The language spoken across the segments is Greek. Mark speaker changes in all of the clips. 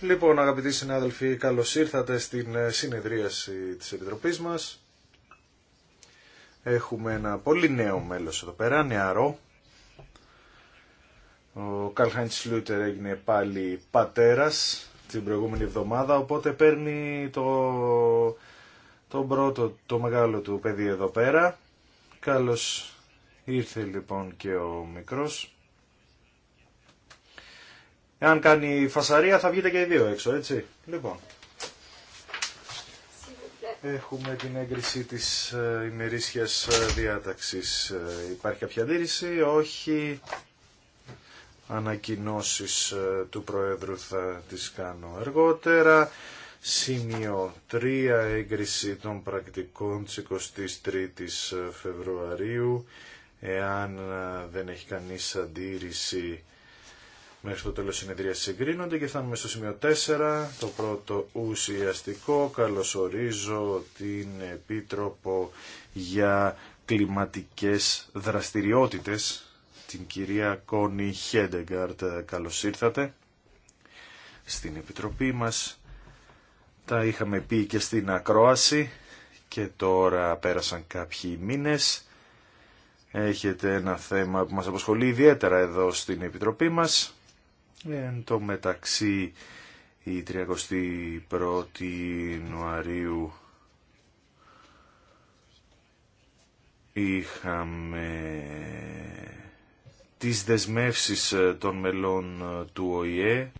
Speaker 1: Λοιπόν, αγαπητοί συνάδελφοι, καλώ ήρθατε στην ε, συνεδρίαση της Επιτροπής μας. Έχουμε ένα πολύ νέο μέλος εδώ πέρα, νεαρό. Ο Καλχάιντ Λούτερ έγινε πάλι πατέρας την προηγούμενη εβδομάδα, οπότε παίρνει το, το πρώτο, το μεγάλο του παιδί εδώ πέρα. Καλώς Ήρθε λοιπόν και ο μικρός. Εάν κάνει φασαρία θα βγείτε και οι δύο έξω, έτσι. Λοιπόν. Έχουμε την έγκριση της ε, ημερήσιας ε, διάταξης. Ε, υπάρχει κάποια όχι. Ανακοινώσεις του Προέδρου θα τις κάνω αργότερα. Σημείο 3. Έγκριση των πρακτικών της 23ης Φεβρουαρίου. Εάν ε, δεν έχει κανείς αντίρρηση μέχρι το τέλος συνεδρίας συγκρίνονται και φτάνουμε στο σημείο 4, το πρώτο ουσιαστικό. Καλωσορίζω την Επίτροπο για κλιματικές δραστηριότητες, την κυρία Κόνη Χέντεγκαρτ. Καλώς ήρθατε στην Επιτροπή μας. Τα είχαμε πει και στην ακρόαση και τώρα πέρασαν κάποιοι μήνες έχετε ένα θέμα που μας απασχολεί ιδιαίτερα εδώ στην Επιτροπή μας. Εν τω μεταξύ η 31η Ιανουαρίου είχαμε τις δεσμεύσεις των μελών του ΟΗΕ.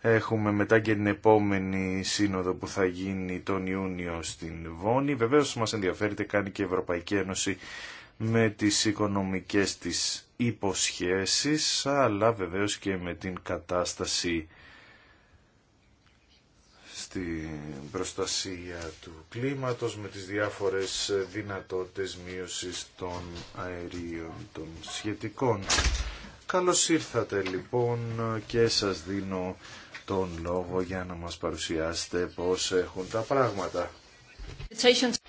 Speaker 1: Έχουμε μετά και την επόμενη σύνοδο που θα γίνει τον Ιούνιο στην Βόνη. Βεβαίως μας ενδιαφέρει κάνει και η Ευρωπαϊκή Ένωση με τις οικονομικές της υποσχέσεις, αλλά βεβαίως και με την κατάσταση στην προστασία του κλίματος, με τις διάφορες δυνατότητες μείωσης των αερίων των σχετικών. Καλώς ήρθατε λοιπόν και σας δίνω τον λόγο για να μας παρουσιάσετε πώς έχουν τα πράγματα.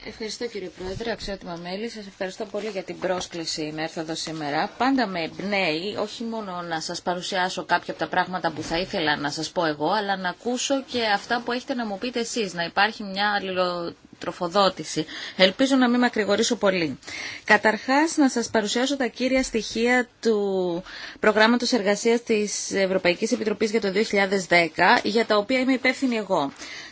Speaker 2: Ευχαριστώ κύριε Πρόεδρε, αξιότιμα μέλη. Σας ευχαριστώ πολύ για την πρόσκληση να έρθω εδώ σήμερα. Πάντα με εμπνέει όχι μόνο να σας παρουσιάσω κάποια από τα πράγματα που θα ήθελα να σας πω εγώ, αλλά να ακούσω και αυτά που έχετε να μου πείτε εσείς, να υπάρχει μια αλληλοτροφοδότηση. Ελπίζω να μην μακρηγορήσω πολύ. Καταρχάς, να σας παρουσιάσω τα κύρια στοιχεία του προγράμματος εργασίας της Ευρωπαϊκής Επιτροπής για το 2010, για τα οποία είμαι υπεύθυνη εγώ.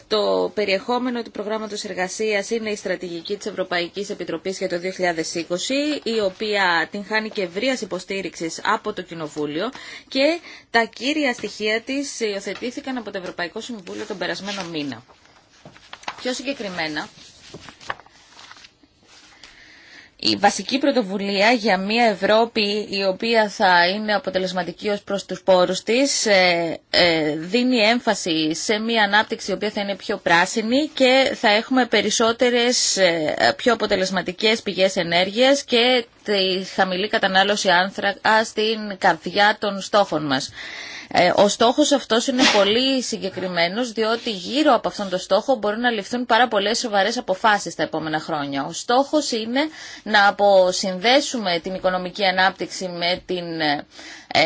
Speaker 2: Το περιεχόμενο του προγράμματος εργασίας είναι η στρατηγική της Ευρωπαϊκής Επιτροπής για το 2020, η οποία την χάνει και ευρεία υποστήριξη από το Κοινοβούλιο και τα κύρια στοιχεία της υιοθετήθηκαν από το Ευρωπαϊκό Συμβούλιο τον περασμένο μήνα. Πιο συγκεκριμένα, η βασική πρωτοβουλία για μια Ευρώπη η οποία θα είναι αποτελεσματική ως προς τους πόρους της ε, ε, δίνει έμφαση σε μια ανάπτυξη η οποία θα είναι πιο πράσινη και θα έχουμε περισσότερες ε, πιο αποτελεσματικές πηγές ενέργειας και τη χαμηλή κατανάλωση άνθρακα στην καρδιά των στόχων μας. Ε, ο στόχο αυτό είναι πολύ συγκεκριμένο, διότι γύρω από αυτόν τον στόχο μπορούν να ληφθούν πάρα πολλές σοβαρέ αποφάσει τα επόμενα χρόνια. Ο στόχος είναι να αποσυνδέσουμε την οικονομική ανάπτυξη με την ε,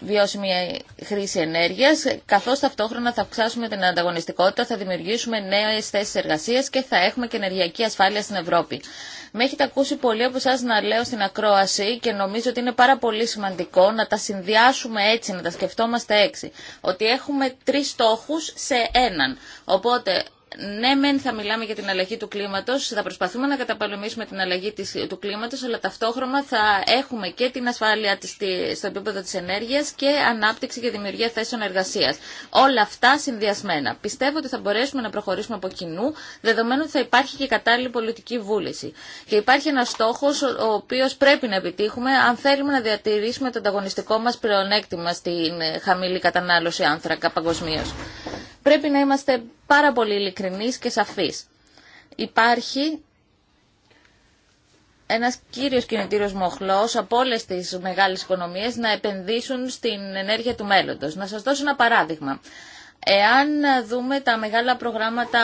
Speaker 2: βιώσιμη χρήση ενέργειας, καθώς ταυτόχρονα θα αυξάσουμε την ανταγωνιστικότητα, θα δημιουργήσουμε νέε θέσει εργασία και θα έχουμε και ενεργειακή ασφάλεια στην Ευρώπη. Με έχετε ακούσει πολλοί από εσά να λέω στην ακρόαση και νομίζω ότι είναι πάρα πολύ σημαντικό να τα συνδυάσουμε έτσι, να τα σκεφτόμαστε έξι. Ότι έχουμε τρει στόχου σε έναν. Οπότε ναι μεν θα μιλάμε για την αλλαγή του κλίματο. θα προσπαθούμε να καταπολεμήσουμε την αλλαγή του κλίματο, αλλά ταυτόχρονα θα έχουμε και την ασφάλεια της, στο επίπεδο τη ενέργεια και ανάπτυξη και δημιουργία θέσεων εργασία. Όλα αυτά συνδυασμένα. Πιστεύω ότι θα μπορέσουμε να προχωρήσουμε από κοινού, δεδομένου ότι θα υπάρχει και κατάλληλη πολιτική βούληση. Και υπάρχει ένα στόχο ο οποίο πρέπει να επιτύχουμε αν θέλουμε να διατηρήσουμε το ανταγωνιστικό μα πλεονέκτημα στην ε, χαμηλή κατανάλωση άνθρακα παγκοσμίω. Πρέπει να είμαστε πάρα πολύ ειλικρινείς και σαφείς. Υπάρχει ένας κύριος κινητήριο μοχλό από όλε τις μεγάλες οικονομίες να επενδύσουν στην ενέργεια του μέλλοντος. Να σα δώσω ένα παράδειγμα. Εάν δούμε τα μεγάλα προγράμματα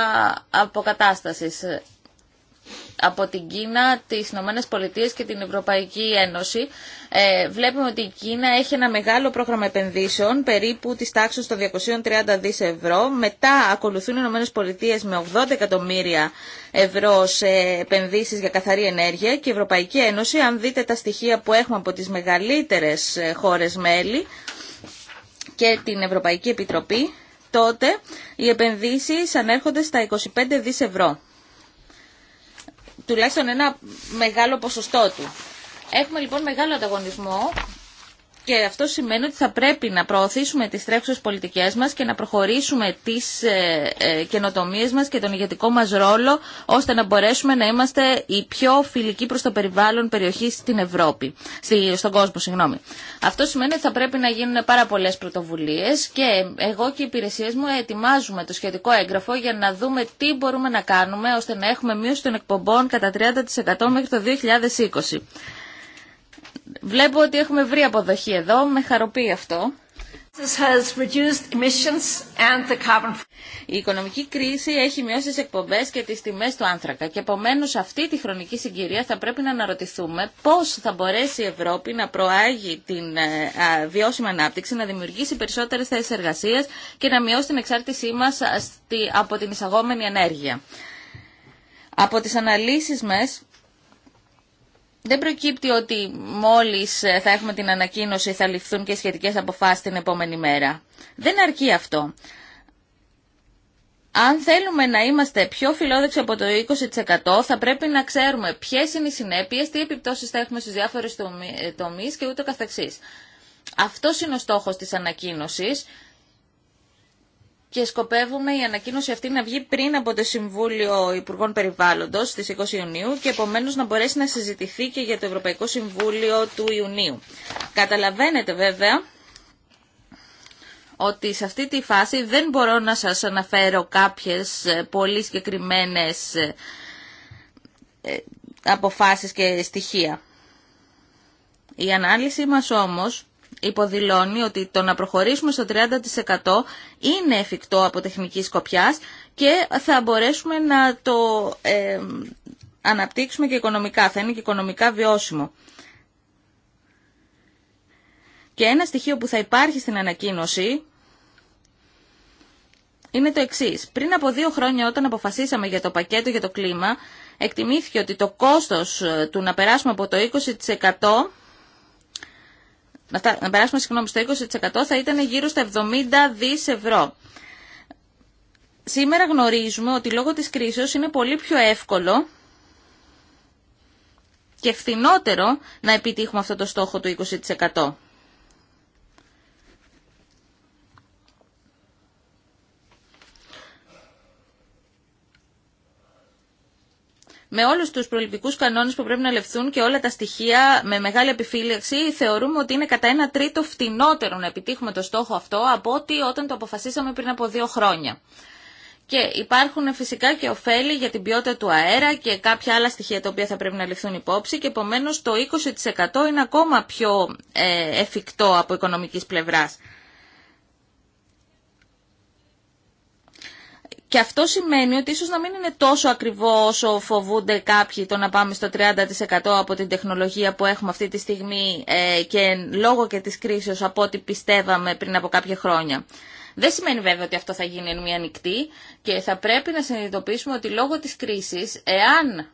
Speaker 2: αποκατάστασης, από την Κίνα, τις Ηνωμένε Πολιτείε και την Ευρωπαϊκή Ένωση. Ε, βλέπουμε ότι η Κίνα έχει ένα μεγάλο πρόγραμμα επενδύσεων, περίπου της τάξης των 230 δις ευρώ. Μετά ακολουθούν οι Ηνωμένε Πολιτείε με 80 εκατομμύρια ευρώ σε επενδύσεις για καθαρή ενέργεια και η Ευρωπαϊκή Ένωση, αν δείτε τα στοιχεία που έχουμε από τις μεγαλύτερες χώρες μέλη και την Ευρωπαϊκή Επιτροπή, τότε οι επενδύσεις ανέρχονται στα 25 δις ευρώ τουλάχιστον ένα μεγάλο ποσοστό του. Έχουμε λοιπόν μεγάλο ανταγωνισμό και αυτό σημαίνει ότι θα πρέπει να προωθήσουμε τις τρέχουσες πολιτικές μας και να προχωρήσουμε τις ε, ε, καινοτομίες μας και τον ηγετικό μας ρόλο ώστε να μπορέσουμε να είμαστε η πιο φιλική προς το περιβάλλον περιοχή στην Ευρώπη, στον κόσμο. Συγγνώμη. Αυτό σημαίνει ότι θα πρέπει να γίνουν πάρα πολλές πρωτοβουλίες και εγώ και οι υπηρεσίε μου ετοιμάζουμε το σχετικό έγγραφο για να δούμε τι μπορούμε να κάνουμε ώστε να έχουμε μείωση των εκπομπών κατά 30% μέχρι το 2020. Βλέπω ότι έχουμε βρει αποδοχή εδώ, με χαροποιεί αυτό. Η οικονομική κρίση έχει μειώσει τις εκπομπές και τις τιμές του άνθρακα και επομένω αυτή τη χρονική συγκυρία θα πρέπει να αναρωτηθούμε πώς θα μπορέσει η Ευρώπη να προάγει την ε, βιώσιμη ανάπτυξη, να δημιουργήσει περισσότερες θέσεις εργασίας και να μειώσει την εξάρτησή μας από την εισαγόμενη ενέργεια. Από τις αναλύσεις μας δεν προκύπτει ότι μόλις ε, θα έχουμε την ανακοίνωση θα ληφθούν και σχετικές αποφάσεις την επόμενη μέρα. Δεν αρκεί αυτό. Αν θέλουμε να είμαστε πιο φιλόδοξοι από το 20% θα πρέπει να ξέρουμε ποιες είναι οι συνέπειες, τι επιπτώσεις θα έχουμε στις διάφορες ε, τομείς και ούτω καθεξής. Αυτό είναι ο στόχος της ανακοίνωσης και σκοπεύουμε η ανακοίνωση αυτή να βγει πριν από το Συμβούλιο Υπουργών Περιβάλλοντος στις 20 Ιουνίου και επομένως να μπορέσει να συζητηθεί και για το Ευρωπαϊκό Συμβούλιο του Ιουνίου. Καταλαβαίνετε βέβαια ότι σε αυτή τη φάση δεν μπορώ να σας αναφέρω κάποιες ε, πολύ συγκεκριμένες ε, ε, αποφάσεις και στοιχεία. Η ανάλυση μας όμως υποδηλώνει ότι το να προχωρήσουμε στο 30% είναι εφικτό από τεχνική σκοπιάς και θα μπορέσουμε να το αναπτύξουμε και οικονομικά, θα είναι και οικονομικά βιώσιμο. Και ένα στοιχείο που θα υπάρχει στην ανακοίνωση είναι το εξή. Πριν από δύο χρόνια όταν αποφασίσαμε για το πακέτο για το κλίμα, εκτιμήθηκε ότι το κόστος ε, του να περάσουμε από το 20% να περάσουμε συγγνώμη στο 20% θα ήταν γύρω στα 70 δις ευρώ. Σήμερα γνωρίζουμε ότι λόγω της κρίσης είναι πολύ πιο εύκολο και φθηνότερο να επιτύχουμε αυτό το στόχο του 20%. με όλους τους προληπτικούς κανόνες που πρέπει να λεφθούν και όλα τα στοιχεία με μεγάλη επιφύλαξη θεωρούμε ότι είναι κατά ένα τρίτο φτηνότερο να επιτύχουμε το στόχο αυτό από ό,τι όταν το αποφασίσαμε πριν από δύο χρόνια. Και υπάρχουν φυσικά και ωφέλη για την ποιότητα του αέρα και κάποια άλλα στοιχεία τα οποία θα πρέπει να λεφθούν υπόψη και επομένως το 20% είναι ακόμα πιο ε, εφικτό από οικονομικής πλευράς. Και αυτό σημαίνει ότι ίσως να μην είναι τόσο ακριβό όσο φοβούνται κάποιοι το να πάμε στο 30% από την τεχνολογία που έχουμε αυτή τη στιγμή ε, και λόγω και της κρίσης από ό,τι πιστεύαμε πριν από κάποια χρόνια. Δεν σημαίνει βέβαια ότι αυτό θα γίνει εν μία νυχτή και θα πρέπει να συνειδητοποιήσουμε ότι λόγω της κρίσης, εάν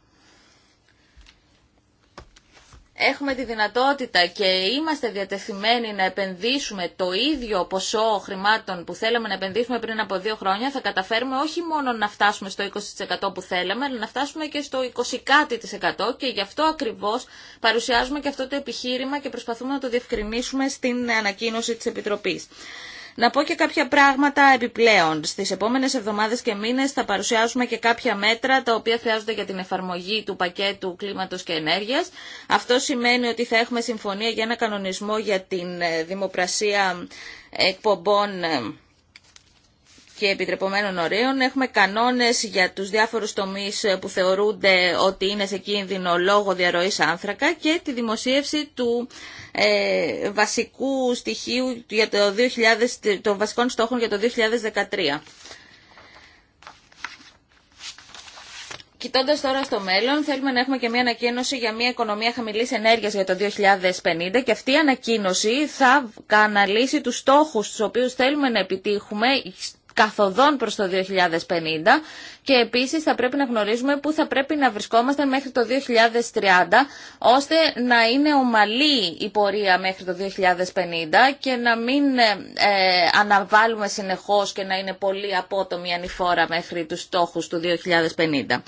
Speaker 2: έχουμε τη δυνατότητα και είμαστε διατεθειμένοι να επενδύσουμε το ίδιο ποσό χρημάτων που θέλαμε να επενδύσουμε πριν από δύο χρόνια, θα καταφέρουμε όχι μόνο να φτάσουμε στο 20% που θέλαμε, αλλά να φτάσουμε και στο 20% και γι' αυτό ακριβώς παρουσιάζουμε και αυτό το επιχείρημα και προσπαθούμε να το διευκρινίσουμε στην ανακοίνωση της Επιτροπής. Να πω και κάποια πράγματα επιπλέον. Στις επόμενες εβδομάδες και μήνε θα παρουσιάσουμε και κάποια μέτρα τα οποία χρειάζονται για την εφαρμογή του πακέτου κλίματος και ενέργειας. Αυτό σημαίνει ότι θα έχουμε συμφωνία για ένα κανονισμό για την ε, δημοπρασία ε, εκπομπών ε, και επιτρεπωμένων ωραίων. Έχουμε κανόνες για τους διάφορους τομείς που θεωρούνται ότι είναι σε κίνδυνο λόγω διαρροής άνθρακα και τη δημοσίευση του ε, βασικού στοιχείου για το 2000, των βασικών στόχων για το 2013. Κοιτώντα τώρα στο μέλλον, θέλουμε να έχουμε και μια ανακοίνωση για μια οικονομία χαμηλής ενέργειας για το 2050 και αυτή η ανακοίνωση θα αναλύσει του στόχους τους οποίους θέλουμε να επιτύχουμε καθοδόν προς το 2050 και επίσης θα πρέπει να γνωρίζουμε πού θα πρέπει να βρισκόμαστε μέχρι το 2030 ώστε να είναι ομαλή η πορεία μέχρι το 2050 και να μην ε, ε, αναβάλουμε συνεχώς και να είναι πολύ απότομη η ανηφόρα μέχρι τους στόχους του 2050.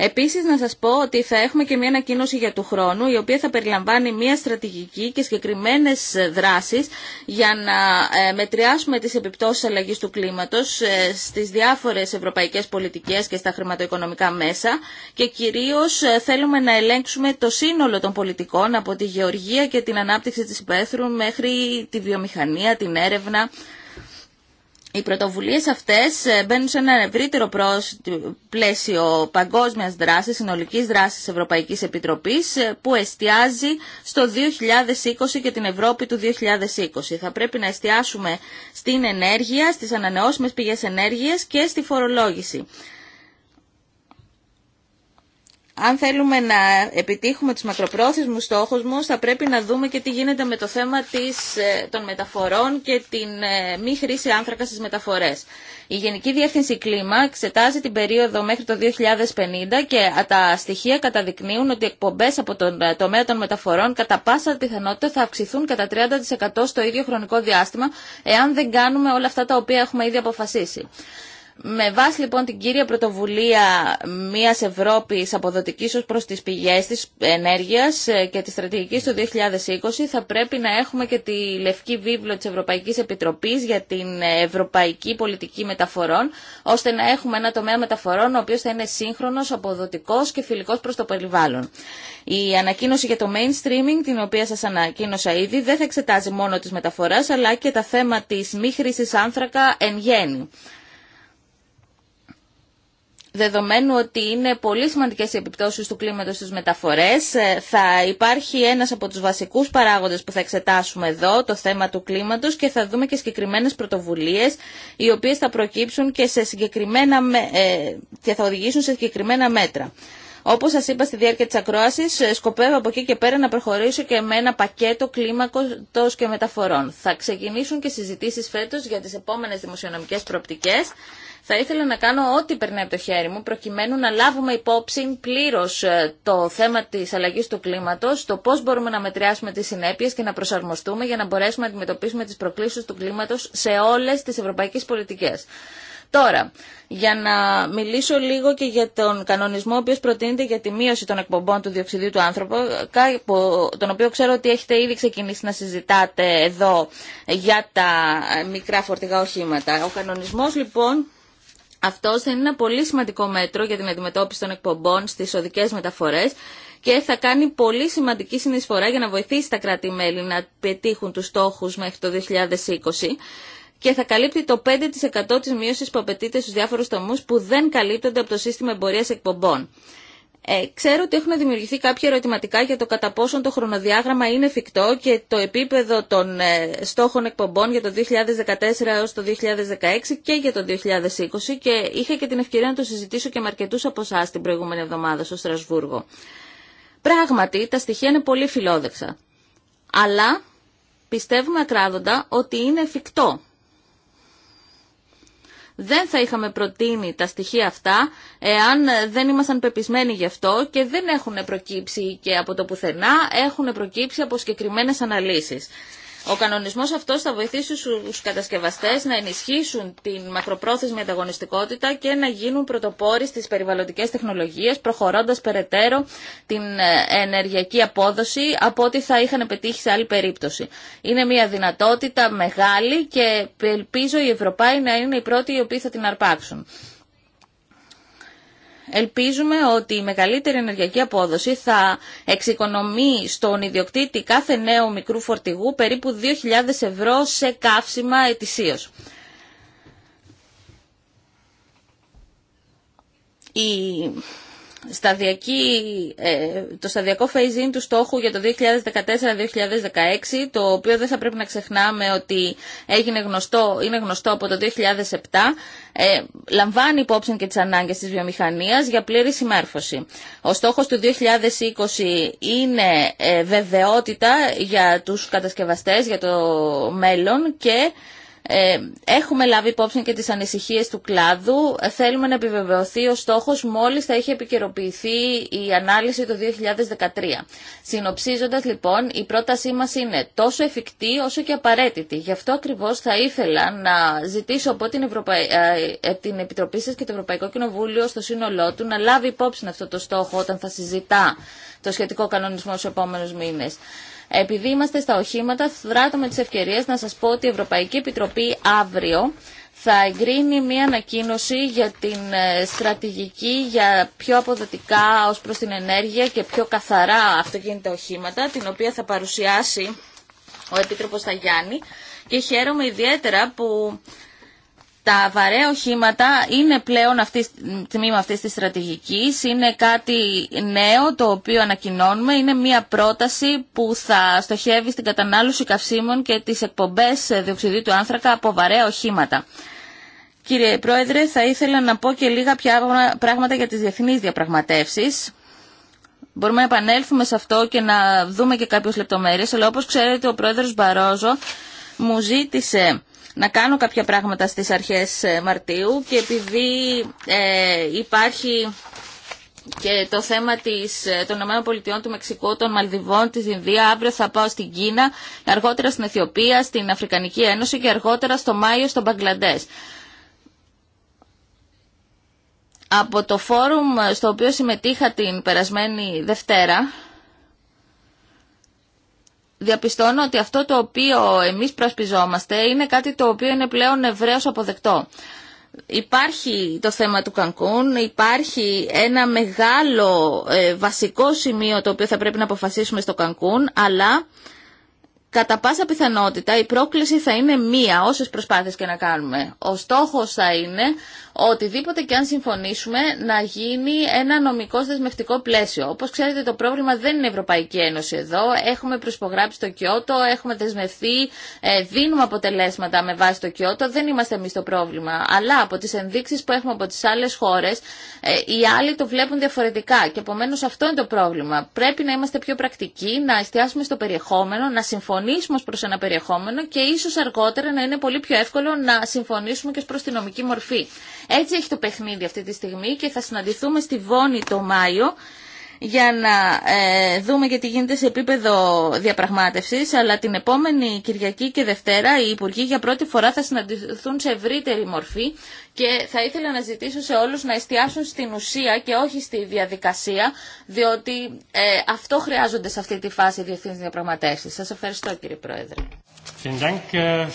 Speaker 2: Επίσης να σας πω ότι θα έχουμε και μια ανακοίνωση για του χρόνου η οποία θα περιλαμβάνει μια στρατηγική και συγκεκριμένες δράσεις για να ε, μετριάσουμε τις επιπτώσεις αλλαγής του κλίματος στις διάφορες ευρωπαϊκές πολιτικές και στα χρηματοοικονομικά μέσα και κυρίως ε, θέλουμε να ελέγξουμε το σύνολο των πολιτικών από τη γεωργία και την ανάπτυξη της υπαίθρου μέχρι τη βιομηχανία, την έρευνα. Οι πρωτοβουλίες αυτές ε, μπαίνουν σε ένα ευρύτερο πλαίσιο παγκόσμιας δράσης, συνολικής δράσης Ευρωπαϊκής Επιτροπής ε, που εστιάζει στο 2020 και την Ευρώπη του 2020. Θα πρέπει να εστιάσουμε στην ενέργεια, στις ανανεώσιμες πηγές ενέργειας και στη φορολόγηση αν θέλουμε να επιτύχουμε τους μακροπρόθεσμους στόχους μου, θα πρέπει να δούμε και τι γίνεται με το θέμα της, ε, των μεταφορών και την ε, μη χρήση άνθρακα στις μεταφορές. Η Γενική Διεύθυνση Κλίμα εξετάζει την περίοδο μέχρι το 2050 και τα στοιχεία καταδεικνύουν ότι οι εκπομπές από τον ε, τομέα των μεταφορών κατά πάσα πιθανότητα θα αυξηθούν κατά 30% στο ίδιο χρονικό διάστημα, εάν δεν κάνουμε όλα αυτά τα οποία έχουμε ήδη αποφασίσει. Με βάση λοιπόν την κύρια πρωτοβουλία μιας Ευρώπης αποδοτικής ως προς τις πηγές της ενέργειας ε, και της στρατηγικής του 2020 θα πρέπει να έχουμε και τη Λευκή Βίβλο της Ευρωπαϊκής Επιτροπής για την Ευρωπαϊκή Πολιτική Μεταφορών ώστε να έχουμε ένα τομέα μεταφορών ο οποίος θα είναι σύγχρονος, αποδοτικός και φιλικός προς το περιβάλλον. Η ανακοίνωση για το mainstreaming, την οποία σας ανακοίνωσα ήδη, δεν θα εξετάζει μόνο τις μεταφορές αλλά και τα θέματα της μη άνθρακα εν γέννη δεδομένου ότι είναι πολύ σημαντικές οι επιπτώσεις του κλίματος στις μεταφορές. Ε, θα υπάρχει ένας από τους βασικούς παράγοντες που θα εξετάσουμε εδώ, το θέμα του κλίματος και θα δούμε και συγκεκριμένες πρωτοβουλίες οι οποίες θα προκύψουν και, σε συγκεκριμένα, ε, και θα οδηγήσουν σε συγκεκριμένα μέτρα. Όπω σα είπα στη διάρκεια τη ακρόαση, ε, σκοπεύω από εκεί και πέρα να προχωρήσω και με ένα πακέτο κλίμακο και μεταφορών. Θα ξεκινήσουν και συζητήσει φέτο για τι επόμενε δημοσιονομικέ προοπτικέ θα ήθελα να κάνω ό,τι περνάει από το χέρι μου προκειμένου να λάβουμε υπόψη πλήρω ε, το θέμα τη αλλαγή του κλίματο, το πώ μπορούμε να μετριάσουμε τι συνέπειε και να προσαρμοστούμε για να μπορέσουμε να αντιμετωπίσουμε τι προκλήσεις του κλίματο σε όλε τι ευρωπαϊκέ πολιτικέ. Τώρα, για να μιλήσω λίγο και για τον κανονισμό ο οποίος προτείνεται για τη μείωση των εκπομπών του διοξιδίου του άνθρωπου, τον οποίο ξέρω ότι έχετε ήδη ξεκινήσει να συζητάτε εδώ για τα μικρά φορτηγά οχήματα. Ο κανονισμός λοιπόν αυτό θα είναι ένα πολύ σημαντικό μέτρο για την αντιμετώπιση των εκπομπών στις οδικές μεταφορές και θα κάνει πολύ σημαντική συνεισφορά για να βοηθήσει τα κράτη-μέλη να πετύχουν τους στόχους μέχρι το 2020 και θα καλύπτει το 5% της μείωση που απαιτείται στου διάφορου τομούς που δεν καλύπτονται από το σύστημα εμπορία εκπομπών. Ε, ξέρω ότι έχουν δημιουργηθεί κάποια ερωτηματικά για το κατά πόσον το χρονοδιάγραμμα είναι εφικτό και το επίπεδο των ε, στόχων εκπομπών για το 2014 έως το 2016 και για το 2020 και είχα και την ευκαιρία να το συζητήσω και με αρκετούς από εσά την προηγούμενη εβδομάδα στο Στρασβούργο. Πράγματι, τα στοιχεία είναι πολύ φιλόδεξα. Αλλά πιστεύουμε ακράδοντα ότι είναι εφικτό δεν θα είχαμε προτείνει τα στοιχεία αυτά εάν δεν ήμασταν πεπισμένοι γι' αυτό και δεν έχουν προκύψει και από το πουθενά, έχουν προκύψει από συγκεκριμένε αναλύσεις. Ο κανονισμός αυτός θα βοηθήσει τους κατασκευαστές να ενισχύσουν την μακροπρόθεσμη ανταγωνιστικότητα και να γίνουν πρωτοπόροι στις περιβαλλοντικές τεχνολογίες, προχωρώντας περαιτέρω την ε, ενεργειακή απόδοση από ό,τι θα είχαν πετύχει σε άλλη περίπτωση. Είναι μια δυνατότητα μεγάλη και ελπίζω οι Ευρωπαίοι να είναι οι πρώτοι οι οποίοι θα την αρπάξουν. Ελπίζουμε ότι η μεγαλύτερη ενεργειακή απόδοση θα εξοικονομεί στον ιδιοκτήτη κάθε νέου μικρού φορτηγού περίπου 2.000 ευρώ σε καύσιμα ετησίως. Η σταδιακή, ε, το σταδιακό phase-in του στόχου για το 2014-2016, το οποίο δεν θα πρέπει να ξεχνάμε ότι έγινε γνωστό, είναι γνωστό από το 2007, ε, λαμβάνει υπόψη και τις ανάγκες της βιομηχανίας για πλήρη συμμόρφωση. Ο στόχος του 2020 είναι ε, βεβαιότητα για τους κατασκευαστές, για το μέλλον και ε, έχουμε λάβει υπόψη και τις ανησυχίες του κλάδου. Θέλουμε να επιβεβαιωθεί ο στόχος μόλις θα έχει επικαιροποιηθεί η ανάλυση το 2013. Συνοψίζοντας λοιπόν, η πρότασή μας είναι τόσο εφικτή όσο και απαραίτητη. Γι' αυτό ακριβώς θα ήθελα να ζητήσω από την, ε, ε, την Επιτροπή σας και το Ευρωπαϊκό Κοινοβούλιο στο σύνολό του να λάβει υπόψη αυτό το στόχο όταν θα συζητά το σχετικό κανονισμό στους επόμενους μήνες. Επειδή είμαστε στα οχήματα, δράτω με τις ευκαιρίες να σας πω ότι η Ευρωπαϊκή Επιτροπή αύριο θα εγκρίνει μία ανακοίνωση για την ε, στρατηγική για πιο αποδοτικά ως προς την ενέργεια και πιο καθαρά αυτοκίνητα οχήματα, την οποία θα παρουσιάσει ο Επίτροπος Ταγιάννη. Και χαίρομαι ιδιαίτερα που τα βαρέα οχήματα είναι πλέον αυτή, τμήμα αυτή της στρατηγική, είναι κάτι νέο το οποίο ανακοινώνουμε, είναι μια πρόταση που θα στοχεύει στην κατανάλωση καυσίμων και τις εκπομπές διοξιδίου του άνθρακα από βαρέα οχήματα. Κύριε Πρόεδρε, θα ήθελα να πω και λίγα πια πράγματα για τις διεθνείς διαπραγματεύσεις. Μπορούμε να επανέλθουμε σε αυτό και να δούμε και κάποιες λεπτομέρειες, αλλά όπως ξέρετε ο Πρόεδρος Μπαρόζο μου ζήτησε να κάνω κάποια πράγματα στις αρχές ε, Μαρτίου και επειδή ε, υπάρχει και το θέμα της, ε, των ΗΠΑ, του Μεξικού, των Μαλδιβών, της Ινδία. Αύριο θα πάω στην Κίνα, αργότερα στην Αιθιοπία, στην Αφρικανική Ένωση και αργότερα στο Μάιο στο Μπαγκλαντές. Από το φόρουμ στο οποίο συμμετείχα την περασμένη Δευτέρα, διαπιστώνω ότι αυτό το οποίο εμείς προσπιζόμαστε είναι κάτι το οποίο είναι πλέον ευρέως αποδεκτό. Υπάρχει το θέμα του Κανκούν, υπάρχει ένα μεγάλο ε, βασικό σημείο το οποίο θα πρέπει να αποφασίσουμε στο Κανκούν, αλλά κατά πάσα πιθανότητα η πρόκληση θα είναι μία όσες προσπάθειες και να κάνουμε. Ο στόχος θα είναι οτιδήποτε και αν συμφωνήσουμε να γίνει ένα νομικό δεσμευτικό πλαίσιο. Όπως ξέρετε το πρόβλημα δεν είναι η Ευρωπαϊκή Ένωση εδώ. Έχουμε προσπογράψει το Κιώτο, έχουμε δεσμευθεί, ε, δίνουμε αποτελέσματα με βάση το Κιώτο. Δεν είμαστε εμείς το πρόβλημα. Αλλά από τις ενδείξεις που έχουμε από τις άλλες χώρες ε, οι άλλοι το βλέπουν διαφορετικά. Και επομένω αυτό είναι το πρόβλημα. Πρέπει να είμαστε πιο πρακτικοί, να εστιάσουμε στο περιεχόμενο, να συμφωνήσουμε συμφωνήσουμε προς ένα περιεχόμενο και ίσως αργότερα να είναι πολύ πιο εύκολο να συμφωνήσουμε και προς τη νομική μορφή. Έτσι έχει το παιχνίδι αυτή τη στιγμή και θα συναντηθούμε στη Βόνη το Μάιο για να ε, δούμε και τι γίνεται σε επίπεδο διαπραγμάτευσης, αλλά την επόμενη Κυριακή και Δευτέρα οι Υπουργοί για πρώτη φορά θα συναντηθούν σε ευρύτερη μορφή και θα ήθελα να ζητήσω σε όλους να εστιάσουν στην ουσία και όχι στη διαδικασία, διότι ε, αυτό χρειάζονται σε αυτή τη φάση οι διευθύνσεις διαπραγματεύσεις. Σας ευχαριστώ κύριε Πρόεδρε.
Speaker 3: Äh,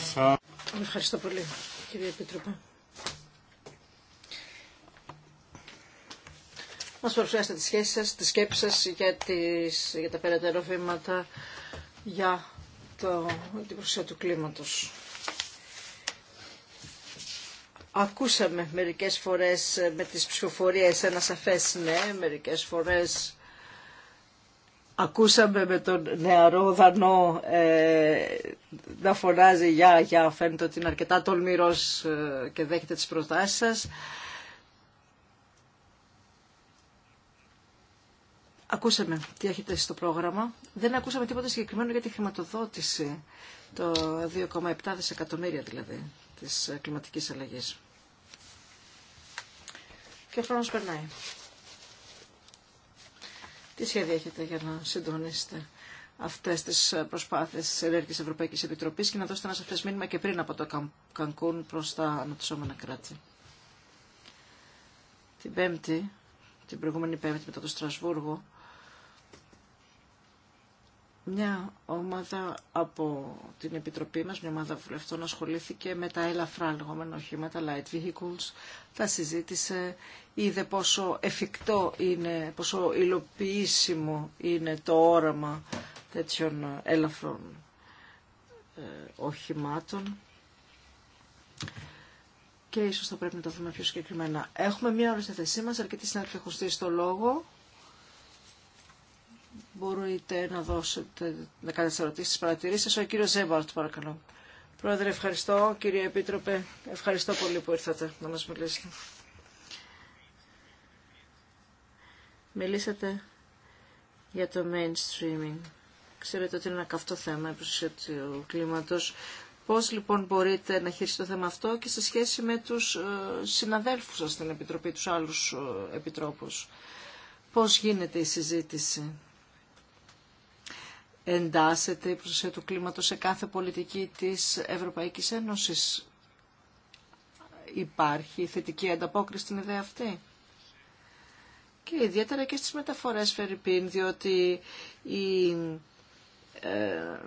Speaker 4: ευχαριστώ πολύ κύριε Επίτροπε. Μα παρουσιάσετε τι σχέσει σα τι σκέψει σα για, για τα περαιτέρω βήματα για το, την προστασία του κλίματο. Ακούσαμε μερικές φορές με τις ψηφοφορίε ένα σαφέ. ναι, μερικές φορές ακούσαμε με τον νεαρό Δανό ε, να φωνάζει για, για φαίνεται ότι είναι αρκετά τολμηρός ε, και δέχεται τις προτάσεις σας. Ακούσαμε τι έχετε στο πρόγραμμα. Δεν ακούσαμε τίποτα συγκεκριμένο για τη χρηματοδότηση. Το 2,7 δισεκατομμύρια δηλαδή της ε, κλιματικής αλλαγής. Και ο χρόνος περνάει. Τι σχέδια έχετε για να συντονίσετε αυτές τις ε, προσπάθειες της Ενέργειας Ευρωπαϊκής Επιτροπής και να δώσετε ένα σαφές μήνυμα και πριν από το Κανκούν προς τα αναπτυσσόμενα κράτη. Την Πέμπτη, την προηγούμενη Πέμπτη μετά το Στρασβούργο, μια ομάδα από την Επιτροπή μας, μια ομάδα βουλευτών ασχολήθηκε με τα ελαφρά λεγόμενα οχήματα, light vehicles, τα συζήτησε, είδε πόσο εφικτό είναι, πόσο υλοποιήσιμο είναι το όραμα τέτοιων ελαφρών ε, οχημάτων και ίσως θα πρέπει να το δούμε πιο συγκεκριμένα. Έχουμε μία ώρα στη θέσή μας, αρκετοί συνάδελφοι έχουν στήσει το λόγο μπορείτε να δώσετε, να κάνετε ερωτήσει, παρατηρήσεις. Ο κύριο Ζέμπαρτ, παρακαλώ. Πρόεδρε, ευχαριστώ. Κύριε Επίτροπε, ευχαριστώ πολύ που ήρθατε να μας μιλήσετε. Μιλήσατε για το mainstreaming. Ξέρετε ότι είναι ένα καυτό θέμα, η του κλίματος. Πώς λοιπόν μπορείτε να χειριστείτε το θέμα αυτό και σε σχέση με τους ε, συναδέλφους σα στην Επιτροπή, τους άλλους ε, επιτρόπους. Πώς γίνεται η συζήτηση εντάσσεται η προστασία του κλίματος σε κάθε πολιτική της Ευρωπαϊκής Ένωσης. Υπάρχει θετική ανταπόκριση στην ιδέα αυτή. Και ιδιαίτερα και στις μεταφορές Φερρυπίν, διότι η ε,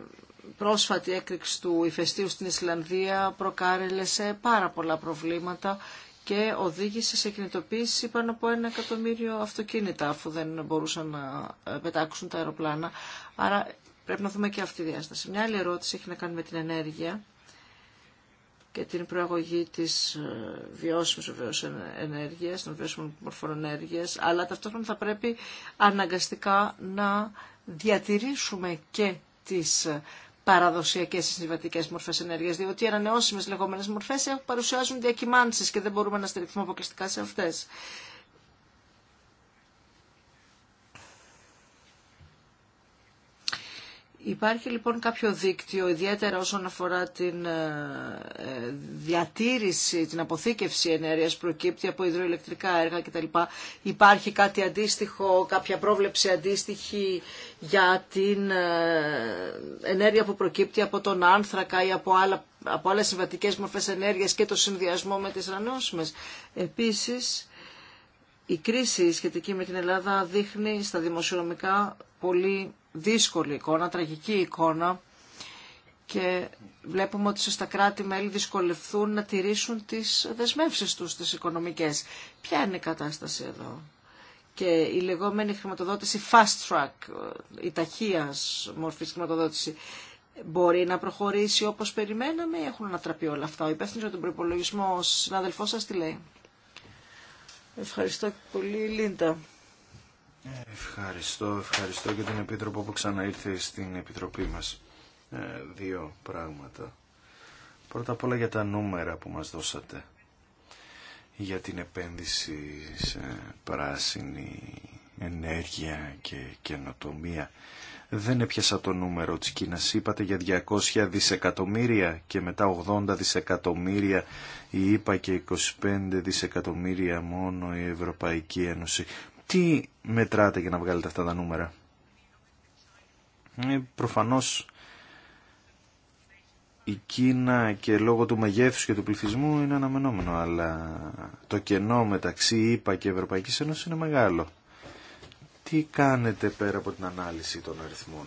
Speaker 4: πρόσφατη έκρηξη του ηφαιστείου στην Ισλανδία προκάρελεσε πάρα πολλά προβλήματα και οδήγησε σε κινητοποίηση πάνω από ένα εκατομμύριο αυτοκίνητα αφού δεν μπορούσαν να ε, πετάξουν τα αεροπλάνα. Άρα Πρέπει να δούμε και αυτή τη διάσταση. Μια άλλη ερώτηση έχει να κάνει με την ενέργεια και την προαγωγή της ε, βιώσιμης βεβαίω ενέργειας, των βιώσιμων μορφών ενέργειας, αλλά ταυτόχρονα θα πρέπει αναγκαστικά να διατηρήσουμε και τις ε, παραδοσιακέ συμβατικέ μορφέ ενέργεια, διότι οι ανανεώσιμε λεγόμενε μορφέ παρουσιάζουν διακυμάνσει και δεν μπορούμε να στηριχθούμε αποκλειστικά σε αυτέ. Υπάρχει λοιπόν κάποιο δίκτυο, ιδιαίτερα όσον αφορά την ε, ε, διατήρηση, την αποθήκευση ενέργειας προκύπτει από υδροηλεκτρικά έργα κτλ. Υπάρχει κάτι αντίστοιχο, κάποια πρόβλεψη αντίστοιχη για την ε, ενέργεια που προκύπτει από τον άνθρακα ή από, άλλα, από άλλες συμβατικές μορφές ενέργειας και το συνδυασμό με τις ρανόσμες. Επίσης, η κρίση σχετική με την Ελλάδα δείχνει στα δημοσιονομικά πολύ δύσκολη εικόνα, τραγική εικόνα και βλέπουμε ότι στα κράτη-μέλη δυσκολευθούν να τηρήσουν τις δεσμεύσεις τους, τις οικονομικές. Ποια είναι η κατάσταση εδώ και η λεγόμενη χρηματοδότηση fast track, η ταχεία μορφής χρηματοδότηση, μπορεί να προχωρήσει όπως περιμέναμε ή έχουν ανατραπεί όλα αυτά. Ο υπεύθυνος για τον προπολογισμό, ο συνάδελφός σας τι λέει. Ευχαριστώ πολύ Λίντα.
Speaker 1: Ευχαριστώ, ευχαριστώ και την Επίτροπο που ξαναήρθε στην Επιτροπή μας. Ε, δύο πράγματα. Πρώτα απ' όλα για τα νούμερα που μας δώσατε για την επένδυση σε πράσινη ενέργεια και καινοτομία. Δεν έπιασα το νούμερο της Κίνας. Είπατε για 200 δισεκατομμύρια και μετά 80 δισεκατομμύρια η και 25 δισεκατομμύρια μόνο η Ευρωπαϊκή Ένωση. Τι μετράτε για να βγάλετε αυτά τα νούμερα. Ε, προφανώς η Κίνα και λόγω του μεγέθους και του πληθυσμού είναι αναμενόμενο, αλλά το κενό μεταξύ ΙΠΑ ΕΕ και Ευρωπαϊκής Ένωσης είναι μεγάλο. Τι κάνετε πέρα από την ανάλυση των αριθμών.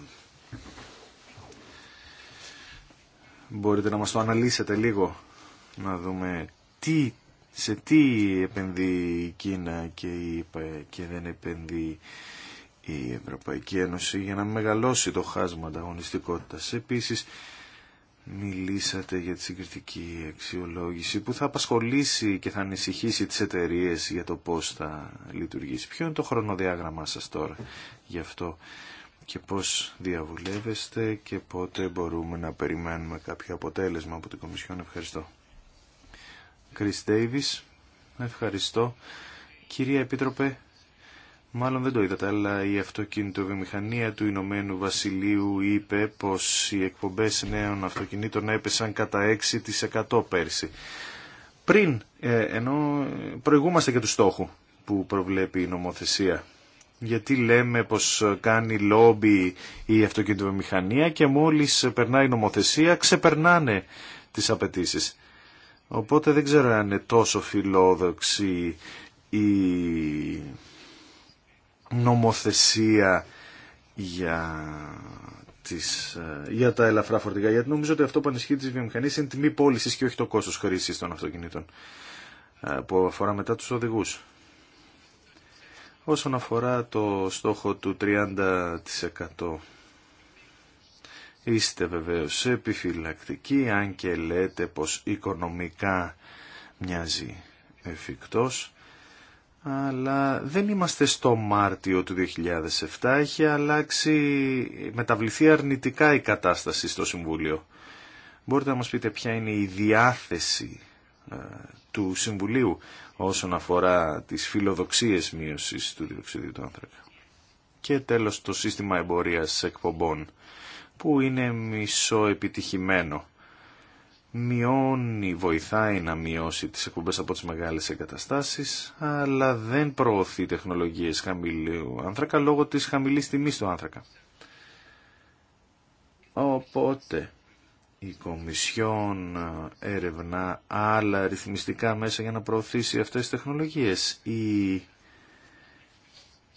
Speaker 1: Μπορείτε να μας το αναλύσετε λίγο, να δούμε τι σε τι επενδύει η Κίνα και, και δεν επενδύει η Ευρωπαϊκή Ένωση για να μεγαλώσει το χάσμα ανταγωνιστικότητας. Επίσης, μιλήσατε για τη συγκριτική αξιολόγηση που θα απασχολήσει και θα ανησυχήσει τις εταιρείε για το πώς θα λειτουργήσει. Ποιο είναι το χρονοδιάγραμμά σας τώρα γι' αυτό και πώς διαβουλεύεστε και πότε μπορούμε να περιμένουμε κάποιο αποτέλεσμα από την Κομισιόν. Ευχαριστώ. Chris Davis. Ευχαριστώ. Κυρία Επίτροπε, μάλλον δεν το είδατε, αλλά η αυτοκινητοβιομηχανία του Ηνωμένου Βασιλείου είπε πως οι εκπομπές νέων αυτοκινήτων έπεσαν κατά 6% πέρσι. Πριν, ε, ενώ προηγούμαστε και του στόχου που προβλέπει η νομοθεσία. Γιατί λέμε πως κάνει λόμπι η αυτοκινητοβιομηχανία και μόλις περνάει η νομοθεσία ξεπερνάνε τις απαιτήσεις. Οπότε δεν ξέρω αν είναι τόσο φιλόδοξη η νομοθεσία για, τις, ε, για τα ελαφρά φορτηγά. Γιατί νομίζω ότι αυτό που ανισχύει τις βιομηχανίες είναι τιμή πώληση και όχι το κόστος χρήσης των αυτοκινήτων ε, που αφορά μετά τους οδηγούς. Όσον αφορά το στόχο του 30% Είστε βεβαίως επιφυλακτικοί, αν και λέτε πως οικονομικά μοιάζει εφικτός, αλλά δεν είμαστε στο Μάρτιο του 2007, έχει αλλάξει, μεταβληθεί αρνητικά η κατάσταση στο Συμβούλιο. Μπορείτε να μας πείτε ποια είναι η διάθεση ε, του Συμβουλίου όσον αφορά τις φιλοδοξίες μείωσης του διοξιδίου του άνθρακα. Και τέλος το σύστημα εμπορίας εκπομπών που είναι μισό επιτυχημένο, Μειώνει, βοηθάει να μειώσει τις εκπομπές από τις μεγάλες εγκαταστάσεις, αλλά δεν προωθεί τεχνολογίες χαμηλού άνθρακα λόγω της χαμηλής τιμής του άνθρακα. Οπότε η Κομισιόν έρευνα άλλα ρυθμιστικά μέσα για να προωθήσει αυτές τις τεχνολογίες. Η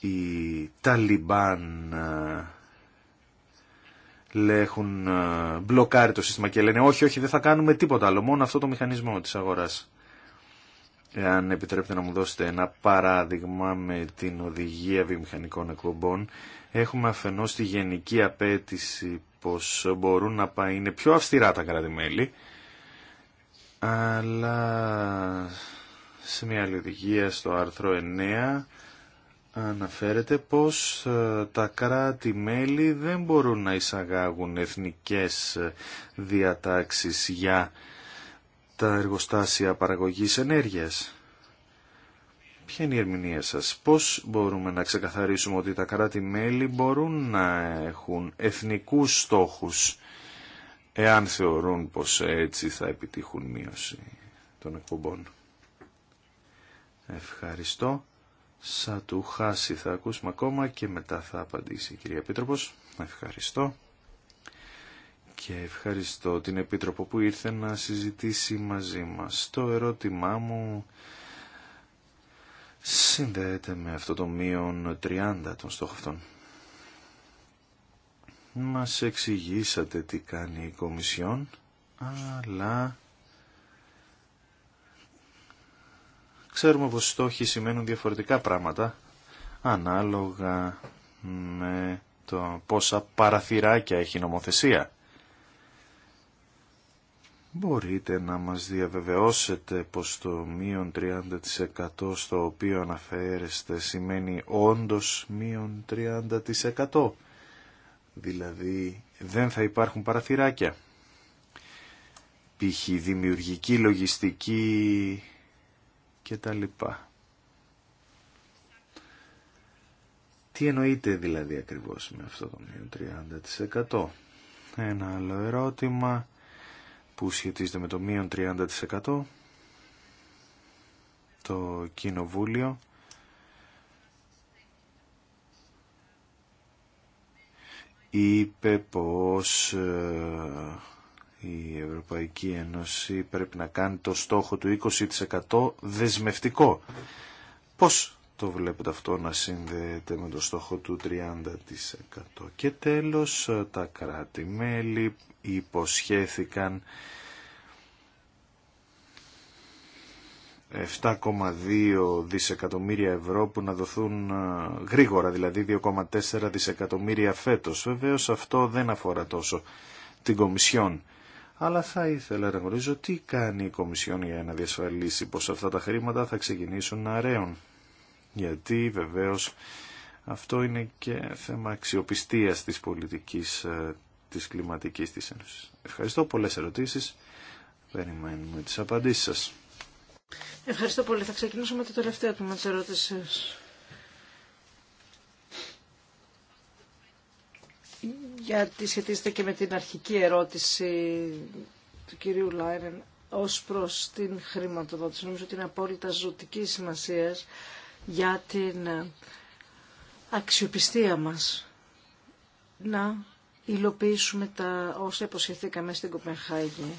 Speaker 1: οι Ταλιμπάν έχουν μπλοκάρει το σύστημα και λένε όχι, όχι, δεν θα κάνουμε τίποτα άλλο, μόνο αυτό το μηχανισμό της αγοράς. Εάν επιτρέπετε να μου δώσετε ένα παράδειγμα με την οδηγία βιομηχανικών εκπομπών, έχουμε αφενός τη γενική απέτηση πως μπορούν να πάει, είναι πιο αυστηρά τα κράτη-μέλη, αλλά σε μια άλλη οδηγία στο άρθρο 9 αναφέρεται πως ε, τα κράτη-μέλη δεν μπορούν να εισαγάγουν εθνικές ε, διατάξεις για τα εργοστάσια παραγωγής ενέργειας. Ποια είναι η ερμηνεία σας, πώς μπορούμε να ξεκαθαρίσουμε ότι τα κράτη-μέλη μπορούν να έχουν εθνικούς στόχους εάν θεωρούν πως έτσι θα επιτύχουν μείωση των εκπομπών. Ευχαριστώ. Σα του χάσει θα ακούσουμε ακόμα και μετά θα απαντήσει η κυρία Επίτροπος. Ευχαριστώ. Και ευχαριστώ την Επίτροπο που ήρθε να συζητήσει μαζί μας. Το ερώτημά μου συνδέεται με αυτό το μείον 30 των στόχων αυτών. Μας εξηγήσατε τι κάνει η Κομισιόν, αλλά Ξέρουμε πως στόχοι σημαίνουν διαφορετικά πράγματα ανάλογα με το πόσα παραθυράκια έχει η νομοθεσία. Μπορείτε να μας διαβεβαιώσετε πως το μείον 30% στο οποίο αναφέρεστε σημαίνει όντως μείον 30%. Δηλαδή δεν θα υπάρχουν παραθυράκια. Π.χ. δημιουργική λογιστική και τα λοιπά. Τι εννοείται δηλαδή ακριβώς με αυτό το μείον 30%. Ένα άλλο ερώτημα που σχετίζεται με το μείον 30% το κοινοβούλιο είπε πως ε, η Ευρωπαϊκή Ένωση πρέπει να κάνει το στόχο του 20% δεσμευτικό. Πώς το βλέπετε αυτό να συνδέεται με το στόχο του 30%. Και τέλος τα κράτη-μέλη υποσχέθηκαν 7,2 δισεκατομμύρια ευρώ που να δοθούν γρήγορα, δηλαδή 2,4 δισεκατομμύρια φέτος. Βεβαίως αυτό δεν αφορά τόσο την Κομισιόν αλλά θα ήθελα να γνωρίζω τι κάνει η Κομισιόν για να διασφαλίσει πως αυτά τα χρήματα θα ξεκινήσουν να ρέουν. Γιατί βεβαίως αυτό είναι και θέμα αξιοπιστίας της πολιτικής ε, της κλιματικής της Ένωσης. Ευχαριστώ πολλές ερωτήσεις. Περιμένουμε τις απαντήσεις σας.
Speaker 4: Ευχαριστώ πολύ. Θα ξεκινήσω με το τελευταίο τμήμα της ερώτησης. γιατί σχετίζεται και με την αρχική ερώτηση του κυρίου Λάιρεν ως προς την χρηματοδότηση. Νομίζω ότι είναι απόλυτα ζωτική σημασία για την αξιοπιστία μας να υλοποιήσουμε τα όσα υποσχεθήκαμε στην Κοπενχάγη.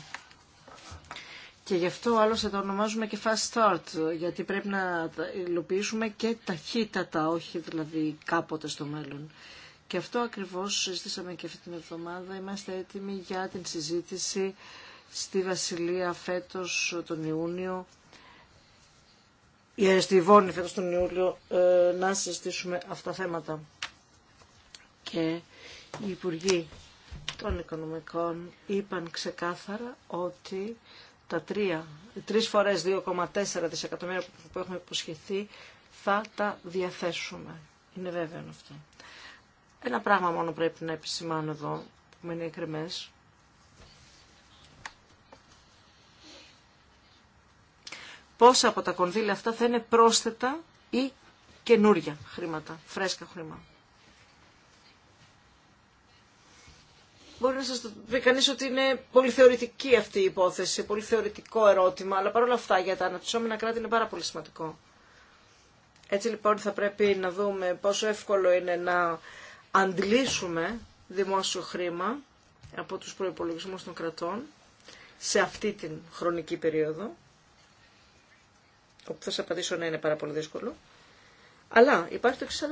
Speaker 4: Και γι' αυτό άλλωστε το ονομάζουμε και fast start, γιατί πρέπει να υλοποιήσουμε και ταχύτατα, όχι δηλαδή κάποτε στο μέλλον. Και αυτό ακριβώς συζητήσαμε και αυτή την εβδομάδα. Είμαστε έτοιμοι για την συζήτηση στη Βασιλεία φέτος ε, τον Ιούνιο ή ε, στη Βόνη φέτος τον Ιούλιο ε, να συζητήσουμε αυτά τα θέματα. Και οι Υπουργοί των Οικονομικών είπαν ξεκάθαρα ότι τα τρία, τρεις φορές 2,4 δισεκατομμύρια που έχουμε υποσχεθεί θα τα διαθέσουμε. Είναι βέβαιο αυτό. Ένα πράγμα μόνο πρέπει να επισημάνω εδώ, που με εκκρεμές. Πόσα από τα κονδύλια αυτά θα είναι πρόσθετα ή καινούρια χρήματα, φρέσκα χρήμα. Μπορεί να σας πει κανείς ότι είναι πολύ θεωρητική αυτή η υπόθεση, πολύ θεωρητικό ερώτημα, αλλά παρόλα αυτά για τα αναπτυσσόμενα κράτη είναι πάρα πολύ σημαντικό. Έτσι λοιπόν θα πρέπει να δούμε πόσο εύκολο είναι να αντλήσουμε δημόσιο χρήμα από τους προϋπολογισμούς των κρατών σε αυτή την χρονική περίοδο, όπου θα σας απαντήσω να είναι πάρα πολύ δύσκολο, αλλά υπάρχει το εξής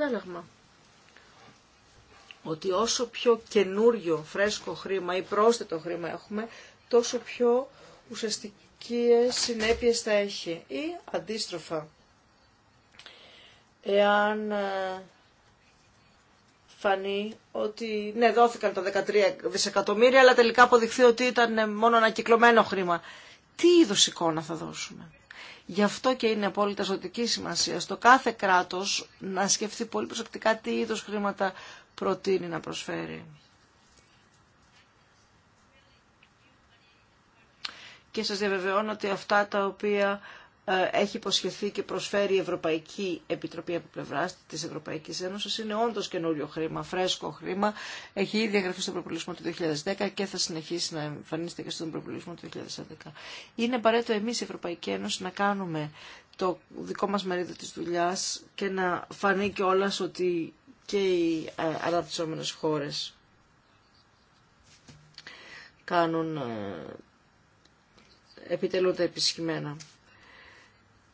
Speaker 4: ότι όσο πιο καινούριο φρέσκο χρήμα ή πρόσθετο χρήμα έχουμε, τόσο πιο ουσιαστικές συνέπειες θα έχει ή αντίστροφα. Εάν ε, φανεί ότι ναι, δόθηκαν τα 13 δισεκατομμύρια, αλλά τελικά αποδειχθεί ότι ήταν μόνο ένα ανακυκλωμένο χρήμα. Τι είδου εικόνα θα δώσουμε. Γι' αυτό και είναι απόλυτα ζωτική σημασία στο κάθε κράτος να σκεφτεί πολύ προσεκτικά τι είδους χρήματα προτείνει να προσφέρει. Και σας διαβεβαιώνω ότι αυτά τα οποία ε, έχει υποσχεθεί και προσφέρει η Ευρωπαϊκή Επιτροπή από πλευρά τη Ευρωπαϊκή Ένωση είναι όντω καινούριο χρήμα, φρέσκο χρήμα. Έχει ήδη εγγραφεί στον προπολογισμό του 2010 και θα συνεχίσει να εμφανίζεται και στον προπολογισμό του 2011. Είναι απαραίτητο εμεί η Ευρωπαϊκή Ένωση να κάνουμε το δικό μα μερίδιο τη δουλειά και να φανεί κιόλα ότι και οι ε, αναπτυσσόμενε χώρε κάνουν ε, επιτελούνται επισχυμένα.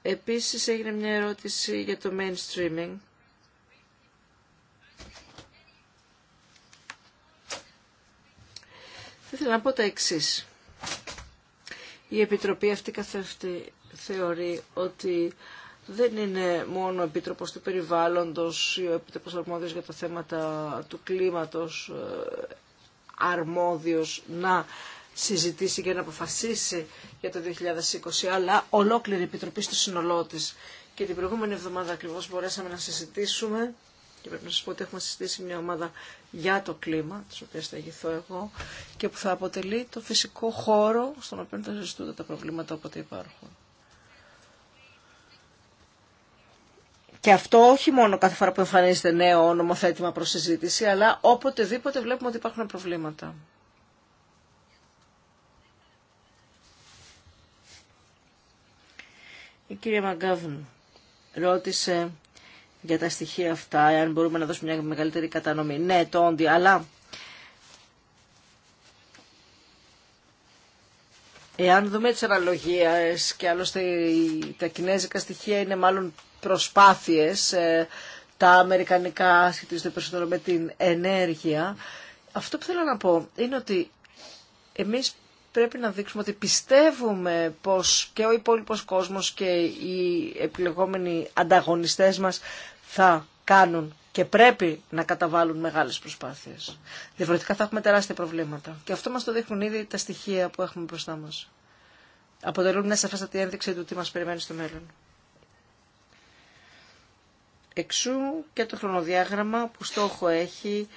Speaker 4: Επίσης έγινε μια ερώτηση για το mainstreaming. Θα ήθελα να πω τα εξής. Η Επιτροπή αυτή καθεύτη θεωρεί ότι δεν είναι μόνο ο Επίτροπος του Περιβάλλοντος ή ο Επίτροπος Αρμόδιος για τα θέματα του κλίματος ε, αρμόδιος να συζητήσει και να αποφασίσει για το 2020, αλλά ολόκληρη η Επιτροπή στο σύνολό τη. Και την προηγούμενη εβδομάδα ακριβώς μπορέσαμε να συζητήσουμε και πρέπει να σας πω ότι έχουμε συζητήσει μια ομάδα για το κλίμα, τη οποία θα ηγηθώ εγώ, και που θα αποτελεί το φυσικό χώρο στον οποίο θα συζητούνται τα προβλήματα όποτε υπάρχουν. Και αυτό όχι μόνο κάθε φορά που εμφανίζεται νέο νομοθέτημα προς συζήτηση, αλλά οποτεδήποτε βλέπουμε ότι υπάρχουν προβλήματα. Η κυρία Μαγκάβν ρώτησε για τα στοιχεία αυτά, αν μπορούμε να δώσουμε μια μεγαλύτερη κατανομή. Ναι, το όντι, αλλά εάν δούμε τις αναλογίες και άλλωστε τα κινέζικα στοιχεία είναι μάλλον προσπάθειες, ε, τα αμερικανικά σχετίζονται περισσότερο με την ενέργεια. Αυτό που θέλω να πω είναι ότι εμείς πρέπει να δείξουμε ότι πιστεύουμε πως και ο υπόλοιπος κόσμος και οι επιλεγόμενοι ανταγωνιστές μας θα κάνουν και πρέπει να καταβάλουν μεγάλες προσπάθειες. Διαφορετικά θα έχουμε τεράστια προβλήματα. Και αυτό μας το δείχνουν ήδη τα στοιχεία που έχουμε μπροστά μας. Αποτελούν μια σαφέστατη ένδειξη του τι μας περιμένει στο μέλλον. Εξού και το χρονοδιάγραμμα που στόχο έχει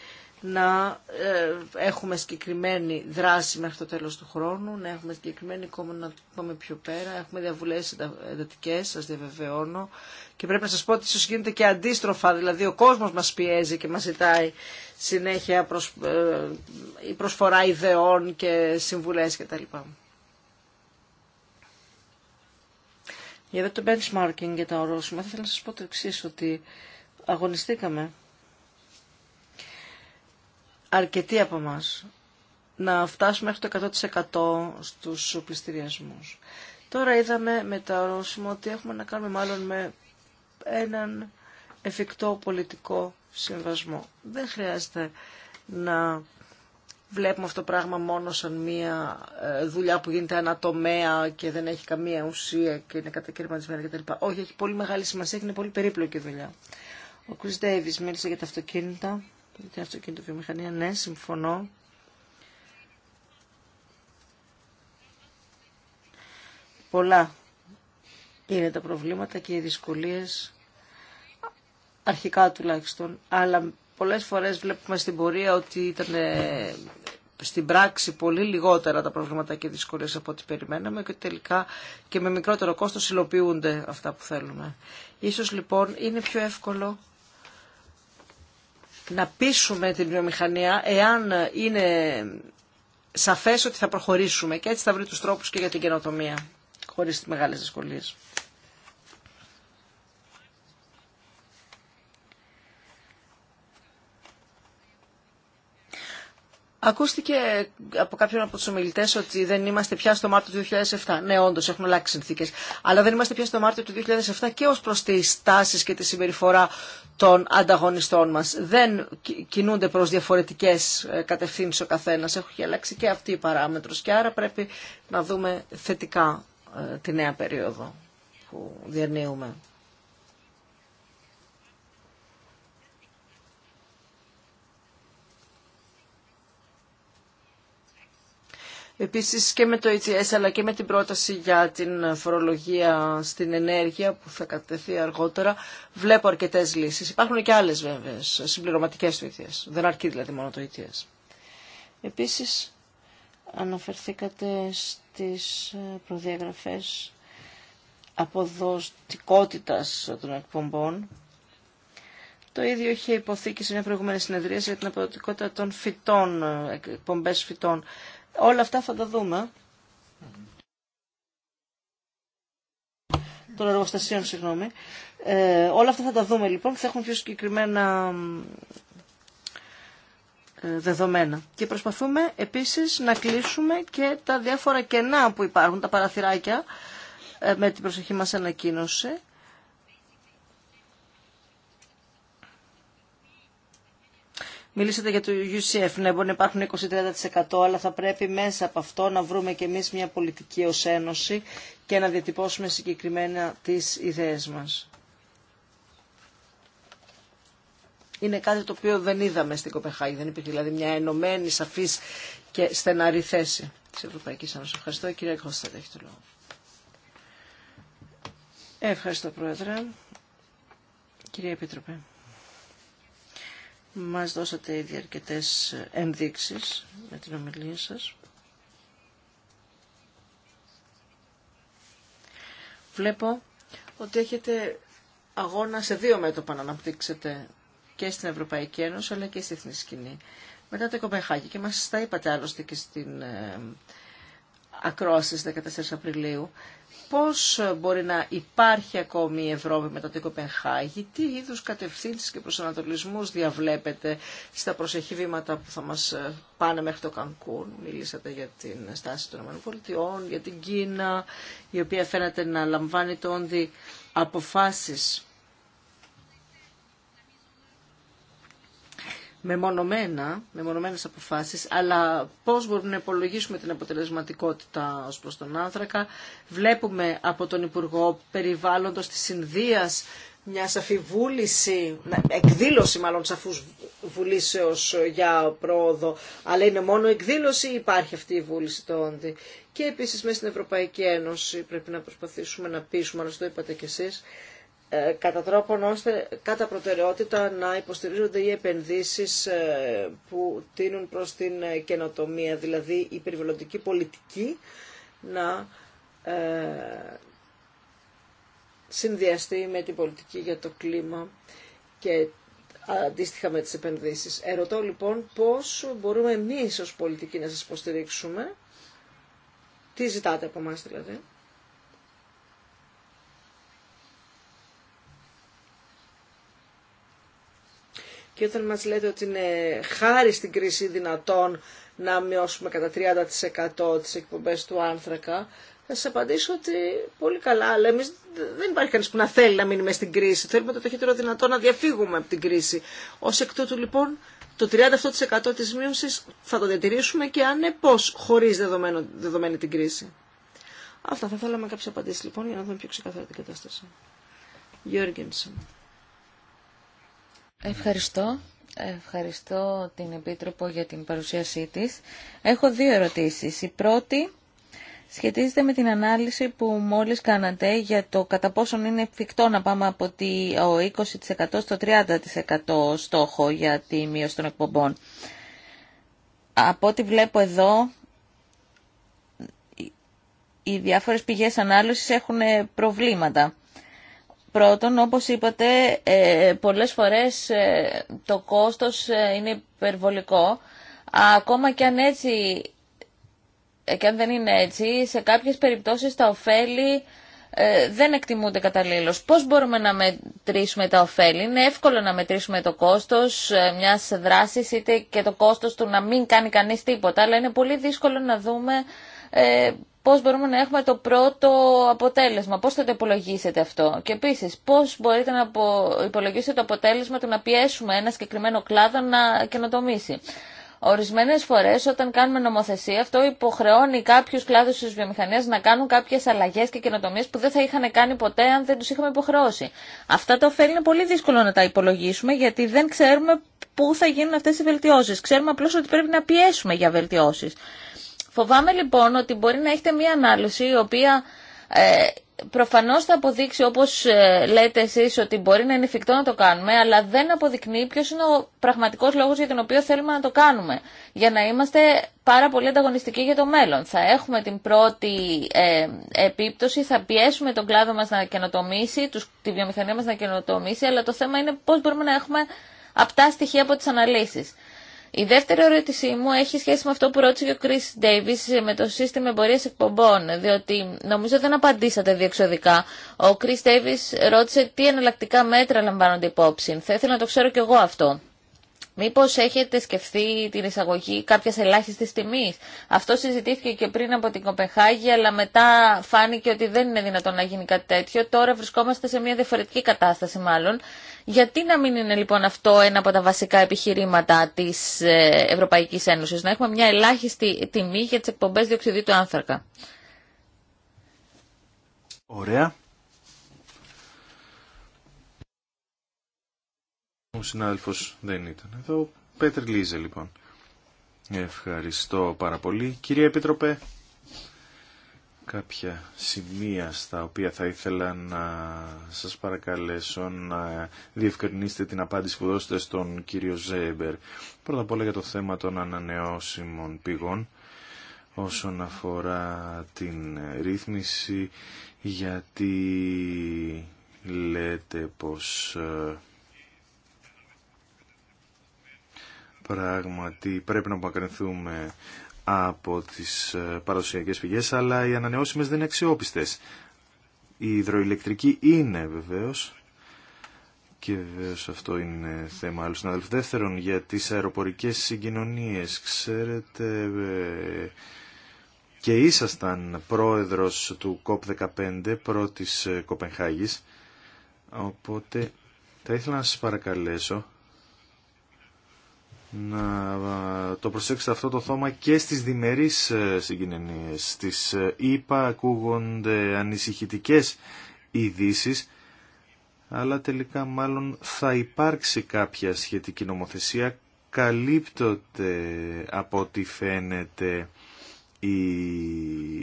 Speaker 4: να ε, έχουμε συγκεκριμένη δράση μέχρι το τέλος του χρόνου, να έχουμε συγκεκριμένη κόμμα να πάμε πιο πέρα, έχουμε διαβουλές εντατικέ, σας διαβεβαιώνω και πρέπει να σας πω ότι ίσως γίνεται και αντίστροφα, δηλαδή ο κόσμος μας πιέζει και μας ζητάει συνέχεια ε, η προσφορά ιδεών και συμβουλές κτλ. Για το benchmarking για τα ορόσημα, θα ήθελα να σας πω το εξή ότι αγωνιστήκαμε αρκετοί από εμά να φτάσουμε μέχρι το 100% στους πληστηριασμούς. Τώρα είδαμε με τα ορόσημα ότι έχουμε να κάνουμε μάλλον με έναν εφικτό πολιτικό συμβασμό. Δεν χρειάζεται να βλέπουμε αυτό το πράγμα μόνο σαν μία ε, δουλειά που γίνεται ανατομέα και δεν έχει καμία ουσία και είναι κατακαιρματισμένη κτλ. Όχι, έχει πολύ μεγάλη σημασία και είναι πολύ περίπλοκη δουλειά. Ο Κρυς Ντέιβις μίλησε για τα αυτοκίνητα και την βιομηχανία. Ναι, συμφωνώ. Πολλά είναι τα προβλήματα και οι δυσκολίες, αρχικά τουλάχιστον, αλλά πολλές φορές βλέπουμε στην πορεία ότι ήταν ε, στην πράξη πολύ λιγότερα τα προβλήματα και οι δυσκολίες από ό,τι περιμέναμε και τελικά και με μικρότερο κόστος υλοποιούνται αυτά που θέλουμε. Ίσως λοιπόν είναι πιο εύκολο να πείσουμε την βιομηχανία εάν είναι σαφές ότι θα προχωρήσουμε και έτσι θα βρει τους τρόπους και για την καινοτομία χωρίς τις μεγάλες δυσκολίες. Ακούστηκε από κάποιον από του ομιλητέ ότι δεν είμαστε πια στο Μάρτιο του 2007. Ναι, όντω έχουν αλλάξει συνθήκε. Αλλά δεν είμαστε πια στο Μάρτιο του 2007 και ω προ τι τάσει και τη συμπεριφορά των ανταγωνιστών μα. Δεν κινούνται προ διαφορετικέ ε, κατευθύνσει ο καθένα. Έχουν αλλάξει και αυτοί οι παράμετρο. Και άρα πρέπει να δούμε θετικά ε, τη νέα περίοδο που διανύουμε. Επίσης και με το ETS αλλά και με την πρόταση για την φορολογία στην ενέργεια που θα κατευθεί αργότερα βλέπω αρκετές λύσεις. Υπάρχουν και άλλες βέβαια συμπληρωματικές του ETS. Δεν αρκεί δηλαδή μόνο το ETS. Επίσης αναφερθήκατε στις ε, προδιαγραφές αποδοστικότητας των εκπομπών. Το ίδιο είχε υποθεί σε μια προηγούμενη συνεδρία για την αποδοτικότητα των φυτών, ε, εκπομπές φυτών. Όλα αυτά θα τα δούμε. Των εργοστασίων, συγγνώμη. Ε, όλα αυτά θα τα δούμε λοιπόν, θα έχουν πιο συγκεκριμένα ε, δεδομένα. Και προσπαθούμε επίσης να κλείσουμε και τα διάφορα κενά που υπάρχουν, τα παραθυράκια, ε, με την προσοχή μας ανακοίνωση. Μιλήσατε για το UCF, ναι μπορεί να υπάρχουν 20-30% αλλά θα πρέπει μέσα από αυτό να βρούμε και εμείς μια πολιτική ως ένωση και να διατυπώσουμε συγκεκριμένα τις ιδέες μας. Είναι κάτι το οποίο δεν είδαμε στην Κοπεχάγη, δεν υπήρχε δηλαδή μια ενωμένη, σαφή και στεναρή θέση τη Ευρωπαϊκή Ένωση. Ευχαριστώ κύριε Κώστα, έχει το λόγο. Ευχαριστώ Πρόεδρε. Κυρία Επίτροπε. Μας δώσατε ήδη αρκετές ενδείξεις με την ομιλία σας. Βλέπω ότι έχετε αγώνα σε δύο μέτωπα να αναπτύξετε και στην Ευρωπαϊκή Ένωση αλλά και στη εθνική σκηνή. Μετά το Κοπεχάγη και μας τα είπατε άλλωστε και στην ε, ακρόαση 14 Απριλίου πώς μπορεί να υπάρχει ακόμη η Ευρώπη μετά το Κοπενχάγη, τι είδους κατευθύνσεις και προσανατολισμούς διαβλέπετε στα προσεχή βήματα που θα μας ε, πάνε μέχρι το Κανκούν. Μίλησατε για την στάση των ΗΠΑ, για την Κίνα, η οποία φαίνεται να λαμβάνει τόντι αποφάσεις με μεμονωμένες αποφάσεις, αλλά πώς μπορούμε να υπολογίσουμε την αποτελεσματικότητα ως προς τον άνθρακα. Βλέπουμε από τον Υπουργό Περιβάλλοντος της Ινδίας μια σαφή βούληση, εκδήλωση μάλλον σαφούς βουλήσεως για πρόοδο, αλλά είναι μόνο εκδήλωση ή υπάρχει αυτή η βούληση το όντι. Και επίσης μέσα στην Ευρωπαϊκή Ένωση πρέπει να προσπαθήσουμε να πείσουμε, αλλά το είπατε κι εσείς, ε, κατά τρόπον ώστε κατά προτεραιότητα να υποστηρίζονται οι επενδύσεις ε, που τίνουν προς την ε, καινοτομία, δηλαδή η περιβαλλοντική πολιτική να συνδυαστεί με την πολιτική για το κλίμα και αντίστοιχα με τις επενδύσεις. Ερωτώ λοιπόν πώς μπορούμε εμείς ως πολιτικοί να σας υποστηρίξουμε, τι ζητάτε από εμάς δηλαδή, Και όταν μας λέτε ότι είναι χάρη στην κρίση δυνατόν να μειώσουμε κατά 30% τις εκπομπές του άνθρακα, θα σα απαντήσω ότι πολύ καλά, αλλά εμεί δεν υπάρχει κανεί που να θέλει να μείνουμε στην κρίση. Θέλουμε το ταχύτερο δυνατό να διαφύγουμε από την κρίση. Ως εκ τούτου λοιπόν το 38% της μείωσης θα το διατηρήσουμε και αν είναι πώς, χωρίς δεδομένο, δεδομένη την κρίση. Αυτά θα θέλαμε κάποιες απαντήσεις λοιπόν για να δούμε πιο ξεκαθαρά την κατάσταση.
Speaker 2: Γιώργενσον. Ευχαριστώ. Ευχαριστώ την Επίτροπο για την παρουσίασή της. Έχω δύο ερωτήσεις. Η πρώτη σχετίζεται με την ανάλυση που μόλις κάνατε για το κατά πόσον είναι εφικτό να πάμε από το 20% στο 30% στόχο για τη μείωση των εκπομπών. Από ό,τι βλέπω εδώ, οι διάφορες πηγές ανάλυσης έχουν προβλήματα. Πρώτον, όπως είπατε, ε, πολλές φορές ε, το κόστος ε, είναι υπερβολικό. Ακόμα και αν έτσι, και αν δεν είναι έτσι, σε κάποιες περιπτώσεις τα ωφέλη δεν εκτιμούνται καταλήλως. Πώς μπορούμε να μετρήσουμε τα ωφέλη. Είναι εύκολο να μετρήσουμε το κόστος μιας δράσης, είτε και το κόστος του να μην κάνει κανείς τίποτα, αλλά είναι πολύ δύσκολο να δούμε πώς μπορούμε να έχουμε το πρώτο αποτέλεσμα, πώς θα το υπολογίσετε αυτό και επίσης πώς μπορείτε να υπολογίσετε το αποτέλεσμα του να πιέσουμε ένα συγκεκριμένο κλάδο να καινοτομήσει. Ορισμένε φορέ, όταν κάνουμε νομοθεσία, αυτό υποχρεώνει κάποιου κλάδου τη βιομηχανία να κάνουν κάποιε αλλαγέ και καινοτομίε που δεν θα είχαν κάνει ποτέ αν δεν του είχαμε υποχρεώσει. Αυτά τα ωφέλη είναι πολύ δύσκολο να τα υπολογίσουμε, γιατί δεν ξέρουμε πού θα γίνουν αυτέ οι βελτιώσει. Ξέρουμε απλώ ότι πρέπει να πιέσουμε για βελτιώσει. Φοβάμαι λοιπόν ότι μπορεί να έχετε μία ανάλυση η οποία ε, προφανώς θα αποδείξει όπως ε, λέτε εσείς ότι μπορεί να είναι εφικτό να το κάνουμε αλλά δεν αποδεικνύει ποιος είναι ο πραγματικός λόγος για τον οποίο θέλουμε να το κάνουμε για να είμαστε πάρα πολύ ανταγωνιστικοί για το μέλλον. Θα έχουμε την πρώτη ε, επίπτωση, θα πιέσουμε τον κλάδο μας να καινοτομήσει, τους, τη βιομηχανία μας να καινοτομήσει αλλά το θέμα είναι πώς μπορούμε να έχουμε απτά στοιχεία από τις αναλύσεις. Η δεύτερη ερώτησή μου έχει σχέση με αυτό που ρώτησε και ο Chris Ντέιβις με το σύστημα εμπορία εκπομπών, διότι νομίζω δεν απαντήσατε διεξοδικά. Ο Chris Ντέιβις ρώτησε τι εναλλακτικά μέτρα λαμβάνονται υπόψη. Θα ήθελα να το ξέρω κι εγώ αυτό. Μήπως έχετε σκεφτεί την εισαγωγή κάποιας ελάχιστης τιμής. Αυτό συζητήθηκε και πριν από την Κοπεχάγη, αλλά μετά φάνηκε ότι δεν είναι δυνατόν να γίνει κάτι τέτοιο. Τώρα βρισκόμαστε σε μια διαφορετική κατάσταση μάλλον. Γιατί να μην είναι λοιπόν αυτό ένα από τα βασικά επιχειρήματα της ε, Ευρωπαϊκής Ένωσης, να έχουμε μια ελάχιστη τιμή για τις εκπομπές διοξιδίου του άνθρακα.
Speaker 1: Ωραία. Ο συνάδελφος δεν ήταν εδώ. Πέτρ Λίζε λοιπόν. Ευχαριστώ πάρα πολύ. Κυρία Επίτροπε, κάποια σημεία στα οποία θα ήθελα να σας παρακαλέσω να διευκρινίσετε την απάντηση που δώσετε στον κύριο Ζέμπερ. Πρώτα απ' όλα για το θέμα των ανανεώσιμων πηγών όσον αφορά την ρύθμιση γιατί λέτε πως ε, Πράγματι πρέπει να απομακρυνθούμε από τις ε, παραδοσιακές πηγές, αλλά οι ανανεώσιμες δεν είναι αξιόπιστες. Η υδροηλεκτρική είναι βεβαίως και βεβαίω αυτό είναι θέμα άλλου συναδέλφου. Δεύτερον, για τις αεροπορικές συγκοινωνίες. Ξέρετε, ε, και ήσασταν πρόεδρος του COP15 πρώτης ε, Κοπενχάγης, οπότε θα ήθελα να σας παρακαλέσω να το προσέξετε αυτό το θέμα και στις διμερείς ε, συγκοινωνίες. Στις ΕΠΑ ακούγονται ανησυχητικές ειδήσει, αλλά τελικά μάλλον θα υπάρξει κάποια σχετική νομοθεσία. Καλύπτονται από ό,τι φαίνεται οι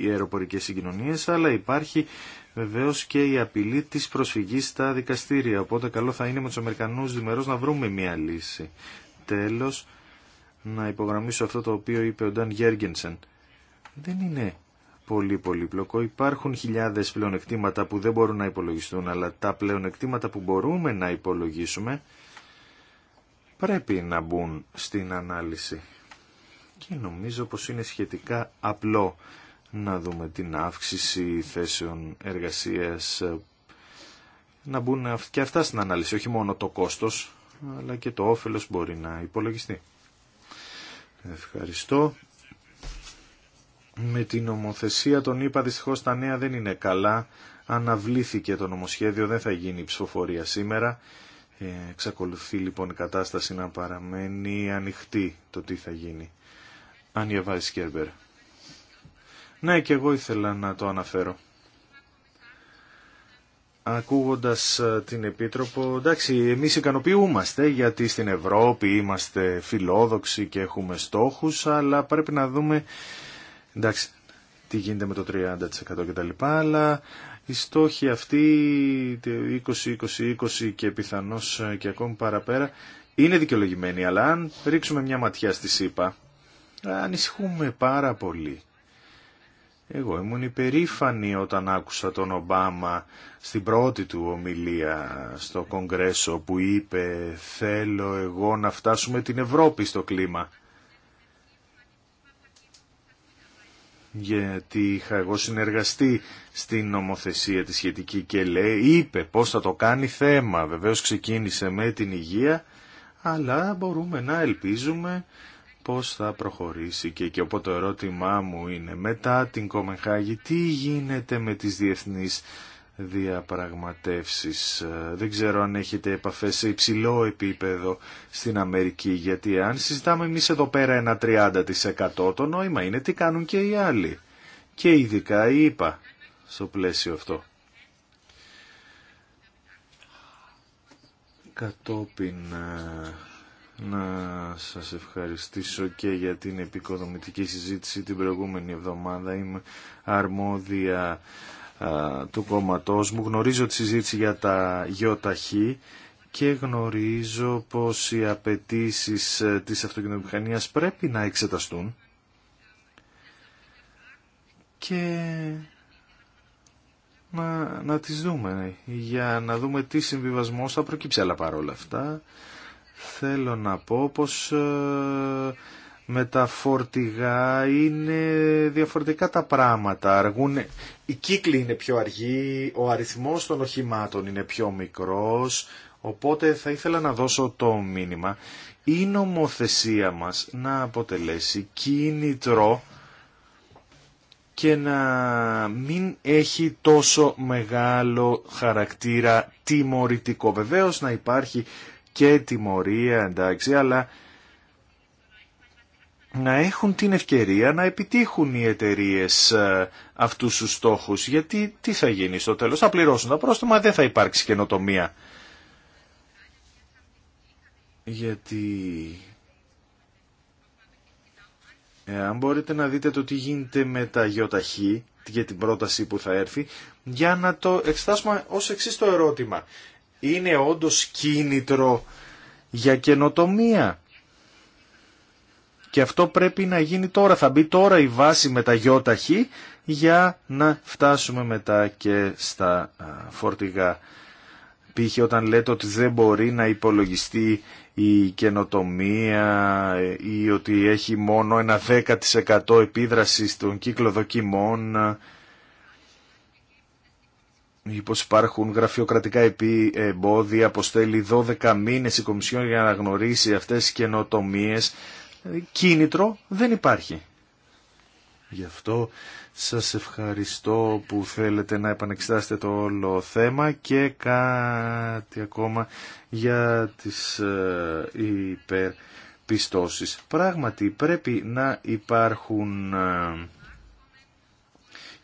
Speaker 1: αεροπορικές συγκοινωνίες, αλλά υπάρχει βεβαίως και η απειλή της προσφυγής στα δικαστήρια. Οπότε καλό θα είναι με τους Αμερικανούς διμερώς να βρούμε μια λύση τέλος να υπογραμμίσω αυτό το οποίο είπε ο Νταν Γέργενσεν. Δεν είναι πολύ πολύπλοκο. Υπάρχουν χιλιάδες πλεονεκτήματα που δεν μπορούν να υπολογιστούν, αλλά τα πλεονεκτήματα που μπορούμε να υπολογίσουμε πρέπει να μπουν στην ανάλυση. Και νομίζω πως είναι σχετικά απλό να δούμε την αύξηση θέσεων εργασίας, να μπουν και αυτά στην ανάλυση, όχι μόνο το κόστος, αλλά και το όφελος μπορεί να υπολογιστεί. Ευχαριστώ. Με την νομοθεσία τον είπα δυστυχώ τα νέα δεν είναι καλά. Αναβλήθηκε το νομοσχέδιο, δεν θα γίνει ψηφοφορία σήμερα. Ε, εξακολουθεί λοιπόν η κατάσταση να παραμένει ανοιχτή το τι θα γίνει. Αν Βάις Ναι και εγώ ήθελα να το αναφέρω ακούγοντας ε, την Επίτροπο, εντάξει, εμείς ικανοποιούμαστε γιατί στην Ευρώπη είμαστε φιλόδοξοι και έχουμε στόχους, αλλά πρέπει να δούμε, εντάξει, τι γίνεται με το 30% κτλ. Αλλά οι στόχοι αυτοί, 20-20-20 και πιθανώς ε, και ακόμη παραπέρα, είναι δικαιολογημένοι. Αλλά αν ρίξουμε μια ματιά στη ΣΥΠΑ, ανησυχούμε πάρα πολύ εγώ ήμουν υπερήφανη όταν άκουσα τον Ομπάμα στην πρώτη του ομιλία στο Κογκρέσο που είπε «Θέλω εγώ να φτάσουμε την Ευρώπη στο κλίμα». γιατί είχα εγώ συνεργαστεί στην νομοθεσία τη σχετική και λέει, είπε πώς θα το κάνει θέμα. Βεβαίως ξεκίνησε με την υγεία, αλλά μπορούμε να ελπίζουμε πώς θα προχωρήσει και εκεί. Οπότε το ερώτημά μου είναι μετά την Κομεχάγη τι γίνεται με τις διεθνείς διαπραγματεύσεις. Ε, δεν ξέρω αν έχετε επαφές σε υψηλό επίπεδο στην Αμερική γιατί αν συζητάμε εμεί εδώ πέρα ένα 30% το νόημα είναι τι κάνουν και οι άλλοι. Και ειδικά είπα στο πλαίσιο αυτό. Κατόπιν ε, να σας ευχαριστήσω και για την επικοδομητική συζήτηση την προηγούμενη εβδομάδα. Είμαι αρμόδια του κόμματός μου. Γνωρίζω τη συζήτηση για τα γιοταχή και γνωρίζω πως οι απαιτήσει ε, της αυτοκινητομηχανίας πρέπει να εξεταστούν και να, να τις δούμε για να δούμε τι συμβιβασμός θα προκύψει αλλά παρόλα αυτά θέλω να πω πως ε, με τα φορτηγά είναι διαφορετικά τα πράγματα. Αργούν, οι κύκλοι είναι πιο αργοί, ο αριθμός των οχημάτων είναι πιο μικρός, οπότε θα ήθελα να δώσω το μήνυμα. Η νομοθεσία μας να αποτελέσει κίνητρο και να μην έχει τόσο μεγάλο χαρακτήρα τιμωρητικό. Βεβαίως να υπάρχει και τιμωρία εντάξει, αλλά να έχουν την ευκαιρία να επιτύχουν οι εταιρείε ε, αυτούς τους στόχους. Γιατί τι θα γίνει στο τέλος, θα πληρώσουν τα πρόστιμα, δεν θα υπάρξει καινοτομία. Γιατί ε, αν μπορείτε να δείτε το τι γίνεται με τα γιοταχή για την πρόταση που θα έρθει, για να το εξετάσουμε ως εξής το ερώτημα είναι όντως κίνητρο για καινοτομία. Και αυτό πρέπει να γίνει τώρα. Θα μπει τώρα η βάση με τα γιόταχη για να φτάσουμε μετά και στα φορτηγά. Π.χ. όταν λέτε ότι δεν μπορεί να υπολογιστεί η καινοτομία ε, ή ότι έχει μόνο ένα 10% επίδραση στον κύκλο δοκιμών πως υπάρχουν γραφειοκρατικά επί εμπόδια, αποστέλει 12 μήνες η Κομισιόν για να γνωρίσει αυτές τις καινοτομίες. Δηλαδή, κίνητρο δεν υπάρχει. Γι' αυτό σας ευχαριστώ που θέλετε να επανεξετάσετε το όλο θέμα και κάτι ακόμα για τις ε, υπερπιστώσεις. Πράγματι πρέπει να υπάρχουν ε,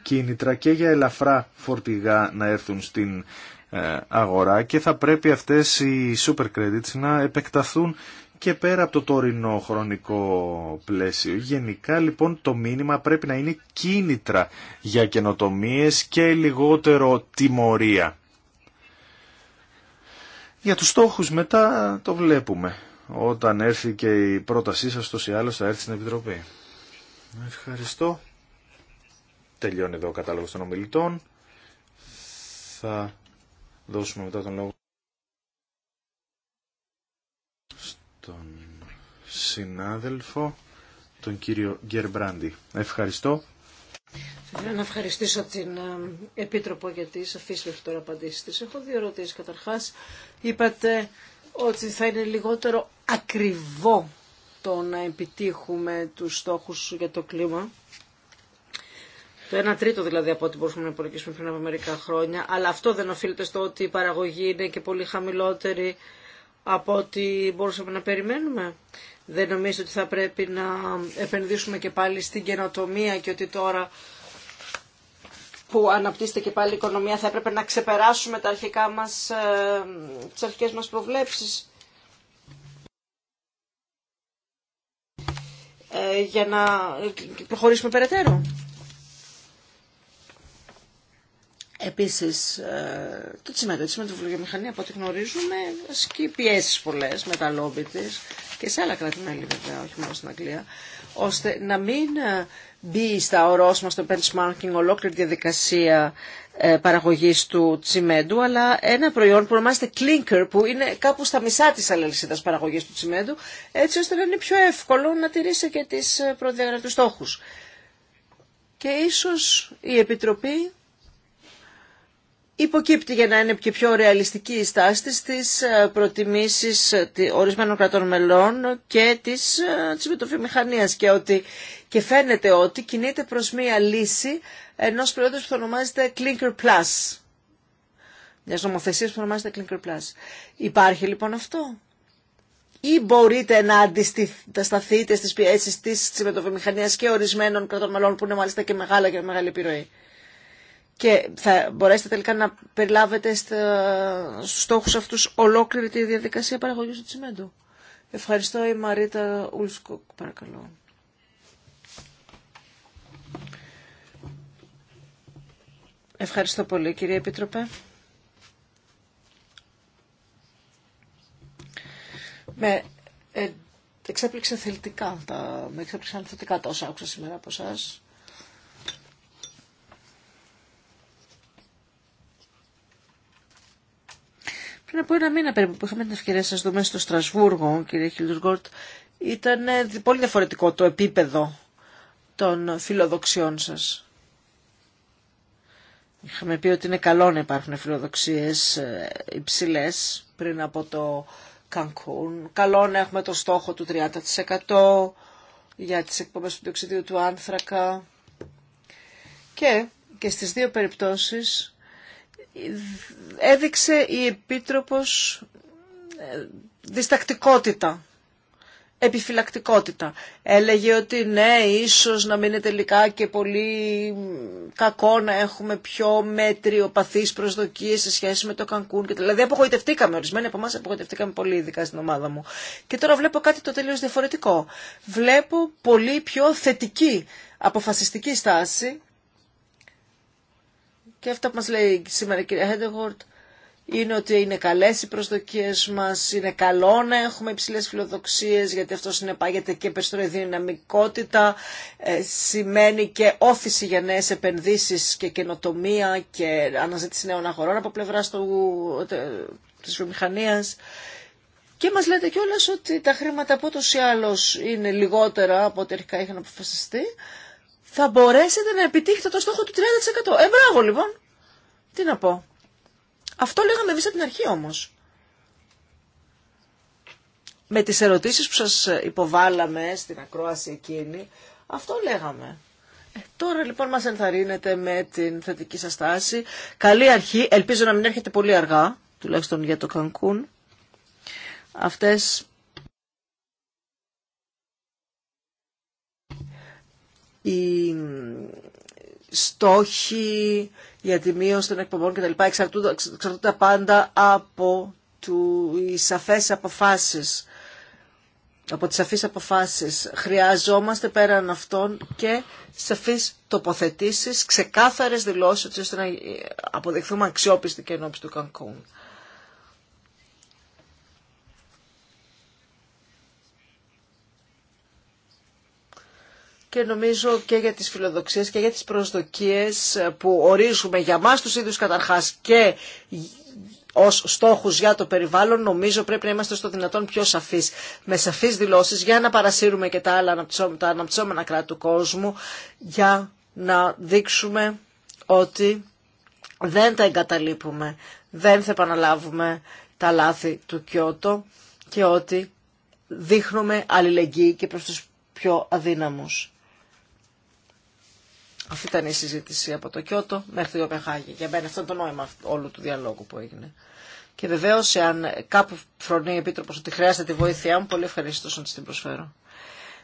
Speaker 1: κίνητρα και για ελαφρά φορτηγά να έρθουν στην ε, αγορά και θα πρέπει αυτές οι super credits να επεκταθούν και πέρα από το τωρινό χρονικό πλαίσιο. Γενικά λοιπόν το μήνυμα πρέπει να είναι κίνητρα για καινοτομίες και λιγότερο τιμωρία. Για τους στόχους μετά το βλέπουμε. Όταν έρθει και η πρότασή σας, τόσο ή άλλως θα έρθει στην Επιτροπή. Ευχαριστώ τελειώνει εδώ ο κατάλογος των ομιλητών. Θα δώσουμε μετά τον λόγο στον συνάδελφο, τον κύριο Γκερμπράντι. Ευχαριστώ.
Speaker 4: Θα να ευχαριστήσω την ε, Επίτροπο για τις αφήσεις τώρα απαντήσεις της. Έχω δύο ερωτήσεις. Καταρχάς, είπατε ότι θα είναι λιγότερο ακριβό το να επιτύχουμε τους στόχους για το κλίμα το 1 τρίτο δηλαδή από ό,τι μπορούσαμε να υπολογίσουμε πριν από μερικά χρόνια. Αλλά αυτό δεν οφείλεται στο ότι η παραγωγή είναι και πολύ χαμηλότερη από ό,τι μπορούσαμε να περιμένουμε. Δεν νομίζω ότι θα πρέπει να επενδύσουμε και πάλι στην καινοτομία και ότι τώρα που αναπτύσσεται και πάλι η οικονομία θα έπρεπε να ξεπεράσουμε τα αρχικά μας, ε, τις αρχικές μας προβλέψεις. Ε, για να προχωρήσουμε περαιτέρω. Επίσης, ε, το τσιμέντο, με τσιμέντο βιομηχανία, από ό,τι γνωρίζουμε, ασκεί πιέσει πολλές με τα λόμπι τη και σε άλλα κράτη-μέλη βέβαια, όχι μόνο στην Αγγλία, ώστε να μην ε, μπει στα ορόσημα στο benchmarking ολόκληρη διαδικασία ε, παραγωγής του τσιμέντου, αλλά ένα προϊόν που ονομάζεται clinker, που είναι κάπου στα μισά της αλυσίδας παραγωγής του τσιμέντου, έτσι ώστε να είναι πιο εύκολο να τηρήσει και τις προδιαγραφές στόχους. Και ίσως η Επιτροπή υποκύπτει για να είναι και πιο ρεαλιστική η στάση της στις ε, προτιμήσεις ε, ορισμένων κρατών μελών και της, ε, της και, ότι, και φαίνεται ότι κινείται προς μία λύση ενός προϊόντος που θα ονομάζεται Clinker Plus. Μια νομοθεσία που ονομάζεται Clinker Plus. Υπάρχει λοιπόν αυτό. Ή μπορείτε να αντισταθείτε στις πιέσεις της μετροφημηχανίας και ορισμένων κρατών μελών που είναι μάλιστα και μεγάλα και μεγάλη επιρροή και θα μπορέσετε τελικά να περιλάβετε στους στόχου αυτούς ολόκληρη τη διαδικασία παραγωγή του τσιμέντου. Ευχαριστώ η Μαρίτα Ουλσκοκ, παρακαλώ. Ευχαριστώ πολύ κύριε Επίτροπε. Με ε, εξέπληξε θελτικά τα, με εξέπληξαν θετικά τόσα όσα άκουσα σήμερα από εσάς. Πριν από ένα μήνα περίπου που είχαμε την ευκαιρία να σας δούμε στο Στρασβούργο, κύριε Χιλτουργκόρτ, ήταν ε, πολύ διαφορετικό το επίπεδο των φιλοδοξιών σας. Είχαμε πει ότι είναι καλό να υπάρχουν φιλοδοξίες ε, υψηλές πριν από το Κανκούν. Καλό να έχουμε το στόχο του 30% για τις εκπομπές του διοξιδίου του άνθρακα. Και, και στις δύο περιπτώσεις έδειξε η Επίτροπος ε, διστακτικότητα, επιφυλακτικότητα. Έλεγε ότι ναι, ίσως να μην είναι τελικά και πολύ κακό να έχουμε πιο μέτριο μέτριοπαθείς προσδοκίες σε σχέση με το Κανκούν. Δηλαδή απογοητευτήκαμε, ορισμένοι από εμάς απογοητευτήκαμε πολύ ειδικά στην ομάδα μου. Και τώρα βλέπω κάτι το τελείως διαφορετικό. Βλέπω πολύ πιο θετική αποφασιστική στάση και αυτά που μας λέει σήμερα η κυρία Χέντεγορτ είναι ότι είναι καλές οι προσδοκίες μας, είναι καλό να έχουμε υψηλές φιλοδοξίες γιατί αυτό συνεπάγεται και περισσότερη δυναμικότητα, ε, σημαίνει και όθηση για νέες επενδύσεις και καινοτομία και αναζήτηση νέων αγορών από πλευρά της βιομηχανίας. Και μας λέτε κιόλας ότι τα χρήματα από ούτως ή άλλως είναι λιγότερα από ό,τι αρχικά είχαν αποφασιστεί, θα μπορέσετε να επιτύχετε το στόχο του 30%. Ε, μπράβο λοιπόν. Τι να πω. Αυτό λέγαμε εμείς από την αρχή όμως. Με τις ερωτήσεις που σας υποβάλαμε στην ακρόαση εκείνη, αυτό λέγαμε. Ε, τώρα λοιπόν μας ενθαρρύνετε με την θετική σας στάση. Καλή αρχή, ελπίζω να μην έρχεται πολύ αργά, τουλάχιστον για το Κανκούν. Αυτές οι στόχοι για τη μείωση των εκπομπών λοιπά εξαρτούνται πάντα από τι σαφές αποφάσεις. Από τις σαφείς αποφάσεις χρειαζόμαστε πέραν αυτών και σαφείς τοποθετήσεις, ξεκάθαρες δηλώσεις ώστε να αποδεχθούμε αξιόπιστοι και του Κανκούν. και νομίζω και για τις φιλοδοξίες και για τις προσδοκίες που ορίζουμε για μας τους ίδιους καταρχάς και ως στόχους για το περιβάλλον νομίζω πρέπει να είμαστε στο δυνατόν πιο σαφείς με σαφείς δηλώσεις για να παρασύρουμε και τα άλλα τα αναπτυσσόμενα κράτη του κόσμου για να δείξουμε ότι δεν τα εγκαταλείπουμε, δεν θα επαναλάβουμε τα λάθη του Κιώτο και ότι δείχνουμε αλληλεγγύη και προς τους πιο αδύναμους. Αυτή ήταν η συζήτηση από το Κιώτο μέχρι το Ιωπεχάγη. Για μένα αυτό είναι το νόημα όλου του διαλόγου που έγινε. Και βεβαίω, αν κάπου φρονεί η Επίτροπο ότι χρειάζεται τη βοήθειά μου, πολύ ευχαρίστω να τη την προσφέρω.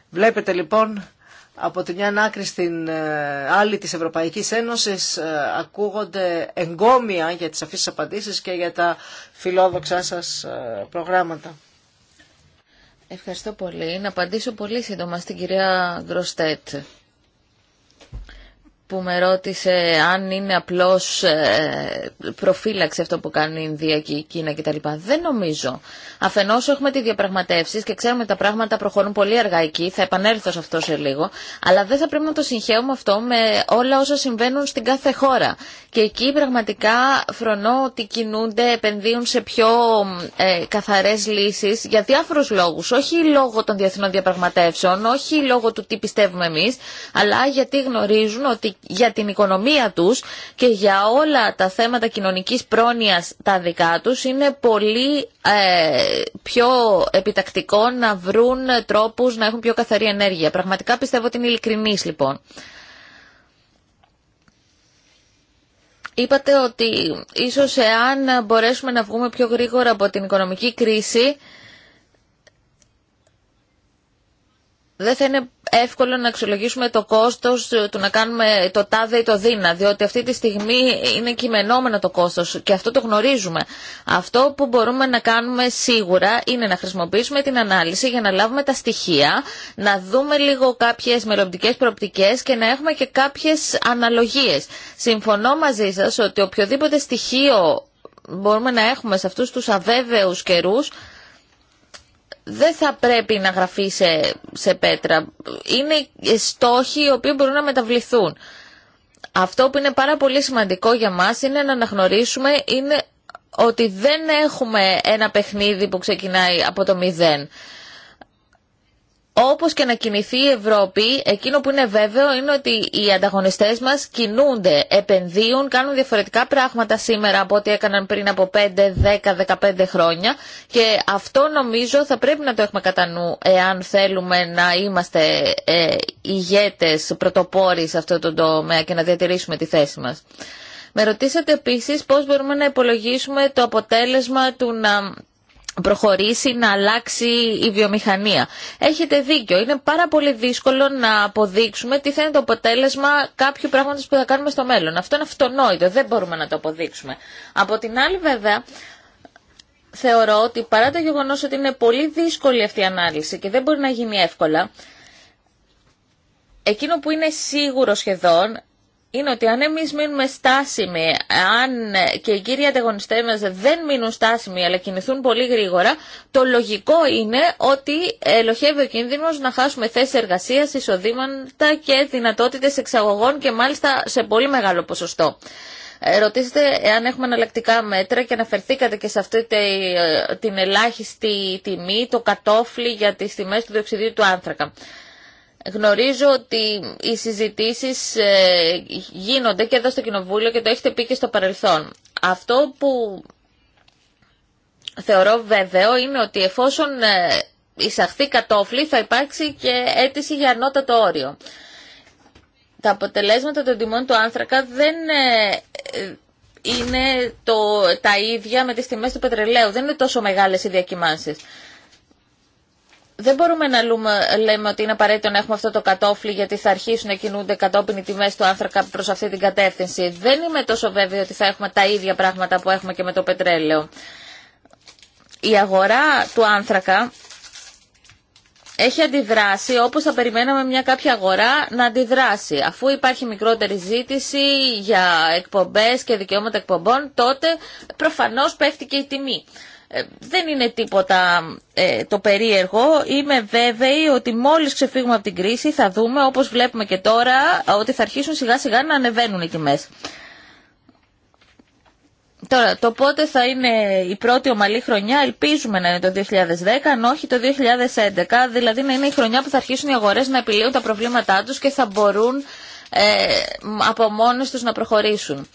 Speaker 4: Βλέπετε λοιπόν από τη μια άκρη στην ε, άλλη της Ευρωπαϊκής Ένωσης ε, ακούγονται εγκόμια για τις αφήσεις απαντήσεις και για τα φιλόδοξά σας ε, προγράμματα.
Speaker 2: Ευχαριστώ πολύ. Να απαντήσω πολύ σύντομα στην κυρία Γκροστέτ που με ρώτησε αν είναι απλώς ε, προφύλαξη αυτό που κάνει η Ινδία και η Κίνα κτλ. Δεν νομίζω. Αφενός έχουμε τη διαπραγματεύσεις και ξέρουμε ότι τα πράγματα προχωρούν πολύ αργά εκεί, θα επανέλθω σε αυτό σε λίγο, αλλά δεν θα πρέπει να το συγχαίουμε αυτό με όλα όσα συμβαίνουν στην κάθε χώρα. Και εκεί πραγματικά φρονώ ότι κινούνται, επενδύουν σε πιο ε, καθαρές λύσεις για διάφορους λόγους, όχι λόγω των διεθνών διαπραγματεύσεων, όχι λόγω του τι πιστεύουμε εμείς, αλλά γιατί γνωρίζουν ότι για την οικονομία τους και για όλα τα θέματα κοινωνικής πρόνοιας τα δικά τους είναι πολύ ε, πιο επιτακτικό να βρουν τρόπους να έχουν πιο καθαρή ενέργεια. Πραγματικά πιστεύω ότι είναι ειλικρινής λοιπόν. Είπατε ότι ίσως εάν μπορέσουμε να βγούμε πιο γρήγορα από την οικονομική κρίση δεν θα είναι εύκολο να αξιολογήσουμε το κόστος του να κάνουμε το τάδε ή το δίνα, διότι αυτή τη στιγμή είναι κειμενόμενο το κόστος και αυτό το γνωρίζουμε. Αυτό που μπορούμε να κάνουμε σίγουρα είναι να χρησιμοποιήσουμε την ανάλυση για να λάβουμε τα στοιχεία, να δούμε λίγο κάποιες μελλοντικές προοπτικές και να έχουμε και κάποιες αναλογίες. Συμφωνώ μαζί σας ότι οποιοδήποτε στοιχείο μπορούμε να έχουμε σε αυτούς τους αβέβαιους καιρούς δεν θα πρέπει να γραφεί σε, πέτρα. Είναι στόχοι οι οποίοι μπορούν να μεταβληθούν. Αυτό που είναι πάρα πολύ σημαντικό για μας είναι να αναγνωρίσουμε είναι ότι δεν έχουμε ένα παιχνίδι που ξεκινάει από το μηδέν όπως και να κινηθεί η Ευρώπη, εκείνο που είναι βέβαιο είναι ότι οι ανταγωνιστές μας κινούνται, επενδύουν, κάνουν διαφορετικά πράγματα σήμερα από ό,τι έκαναν πριν από 5, 10, 15 χρόνια και αυτό νομίζω θα πρέπει να το έχουμε κατά νου εάν θέλουμε να είμαστε ε, ηγέτες, πρωτοπόροι σε αυτό το τομέα και να διατηρήσουμε τη θέση μα. Με ρωτήσατε επίση πώ μπορούμε να υπολογίσουμε το αποτέλεσμα του να προχωρήσει να αλλάξει η βιομηχανία. Έχετε δίκιο. Είναι πάρα πολύ δύσκολο να αποδείξουμε τι θα είναι το αποτέλεσμα κάποιου πράγματος που θα κάνουμε στο μέλλον. Αυτό είναι αυτονόητο. Δεν μπορούμε να το αποδείξουμε. Από την άλλη βέβαια, θεωρώ ότι παρά το γεγονός ότι είναι πολύ δύσκολη αυτή η ανάλυση και δεν μπορεί να γίνει εύκολα, εκείνο που είναι σίγουρο σχεδόν είναι ότι αν εμείς μείνουμε στάσιμοι, αν και οι κύριοι ανταγωνιστέ μα δεν μείνουν στάσιμοι αλλά κινηθούν πολύ γρήγορα, το λογικό είναι ότι ελοχεύει ο κίνδυνο να χάσουμε θέσει εργασία, εισοδήματα και δυνατότητες εξαγωγών και μάλιστα σε πολύ μεγάλο ποσοστό. Ε, Ρωτήσετε αν έχουμε αναλλακτικά μέτρα και αναφερθήκατε και σε αυτή ε, την ελάχιστη τιμή, το κατόφλι για τις τιμές του διοξιδίου του άνθρακα. Γνωρίζω ότι οι συζητήσεις ε, γίνονται και εδώ στο Κοινοβούλιο και το έχετε πει και στο παρελθόν. Αυτό που θεωρώ βέβαιο είναι ότι εφόσον ε, εισαχθεί κατόφλι θα υπάρξει και αίτηση για ανώτατο όριο. Τα αποτελέσματα των τιμών του άνθρακα δεν ε, είναι το, τα ίδια με τις τιμές του πετρελαίου. Δεν είναι τόσο μεγάλες οι διακοιμάνσεις δεν μπορούμε να λέμε ότι είναι απαραίτητο να έχουμε αυτό το κατόφλι γιατί θα αρχίσουν να κινούνται κατόπιν οι τιμέ του άνθρακα προ αυτή την κατεύθυνση. Δεν είμαι τόσο βέβαιη ότι θα έχουμε τα ίδια πράγματα που έχουμε και με το πετρέλαιο. Η αγορά του άνθρακα έχει αντιδράσει όπως θα περιμέναμε μια κάποια αγορά να αντιδράσει. Αφού υπάρχει μικρότερη ζήτηση για εκπομπές και δικαιώματα εκπομπών, τότε προφανώς πέφτει και η τιμή. Ε, δεν είναι τίποτα ε, το περίεργο. Είμαι βέβαιη ότι μόλις ξεφύγουμε από την κρίση θα δούμε, όπως βλέπουμε και τώρα, ότι θα αρχίσουν σιγά σιγά να ανεβαίνουν οι τιμές. Τώρα, το πότε θα είναι η πρώτη ομαλή χρονιά, ελπίζουμε να είναι το 2010, αν όχι το 2011, δηλαδή να είναι η χρονιά που θα αρχίσουν οι αγορές να επιλύουν τα προβλήματά τους και θα μπορούν ε, από μόνες τους να προχωρήσουν.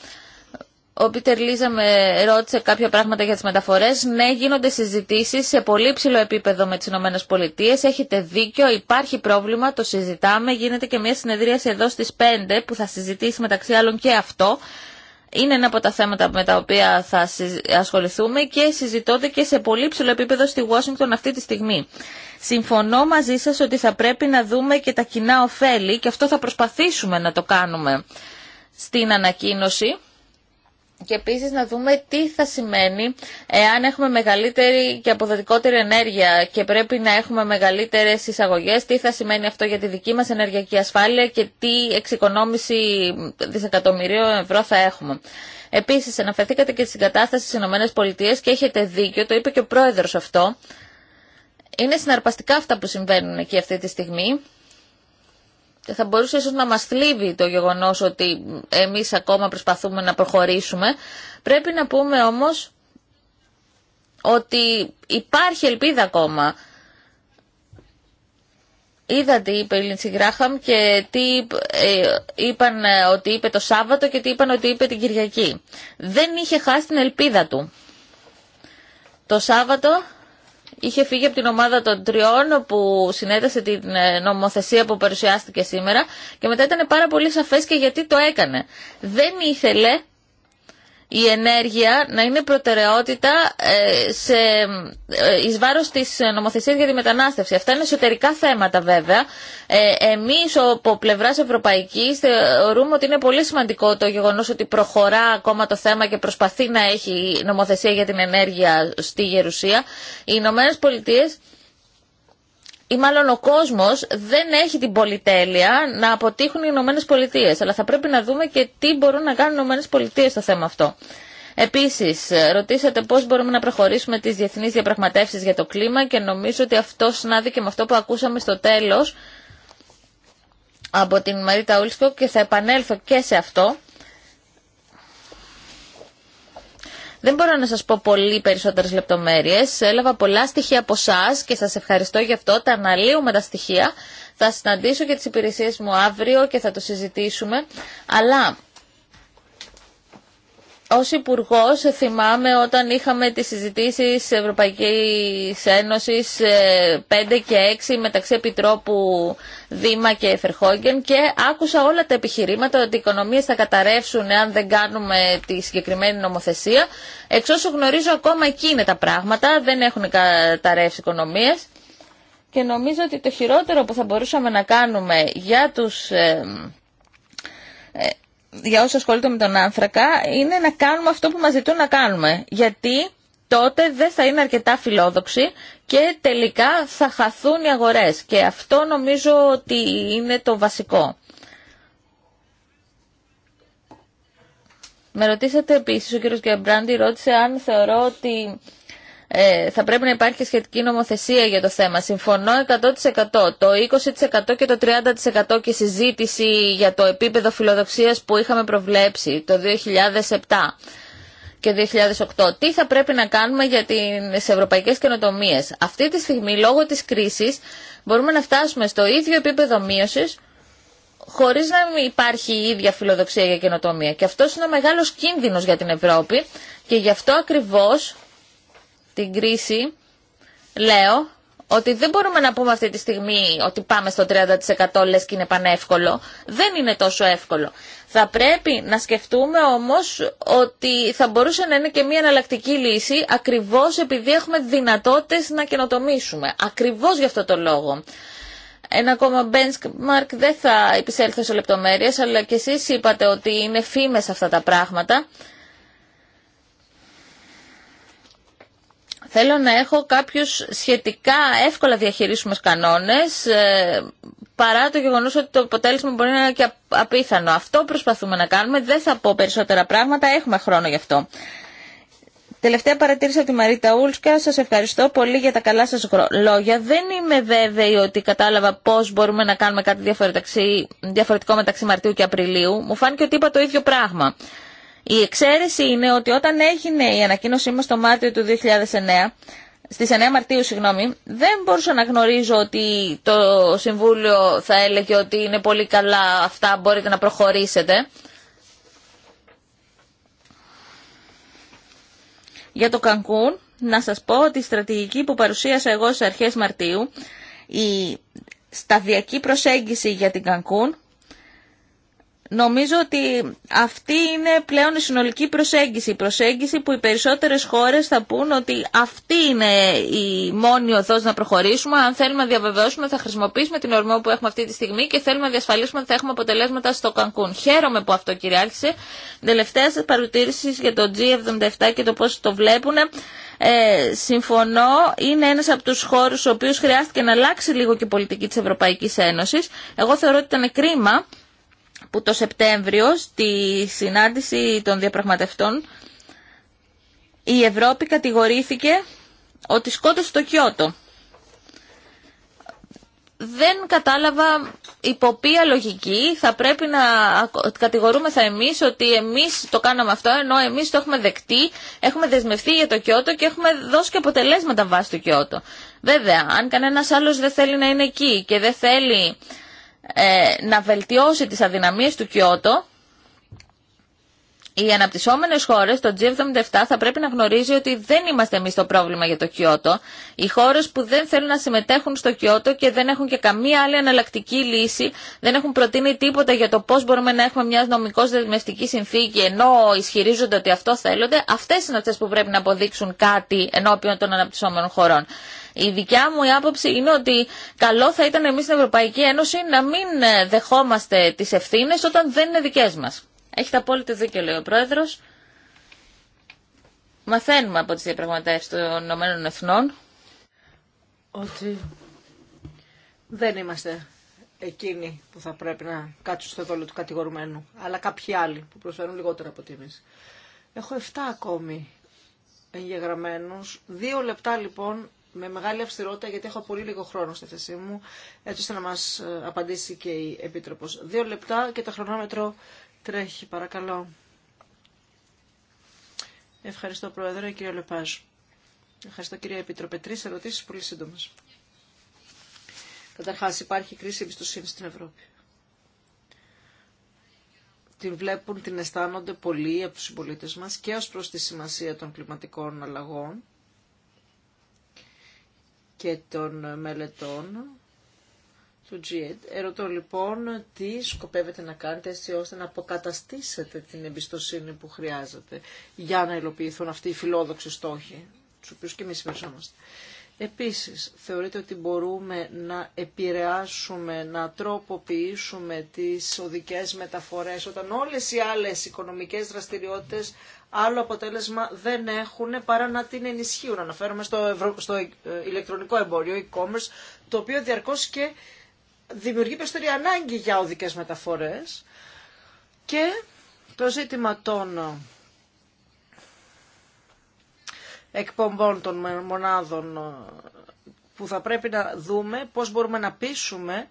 Speaker 2: Ο Πίτερ Λίζα με ρώτησε κάποια πράγματα για τις μεταφορές. Ναι, γίνονται συζητήσεις σε πολύ ψηλό επίπεδο με τις Ηνωμένες Πολιτείες. Έχετε δίκιο, υπάρχει πρόβλημα, το συζητάμε. Γίνεται και μια συνεδρίαση εδώ στις 5 που θα συζητήσει μεταξύ άλλων και αυτό. Είναι ένα από τα θέματα με τα οποία θα ασχοληθούμε και συζητώνται και σε πολύ ψηλό επίπεδο στη Washington αυτή τη στιγμή. Συμφωνώ μαζί σας ότι θα πρέπει να δούμε και τα κοινά ωφέλη και αυτό θα προσπαθήσουμε να το κάνουμε στην ανακοίνωση και επίσης να δούμε τι θα σημαίνει εάν έχουμε μεγαλύτερη και αποδοτικότερη ενέργεια και πρέπει να έχουμε μεγαλύτερες εισαγωγές, τι θα σημαίνει αυτό για τη δική μας ενεργειακή ασφάλεια και τι εξοικονόμηση δισεκατομμυρίων ευρώ θα έχουμε. Επίσης, αναφερθήκατε και στην κατάσταση στις ΗΠΑ και έχετε δίκιο, το είπε και ο πρόεδρος αυτό. Είναι συναρπαστικά αυτά που συμβαίνουν εκεί αυτή τη στιγμή θα μπορούσε ίσως να μας θλίβει το γεγονός ότι εμείς ακόμα προσπαθούμε να προχωρήσουμε. Πρέπει να πούμε όμως ότι υπάρχει ελπίδα ακόμα. Είδα τι είπε η Λίντσι Γράχαμ και τι ε, είπαν ε, ότι είπε το Σάββατο και τι είπαν ότι είπε την Κυριακή. Δεν είχε χάσει την ελπίδα του. Το Σάββατο είχε φύγει από την ομάδα των τριών που συνέτασε την ε, νομοθεσία που παρουσιάστηκε σήμερα και μετά ήταν πάρα πολύ σαφές και γιατί το έκανε. Δεν ήθελε η ενέργεια να είναι προτεραιότητα ε, σε, ε, εις βάρος της νομοθεσίας για τη μετανάστευση. Αυτά είναι εσωτερικά θέματα βέβαια. Ε, εμείς από πλευρά Ευρωπαϊκής θεωρούμε ότι είναι πολύ σημαντικό το γεγονός ότι προχωρά ακόμα το θέμα και προσπαθεί να έχει νομοθεσία για την ενέργεια στη Γερουσία. Οι Ηνωμένε Πολιτείες ή μάλλον ο κόσμος δεν έχει την πολυτέλεια να αποτύχουν οι Ηνωμένε Πολιτείε. Αλλά θα πρέπει να δούμε και τι μπορούν να κάνουν οι Ηνωμένε Πολιτείε στο θέμα αυτό. Επίσης, ρωτήσατε πώς μπορούμε να προχωρήσουμε τι διεθνεί διαπραγματεύσεις για το κλίμα και νομίζω ότι αυτό συνάδει και με αυτό που ακούσαμε στο τέλο από την Μαρίτα Ούλσκο και θα επανέλθω και σε αυτό. Δεν μπορώ να σας πω πολύ περισσότερες λεπτομέρειες. Έλαβα πολλά στοιχεία από εσά και σας ευχαριστώ γι' αυτό. Τα αναλύουμε τα στοιχεία. Θα συναντήσω και τις υπηρεσίες μου αύριο και θα το συζητήσουμε. Αλλά Ω υπουργό ε, θυμάμαι όταν είχαμε τι συζητήσει Ευρωπαϊκή Ένωση 5 ε, και 6 μεταξύ Επιτρόπου Δήμα και Φερχόγγεν και άκουσα όλα τα επιχειρήματα ότι οι οικονομίε θα καταρρεύσουν αν δεν κάνουμε τη συγκεκριμένη νομοθεσία. Εξ όσου γνωρίζω ακόμα εκεί είναι τα πράγματα, δεν έχουν καταρρεύσει οικονομίες. Και νομίζω ότι το χειρότερο που θα μπορούσαμε να κάνουμε για τους ε, για όσους ασχολούνται με τον άνθρακα είναι να κάνουμε αυτό που μας ζητούν να κάνουμε. Γιατί τότε δεν θα είναι αρκετά φιλόδοξοι και τελικά θα χαθούν οι αγορές. Και αυτό νομίζω ότι είναι το βασικό. Με ρωτήσατε επίσης, ο κύριος Γκεμπράντη ρώτησε αν θεωρώ ότι ε, θα πρέπει να υπάρχει σχετική νομοθεσία για το θέμα. Συμφωνώ 100%. Το 20% και το 30% και συζήτηση για το επίπεδο φιλοδοξίας που είχαμε προβλέψει το 2007 και 2008. Τι θα πρέπει να κάνουμε για τις ευρωπαϊκές καινοτομίες. Αυτή τη στιγμή λόγω της κρίσης μπορούμε να φτάσουμε στο ίδιο επίπεδο μείωσης χωρί να υπάρχει η ίδια φιλοδοξία για καινοτομία. Και αυτό είναι ο μεγάλο κίνδυνο για την Ευρώπη και γι' αυτό ακριβώ την κρίση, λέω ότι δεν μπορούμε να πούμε αυτή τη στιγμή ότι πάμε στο 30% λες και είναι πανεύκολο. Δεν είναι τόσο εύκολο. Θα πρέπει να σκεφτούμε όμως ότι θα μπορούσε να είναι και μια εναλλακτική λύση ακριβώς επειδή έχουμε δυνατότητες να καινοτομήσουμε. Ακριβώς γι' αυτό το λόγο. Ένα ακόμα benchmark δεν θα επισέλθω σε λεπτομέρειες, αλλά και εσείς είπατε ότι είναι φήμες αυτά τα πράγματα. Θέλω να έχω κάποιους σχετικά εύκολα διαχειρίσιμους κανόνες, ε, παρά το γεγονός ότι το αποτέλεσμα μπορεί να είναι και απίθανο. Αυτό προσπαθούμε να κάνουμε, δεν θα πω περισσότερα πράγματα, έχουμε χρόνο γι' αυτό. Τελευταία παρατήρηση από τη Μαρίτα Ούλσκα. Σα ευχαριστώ πολύ για τα καλά σα λόγια. Δεν είμαι βέβαιη ότι κατάλαβα πώ μπορούμε να κάνουμε κάτι διαφορετικό μεταξύ Μαρτίου και Απριλίου. Μου φάνηκε ότι είπα το ίδιο πράγμα. Η εξαίρεση είναι ότι όταν έγινε η ανακοίνωσή μας το Μάρτιο του 2009, στις 9 Μαρτίου, συγγνώμη, δεν μπορούσα να γνωρίζω ότι το Συμβούλιο θα έλεγε ότι είναι πολύ καλά αυτά, μπορείτε να προχωρήσετε. Για το Κανκούν, να σας πω ότι η στρατηγική που παρουσίασα εγώ στις αρχές Μαρτίου, η σταδιακή προσέγγιση για την Κανκούν, Νομίζω ότι αυτή είναι πλέον η συνολική προσέγγιση. Η προσέγγιση που οι περισσότερες χώρες θα πούν ότι αυτή είναι η μόνη οδός να προχωρήσουμε. Αν θέλουμε να διαβεβαιώσουμε θα χρησιμοποιήσουμε την ορμό που έχουμε αυτή τη στιγμή και θέλουμε να διασφαλίσουμε ότι θα έχουμε αποτελέσματα στο Κανκούν. Χαίρομαι που αυτό κυριάρχησε. Τελευταία σας παρουτήρηση για το G77 και το πώς το βλέπουν. Ε, συμφωνώ, είναι ένας από τους χώρους ο οποίος χρειάστηκε να αλλάξει λίγο και η πολιτική της Ευρωπαϊκής Ένωσης. Εγώ θεωρώ ότι ήταν κρίμα που το Σεπτέμβριο στη συνάντηση των διαπραγματευτών η Ευρώπη κατηγορήθηκε ότι σκότωσε το Κιώτο. Δεν κατάλαβα υπό ποια λογική θα πρέπει να κατηγορούμεθα εμείς ότι εμείς το κάναμε αυτό ενώ εμείς το έχουμε δεκτεί, έχουμε δεσμευτεί για το Κιώτο και έχουμε δώσει και αποτελέσματα βάσει του Κιώτο. Βέβαια, αν κανένας άλλος δεν θέλει να είναι εκεί και δεν θέλει ε, να βελτιώσει τις αδυναμίες του Κιώτο, οι αναπτυσσόμενες χώρες, το G77, θα πρέπει να γνωρίζει ότι δεν είμαστε εμείς το πρόβλημα για το Κιώτο. Οι χώρες που δεν θέλουν να συμμετέχουν στο Κιώτο και δεν έχουν και καμία άλλη αναλλακτική λύση, δεν έχουν προτείνει τίποτα για το πώς μπορούμε να έχουμε μια νομικώς δεσμευτική συνθήκη, ενώ ισχυρίζονται ότι αυτό θέλονται, αυτές είναι αυτές που πρέπει να αποδείξουν κάτι ενώπιον των αναπτυσσόμενων χωρών. Η δικιά μου η άποψη είναι ότι καλό θα ήταν εμείς στην Ευρωπαϊκή Ένωση να μην ε, δεχόμαστε τις ευθύνες όταν δεν είναι δικές μας. Έχετε απόλυτο δίκιο, λέει ο Πρόεδρος. Μαθαίνουμε από τις διαπραγματεύσεις των Ηνωμένων Εθνών ότι
Speaker 4: δεν είμαστε εκείνοι που θα πρέπει να κάτσουν στο δόλο του κατηγορουμένου, αλλά κάποιοι άλλοι που προσφέρουν λιγότερα από εμείς. Έχω 7 ακόμη εγγεγραμμένους. Δύο λεπτά λοιπόν με μεγάλη αυστηρότητα γιατί έχω πολύ λίγο χρόνο στη θέση μου έτσι ώστε να μας ε, απαντήσει και η επίτροπο. Δύο λεπτά και το χρονόμετρο τρέχει παρακαλώ. Ευχαριστώ Πρόεδρε κύριε Λεπάζ. Ευχαριστώ κύριε Επίτροπε. τρει ερωτήσει πολύ σύντομε. Καταρχάς υπάρχει κρίση εμπιστοσύνη στην Ευρώπη. Την βλέπουν, την αισθάνονται πολλοί από του συμπολίτε μα και ω προ τη σημασία των κλιματικών αλλαγών και των μελετών του GED. Ερωτώ λοιπόν τι σκοπεύετε να κάνετε έτσι ώστε να αποκαταστήσετε την εμπιστοσύνη που χρειάζεται για να υλοποιηθούν αυτοί οι φιλόδοξοι στόχοι, του οποίου και εμεί συμμεριζόμαστε. Επίσης, θεωρείτε ότι μπορούμε να επηρεάσουμε, να τροποποιήσουμε τις οδικές μεταφορές όταν όλες οι άλλε οικονομικέ δραστηριότητε άλλο αποτέλεσμα δεν έχουν παρά να την ενισχύουν. Αναφέρομαι στο, στο ε, ηλεκτρονικό εμπόριο, e-commerce, το οποίο διαρκώς και δημιουργεί περισσότερη ανάγκη για οδικές μεταφορές και το ζήτημα των εκπομπών των μονάδων ε, που θα πρέπει να δούμε πώς μπορούμε να πείσουμε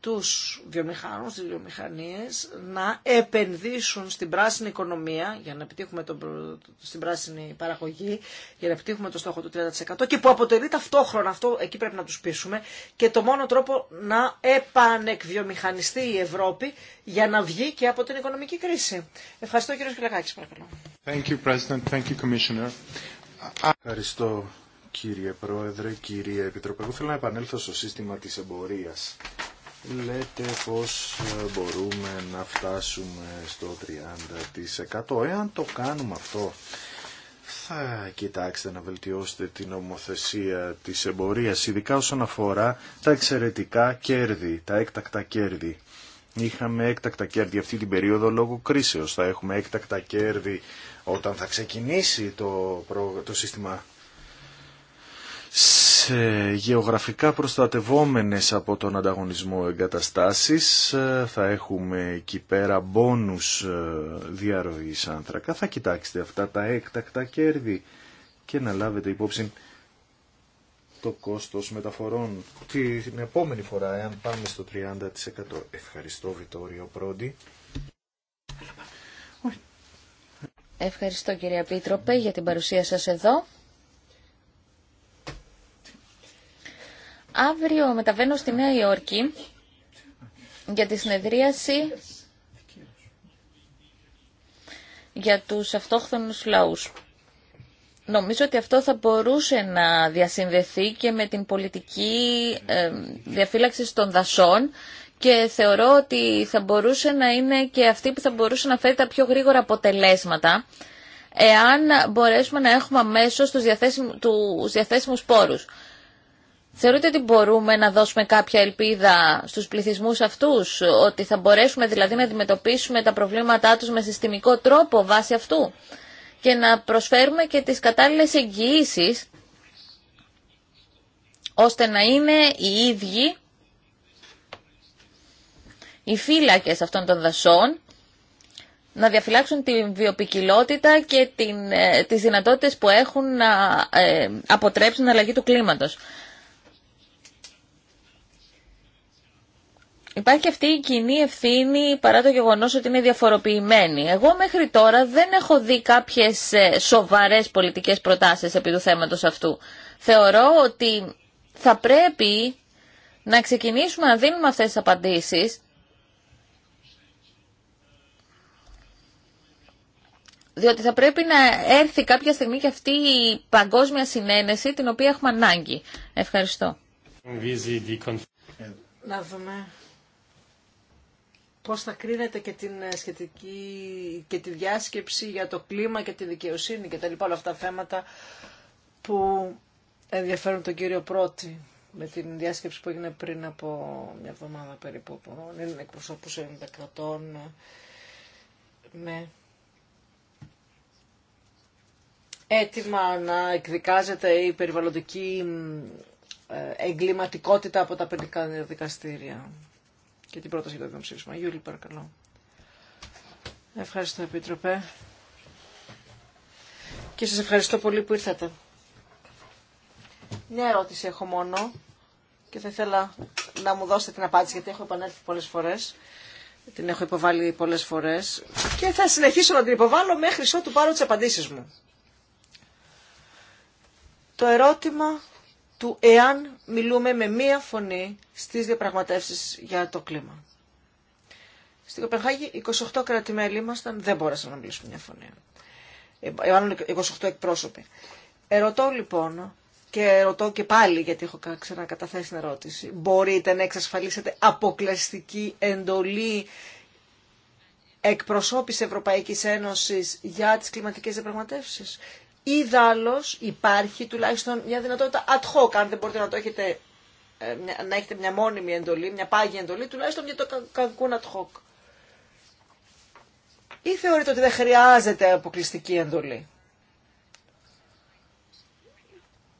Speaker 4: τους βιομηχάνους, τις βιομηχανίες να επενδύσουν στην πράσινη οικονομία για να επιτύχουμε τον, στην πράσινη παραγωγή, για να επιτύχουμε το στόχο του 30% και που αποτελεί ταυτόχρονα αυτό, εκεί πρέπει να τους πείσουμε και το μόνο τρόπο να επανεκβιομηχανιστεί η Ευρώπη για να βγει και από την οικονομική κρίση. Ευχαριστώ κύριο Σκυλακάκης παρακαλώ.
Speaker 1: Thank Ευχαριστώ κύριε Πρόεδρε, κύριε Επιτροπέ. Εγώ θέλω να επανέλθω στο σύστημα της εμπορίας λέτε πως ε, μπορούμε να φτάσουμε στο 30%. Εάν το κάνουμε αυτό, θα κοιτάξετε να βελτιώσετε την ομοθεσία της εμπορίας, ειδικά όσον αφορά τα εξαιρετικά κέρδη, τα έκτακτα κέρδη. Είχαμε έκτακτα κέρδη αυτή την περίοδο λόγω κρίσεως. Θα έχουμε έκτακτα κέρδη όταν θα ξεκινήσει το, προ... το σύστημα ε, γεωγραφικά προστατευόμενες από τον ανταγωνισμό εγκαταστάσεις. Ε, θα έχουμε εκεί πέρα μπόνους ε, διαρροής άνθρακα. Θα κοιτάξετε αυτά τα έκτακτα κέρδη και να λάβετε υπόψη το κόστος μεταφορών την επόμενη φορά, εάν πάμε στο 30%. Ευχαριστώ Βιτόριο Πρόντι.
Speaker 2: Ευχαριστώ κυρία Πίτροπε για την παρουσία σας εδώ. Αύριο μεταβαίνω στη Νέα Υόρκη για τη συνεδρίαση για τους αυτόχθονους λαούς. Νομίζω ότι αυτό θα μπορούσε να διασυνδεθεί και με την πολιτική ε, διαφύλαξη των δασών και θεωρώ ότι θα μπορούσε να είναι και αυτή που θα μπορούσε να φέρει τα πιο γρήγορα αποτελέσματα εάν μπορέσουμε να έχουμε αμέσω του διαθέσιμους, τους διαθέσιμους πόρους. Θεωρείτε ότι μπορούμε να δώσουμε κάποια ελπίδα στους πληθυσμούς αυτούς, ότι θα μπορέσουμε δηλαδή να αντιμετωπίσουμε τα προβλήματά τους με συστημικό τρόπο βάσει αυτού και να προσφέρουμε και τις κατάλληλες εγγυήσεις ώστε να είναι οι ίδιοι οι φύλακες αυτών των δασών να διαφυλάξουν την βιοπικιλότητα και την, ε, τις δυνατότητες που έχουν να ε, αποτρέψουν την αλλαγή του κλίματος. Υπάρχει και αυτή η κοινή ευθύνη παρά το γεγονός ότι είναι διαφοροποιημένη. Εγώ μέχρι τώρα δεν έχω δει κάποιες ε, σοβαρές πολιτικές προτάσεις επί του θέματος αυτού. Θεωρώ ότι θα πρέπει να ξεκινήσουμε να δίνουμε αυτές τις απαντήσεις διότι θα πρέπει να έρθει κάποια στιγμή και αυτή η παγκόσμια συνένεση την οποία έχουμε ανάγκη. Ευχαριστώ. Να δούμε πώς θα κρίνεται και την ε, σχετική και τη
Speaker 4: διάσκεψη για το κλίμα και τη δικαιοσύνη και τα λοιπά όλα αυτά τα θέματα που ενδιαφέρουν τον κύριο Πρώτη με την διάσκεψη που έγινε πριν από μια εβδομάδα περίπου από Έλληνα εκπροσώπους ε, με έτοιμα να εκδικάζεται η περιβαλλοντική ε, εγκληματικότητα από τα παιδικά δικαστήρια και την πρόταση για το δημοψήφισμα. Γιούλη, παρακαλώ. Ευχαριστώ, Επίτροπε. Και σας ευχαριστώ πολύ που ήρθατε. Μια ερώτηση έχω μόνο και θα ήθελα να μου δώσετε την απάντηση γιατί έχω επανέλθει πολλές φορές. Την έχω υποβάλει πολλές φορές και θα συνεχίσω να την υποβάλω μέχρι ότου πάρω τις απαντήσεις μου. Το ερώτημα του εάν μιλούμε με μία φωνή στις διαπραγματεύσεις για το κλίμα. Στην Κοπενχάγη 28 κράτη-μέλη ήμασταν, δεν μπόρεσαν να μιλήσουν μια φωνή. είναι 28 εκπρόσωποι. Ερωτώ λοιπόν και ρωτώ και πάλι γιατί έχω ξανακαταθέσει την ερώτηση. Μπορείτε να εξασφαλίσετε αποκλαστική εντολή εκπροσώπηση Ευρωπαϊκής Ένωσης για τις κλιματικές διαπραγματεύσεις ή υπάρχει τουλάχιστον μια δυνατότητα ad hoc, αν δεν μπορείτε να έχετε ε, να έχετε μια μόνιμη εντολή, μια πάγια εντολή, τουλάχιστον για το κανκούν ad hoc. Ή θεωρείτε ότι δεν χρειάζεται αποκλειστική εντολή.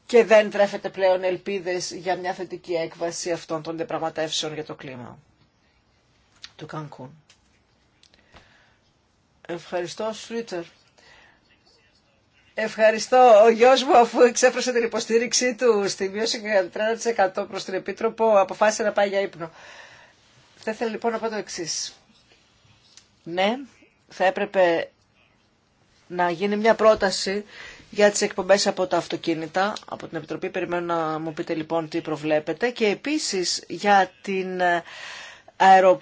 Speaker 4: Και δεν τρέφεται πλέον ελπίδες για μια θετική έκβαση αυτών των διαπραγματεύσεων για το κλίμα του κανκούν. Ευχαριστώ, Σλίτερ. Ευχαριστώ. Ο γιο μου, αφού εξέφρασε την υποστήριξή του στη μείωση 30% προ την Επίτροπο, αποφάσισε να πάει για ύπνο. Θα ήθελα λοιπόν να πω το εξή. Ναι, θα έπρεπε να γίνει μια πρόταση για τις εκπομπές από τα αυτοκίνητα. Από την Επιτροπή περιμένω να μου πείτε λοιπόν τι προβλέπετε και επίσης για την, ε, αερο...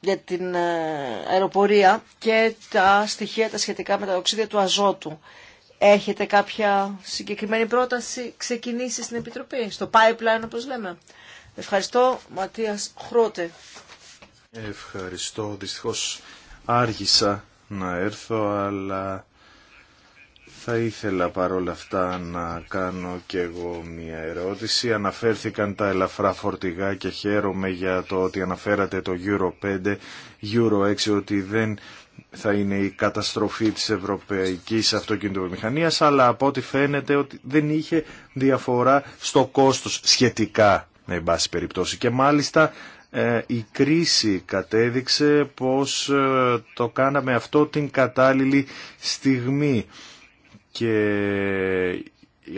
Speaker 4: για την ε, αεροπορία και τα στοιχεία τα σχετικά με τα οξύδια του αζότου. Έχετε κάποια συγκεκριμένη πρόταση ξεκινήσει στην Επιτροπή, στο pipeline όπως λέμε. Ευχαριστώ, Ματίας Χρότε.
Speaker 1: Ευχαριστώ, δυστυχώς άργησα να έρθω, αλλά θα ήθελα παρόλα αυτά να κάνω και εγώ μια ερώτηση. Αναφέρθηκαν τα ελαφρά φορτηγά και χαίρομαι για το ότι αναφέρατε το Euro 5, Euro 6, ότι δεν θα είναι η καταστροφή της ευρωπαϊκής αυτοκινητοβιομηχανίας, αλλά από ό,τι φαίνεται ότι δεν είχε διαφορά στο κόστος σχετικά, με πάση περιπτώσει. Και μάλιστα ε, η κρίση κατέδειξε πως ε, το κάναμε αυτό την κατάλληλη στιγμή. Και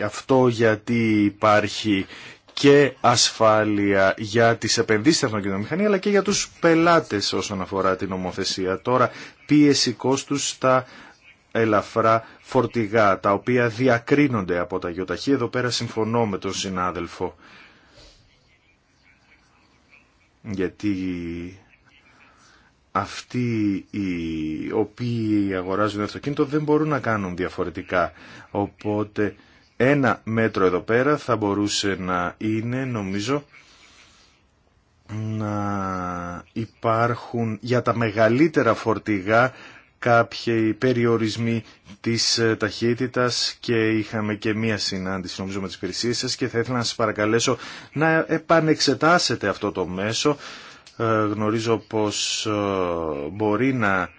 Speaker 1: αυτό γιατί υπάρχει και ασφάλεια για τις επενδύσεις στην αυτοκινητομηχανία αλλά και για τους πελάτες όσον αφορά την νομοθεσία. Τώρα πίεση κόστους στα ελαφρά φορτηγά, τα οποία διακρίνονται από τα γιοταχή. Εδώ πέρα συμφωνώ με τον συνάδελφο. Γιατί αυτοί οι οποίοι αγοράζουν αυτοκίνητο δεν μπορούν να κάνουν διαφορετικά. Οπότε ένα μέτρο εδώ πέρα θα μπορούσε να είναι νομίζω να υπάρχουν για τα μεγαλύτερα φορτηγά κάποιοι περιορισμοί της ε, ταχύτητας και είχαμε και μία συνάντηση νομίζω με τις υπηρεσίες σας και θα ήθελα να σας παρακαλέσω να επανεξετάσετε αυτό το μέσο. Ε, γνωρίζω πως ε, μπορεί να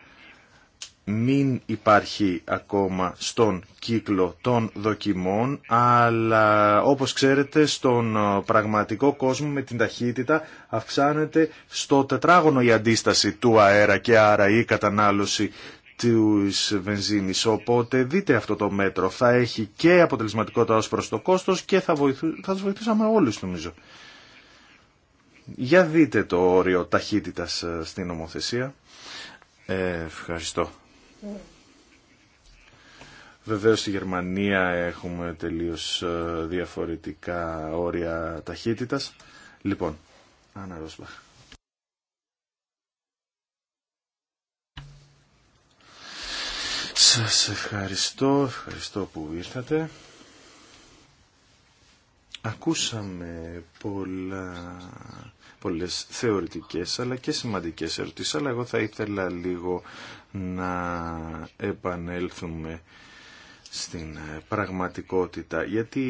Speaker 1: μην υπάρχει ακόμα στον κύκλο των δοκιμών, αλλά όπως ξέρετε στον ε, πραγματικό κόσμο με την ταχύτητα αυξάνεται στο τετράγωνο η αντίσταση του αέρα και άρα η κατανάλωση της βενζίνης. Οπότε δείτε αυτό το μέτρο. Θα έχει και αποτελεσματικότητα ως προς το κόστος και θα, βοηθού, θα τους βοηθούσαμε όλους νομίζω. Για δείτε το όριο ταχύτητας ε, στην νομοθεσία. Ε, ευχαριστώ. Βεβαίω, στη Γερμανία έχουμε τελείω ε, διαφορετικά όρια ταχύτητας. Λοιπόν, Άννα Ρόσμπαχ. Σας ευχαριστώ, ευχαριστώ που ήρθατε. Ακούσαμε πολλά, πολλές θεωρητικές αλλά και σημαντικές ερωτήσεις, αλλά εγώ θα ήθελα λίγο να επανέλθουμε στην πραγματικότητα. Γιατί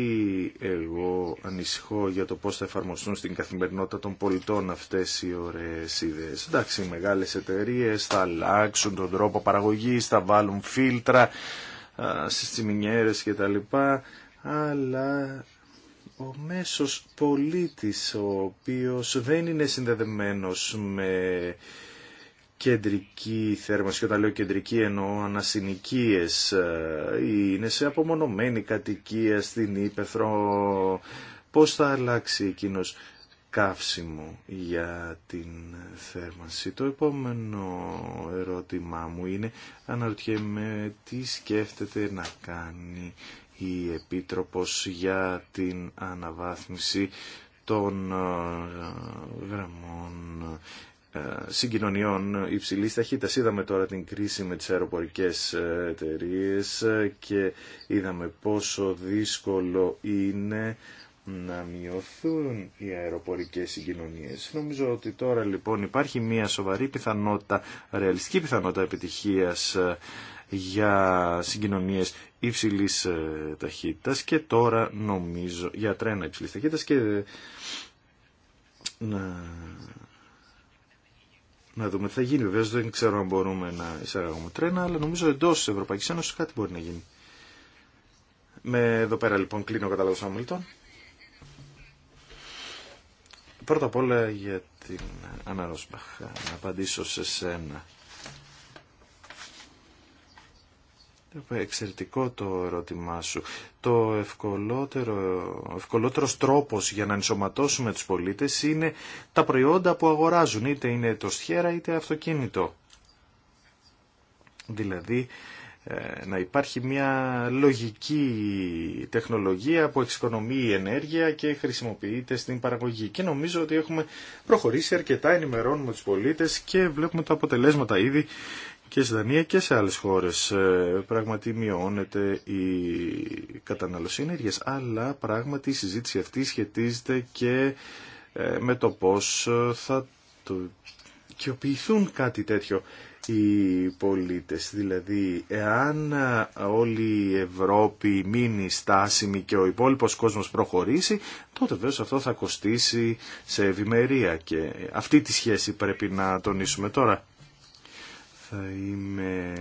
Speaker 1: εγώ ανησυχώ για το πώς θα εφαρμοστούν στην καθημερινότητα των πολιτών αυτές οι ωραίες ιδέες. Εντάξει, οι μεγάλες εταιρείες θα αλλάξουν τον τρόπο παραγωγής, θα βάλουν φίλτρα στις τσιμινιέρες και τα λοιπά, αλλά ο μέσος πολίτης ο οποίος δεν είναι συνδεδεμένος με κεντρική θέρμανση, όταν λέω κεντρική εννοώ ανασυνοικίες, ε, είναι σε απομονωμένη κατοικία στην Ήπεθρο, πώς θα αλλάξει εκείνος καύσιμο για την θέρμανση. Το επόμενο ερώτημά μου είναι, αναρωτιέμαι τι σκέφτεται να κάνει η Επίτροπος για την αναβάθμιση των ε, γραμμών ε, συγκοινωνιών υψηλής ταχύτητας. Είδαμε τώρα την κρίση με τις αεροπορικές ε, εταιρείε ε, και είδαμε πόσο δύσκολο είναι να μειωθούν οι αεροπορικές συγκοινωνίες. Νομίζω ότι τώρα λοιπόν υπάρχει μια σοβαρή πιθανότητα, ρεαλιστική πιθανότητα επιτυχίας για συγκοινωνίες υψηλής ταχύτητας και τώρα νομίζω για τρένα υψηλής ταχύτητας και να να δούμε τι θα γίνει. Βεβαίω δεν ξέρω αν μπορούμε να εισαγάγουμε τρένα, αλλά νομίζω εντό τη Ευρωπαϊκή Ένωση κάτι μπορεί να γίνει. Με εδώ πέρα λοιπόν κλείνω ο καταλόγο ομιλητών. Πρώτα απ' όλα για την Ανά Να απαντήσω σε σένα. Ε, εξαιρετικό το ερώτημά σου. Το ευκολότερο, ευκολότερος τρόπος για να ενσωματώσουμε τους πολίτες είναι τα προϊόντα που αγοράζουν, είτε είναι το στιέρα είτε αυτοκίνητο. Δηλαδή ε, να υπάρχει μια λογική τεχνολογία που εξοικονομεί ενέργεια και χρησιμοποιείται στην παραγωγή. Και νομίζω ότι έχουμε προχωρήσει αρκετά, ενημερώνουμε τους πολίτες και βλέπουμε τα αποτελέσματα ήδη και στη Δανία και σε άλλες χώρες ε, πράγματι μειώνεται η κατανάλωση ενέργειας αλλά πράγματι η συζήτηση αυτή σχετίζεται και ε, με το πώς ε, θα το κάτι τέτοιο οι πολίτες. Δηλαδή, εάν όλη η Ευρώπη μείνει στάσιμη και ο υπόλοιπος κόσμος προχωρήσει, τότε βέβαια αυτό θα κοστίσει σε ευημερία και αυτή τη σχέση πρέπει να τονίσουμε τώρα. Θα είμαι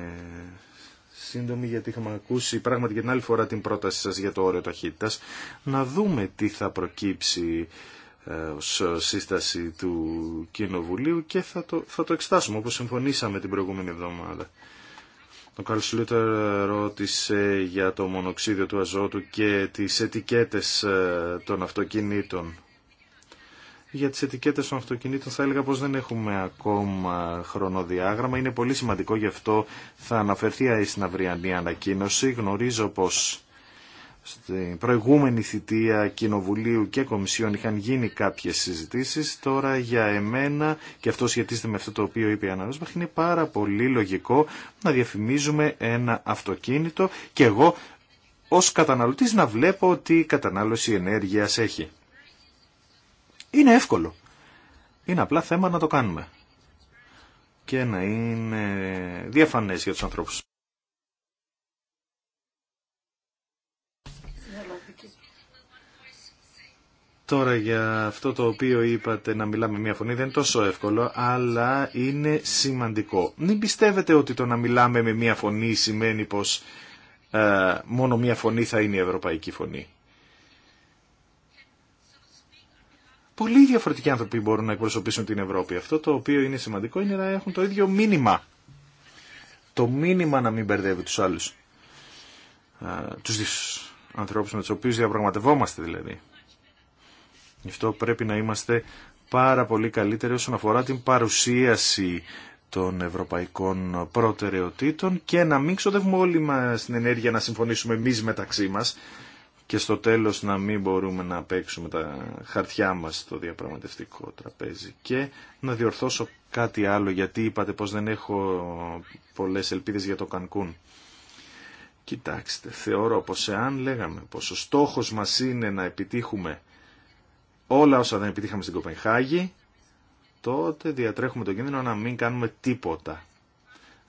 Speaker 1: σύντομη γιατί είχαμε ακούσει πράγματι και την άλλη φορά την πρόταση σας για το όριο ταχύτητας. Να δούμε τι θα προκύψει ε, ω σύσταση του Κοινοβουλίου και θα το, θα το εξετάσουμε όπως συμφωνήσαμε την προηγούμενη εβδομάδα. Ο Καρλ Σλούτερ ρώτησε για το μονοξίδιο του αζότου και τις ετικέτες ε, των αυτοκινήτων για τις ετικέτες των αυτοκινήτων θα έλεγα πως δεν έχουμε ακόμα χρονοδιάγραμμα. Είναι πολύ σημαντικό, γι' αυτό θα αναφερθεί στην αυριανή ανακοίνωση. Γνωρίζω πως στην προηγούμενη θητεία Κοινοβουλίου και Κομισιόν είχαν γίνει κάποιες συζητήσεις. Τώρα για εμένα, και αυτό σχετίζεται με αυτό το οποίο είπε η Άννα είναι πάρα πολύ λογικό να διαφημίζουμε ένα αυτοκίνητο και εγώ ως καταναλωτής να βλέπω τι κατανάλωση ενέργειας έχει. Είναι εύκολο. Είναι απλά θέμα να το κάνουμε. Και να είναι διαφανές για τους ανθρώπους. Τώρα για αυτό το οποίο είπατε να μιλάμε μία φωνή δεν είναι τόσο εύκολο, αλλά είναι σημαντικό. Μην πιστεύετε ότι το να μιλάμε με μία φωνή σημαίνει πως ε, μόνο μία φωνή θα είναι η ευρωπαϊκή φωνή. Πολύ διαφορετικοί άνθρωποι μπορούν να εκπροσωπήσουν την Ευρώπη. Αυτό το οποίο είναι σημαντικό είναι να έχουν το ίδιο μήνυμα. Το μήνυμα να μην μπερδεύει τους άλλους. Τους ανθρώπους με τους οποίους διαπραγματευόμαστε δηλαδή. Γι' αυτό πρέπει να είμαστε πάρα πολύ καλύτεροι όσον αφορά την παρουσίαση των ευρωπαϊκών προτεραιοτήτων και να μην ξοδεύουμε όλοι μας την ενέργεια να συμφωνήσουμε εμεί μεταξύ μας και στο τέλος να μην μπορούμε να παίξουμε τα χαρτιά μας στο διαπραγματευτικό τραπέζι. Και να διορθώσω κάτι άλλο, γιατί είπατε πως δεν έχω πολλές ελπίδες για το Κανκούν. Κοιτάξτε, θεωρώ πως εάν λέγαμε πως ο στόχος μας είναι να επιτύχουμε όλα όσα δεν επιτύχαμε στην Κοπενχάγη, τότε διατρέχουμε τον κίνδυνο να μην κάνουμε τίποτα.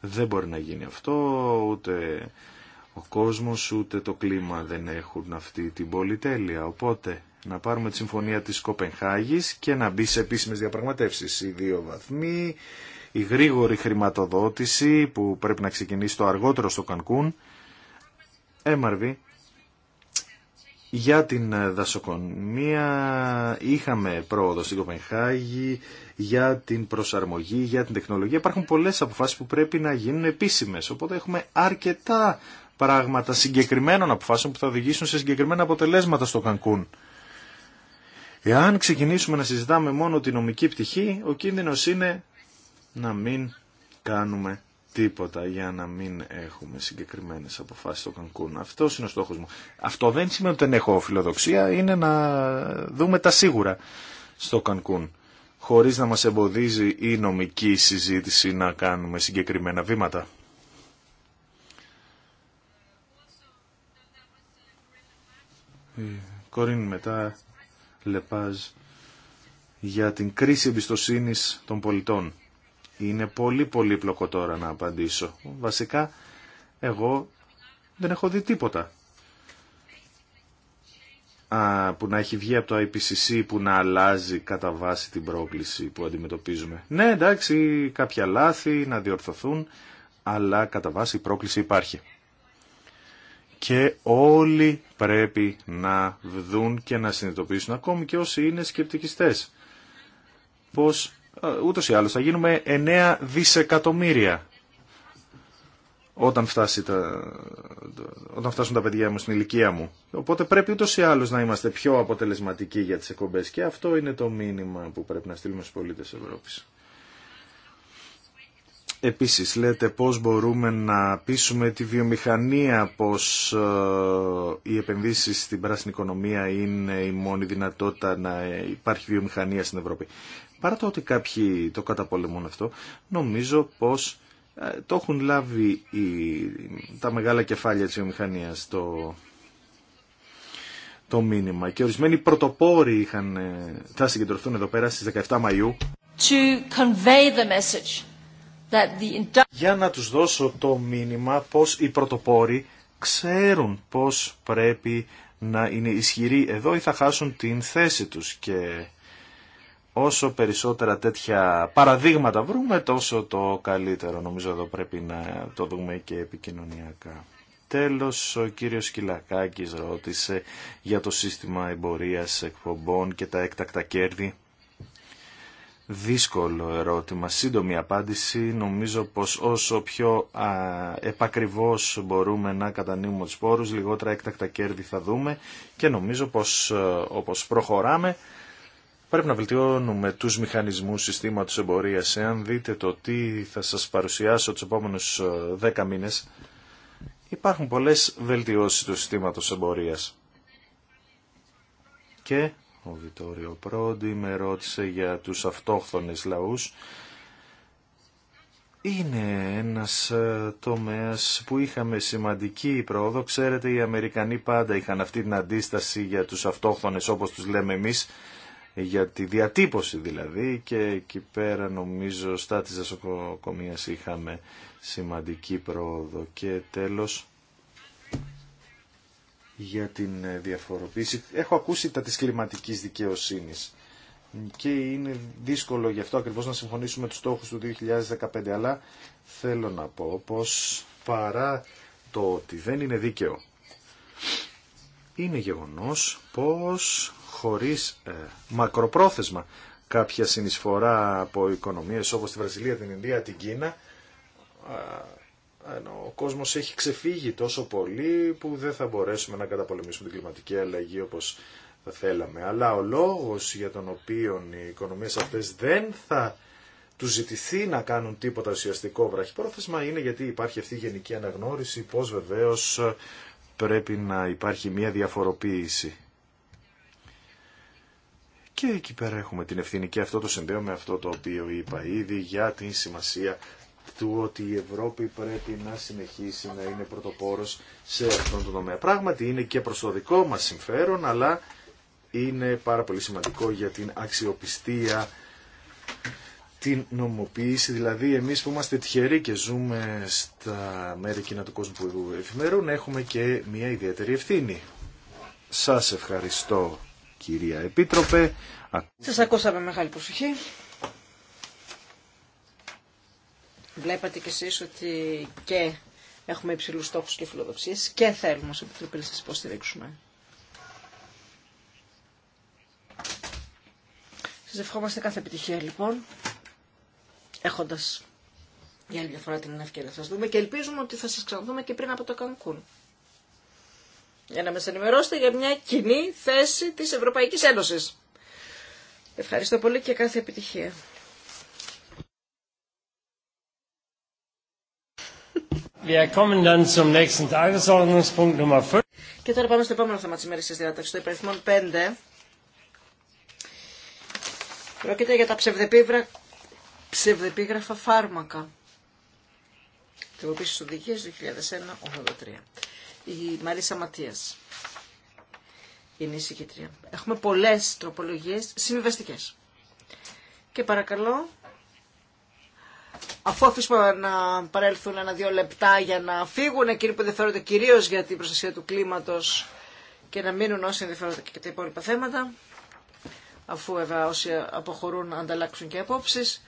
Speaker 1: Δεν μπορεί να γίνει αυτό, ούτε ο κόσμος ούτε το κλίμα δεν έχουν αυτή την πολυτέλεια. Οπότε να πάρουμε τη συμφωνία της Κοπενχάγης και να μπει σε επίσημες διαπραγματεύσεις. Οι δύο βαθμοί, η γρήγορη χρηματοδότηση που πρέπει να ξεκινήσει το αργότερο στο Κανκούν. έμαρβη ε, Για την δασοκομεία είχαμε πρόοδο στην Κοπενχάγη, για την προσαρμογή, για την τεχνολογία. Υπάρχουν πολλές αποφάσεις που πρέπει να γίνουν επίσημες, οπότε έχουμε αρκετά πράγματα συγκεκριμένων αποφάσεων που θα οδηγήσουν σε συγκεκριμένα αποτελέσματα στο Κανκούν. Εάν ξεκινήσουμε να συζητάμε μόνο τη νομική πτυχή, ο κίνδυνος είναι να μην κάνουμε τίποτα για να μην έχουμε συγκεκριμένες αποφάσεις στο Κανκούν. Αυτό είναι ο στόχος μου. Αυτό δεν σημαίνει ότι δεν έχω φιλοδοξία, είναι να δούμε τα σίγουρα στο Κανκούν χωρίς να μας εμποδίζει η νομική συζήτηση να κάνουμε συγκεκριμένα βήματα. Κορίν μετά Λεπάζ για την κρίση εμπιστοσύνη των πολιτών. Είναι πολύ πολύπλοκο τώρα να απαντήσω. Βασικά εγώ δεν έχω δει τίποτα Α, που να έχει βγει από το IPCC που να αλλάζει κατά βάση την πρόκληση που αντιμετωπίζουμε. Ναι εντάξει κάποια λάθη να διορθωθούν αλλά κατά βάση η πρόκληση υπάρχει και όλοι πρέπει να βδούν και να συνειδητοποιήσουν ακόμη και όσοι είναι σκεπτικιστές πως ε, ούτως ή άλλως θα γίνουμε 9 δισεκατομμύρια όταν, τα, όταν φτάσουν τα παιδιά μου στην ηλικία μου. Οπότε πρέπει ούτως ή άλλως να είμαστε πιο αποτελεσματικοί για τις εκπομπές και αυτό είναι το μήνυμα που πρέπει να στείλουμε στους πολίτες Ευρώπης. Επίσης λέτε πώς μπορούμε να πείσουμε τη βιομηχανία πως ε, οι επενδύσεις στην πράσινη οικονομία είναι η μόνη δυνατότητα να υπάρχει βιομηχανία στην Ευρώπη. Παρά το ότι κάποιοι το καταπολεμούν αυτό, νομίζω πως ε, το έχουν λάβει οι, τα μεγάλα κεφάλια της βιομηχανίας το, το μήνυμα. Και ορισμένοι πρωτοπόροι είχαν, ε, θα συγκεντρωθούν εδώ πέρα στις 17 Μαΐου.
Speaker 4: To convey the message
Speaker 1: για να τους δώσω το μήνυμα πως οι πρωτοπόροι ξέρουν πως πρέπει να είναι ισχυροί εδώ ή θα χάσουν την θέση τους και όσο περισσότερα τέτοια παραδείγματα βρούμε τόσο το καλύτερο νομίζω εδώ πρέπει να το δούμε και επικοινωνιακά. Τέλος, ο κύριος Κυλακάκης ρώτησε για το σύστημα εμπορίας εκπομπών και τα έκτακτα κέρδη δύσκολο ερώτημα. Σύντομη απάντηση. Νομίζω πως όσο πιο α, επακριβώς μπορούμε να κατανοούμε τους πόρους, λιγότερα έκτακτα κέρδη θα δούμε και νομίζω πως ε, όπως προχωράμε πρέπει να βελτιώνουμε τους μηχανισμούς συστήματος εμπορίας. Εάν δείτε το τι θα σας παρουσιάσω τους επόμενους ε, δέκα μήνες, υπάρχουν πολλές βελτιώσεις του συστήματος εμπορίας. Και ο Βιτόριο Πρόντι με ρώτησε για τους αυτόχθονες λαούς. Είναι ένας ε, τομέας που είχαμε σημαντική πρόοδο. Ξέρετε, οι Αμερικανοί πάντα είχαν αυτή την αντίσταση για τους αυτόχθονες, όπως τους λέμε εμείς, για τη διατύπωση δηλαδή και εκεί πέρα νομίζω στα της δασοκομείας είχαμε σημαντική πρόοδο. Και τέλος για την ε, διαφοροποίηση. Έχω ακούσει τα της κλιματικής δικαιοσύνης και είναι δύσκολο γι' αυτό ακριβώς να συμφωνήσουμε με τους στόχους του 2015, αλλά θέλω να πω πως παρά το ότι δεν είναι δίκαιο, είναι γεγονός πως χωρίς ε, μακροπρόθεσμα κάποια συνεισφορά από οικονομίες όπως τη Βραζιλία, την Ινδία, την Κίνα, ο κόσμος έχει ξεφύγει τόσο πολύ που δεν θα μπορέσουμε να καταπολεμήσουμε την κλιματική αλλαγή όπως θα θέλαμε. Αλλά ο λόγος για τον οποίο οι οικονομίες αυτές δεν θα του ζητηθεί να κάνουν τίποτα ουσιαστικό βραχυπρόθεσμα είναι γιατί υπάρχει αυτή η γενική αναγνώριση πως βεβαίως πρέπει να υπάρχει μια διαφοροποίηση. Και εκεί πέρα έχουμε την ευθύνη και αυτό το συνδέω με αυτό το οποίο είπα ήδη για την σημασία του ότι η Ευρώπη πρέπει να συνεχίσει να είναι πρωτοπόρος σε αυτόν τον τομέα. Πράγματι είναι και προ το δικό μας συμφέρον, αλλά είναι πάρα πολύ σημαντικό για την αξιοπιστία την νομοποίηση, δηλαδή εμείς που είμαστε τυχεροί και ζούμε στα μέρη κοινά του κόσμου που εφημερούν, έχουμε και μια ιδιαίτερη ευθύνη. Σας ευχαριστώ κυρία Επίτροπε.
Speaker 4: Σας ακούσαμε μεγάλη προσοχή. Βλέπατε κι εσείς ότι και έχουμε υψηλούς στόχους και φιλοδοξίες και θέλουμε ως Επιτροπή να σας υποστηρίξουμε. Σας ευχόμαστε κάθε επιτυχία λοιπόν, έχοντας για άλλη μια φορά την ευκαιρία να σας δούμε και ελπίζουμε ότι θα σας ξαναδούμε και πριν από το Κανκούν. Για να με ενημερώσετε για μια κοινή θέση της Ευρωπαϊκής Ένωσης. Ευχαριστώ πολύ και κάθε επιτυχία. Και τώρα πάμε στο επόμενο θέμα τη ημέρα τη διάταξη, το υπαριθμό 5. Πρόκειται για τα ψευδεπίγρα... ψευδεπίγραφα φάρμακα. Τροποποίηση οδηγία 2001-83. Η Μαρίσα Ματία είναι η συγκήτρια. Έχουμε πολλέ τροπολογίε συμβιβαστικέ. Και παρακαλώ αφού αφήσουμε να παρέλθουν ένα-δύο λεπτά για να φύγουν εκείνοι που ενδιαφέρονται κυρίως για την προστασία του κλίματος και να μείνουν όσοι ενδιαφέρονται και τα υπόλοιπα θέματα, αφού βέβαια όσοι αποχωρούν ανταλλάξουν και απόψεις,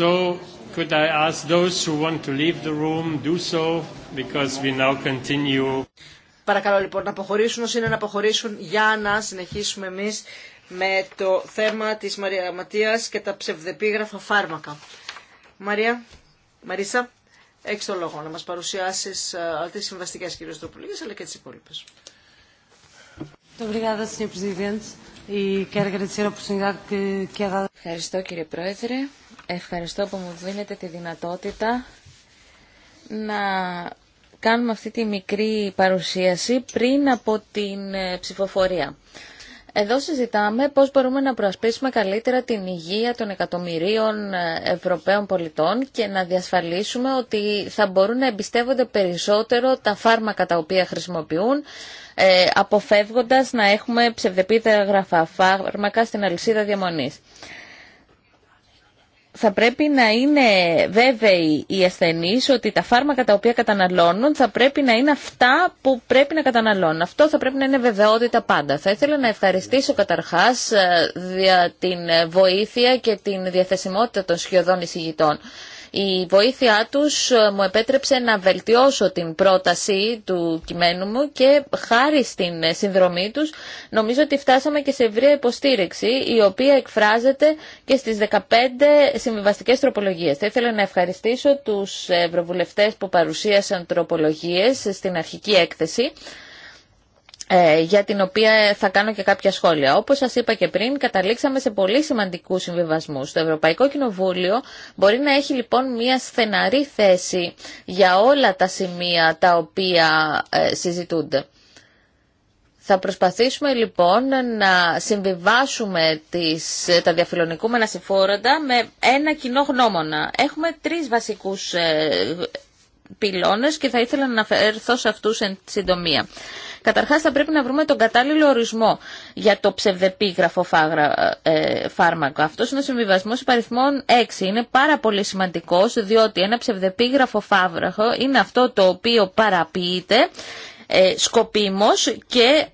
Speaker 3: so, could I ask those who want to leave the room do so, because we now continue.
Speaker 4: Παρακαλώ λοιπόν να αποχωρήσουν όσοι είναι να αποχωρήσουν για να συνεχίσουμε εμείς με το θέμα της Μαρία Ματίας και τα ψευδεπίγραφα φάρμακα. Μαρία, Μαρίσα, έχεις το λόγο να μας παρουσιάσεις uh, τις συμβαστικές κυρίες αλλά και τις υπόλοιπες.
Speaker 2: E Ευχαριστώ κύριε Πρόεδρε. Ευχαριστώ που μου δίνετε τη δυνατότητα να κάνουμε αυτή τη μικρή παρουσίαση πριν από την ε, ψηφοφορία. Εδώ συζητάμε πώς μπορούμε να προασπίσουμε καλύτερα την υγεία των εκατομμυρίων ε, Ευρωπαίων πολιτών και να διασφαλίσουμε ότι θα μπορούν να εμπιστεύονται περισσότερο τα φάρμακα τα οποία χρησιμοποιούν, ε, αποφεύγοντας να έχουμε ψευδεπίδερα γραφά φάρμακα στην αλυσίδα διαμονής θα πρέπει να είναι βέβαιοι οι ασθενείς ότι τα φάρμακα τα οποία καταναλώνουν θα πρέπει να είναι αυτά που πρέπει να καταναλώνουν. Αυτό θα πρέπει να είναι βεβαιότητα πάντα. Θα ήθελα να ευχαριστήσω καταρχάς για ε, την βοήθεια και την διαθεσιμότητα των σχεδόν εισηγητών. Η βοήθειά τους ε, μου επέτρεψε να βελτιώσω την πρόταση του κειμένου μου και χάρη στην ε, συνδρομή τους νομίζω ότι φτάσαμε και σε ευρία υποστήριξη η οποία εκφράζεται και στις 15 συμβιβαστικές τροπολογίες. Θα ήθελα να ευχαριστήσω τους ευρωβουλευτές που παρουσίασαν τροπολογίες στην αρχική έκθεση. Ε, για την οποία θα κάνω και κάποια σχόλια. Όπως σας είπα και πριν, καταλήξαμε σε πολύ σημαντικούς συμβιβασμούς. Το Ευρωπαϊκό Κοινοβούλιο μπορεί να έχει λοιπόν μια στεναρή θέση για όλα τα σημεία τα οποία ε, συζητούνται. Θα προσπαθήσουμε λοιπόν να συμβιβάσουμε τις, τα διαφιλονικούμενα συμφόροντα με ένα κοινό γνώμονα. Έχουμε τρεις βασικούς ε, και θα ήθελα να αναφερθώ σε αυτούς εν συντομία. Καταρχάς θα πρέπει να βρούμε τον κατάλληλο ορισμό για το ψευδεπίγραφο ε, φάρμακο. Αυτός είναι ο συμβιβασμός υπαριθμών 6. Είναι πάρα πολύ σημαντικός διότι ένα ψευδεπίγραφο φάρμακο είναι αυτό το οποίο παραποιείται ε, σκοπίμως και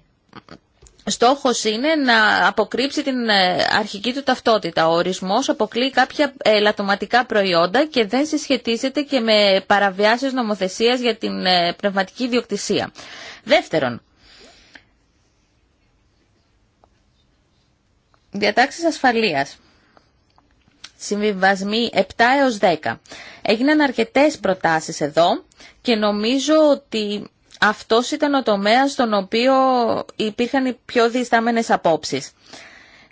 Speaker 2: Στόχος είναι να αποκρύψει την ε, αρχική του ταυτότητα. Ο ορισμός αποκλεί κάποια ελαττωματικά προϊόντα και δεν συσχετίζεται και με παραβιάσεις νομοθεσίας για την ε, πνευματική ιδιοκτησία. Δεύτερον, διατάξεις ασφαλείας. Συμβιβασμοί 7 έως 10. Έγιναν αρκετές προτάσεις εδώ και νομίζω ότι αυτός ήταν ο τομέας στον οποίο υπήρχαν οι πιο διστάμενες απόψεις.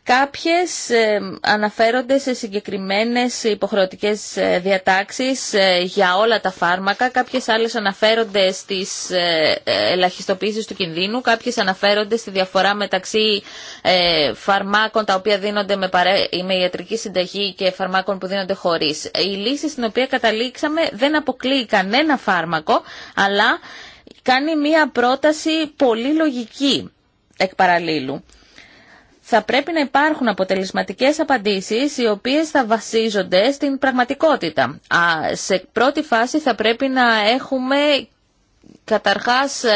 Speaker 2: Κάποιες ε, αναφέρονται σε συγκεκριμένες υποχρεωτικές ε, διατάξεις ε, για όλα τα φάρμακα, κάποιες άλλες αναφέρονται στις ελαχιστοποίησεις του κινδύνου, κάποιες αναφέρονται στη διαφορά μεταξύ φαρμάκων τα οποία δίνονται με ιατρική συνταγή και φαρμάκων που δίνονται χωρίς. Η λύση στην οποία καταλήξαμε δεν αποκλείει κανένα φάρμακο, αλλά κάνει μία πρόταση πολύ λογική εκ παραλίλου. Θα πρέπει να υπάρχουν αποτελεσματικές απαντήσεις οι οποίες θα βασίζονται στην πραγματικότητα. Α, σε πρώτη φάση θα πρέπει να έχουμε καταρχάς ε,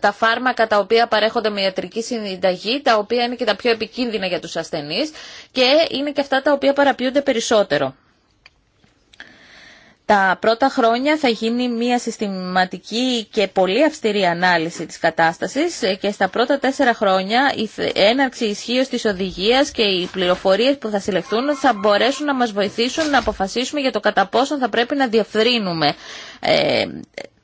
Speaker 2: τα φάρμακα τα οποία παρέχονται με ιατρική συνταγή, τα οποία είναι και τα πιο επικίνδυνα για τους ασθενείς και είναι και αυτά τα οποία παραποιούνται περισσότερο τα πρώτα χρόνια θα γίνει μια συστηματική και πολύ αυστηρή ανάλυση της κατάστασης και στα πρώτα τέσσερα χρόνια η έναρξη ισχύω της οδηγίας και οι πληροφορίες που θα συλλεχθούν θα μπορέσουν να μας βοηθήσουν να αποφασίσουμε για το κατά πόσο θα πρέπει να ε,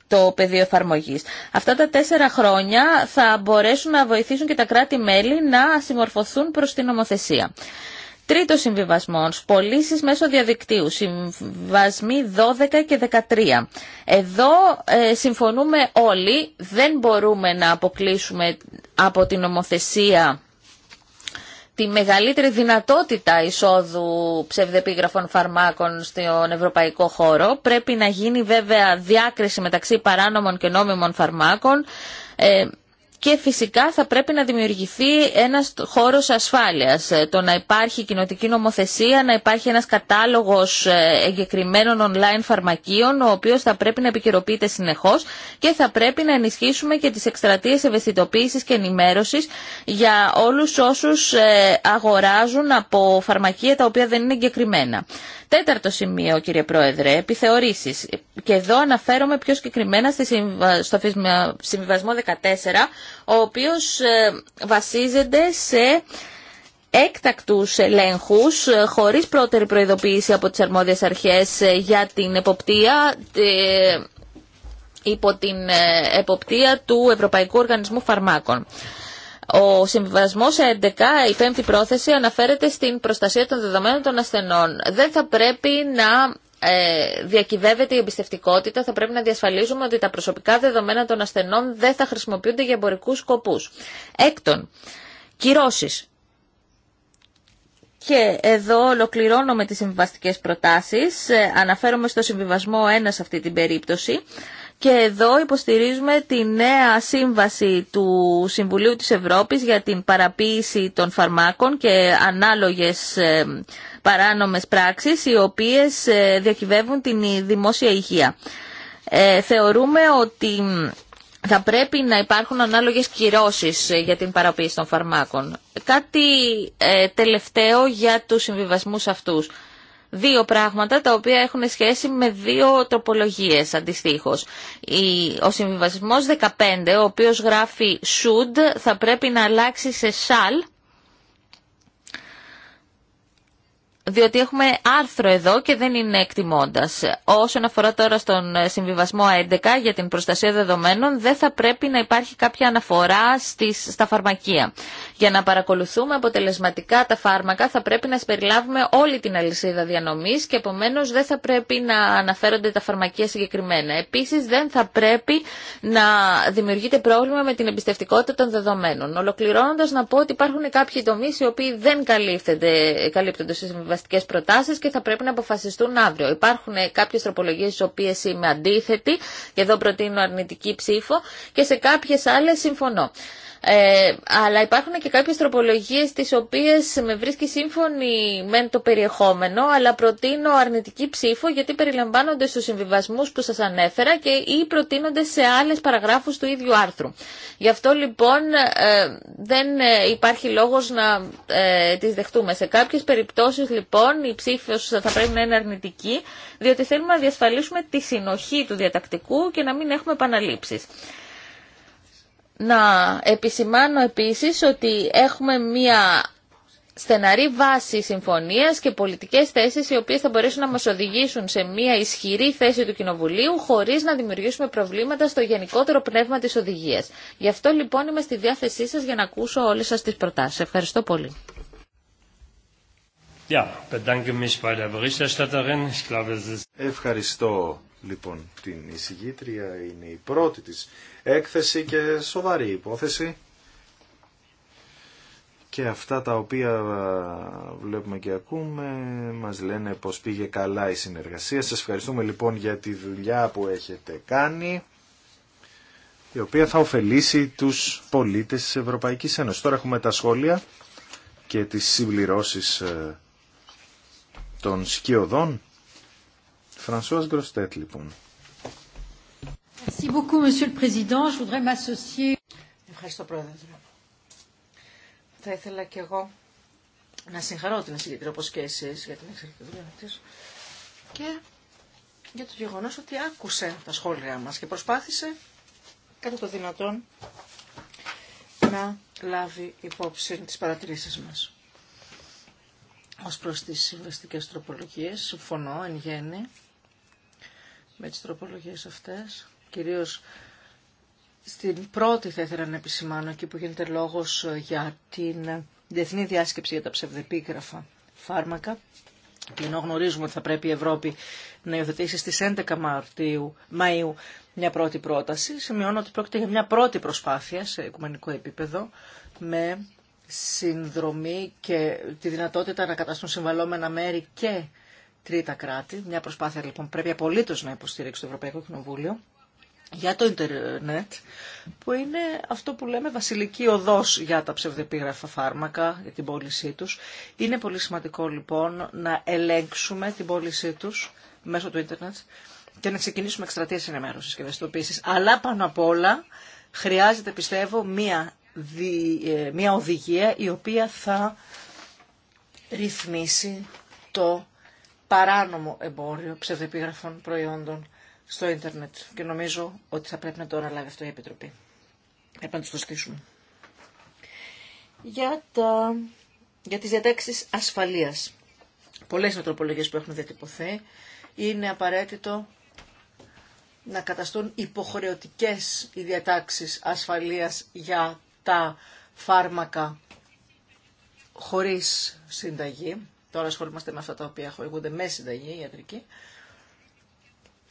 Speaker 2: το πεδίο εφαρμογή. Αυτά τα τέσσερα χρόνια θα μπορέσουν να βοηθήσουν και τα κράτη-μέλη να συμμορφωθούν προς την νομοθεσία. Τρίτο συμβιβασμό, πωλήσει μέσω διαδικτύου, συμβασμοί 12 και 13. Εδώ ε, συμφωνούμε όλοι, δεν μπορούμε να αποκλείσουμε από την νομοθεσία τη μεγαλύτερη δυνατότητα εισόδου ψευδεπίγραφων φαρμάκων στον ευρωπαϊκό χώρο. Πρέπει να γίνει βέβαια διάκριση μεταξύ παράνομων και νόμιμων φαρμάκων. Ε, και φυσικά θα πρέπει να δημιουργηθεί ένας χώρος ασφάλειας. Ε, το να υπάρχει κοινοτική νομοθεσία, να υπάρχει ένας κατάλογος ε, εγκεκριμένων online φαρμακείων, ο οποίος θα πρέπει να επικαιροποιείται συνεχώς και θα πρέπει να ενισχύσουμε και τις εκστρατείες ευαισθητοποίησης και ενημέρωσης για όλους όσους ε, αγοράζουν από φαρμακεία τα οποία δεν είναι εγκεκριμένα. Τέταρτο σημείο, κύριε Πρόεδρε, Επιθεωρήσει. Και εδώ αναφέρομαι πιο συγκεκριμένα στο συμβιβασμό 14, ο οποίος ε, βασίζεται σε έκτακτους ελέγχους ε, χωρίς πρώτερη προειδοποίηση από τις αρμόδιες αρχές ε, για την εποπτεία υπό την εποπτεία του Ευρωπαϊκού Οργανισμού Φαρμάκων. Ο συμβιβασμό 11, η πέμπτη πρόθεση, αναφέρεται στην προστασία των δεδομένων των ασθενών. Δεν θα πρέπει να ε, διακυβεύεται η εμπιστευτικότητα, θα πρέπει να διασφαλίζουμε ότι τα προσωπικά δεδομένα των ασθενών δεν θα χρησιμοποιούνται για εμπορικού σκοπούς. Έκτον, κυρώσει. Και εδώ ολοκληρώνω με τις συμβιβαστικές προτάσεις. Ε, αναφέρομαι στο συμβιβασμό 1 σε αυτή την περίπτωση. Και εδώ υποστηρίζουμε τη νέα σύμβαση του Συμβουλίου της Ευρώπης για την παραποίηση των φαρμάκων και ανάλογες ε, παράνομες πράξεις οι οποίες ε, διακυβεύουν την δημόσια υγεία. Ε, θεωρούμε ότι θα πρέπει να υπάρχουν ανάλογες κυρώσεις ε, για την παραποίηση των φαρμάκων. Κάτι τελευταίο για τους συμβιβασμούς αυτούς. Δύο πράγματα τα οποία έχουν σχέση με δύο τροπολογίες αντιστοίχως. Ο συμβιβασμός 15, ο οποίος γράφει should, θα πρέπει να αλλάξει σε shall, διότι έχουμε άρθρο εδώ και δεν είναι εκτιμώντα, Όσον αφορά τώρα στον ε, συμβιβασμο Α11 για την προστασία δεδομένων, δεν θα πρέπει να υπάρχει κάποια αναφορά στις, στα φαρμακεία. Για να παρακολουθούμε αποτελεσματικά τα φάρμακα θα πρέπει να συμπεριλάβουμε όλη την αλυσίδα διανομής και επομένως δεν θα πρέπει να αναφέρονται τα φαρμακεία συγκεκριμένα. Επίσης δεν θα πρέπει να δημιουργείται πρόβλημα με την εμπιστευτικότητα των δεδομένων. Ολοκληρώνοντας να πω ότι υπάρχουν κάποιοι τομείς οι οποίοι δεν καλύπτονται στις συμβιβαστικές προτάσεις και θα πρέπει να αποφασιστούν αύριο. Υπάρχουν κάποιες τροπολογίες στις οποίες είμαι αντίθετη και εδώ προτείνω αρνητική ψήφο και σε κάποιες άλλες συμφωνώ. Ε, αλλά υπάρχουν και κάποιες τροπολογίες τις οποίες με βρίσκει σύμφωνη με το περιεχόμενο, αλλά προτείνω αρνητική ψήφο γιατί περιλαμβάνονται στους συμβιβασμούς που σας ανέφερα και ή προτείνονται σε άλλες παραγράφους του ίδιου άρθρου. Γι' αυτό λοιπόν ε, δεν ε, υπάρχει λόγος να ε, τις δεχτούμε. Σε κάποιες περιπτώσεις λοιπόν η ψήφος θα πρέπει να είναι αρνητική, διότι θέλουμε να διασφαλίσουμε τη συνοχή του διατακτικού και να μην έχουμε επαναλήψεις να επισημάνω επίσης ότι έχουμε μία στεναρή βάση συμφωνίας και πολιτικές θέσεις οι οποίες θα μπορέσουν να μας οδηγήσουν σε μία ισχυρή θέση του Κοινοβουλίου χωρίς να δημιουργήσουμε προβλήματα στο γενικότερο πνεύμα της οδηγίας. Γι' αυτό λοιπόν είμαι στη διάθεσή σας για να ακούσω όλες σας τις προτάσεις. Ευχαριστώ πολύ.
Speaker 1: Ευχαριστώ λοιπόν την εισηγήτρια. Είναι η πρώτη της έκθεση και σοβαρή υπόθεση και αυτά τα οποία βλέπουμε και ακούμε μας λένε πως πήγε καλά η συνεργασία. Σας ευχαριστούμε λοιπόν για τη δουλειά που έχετε κάνει η οποία θα ωφελήσει τους πολίτες της Ευρωπαϊκής Ένωσης. Τώρα έχουμε τα σχόλια και τις συμπληρώσεις ε, των σκιωδών. Φρανσουάς Γκροστέτ λοιπόν
Speaker 4: beaucoup, Monsieur le Président. Je voudrais m'associer. Ευχαριστώ, Πρόεδρε. Θα ήθελα και εγώ να συγχαρώ την εισηγήτρια όπως και εσείς για την εξαιρετική δουλειά της και για το γεγονός ότι άκουσε τα σχόλια μας και προσπάθησε κατά το δυνατόν να λάβει υπόψη τις παρατηρήσεις μας. Ως προς τις συμβαστικές τροπολογίες, συμφωνώ εν γέννη με τις τροπολογίες αυτές κυρίως στην πρώτη θα ήθελα να επισημάνω εκεί που γίνεται λόγος για την διεθνή διάσκεψη για τα ψευδεπίγραφα φάρμακα και ενώ γνωρίζουμε ότι θα πρέπει η Ευρώπη να υιοθετήσει στις 11 Μαρτίου, Μαΐου μια πρώτη πρόταση, σημειώνω ότι πρόκειται για μια πρώτη προσπάθεια σε οικουμενικό επίπεδο με συνδρομή και τη δυνατότητα να καταστούν συμβαλόμενα μέρη και τρίτα κράτη. Μια προσπάθεια λοιπόν πρέπει απολύτως να υποστηρίξει το Ευρωπαϊκό Κοινοβούλιο για το ίντερνετ που είναι αυτό που λέμε βασιλική οδός για τα ψευδεπίγραφα φάρμακα, για την πώλησή τους. Είναι πολύ σημαντικό λοιπόν να ελέγξουμε την πώλησή τους μέσω του ίντερνετ και να ξεκινήσουμε εκστρατείες ενημέρωσης και δεστοποίησης. Αλλά πάνω απ' όλα χρειάζεται πιστεύω μία, ε, μία οδηγία η οποία θα ρυθμίσει το παράνομο εμπόριο ψευδεπίγραφων προϊόντων στο ίντερνετ. Και νομίζω ότι θα πρέπει να το αναλάβει αυτό η Επιτροπή. Πρέπει να τους το στήσουμε. Για, τα... για τις διατάξεις ασφαλείας. Πολλές νοτροπολογίες που έχουν διατυπωθεί είναι απαραίτητο να καταστούν υποχρεωτικές οι διατάξεις ασφαλείας για τα φάρμακα χωρίς συνταγή. Τώρα ασχολούμαστε με αυτά τα οποία χορηγούνται με συνταγή ιατρική.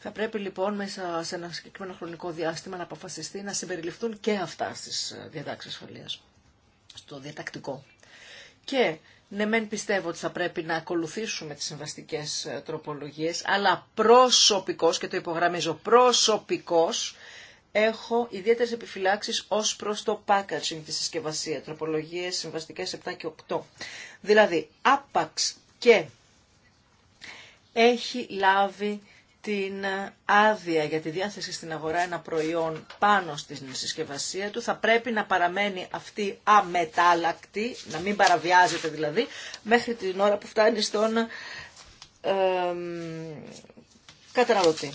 Speaker 4: Θα πρέπει λοιπόν μέσα σε ένα συγκεκριμένο χρονικό διάστημα να αποφασιστεί να συμπεριληφθούν και αυτά στι ε, διατάξεις ασφαλεία. στο διατακτικό. Και ναι, μεν πιστεύω ότι θα πρέπει να ακολουθήσουμε τι συμβαστικέ ε, τροπολογίε, αλλά προσωπικώ και το υπογραμμίζω προσωπικώ έχω ιδιαίτερε επιφυλάξει ω προ το packaging τη συσκευασία, Τροπολογίε, συμβαστικέ 7 και 8. Δηλαδή, άπαξ και έχει λάβει την άδεια για τη διάθεση στην αγορά ένα προϊόν πάνω στην συσκευασία του θα πρέπει να παραμένει αυτή αμετάλλακτη, να μην παραβιάζεται δηλαδή, μέχρι την ώρα που φτάνει στον καταναλωτή.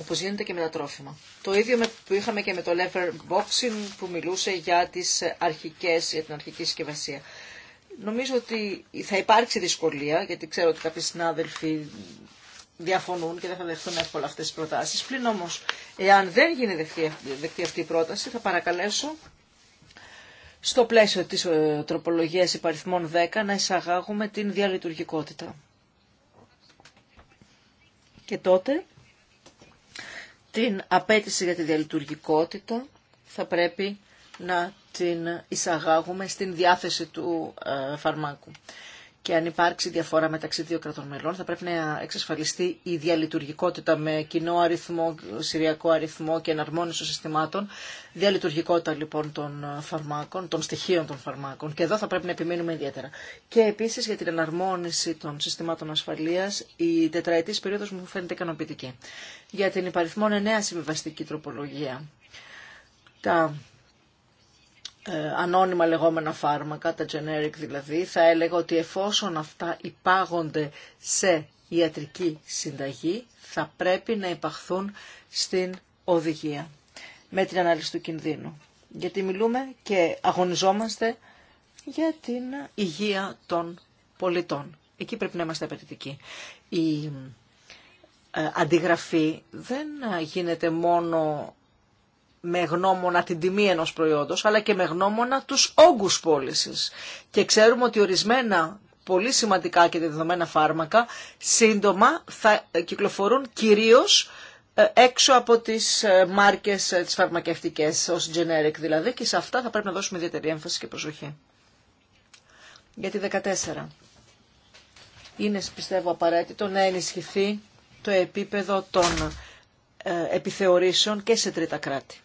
Speaker 4: όπως γίνεται και με τα τρόφιμα. Το ίδιο που είχαμε και με το lever boxing που μιλούσε για, τις αρχικές, για την αρχική συσκευασία. Νομίζω ότι θα υπάρξει δυσκολία, γιατί ξέρω ότι κάποιοι συνάδελφοι διαφωνούν και δεν θα δεχθούν εύκολα αυτές τις προτάσεις. Πλην όμως, εάν δεν γίνει δεκτή αυτή η πρόταση, θα παρακαλέσω στο πλαίσιο της ε, τροπολογίας υπαριθμών 10 να εισαγάγουμε την διαλειτουργικότητα. Και τότε την απέτηση για τη διαλειτουργικότητα θα πρέπει να την εισαγάγουμε στην διάθεση του ε, φαρμάκου και αν υπάρξει διαφορά μεταξύ δύο κρατών μελών θα πρέπει να εξασφαλιστεί η διαλειτουργικότητα με κοινό αριθμό, συριακό αριθμό και εναρμόνιση συστημάτων. Διαλειτουργικότητα λοιπόν των φαρμάκων, των στοιχείων των φαρμάκων και εδώ θα πρέπει να επιμείνουμε ιδιαίτερα. Και επίση για την εναρμόνιση των συστημάτων ασφαλεία, η τετραετής περίοδο μου φαίνεται ικανοποιητική. Για την υπαριθμόν 9 συμβιβαστική τροπολογία. Τα ε, ανώνυμα λεγόμενα φάρμακα, τα generic δηλαδή, θα έλεγα ότι εφόσον αυτά υπάγονται σε ιατρική συνταγή, θα πρέπει να υπαχθούν στην οδηγία με την ανάλυση του κινδύνου. Γιατί μιλούμε και αγωνιζόμαστε για την υγεία των πολιτών. Εκεί πρέπει να είμαστε απαιτητικοί. Η ε, αντιγραφή δεν ε, γίνεται μόνο με γνώμονα την τιμή ενός προϊόντος, αλλά και με γνώμονα τους όγκους πώληση. Και ξέρουμε ότι ορισμένα πολύ σημαντικά και δεδομένα φάρμακα σύντομα θα κυκλοφορούν κυρίως ε, έξω από τις ε, μάρκες ε, τις φαρμακευτικές ως generic δηλαδή και σε αυτά θα πρέπει να δώσουμε ιδιαίτερη έμφαση και προσοχή. Για τη 14. Είναι πιστεύω απαραίτητο να ενισχυθεί το επίπεδο των επιθεωρήσεων και σε τρίτα κράτη.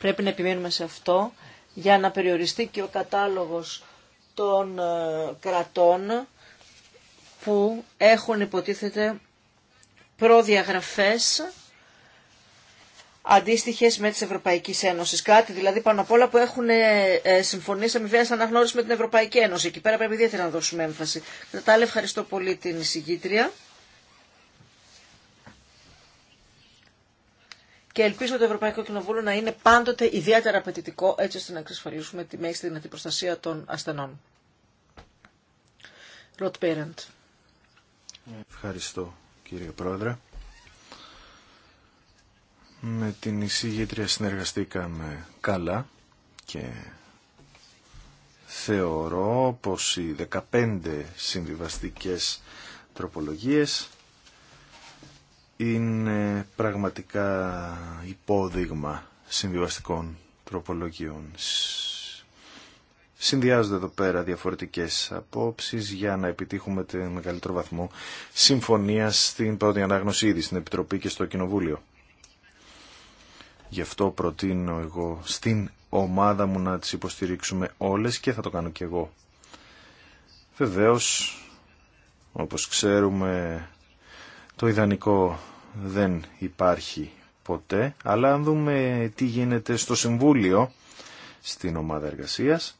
Speaker 4: Πρέπει να επιμείνουμε σε αυτό για να περιοριστεί και ο κατάλογος των ε, κρατών που έχουν υποτίθεται προδιαγραφές αντίστοιχες με τις Ευρωπαϊκές Ένωση. Κάτι δηλαδή πάνω απ' όλα που έχουν ε, ε, συμφωνήσει αμοιβέ αναγνώριση με την Ευρωπαϊκή Ένωση. Εκεί πέρα πρέπει ιδιαίτερα να δώσουμε έμφαση. Κατά τα ευχαριστώ πολύ την εισηγήτρια. και ελπίζω το Ευρωπαϊκό Κοινοβούλιο να είναι πάντοτε ιδιαίτερα απαιτητικό έτσι ώστε να εξασφαλίσουμε τη μέγιστη δυνατή προστασία των ασθενών. Ροτ
Speaker 1: Ευχαριστώ κύριε Πρόεδρε. Με την εισηγήτρια συνεργαστήκαμε καλά και θεωρώ πως οι 15 συμβιβαστικές τροπολογίες είναι πραγματικά υπόδειγμα συνδυαστικών τροπολογιών. Συνδυάζονται εδώ πέρα διαφορετικές απόψεις για να επιτύχουμε τον μεγαλύτερο βαθμό συμφωνίας στην πρώτη ανάγνωση ήδη στην Επιτροπή και στο Κοινοβούλιο. Γι' αυτό προτείνω εγώ στην ομάδα μου να τις υποστηρίξουμε όλες και θα το κάνω και εγώ. Βεβαίως, όπως ξέρουμε, το ιδανικό δεν υπάρχει ποτέ, αλλά αν δούμε τι γίνεται στο Συμβούλιο, στην ομάδα εργασίας,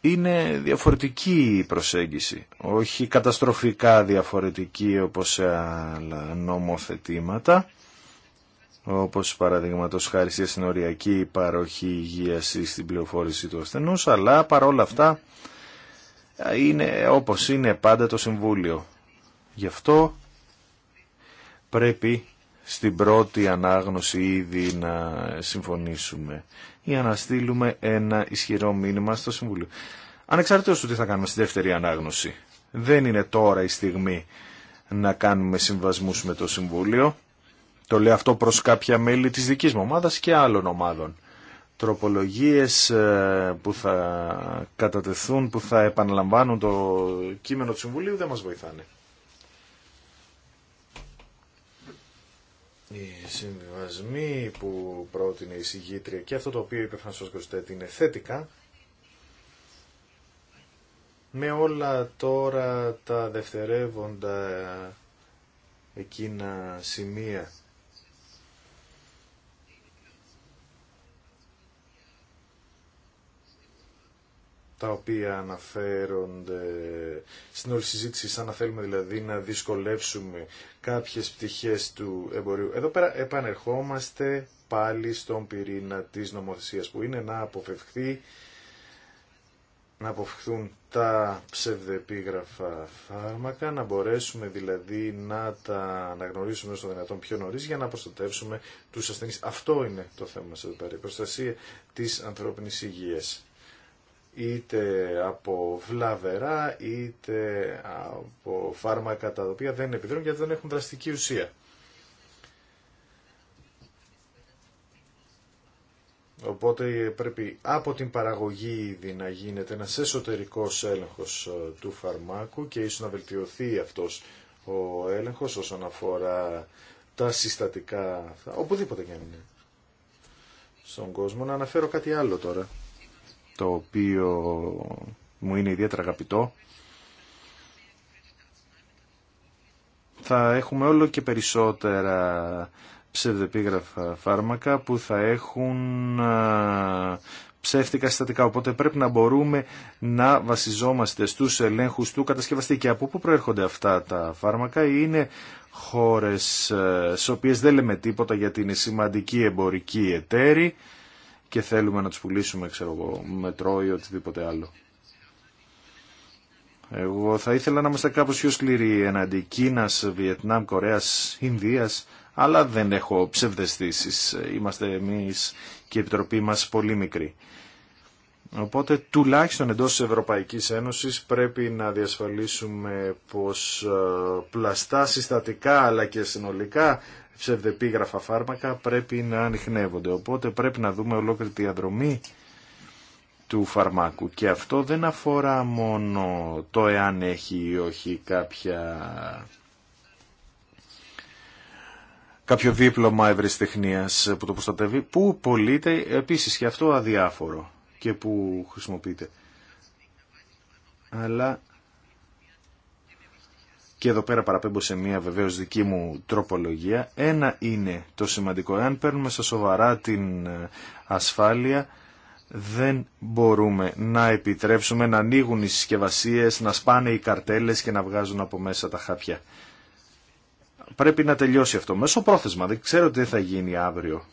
Speaker 1: είναι διαφορετική η προσέγγιση, όχι καταστροφικά διαφορετική όπως σε άλλα νομοθετήματα, όπως παραδείγματο χάρη στη συνοριακή παροχή υγείας ή στην πληροφόρηση του ασθενούς, αλλά παρόλα αυτά είναι όπως είναι πάντα το Συμβούλιο. Γι' αυτό πρέπει στην πρώτη ανάγνωση ήδη να συμφωνήσουμε ή να στείλουμε ένα ισχυρό μήνυμα στο Συμβούλιο. Ανεξαρτήτως του τι θα κάνουμε στη δεύτερη ανάγνωση. Δεν είναι τώρα η στιγμή να κάνουμε συμβασμούς με το Συμβούλιο. Το λέω αυτό προς κάποια μέλη της δικής μου ομάδας και άλλων ομάδων τροπολογίες ε, που θα κατατεθούν, που θα επαναλαμβάνουν το κείμενο του Συμβουλίου δεν μας βοηθάνε. Οι συμβιβασμοί που πρότεινε η συγγήτρια και αυτό το οποίο είπε Φανσός Κωστέτη είναι θετικά. Με όλα τώρα τα δευτερεύοντα εκείνα σημεία τα οποία αναφέρονται στην όλη συζήτηση, σαν να θέλουμε δηλαδή να δυσκολεύσουμε κάποιες πτυχές του εμπορίου. Εδώ πέρα επανερχόμαστε πάλι στον πυρήνα της νομοθεσίας που είναι να αποφευχθεί να αποφευχθούν τα ψευδεπίγραφα φάρμακα, να μπορέσουμε δηλαδή να τα αναγνωρίσουμε όσο δυνατόν πιο νωρίς για να προστατεύσουμε τους ασθενείς. Αυτό είναι το θέμα μας εδώ πέρα, η προστασία της ανθρώπινης υγείας είτε από βλαβερά είτε από φάρμακα τα οποία δεν επιδρούν γιατί δεν έχουν δραστική ουσία. Οπότε πρέπει από την παραγωγή ήδη να γίνεται ένας εσωτερικός έλεγχος ε, του φαρμάκου και ίσως να βελτιωθεί αυτός ο έλεγχος όσον αφορά τα συστατικά οπουδήποτε και αν είναι στον κόσμο. Να αναφέρω κάτι άλλο τώρα το οποίο μου είναι ιδιαίτερα αγαπητό, θα έχουμε όλο και περισσότερα ψευδεπίγραφα φάρμακα που θα έχουν ψεύτικα συστατικά. Οπότε πρέπει να μπορούμε να βασιζόμαστε στους ελέγχους του κατασκευαστή. Και από πού προέρχονται αυτά τα φάρμακα είναι χώρες ε, στις οποίες δεν λέμε τίποτα γιατί είναι σημαντική εμπορική εταίρη και θέλουμε να τους πουλήσουμε, ξέρω εγώ, μετρό ή οτιδήποτε άλλο. Εγώ θα ήθελα να είμαστε κάπως πιο σκληροί εναντί Κίνας, Βιετνάμ, Κορέας, Ινδίας, αλλά δεν έχω ψευδεστήσεις. Είμαστε εμείς και η Επιτροπή μας πολύ μικρή. Οπότε τουλάχιστον εντός της Ευρωπαϊκής Ένωσης πρέπει να διασφαλίσουμε πως ε, πλαστά συστατικά αλλά και συνολικά ψευδεπίγραφα φάρμακα πρέπει να ανοιχνεύονται. Οπότε πρέπει να δούμε ολόκληρη τη διαδρομή του φαρμάκου και αυτό δεν αφορά μόνο το εάν έχει ή όχι κάποια... κάποιο δίπλωμα ευρεσιτεχνίας που το προστατεύει, που πωλείται επίσης και αυτό αδιάφορο και που χρησιμοποιείται. Αλλά και εδώ πέρα παραπέμπω σε μία βεβαίως δική μου τροπολογία. Ένα είναι το σημαντικό. Εάν παίρνουμε στα σοβαρά την ε, ασφάλεια, δεν μπορούμε να επιτρέψουμε να ανοίγουν οι συσκευασίε, να σπάνε οι καρτέλες και να βγάζουν από μέσα τα χάπια. Πρέπει να τελειώσει αυτό. Μέσω πρόθεσμα. Δεν ξέρω τι θα γίνει αύριο.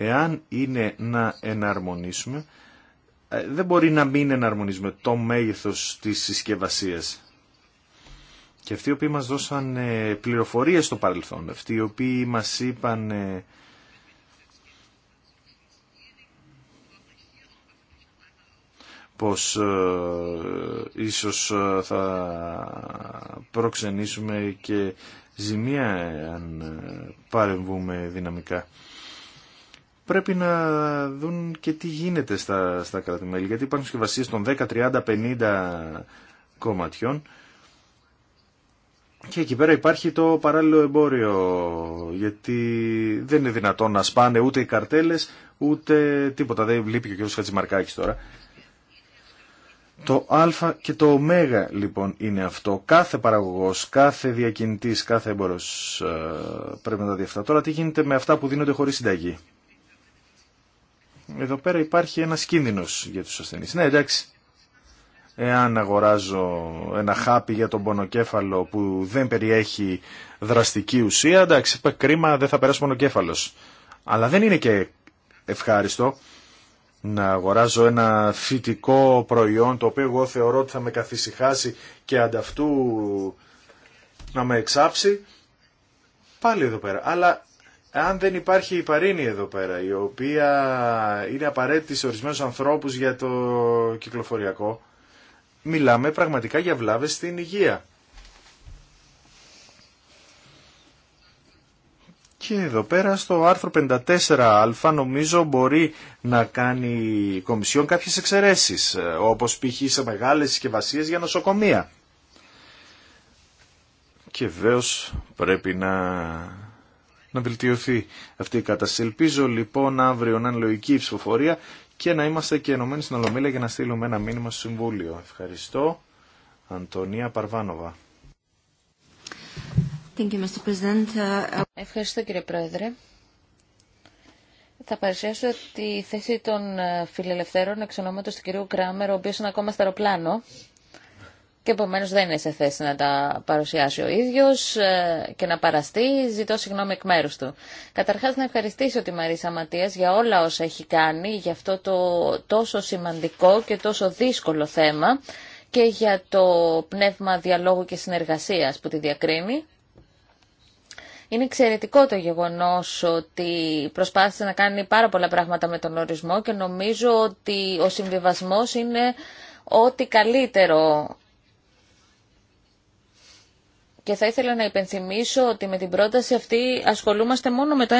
Speaker 1: Εάν είναι να εναρμονίσουμε, ε, δεν μπορεί να μην εναρμονίσουμε το μέγεθος της συσκευασία. Και αυτοί οι οποίοι μας δώσαν ε, πληροφορίες στο παρελθόν, αυτοί οι οποίοι μας είπαν ε, πως ε, ίσως θα προξενήσουμε και ζημία αν παρεμβούμε δυναμικά πρέπει να δουν και τι γίνεται στα, στα κρατημέλη. Γιατί υπάρχουν συσκευασίε των 10, 30, 50 κομματιών. Και εκεί πέρα υπάρχει το παράλληλο εμπόριο, γιατί δεν είναι δυνατόν να σπάνε ούτε οι καρτέλες, ούτε τίποτα. Δεν λείπει και ο κ. Χατζημαρκάκης τώρα. Το α και το ω λοιπόν είναι αυτό. Κάθε παραγωγός, κάθε διακινητής, κάθε έμπορος ε, πρέπει να τα δει αυτά. Τώρα τι γίνεται με αυτά που δίνονται χωρίς συνταγή εδώ πέρα υπάρχει ένας κίνδυνος για τους ασθενείς. Ναι, εντάξει, εάν αγοράζω ένα χάπι για τον πονοκέφαλο που δεν περιέχει δραστική ουσία, εντάξει, κρίμα, δεν θα περάσει πονοκέφαλος. Αλλά δεν είναι και ευχάριστο να αγοράζω ένα φυτικό προϊόν το οποίο εγώ θεωρώ ότι θα με καθησυχάσει και ανταυτού να με εξάψει. Πάλι εδώ πέρα. Αλλά αν δεν υπάρχει η παρήνη εδώ πέρα, η οποία είναι απαραίτητη σε ορισμένους ανθρώπους για το κυκλοφοριακό, μιλάμε πραγματικά για βλάβες στην υγεία. Και εδώ πέρα στο άρθρο 54α νομίζω μπορεί να κάνει η Κομισιόν κάποιες εξαιρέσεις, ε, όπως π.χ. σε μεγάλες συσκευασίε για νοσοκομεία. Και βεβαίω πρέπει να να βελτιωθεί αυτή η κατάσταση. Ελπίζω λοιπόν αύριο να είναι λογική η ψηφοφορία και να είμαστε και ενωμένοι στην Ολομέλεια για να στείλουμε ένα μήνυμα στο Συμβούλιο. Ευχαριστώ. Αντωνία Παρβάνοβα.
Speaker 2: Ευχαριστώ κύριε Πρόεδρε. Θα παρουσιάσω τη θέση των φιλελευθέρων εξ ονόματος του κυρίου Κράμερ, ο οποίος είναι ακόμα στα αεροπλάνο και επομένω δεν είναι σε θέση να τα παρουσιάσει ο ίδιο ε, και να παραστεί. Ζητώ συγγνώμη εκ μέρου του. Καταρχά, να ευχαριστήσω τη Μαρίσα Ματία για όλα όσα έχει κάνει για αυτό το τόσο σημαντικό και τόσο δύσκολο θέμα και για το πνεύμα διαλόγου και συνεργασίας που τη διακρίνει. Είναι εξαιρετικό το γεγονός ότι προσπάθησε να κάνει πάρα πολλά πράγματα με τον ορισμό και νομίζω ότι ο συμβιβασμός είναι ό,τι καλύτερο και θα ήθελα να υπενθυμίσω ότι με την πρόταση αυτή ασχολούμαστε μόνο με το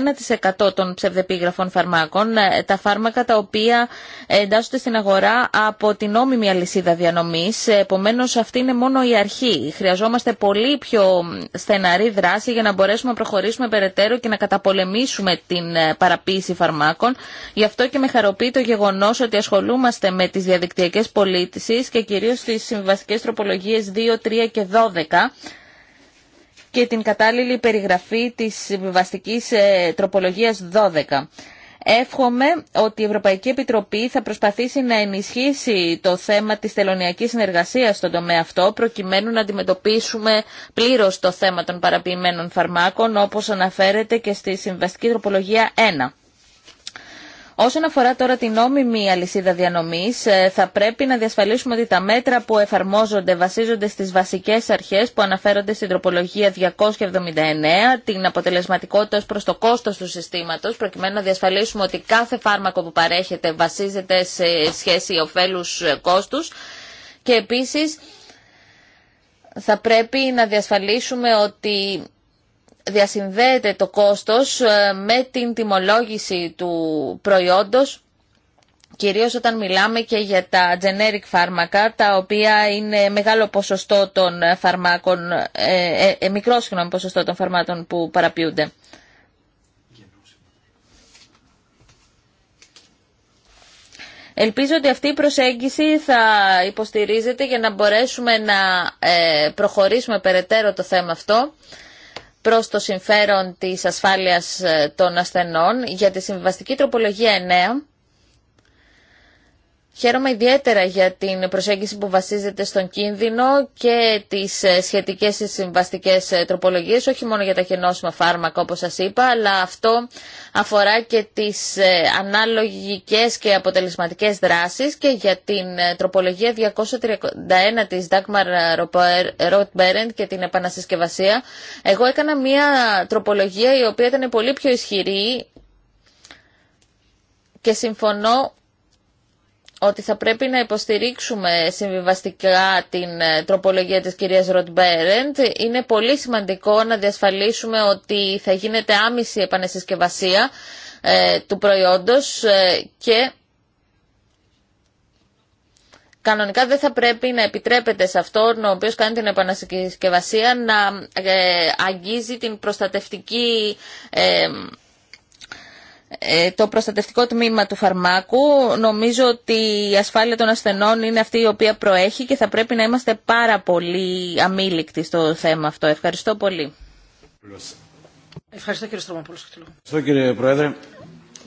Speaker 2: 1% των ψευδεπίγραφων φαρμάκων, ε, τα φάρμακα τα οποία εντάσσονται στην αγορά από την όμιμη αλυσίδα διανομής. Ε, επομένως αυτή είναι μόνο η αρχή. Χρειαζόμαστε πολύ πιο στεναρή δράση για να μπορέσουμε να προχωρήσουμε περαιτέρω και να καταπολεμήσουμε την ε, παραποίηση φαρμάκων. Γι' αυτό και με χαροποιεί το γεγονός ότι ασχολούμαστε με τις διαδικτυακές πολίτησεις και κυρίως τις συμβαστικές τροπολογίες 2, 3 και 12 και την κατάλληλη περιγραφή της συμβιβαστική ε, τροπολογίας 12. Εύχομαι ότι η Ευρωπαϊκή Επιτροπή θα προσπαθήσει να ενισχύσει το θέμα της τελωνιακής συνεργασίας στον τομέα αυτό, προκειμένου να αντιμετωπίσουμε πλήρως το θέμα των παραποιημένων φαρμάκων, όπως αναφέρεται και στη συμβαστική τροπολογία 1. Όσον αφορά τώρα την νόμιμη αλυσίδα διανομής, ε, θα πρέπει να διασφαλίσουμε ότι τα μέτρα που εφαρμόζονται βασίζονται στις βασικές αρχές που αναφέρονται στην τροπολογία 279, την αποτελεσματικότητα ω προς το κόστος του συστήματος, προκειμένου να διασφαλίσουμε ότι κάθε φάρμακο που παρέχεται βασίζεται σε σχέση ωφέλου ε, κόστους και επίση θα πρέπει να διασφαλίσουμε ότι διασυνδέεται το κόστος ε, με την τιμολόγηση του προϊόντος κυρίως όταν μιλάμε και για τα generic φάρμακα, τα οποία είναι μεγάλο ποσοστό των φαρμάκων, ε, ε, ε μικρό συγγνώμη, ποσοστό των φαρμάκων που παραποιούνται. Ελπίζω ότι αυτή η προσέγγιση θα υποστηρίζεται για να μπορέσουμε να ε, προχωρήσουμε περαιτέρω το θέμα αυτό προς το συμφέρον της ασφάλειας ε, των ασθενών για τη συμβαστική τροπολογία 9 Χαίρομαι ιδιαίτερα για την προσέγγιση που βασίζεται στον κίνδυνο και τις ε, σχετικές συμβαστικές ε, τροπολογίες, όχι μόνο για τα χενόσιμα φάρμακα όπως σας είπα, αλλά αυτό αφορά και τις ε, ανάλογικές και αποτελεσματικές δράσεις και για την τροπολογία 231 της Dagmar Rothberend και την επανασυσκευασία. Εγώ έκανα μια τροπολογία η οποία ήταν πολύ πιο ισχυρή και συμφωνώ ότι θα πρέπει να υποστηρίξουμε συμβιβαστικά την ε, τροπολογία της κυρίας Ροτμπέρεντ. Είναι πολύ σημαντικό να διασφαλίσουμε ότι θα γίνεται άμεση επανεσυσκευασία ε, του προϊόντος ε, και κανονικά δεν θα πρέπει να επιτρέπεται σε αυτόν ο οποίος κάνει την επανασυσκευασία να αγγίζει την προστατευτική ε, το προστατευτικό τμήμα του φαρμάκου. Νομίζω ότι η ασφάλεια των ασθενών είναι αυτή η οποία προέχει και θα πρέπει να είμαστε πάρα πολύ αμήλικτοι στο θέμα αυτό. Ευχαριστώ πολύ.
Speaker 4: Ευχαριστώ κύριε Στρομαπούλος.
Speaker 3: Ευχαριστώ κύριε Πρόεδρε.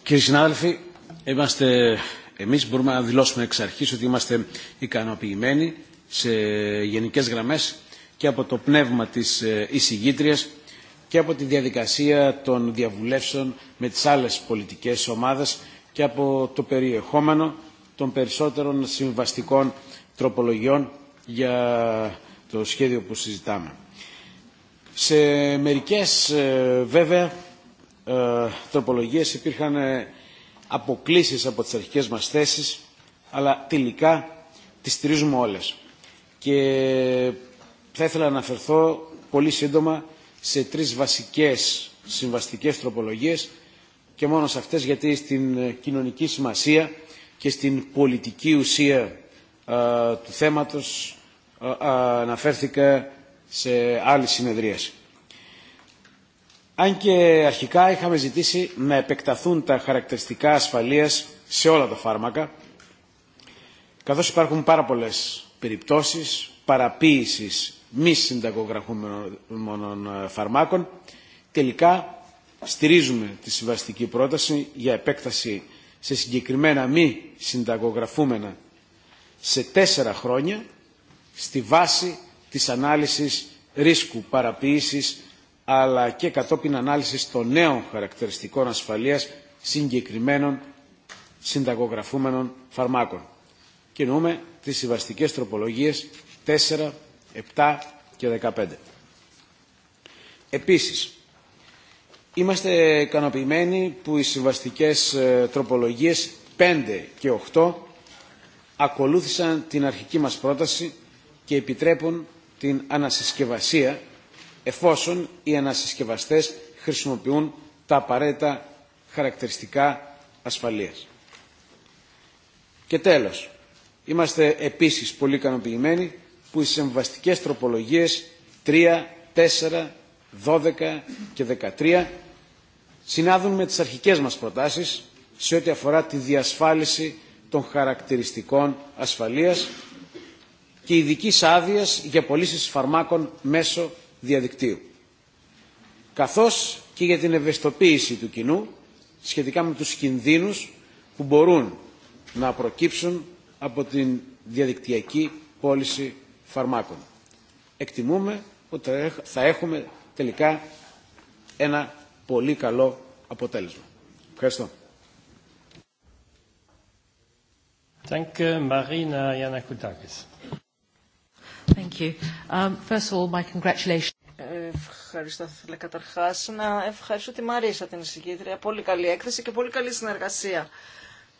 Speaker 3: Κύριοι συνάδελφοι, είμαστε εμείς μπορούμε να δηλώσουμε εξ αρχής ότι είμαστε ικανοποιημένοι σε γενικές γραμμές και από το πνεύμα της ε, εισηγήτριας και από τη διαδικασία των διαβουλεύσεων με τις άλλες πολιτικές ομάδες και από το περιεχόμενο των περισσότερων συμβαστικών τροπολογιών για το σχέδιο που συζητάμε. Σε μερικές ε, βέβαια ε, τροπολογίες υπήρχαν ε, αποκλήσεις από τις αρχικές μας θέσεις αλλά τελικά τις στηρίζουμε όλες. Και θα ήθελα να αναφερθώ πολύ σύντομα σε τρεις βασικές συμβαστικές τροπολογίες και μόνο σε αυτές γιατί στην ε, κοινωνική σημασία και στην πολιτική ουσία ε, του θέματος α, ε, αναφέρθηκα σε άλλη συνεδρίαση. Αν και αρχικά είχαμε ζητήσει να επεκταθούν τα χαρακτηριστικά ασφαλείας σε όλα τα φάρμακα, καθώς υπάρχουν πάρα πολλές περιπτώσεις παραποίησης μη συνταγογραφούμενων ε, φαρμάκων. Τελικά στηρίζουμε τη συμβαστική πρόταση για επέκταση σε συγκεκριμένα μη συνταγογραφούμενα σε τέσσερα χρόνια στη βάση της ανάλυσης ρίσκου παραποίησης αλλά και κατόπιν ανάλυσης των νέων χαρακτηριστικών ασφαλείας συγκεκριμένων συνταγογραφούμενων φαρμάκων. Κινούμε τις συμβαστικές τροπολογίες 4, 7 και 15. Επίσης, είμαστε ικανοποιημένοι που οι συμβαστικές ε, τροπολογίες 5 και 8 ακολούθησαν την αρχική μας πρόταση και επιτρέπουν την ανασυσκευασία εφόσον οι ανασυσκευαστές χρησιμοποιούν τα απαραίτητα χαρακτηριστικά ασφαλείας. Και τέλος, είμαστε επίσης πολύ ικανοποιημένοι που οι συμβαστικές τροπολογίες 3, 4, 12 και 13 συνάδουν με τις αρχικές μας προτάσεις σε ό,τι αφορά τη διασφάλιση των χαρακτηριστικών ασφαλείας και ειδική άδεια για πωλήσει φαρμάκων μέσω διαδικτύου. Καθώς και για την ευαισθητοποίηση του κοινού σχετικά με τους κινδύνους που μπορούν να προκύψουν από την διαδικτυακή πώληση φαρμάκων. Εκτιμούμε ότι θα έχουμε τελικά ένα πολύ καλό αποτέλεσμα. Ευχαριστώ. Thank you, Marina Thank you. Um,
Speaker 4: first of all, my congratulations. Ευχαριστώ. Θέλω καταρχά να ευχαριστώ τη Μαρίσα την εισηγήτρια. Πολύ καλή έκθεση και πολύ καλή συνεργασία.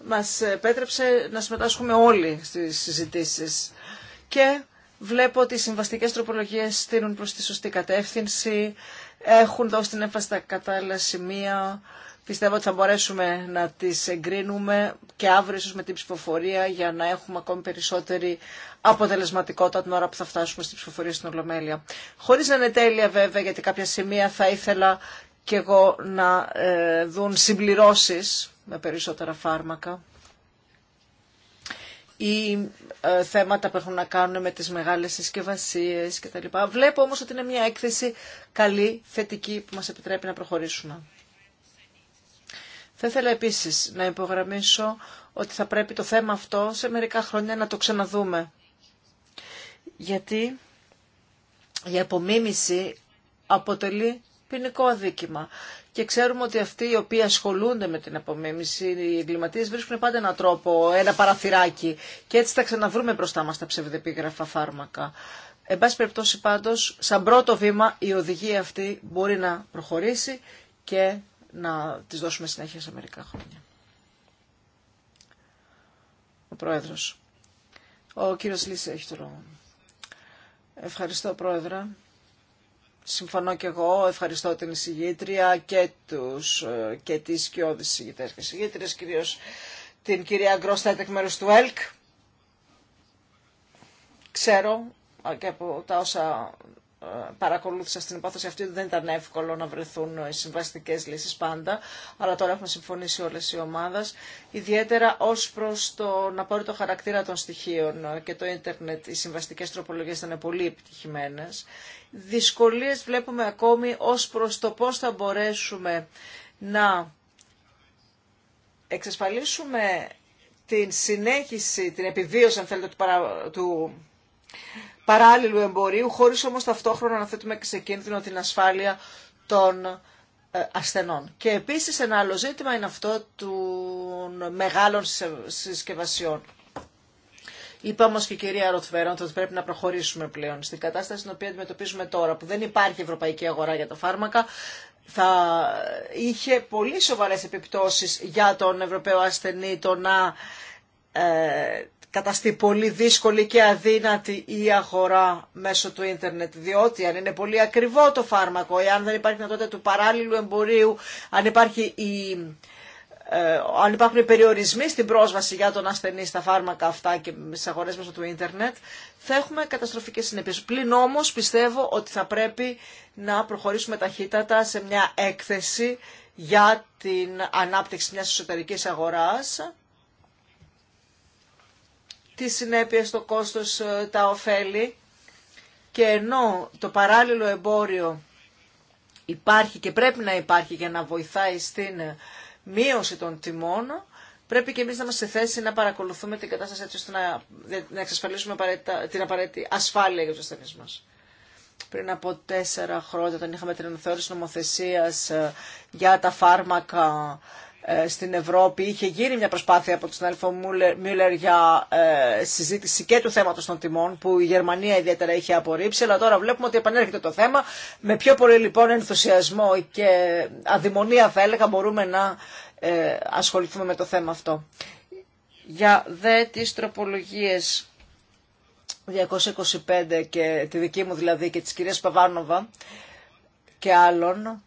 Speaker 4: Μα επέτρεψε να συμμετάσχουμε όλοι στι συζητήσει. Και Βλέπω ότι οι συμβαστικέ τροπολογίε στείλουν προ τη σωστή κατεύθυνση, έχουν δώσει την έμφαση στα κατάλληλα σημεία. Πιστεύω ότι θα μπορέσουμε να τι εγκρίνουμε και αύριο ίσω με την ψηφοφορία για να έχουμε ακόμη περισσότερη αποτελεσματικότητα την ώρα που θα φτάσουμε στην ψηφοφορία στην Ολομέλεια. Χωρί να είναι τέλεια βέβαια, γιατί κάποια σημεία θα ήθελα και εγώ να ε, δουν συμπληρώσει με περισσότερα φάρμακα ή ε, θέματα που έχουν να κάνουν με τις μεγάλες συσκευασίε κτλ. Βλέπω όμως ότι είναι μια έκθεση καλή, θετική, που μας επιτρέπει να προχωρήσουμε. Θα ήθελα επίσης να υπογραμμίσω ότι θα πρέπει το θέμα αυτό σε μερικά χρόνια να το ξαναδούμε. Γιατί η απομίμηση αποτελεί ποινικό αδίκημα. Και ξέρουμε ότι αυτοί οι οποίοι ασχολούνται με την απομίμηση, οι εγκληματίε, βρίσκουν πάντα έναν τρόπο, ένα παραθυράκι. Και έτσι θα ξαναβρούμε μπροστά μα τα ψευδεπίγραφα φάρμακα. Εν πάση περιπτώσει πάντω, σαν πρώτο βήμα η οδηγία αυτή μπορεί να προχωρήσει και να τη δώσουμε συνέχεια σε μερικά χρόνια. Ο πρόεδρο. Ο κύριο Λύση έχει το λόγο. Ευχαριστώ Πρόεδρε. Συμφωνώ και εγώ, ευχαριστώ την εισηγήτρια και, τους, ε, και τις κοιόδης εισηγητές και εισηγήτρες, κυρίως την κυρία Γκρόστατ εκ μέρους του ΕΛΚ. Ξέρω και από τα όσα παρακολούθησα στην υπόθεση αυτή ότι δεν ήταν εύκολο να βρεθούν οι συμβαστικέ λύσει πάντα, αλλά τώρα έχουμε συμφωνήσει όλε οι ομάδε, ιδιαίτερα ω προ το να πάρει το χαρακτήρα των στοιχείων και το ίντερνετ. Οι συμβαστικέ τροπολογίε ήταν πολύ επιτυχημένε. Δυσκολίε βλέπουμε ακόμη ω προ το πώ θα μπορέσουμε να εξασφαλίσουμε την συνέχιση, την επιβίωση, αν θέλετε, του, παρα... του παράλληλου εμπορίου, χωρί όμω ταυτόχρονα να θέτουμε σε κίνδυνο την ασφάλεια των ε, ασθενών. Και επίσης ένα άλλο ζήτημα είναι αυτό των μεγάλων συσκευασιών. Είπα όμω και η κυρία Ροθβέρον ότι πρέπει να προχωρήσουμε πλέον στην κατάσταση στην οποία αντιμετωπίζουμε τώρα, που δεν υπάρχει ευρωπαϊκή αγορά για τα φάρμακα. Θα είχε πολύ σοβαρές επιπτώσεις για τον Ευρωπαίο ασθενή το να ε, καταστεί πολύ δύσκολη και αδύνατη η αγορά μέσω του ίντερνετ. Διότι αν είναι πολύ ακριβό το φάρμακο, εάν δεν υπάρχει δυνατότητα του παράλληλου εμπορίου, αν υπάρχει η ε, αν υπάρχουν οι περιορισμοί στην πρόσβαση για τον ασθενή στα φάρμακα αυτά και στι αγορέ μέσω του ίντερνετ, θα έχουμε καταστροφικέ συνέπειε. Πλην όμω πιστεύω ότι θα πρέπει να προχωρήσουμε ταχύτατα σε μια έκθεση για την ανάπτυξη μιας εσωτερικής αγοράς τις συνέπειες, το κόστος, ε, τα ωφέλη και ενώ το παράλληλο εμπόριο υπάρχει και πρέπει να υπάρχει για να βοηθάει στην ε, μείωση των τιμών, πρέπει και εμείς να είμαστε σε θέση να παρακολουθούμε την κατάσταση έτσι ώστε να, ε, να εξασφαλίσουμε την απαραίτητη ασφάλεια για τους ασθενείς μας. Πριν από τέσσερα χρόνια, όταν είχαμε την αναθεώρηση νομοθεσίας για τα φάρμακα, ε, στην Ευρώπη. Είχε γίνει μια προσπάθεια από τον συνάδελφο Μούλερ για ε, συζήτηση και του θέματος των τιμών που η Γερμανία ιδιαίτερα είχε απορρίψει αλλά τώρα βλέπουμε ότι επανέρχεται το θέμα. Με πιο πολύ λοιπόν ενθουσιασμό και αδημονία θα έλεγα μπορούμε να ε, ασχοληθούμε με το θέμα αυτό. Για δε τις τροπολογίες 225 και τη δική μου δηλαδή και της κυρίας Παβάνοβα και άλλων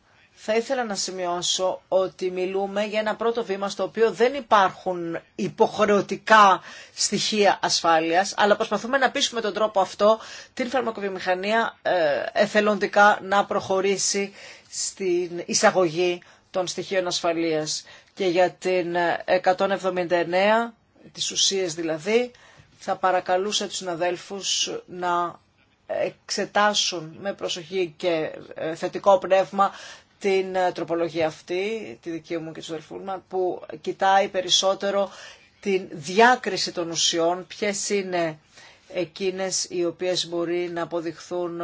Speaker 4: θα ήθελα να σημειώσω ότι μιλούμε για ένα πρώτο βήμα στο οποίο δεν υπάρχουν υποχρεωτικά στοιχεία ασφάλειας, αλλά προσπαθούμε να πείσουμε τον τρόπο αυτό την φαρμακοβιομηχανία ε, εθελοντικά να προχωρήσει στην εισαγωγή των στοιχείων ασφαλείας. Και για την 179, τις ουσίες δηλαδή, θα παρακαλούσα τους συναδέλφους να εξετάσουν με προσοχή και ε, θετικό πνεύμα την ε, τροπολογία αυτή, τη δική μου και του μου, που κοιτάει περισσότερο τη διάκριση των ουσιών, ποιες είναι εκείνες οι οποίες μπορεί να αποδειχθούν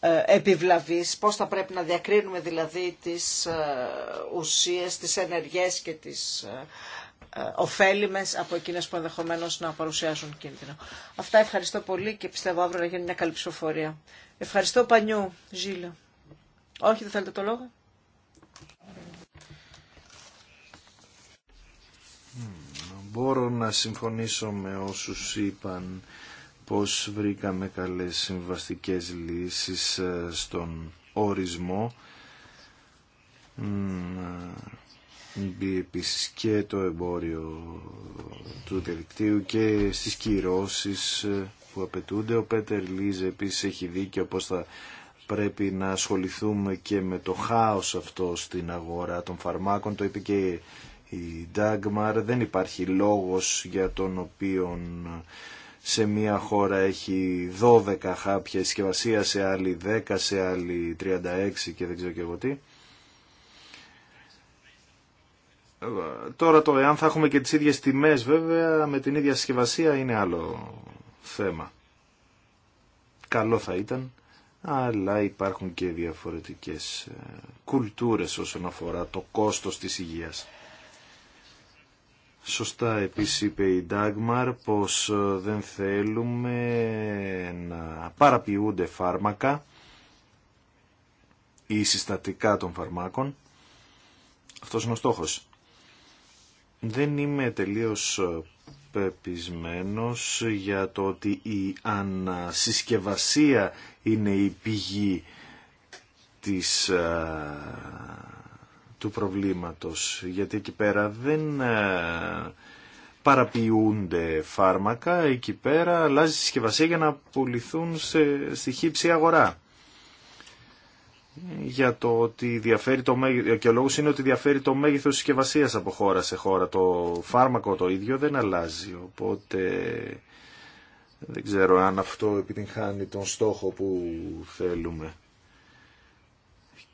Speaker 4: ε, επιβλαβείς, πώς θα πρέπει να διακρίνουμε δηλαδή τις ε, ουσίες, τις ενεργές και τις ωφέλιμες από εκείνες που ενδεχομένως να παρουσιάζουν κίνδυνο. Αυτά ευχαριστώ πολύ και πιστεύω αύριο να γίνει μια καλή ψηφοφορία. Ευχαριστώ Πανιού, Ζήλα. Όχι, δεν θέλετε το λόγο.
Speaker 1: Μπορώ να συμφωνήσω με όσους είπαν πως βρήκαμε καλές συμβαστικές λύσεις ε, στον ορισμό. Ε, μπει και το εμπόριο του διαδικτύου και στις κυρώσεις ε, που απαιτούνται. Ο Πέτερ Λίζε επίσης έχει δίκιο πως θα πρέπει να ασχοληθούμε και με το χάος αυτό στην αγορά των φαρμάκων. Το είπε και η Ντάγμαρ. Δεν υπάρχει λόγος για τον οποίο σε μία χώρα έχει 12 χάπια συσκευασία, σε άλλη 10, σε άλλη 36 και δεν ξέρω και εγώ τι. Τώρα το εάν θα έχουμε και τις ίδιες τιμές βέβαια με την ίδια συσκευασία είναι άλλο θέμα. Καλό θα ήταν αλλά υπάρχουν και διαφορετικές ε, κουλτούρες όσον αφορά το κόστος της υγείας. Σωστά επίσης είπε η Ντάγμαρ πως ε, δεν θέλουμε να παραποιούνται φάρμακα ή συστατικά των φαρμάκων. Αυτός είναι ο στόχος. Δεν είμαι τελείως ε, πεπισμένος για το ότι η ανασυσκευασία είναι η πηγή του προβλήματος, γιατί εκεί πέρα δεν παραποιούνται φάρμακα, εκεί πέρα αλλάζει συσκευασία για να πουληθούν στη χύψη αγορά για το ότι διαφέρει το μέγεθος, και ο λόγος είναι ότι διαφέρει το μέγεθος συσκευασία από χώρα σε χώρα. Το φάρμακο το ίδιο δεν αλλάζει, οπότε δεν ξέρω αν αυτό επιτυγχάνει τον στόχο που θέλουμε.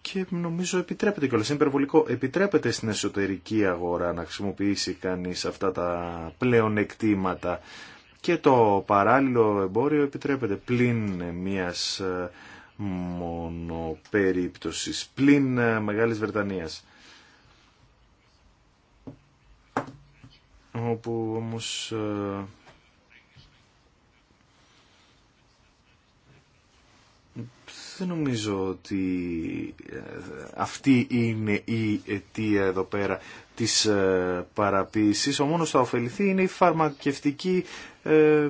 Speaker 1: Και νομίζω επιτρέπεται κιόλας, είναι υπερβολικό, επιτρέπεται στην εσωτερική αγορά να χρησιμοποιήσει κανείς αυτά τα πλεονεκτήματα και το παράλληλο εμπόριο επιτρέπεται πλην μιας ε, μόνο περίπτωση. πλην ε, Μεγάλης Βρετανίας. όπου όμως ε, δεν νομίζω ότι ε, αυτή είναι η αιτία εδώ πέρα της παραποίησης. Ο μόνος θα ωφεληθεί είναι η φαρμακευτική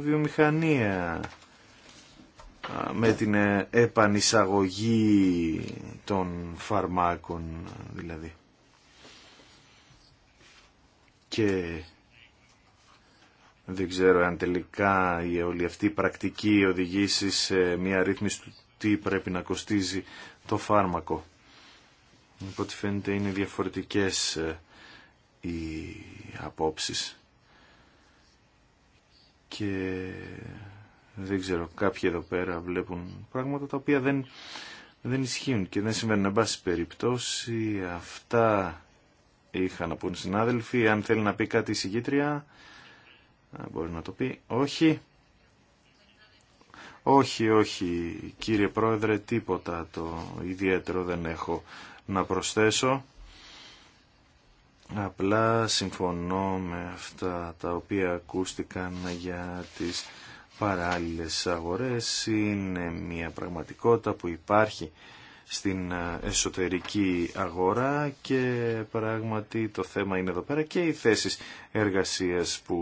Speaker 1: βιομηχανία με την ε, επανεισαγωγή των φαρμάκων δηλαδή. Και δεν ξέρω αν τελικά η όλη αυτή η πρακτική οδηγήσει σε μια ρύθμιση του τι πρέπει να κοστίζει το φάρμακο. Οπότε φαίνεται είναι διαφορετικές ε, οι απόψεις. Και δεν ξέρω, κάποιοι εδώ πέρα βλέπουν πράγματα τα οποία δεν, δεν ισχύουν και δεν συμβαίνουν. Εν πάση περιπτώσει, αυτά είχα να πούν συνάδελφοι. Αν θέλει να πει κάτι η συγκήτρια, μπορεί να το πει. Όχι. Όχι, όχι, κύριε Πρόεδρε, τίποτα το ιδιαίτερο δεν έχω να προσθέσω. Απλά συμφωνώ με αυτά τα οποία ακούστηκαν για τις παράλληλες αγορές είναι μια πραγματικότητα που υπάρχει στην ε, εσωτερική αγορά και πράγματι το θέμα είναι εδώ πέρα και οι θέσεις εργασίας που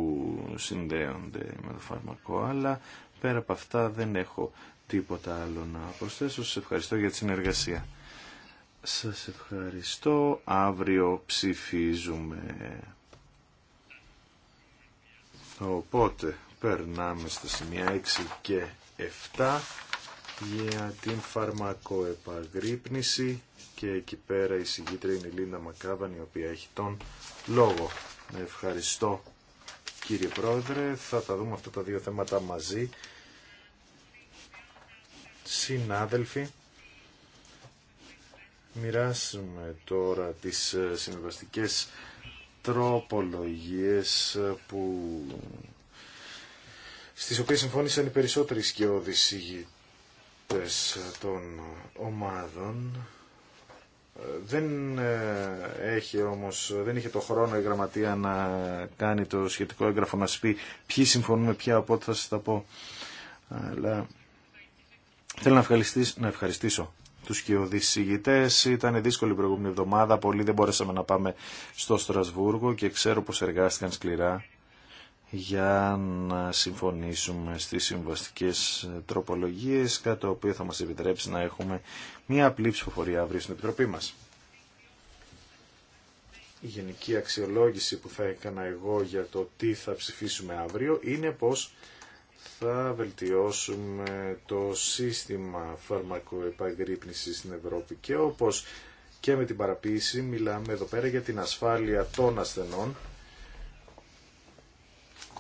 Speaker 1: συνδέονται με το φαρμακό αλλά πέρα από αυτά δεν έχω τίποτα άλλο να προσθέσω. Σας ευχαριστώ για τη συνεργασία. Σας ευχαριστώ. Αύριο ψηφίζουμε. Οπότε Περνάμε στα σημεία 6 και 7 για την φαρμακοεπαγρύπνηση και εκεί πέρα η συγγήτρια είναι η Λίνα Μακάβαν η οποία έχει τον λόγο. Ευχαριστώ κύριε Πρόεδρε. Θα τα δούμε αυτά τα δύο θέματα μαζί. Συνάδελφοι, μοιράσουμε τώρα τις ε, συμβαστικές τροπολογίες που στις οποίες συμφώνησαν οι περισσότεροι σκιώδεις ηγητές των ομάδων. Δεν, ε, έχει όμως, δεν είχε το χρόνο η γραμματεία να κάνει το σχετικό έγγραφο να σου πει ποιοι συμφωνούμε πια, οπότε θα σας τα πω. Αλλά θέλω να ευχαριστήσω, να ευχαριστήσω τους Ήταν δύσκολη η προηγούμενη εβδομάδα, πολλοί δεν μπορέσαμε να πάμε στο Στρασβούργο και ξέρω πως εργάστηκαν σκληρά για να συμφωνήσουμε στις συμβαστικές τροπολογίες κατά το οποίο θα μας επιτρέψει να έχουμε μια απλή ψηφοφορία αύριο στην Επιτροπή μας. Η γενική αξιολόγηση που θα έκανα εγώ για το τι θα ψηφίσουμε αύριο είναι πως θα βελτιώσουμε το σύστημα φαρμακοεπαγρύπνησης στην Ευρώπη και όπως και με την παραποίηση μιλάμε εδώ πέρα για την ασφάλεια των ασθενών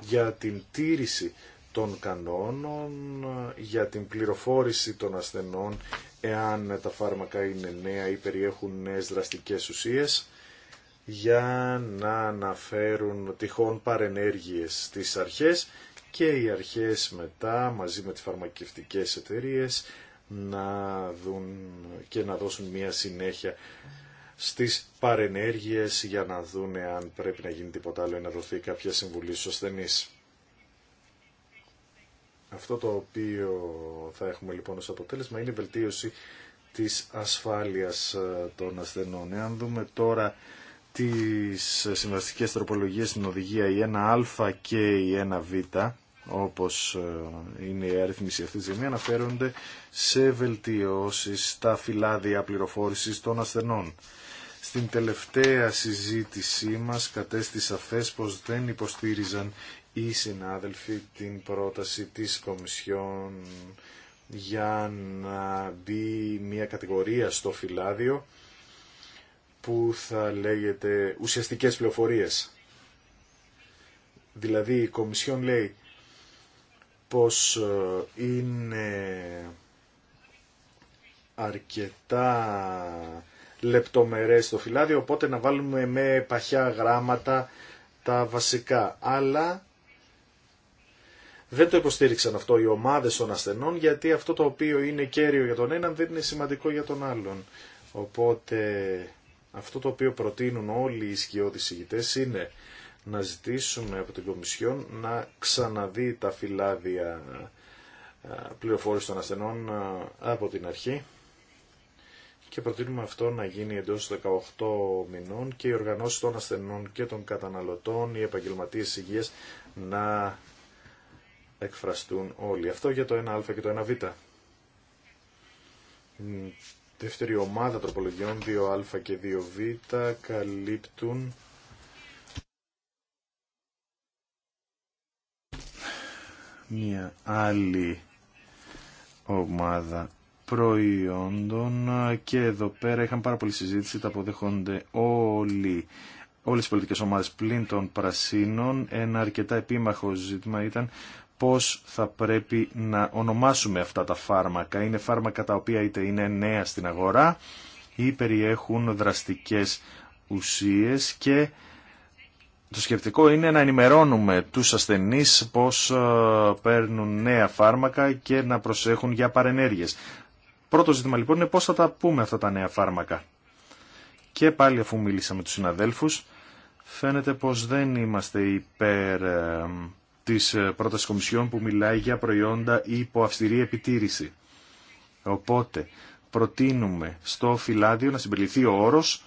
Speaker 1: για την τήρηση των κανόνων, για την πληροφόρηση των ασθενών εάν τα φάρμακα είναι νέα ή περιέχουν νέες δραστικές ουσίες, για να αναφέρουν τυχόν παρενέργειες στις αρχές και οι αρχές μετά μαζί με τις φαρμακευτικές εταιρείες να δουν και να δώσουν μια συνέχεια στις παρενέργειες για να δούνε αν πρέπει να γίνει τίποτα άλλο ή να δοθεί κάποια συμβουλή στους ασθενείς. Αυτό το οποίο θα έχουμε λοιπόν ως αποτέλεσμα είναι η βελτίωση της ασφάλειας ε, των ασθενών. Εάν δούμε τώρα τις συμβαστικές τροπολογίες στην οδηγία η 1α και η 1β, όπως ε, είναι η αριθμίση αυτή τη στιγμή, αναφέρονται σε βελτιώσεις στα φυλάδια πληροφόρησης των ασθενών. Στην τελευταία συζήτησή μας κατέστη σαφές πως δεν υποστήριζαν οι συνάδελφοι την πρόταση της Κομισιόν για να μπει μια κατηγορία στο φυλάδιο που θα λέγεται ουσιαστικές πληροφορίες. Δηλαδή η Κομισιόν λέει πως ε, είναι αρκετά λεπτομερές στο φυλάδιο, οπότε να βάλουμε με παχιά γράμματα τα βασικά. Αλλά δεν το υποστήριξαν αυτό οι ομάδες των ασθενών, γιατί αυτό το οποίο είναι κέριο για τον έναν δεν είναι σημαντικό για τον άλλον. Οπότε αυτό το οποίο προτείνουν όλοι οι σκιώδεις ηγητές είναι να ζητήσουμε από την Κομισιόν να ξαναδεί τα φυλάδια ε, πληροφόρηση των ασθενών ε, από την αρχή και προτείνουμε αυτό να γίνει εντός 18 μηνών και οι οργανώσεις των ασθενών και των καταναλωτών, οι επαγγελματίες υγείας να εκφραστούν όλοι. Αυτό για το 1α και το 1β. Δεύτερη ομάδα τροπολογιών 2α και 2β καλύπτουν μία άλλη ομάδα προϊόντων και εδώ πέρα είχαν πάρα πολύ συζήτηση, τα αποδέχονται όλοι όλες οι πολιτικές ομάδες πλην των πρασίνων. Ένα αρκετά επίμαχο ζήτημα ήταν πώς θα πρέπει να ονομάσουμε αυτά τα φάρμακα. Είναι φάρμακα τα οποία είτε είναι νέα στην αγορά ή περιέχουν δραστικές ουσίες και το σκεπτικό είναι να ενημερώνουμε τους ασθενείς πώς ε, παίρνουν νέα φάρμακα και να προσέχουν για παρενέργειες. Πρώτο ζήτημα λοιπόν είναι πώ θα τα πούμε αυτά τα νέα φάρμακα. Και πάλι αφού μίλησα με τους συναδέλφους, φαίνεται πως δεν είμαστε υπέρ ε, της ε, πρώτας κομισιόν που μιλάει για προϊόντα υπό αυστηρή επιτήρηση. Οπότε προτείνουμε στο φυλάδιο να συμπεριληφθεί ο όρος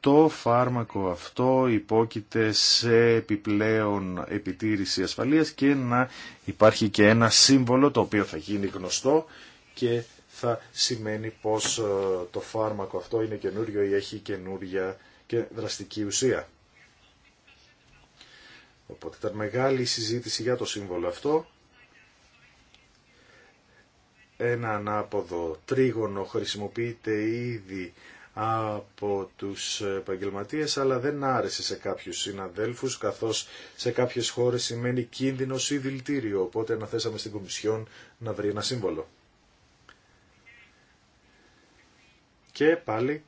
Speaker 1: το φάρμακο αυτό υπόκειται σε επιπλέον επιτήρηση ασφαλείας και να υπάρχει και ένα σύμβολο το οποίο θα γίνει γνωστό και θα σημαίνει πως ε, το φάρμακο αυτό είναι καινούριο ή έχει καινούρια και δραστική ουσία. Οπότε ήταν μεγάλη συζήτηση για το σύμβολο αυτό. Ένα ανάποδο τρίγωνο χρησιμοποιείται ήδη από τους επαγγελματίε, αλλά δεν άρεσε σε κάποιους συναδέλφους καθώς σε κάποιες χώρες σημαίνει κίνδυνος ή δηλητήριο οπότε αναθέσαμε στην Κομισιόν να βρει ένα σύμβολο. Και πάλι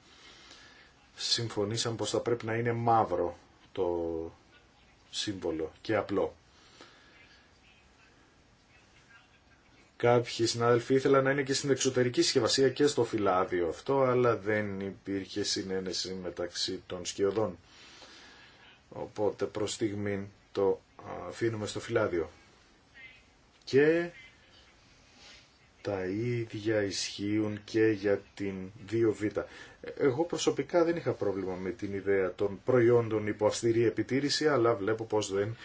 Speaker 1: συμφωνήσαμε πως θα πρέπει να είναι μαύρο το σύμβολο και απλό. Κάποιοι συνάδελφοι ήθελαν να είναι και στην εξωτερική συσκευασία και στο φυλάδιο αυτό, αλλά δεν υπήρχε συνένεση μεταξύ των σκιωδών. Οπότε προς στιγμή το αφήνουμε στο φυλάδιο. Και τα ίδια ισχύουν και για την 2Β. Εγώ προσωπικά δεν είχα πρόβλημα με την ιδέα των προϊόντων υπό αυστηρή επιτήρηση, αλλά βλέπω πως δεν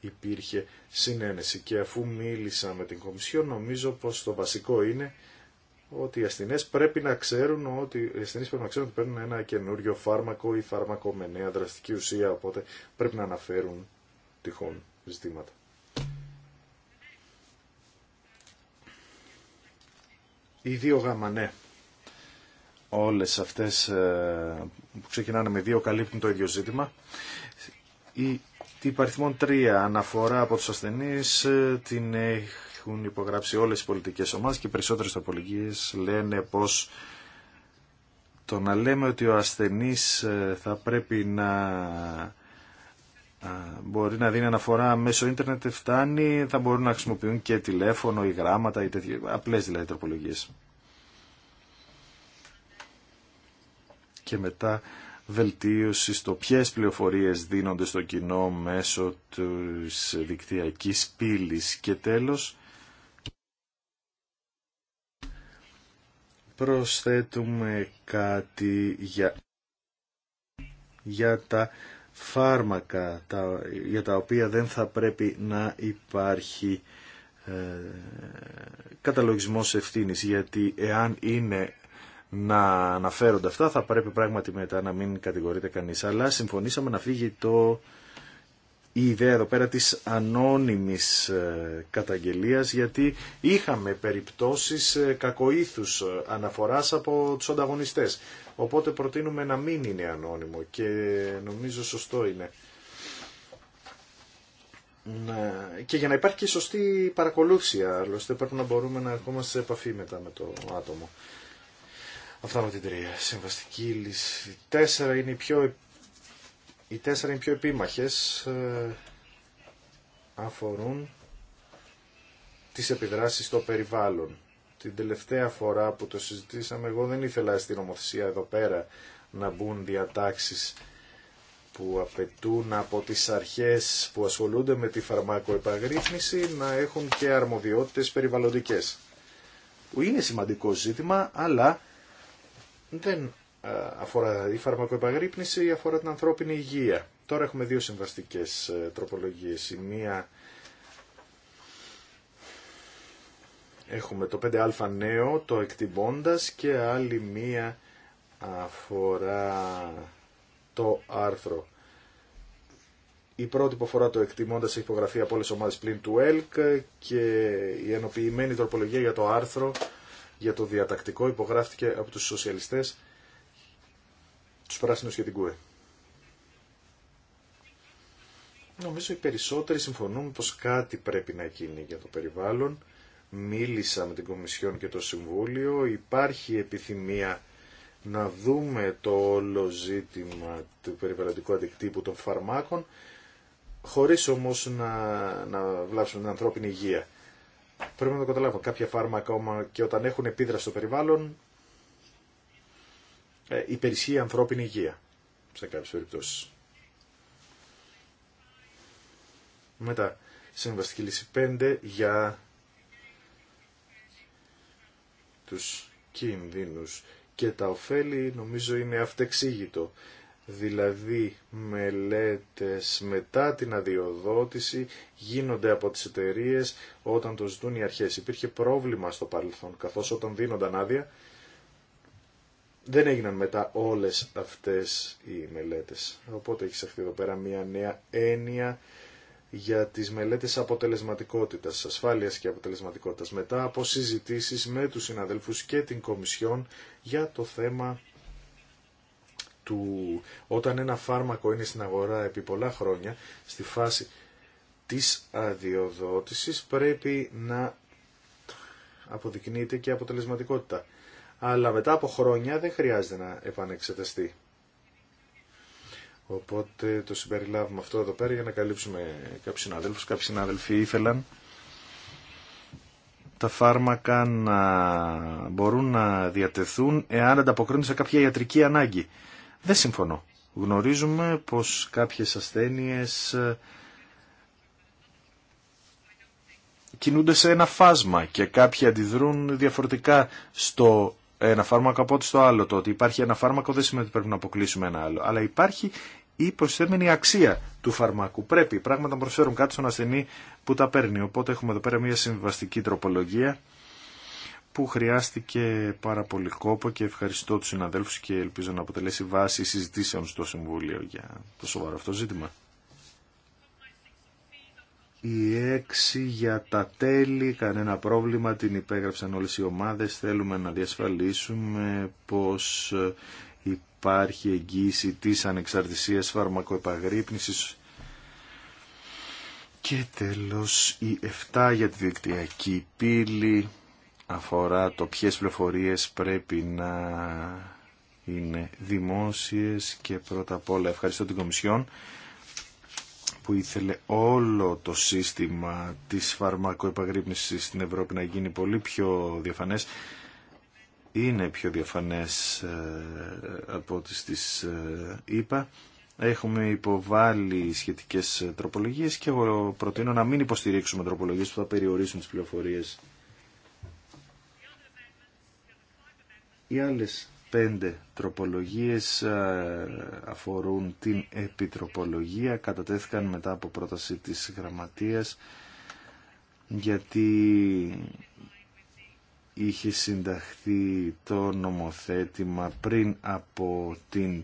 Speaker 1: υπήρχε συνένεση. Και αφού μίλησα με την Κομισιόν, νομίζω πως το βασικό είναι ότι οι ασθενείς πρέπει να ξέρουν ότι, οι ασθενείς πρέπει να ξέρουν ότι παίρνουν ένα καινούριο φάρμακο ή φάρμακο με νέα δραστική ουσία, οπότε πρέπει να αναφέρουν τυχόν ζητήματα. Οι δύο γαμανέ, ναι. Όλες αυτές ε, που ξεκινάνε με δύο καλύπτουν το ίδιο ζήτημα. Η υπαριθμόν 3 αναφορά από τους ασθενείς ε, την έχουν υπογράψει όλες οι πολιτικές ομάδες και οι περισσότερες τοπολογίες λένε πως το να λέμε ότι ο ασθενής ε, θα πρέπει να μπορεί να δίνει αναφορά μέσω ίντερνετ φτάνει, θα μπορούν να χρησιμοποιούν και τηλέφωνο ή γράμματα ή τέτοιες, απλές δηλαδή τροπολογίες. Και μετά βελτίωση στο ποιε πληροφορίες δίνονται στο κοινό μέσω της δικτυακής πύλης και τέλος προσθέτουμε κάτι για, για τα φάρμακα για τα οποία δεν θα πρέπει να υπάρχει ε, καταλογισμός ευθύνης γιατί εάν είναι να αναφέρονται αυτά θα πρέπει πράγματι μετά να μην κατηγορείται κανείς αλλά συμφωνήσαμε να φύγει το η ιδέα εδώ πέρα της ανώνυμης ε, καταγγελίας γιατί είχαμε περιπτώσεις ε, κακοήθους ε, αναφοράς από τους ανταγωνιστές. Οπότε προτείνουμε να μην είναι ανώνυμο και νομίζω σωστό είναι. Και για να υπάρχει και σωστή παρακολούθηση άλλωστε πρέπει να μπορούμε να ερχόμαστε σε επαφή μετά με το άτομο. Αυτά με την τρία. Συμβαστική λύση. Τέσσερα είναι η πιο οι τέσσερα πιο επίμαχες, ε, αφορούν τις επιδράσεις στο περιβάλλον. Την τελευταία φορά που το συζητήσαμε, εγώ δεν ήθελα στην ομοθεσία εδώ πέρα να μπουν διατάξεις που απαιτούν από τις αρχές που ασχολούνται με τη φαρμακοεπαγρύπνηση να έχουν και αρμοδιότητες περιβαλλοντικές. Που είναι σημαντικό ζήτημα, αλλά δεν ε, αφορά η φαρμακοεπαγρύπνηση ή αφορά την ανθρώπινη υγεία. Τώρα έχουμε δύο συμβαστικές ε, τροπολογίες. Η μία έχουμε το 5α νέο, το εκτιμώντας και άλλη μία αφορά το άρθρο. Η πρώτη που αφορά το εκτιμώντας έχει υπογραφεί από όλες τις ομάδες πλην του ΕΛΚ και η ενοποιημένη τροπολογία για το άρθρο για το διατακτικό υπογράφτηκε από τους σοσιαλιστές τους πράσινους και την ΚΟΕ. Νομίζω οι περισσότεροι συμφωνούν πως κάτι πρέπει να γίνει για το περιβάλλον. Μίλησα με την Κομισιόν και το Συμβούλιο. Υπάρχει επιθυμία να δούμε το όλο ζήτημα του περιβαλλοντικού αντικτύπου των φαρμάκων, χωρίς όμως να, να βλάψουμε την ανθρώπινη υγεία. Πρέπει να το καταλάβουμε. Κάποια φάρμακα και όταν έχουν επίδραση στο περιβάλλον ε, υπερισχύει ανθρώπινη υγεία σε κάποιες περιπτώσεις. Μετά, συμβαστική λύση 5 για τους κινδύνους και τα ωφέλη νομίζω είναι αυτεξήγητο. Δηλαδή μελέτες μετά την αδειοδότηση γίνονται από τις εταιρείε όταν το ζητούν οι αρχές. Υπήρχε πρόβλημα στο παρελθόν καθώς όταν δίνονταν άδεια δεν έγιναν μετά όλες αυτές οι μελέτες. Οπότε έχει αυτή εδώ πέρα μια νέα έννοια για τις μελέτες αποτελεσματικότητας, ασφάλειας και αποτελεσματικότητας, μετά από συζητήσεις με τους συναδέλφους και την Κομισιόν για το θέμα του όταν ένα φάρμακο είναι στην αγορά επί πολλά χρόνια, στη φάση της αδειοδότησης πρέπει να αποδεικνύεται και αποτελεσματικότητα αλλά μετά από χρόνια δεν χρειάζεται να επανεξεταστεί. Οπότε το συμπεριλάβουμε αυτό εδώ πέρα για να καλύψουμε κάποιους συναδέλφους. Κάποιοι συναδελφοί ήθελαν τα φάρμακα να μπορούν να διατεθούν εάν ανταποκρίνονται σε κάποια ιατρική ανάγκη. Δεν συμφωνώ. Γνωρίζουμε πως κάποιες ασθένειες ε, κινούνται σε ένα φάσμα και κάποιοι αντιδρούν διαφορετικά στο ένα φάρμακο από ό,τι στο άλλο. Το ότι υπάρχει ένα φάρμακο δεν σημαίνει ότι πρέπει να αποκλείσουμε ένα άλλο. Αλλά υπάρχει η προσθέμενη αξία του φαρμάκου. Πρέπει πράγματα να προσφέρουν κάτι στον ασθενή που τα παίρνει. Οπότε έχουμε εδώ πέρα μια συμβαστική τροπολογία που χρειάστηκε πάρα πολύ κόπο και ευχαριστώ τους συναδέλφους και ελπίζω να αποτελέσει βάση συζητήσεων στο Συμβούλιο για το σοβαρό αυτό ζήτημα η έξι για τα τέλη, κανένα πρόβλημα, την υπέγραψαν όλες οι ομάδες. Θέλουμε να διασφαλίσουμε πως υπάρχει εγγύηση της ανεξαρτησίας φαρμακοεπαγρύπνησης. Και τέλος η 7 για τη δικτυακή πύλη αφορά το ποιες πληροφορίες πρέπει να είναι δημόσιες και πρώτα απ' όλα ευχαριστώ την Κομισιόν που ήθελε όλο το σύστημα της φαρμακοεπαγρύπνησης στην Ευρώπη να γίνει πολύ πιο διαφανές είναι πιο διαφανές ε, από ό,τι της ε, είπα. Έχουμε υποβάλει σχετικές τροπολογίες και εγώ προτείνω να μην υποστηρίξουμε τροπολογίες που θα περιορίσουν τις πληροφορίες. Οι άλλες πέντε τροπολογίες ε, αφορούν την επιτροπολογία. Κατατέθηκαν μετά από πρόταση της γραμματείας γιατί είχε συνταχθεί το νομοθέτημα πριν από την ε,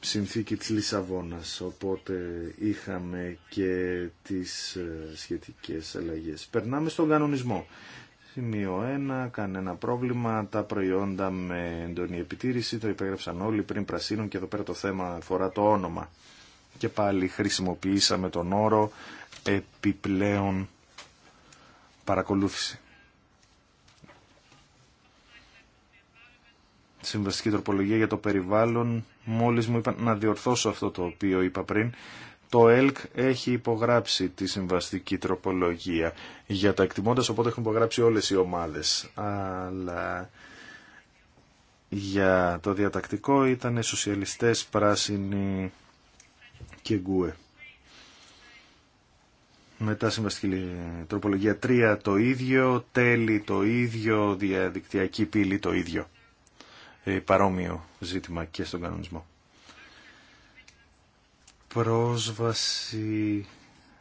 Speaker 1: συνθήκη της Λισαβόνας, οπότε είχαμε και τις ε, σχετικές αλλαγές. Περνάμε στον κανονισμό. Σημείο 1. Κανένα πρόβλημα. Τα προϊόντα με εντονή επιτήρηση το υπέγραψαν όλοι πριν πρασίνων και εδώ πέρα το θέμα αφορά το όνομα. Και πάλι χρησιμοποιήσαμε τον όρο επιπλέον παρακολούθηση. Συμβαστική τροπολογία για το περιβάλλον. Μόλις μου είπαν να διορθώσω αυτό το οποίο είπα πριν. Το ΕΛΚ έχει υπογράψει τη συμβαστική τροπολογία για τα εκτιμώντας, οπότε έχουν υπογράψει όλες οι ομάδες. Αλλά για το διατακτικό ήταν σοσιαλιστές, πράσινοι και γκουε. Μετά συμβαστική τροπολογία 3 το ίδιο, τέλη το ίδιο, διαδικτυακή πύλη το ίδιο. Ε, παρόμοιο ζήτημα και στον κανονισμό πρόσβαση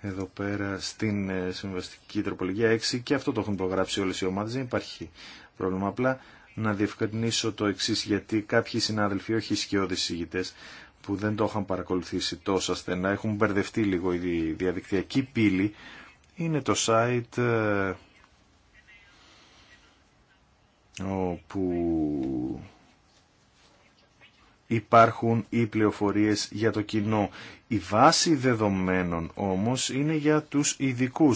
Speaker 1: εδώ πέρα στην ε, συμβαστική τροπολογία 6 και αυτό το έχουν υπογράψει όλες οι ομάδες, δεν υπάρχει πρόβλημα. Απλά να διευκρινίσω το εξή γιατί κάποιοι συνάδελφοι, όχι ισχυώδεις ηγητές, που δεν το είχαν παρακολουθήσει τόσο στενά, έχουν μπερδευτεί λίγο η διαδικτυακή πύλη, είναι το site ε, όπου υπάρχουν οι πληροφορίες για το κοινό. Η βάση δεδομένων όμως είναι για τους ειδικού.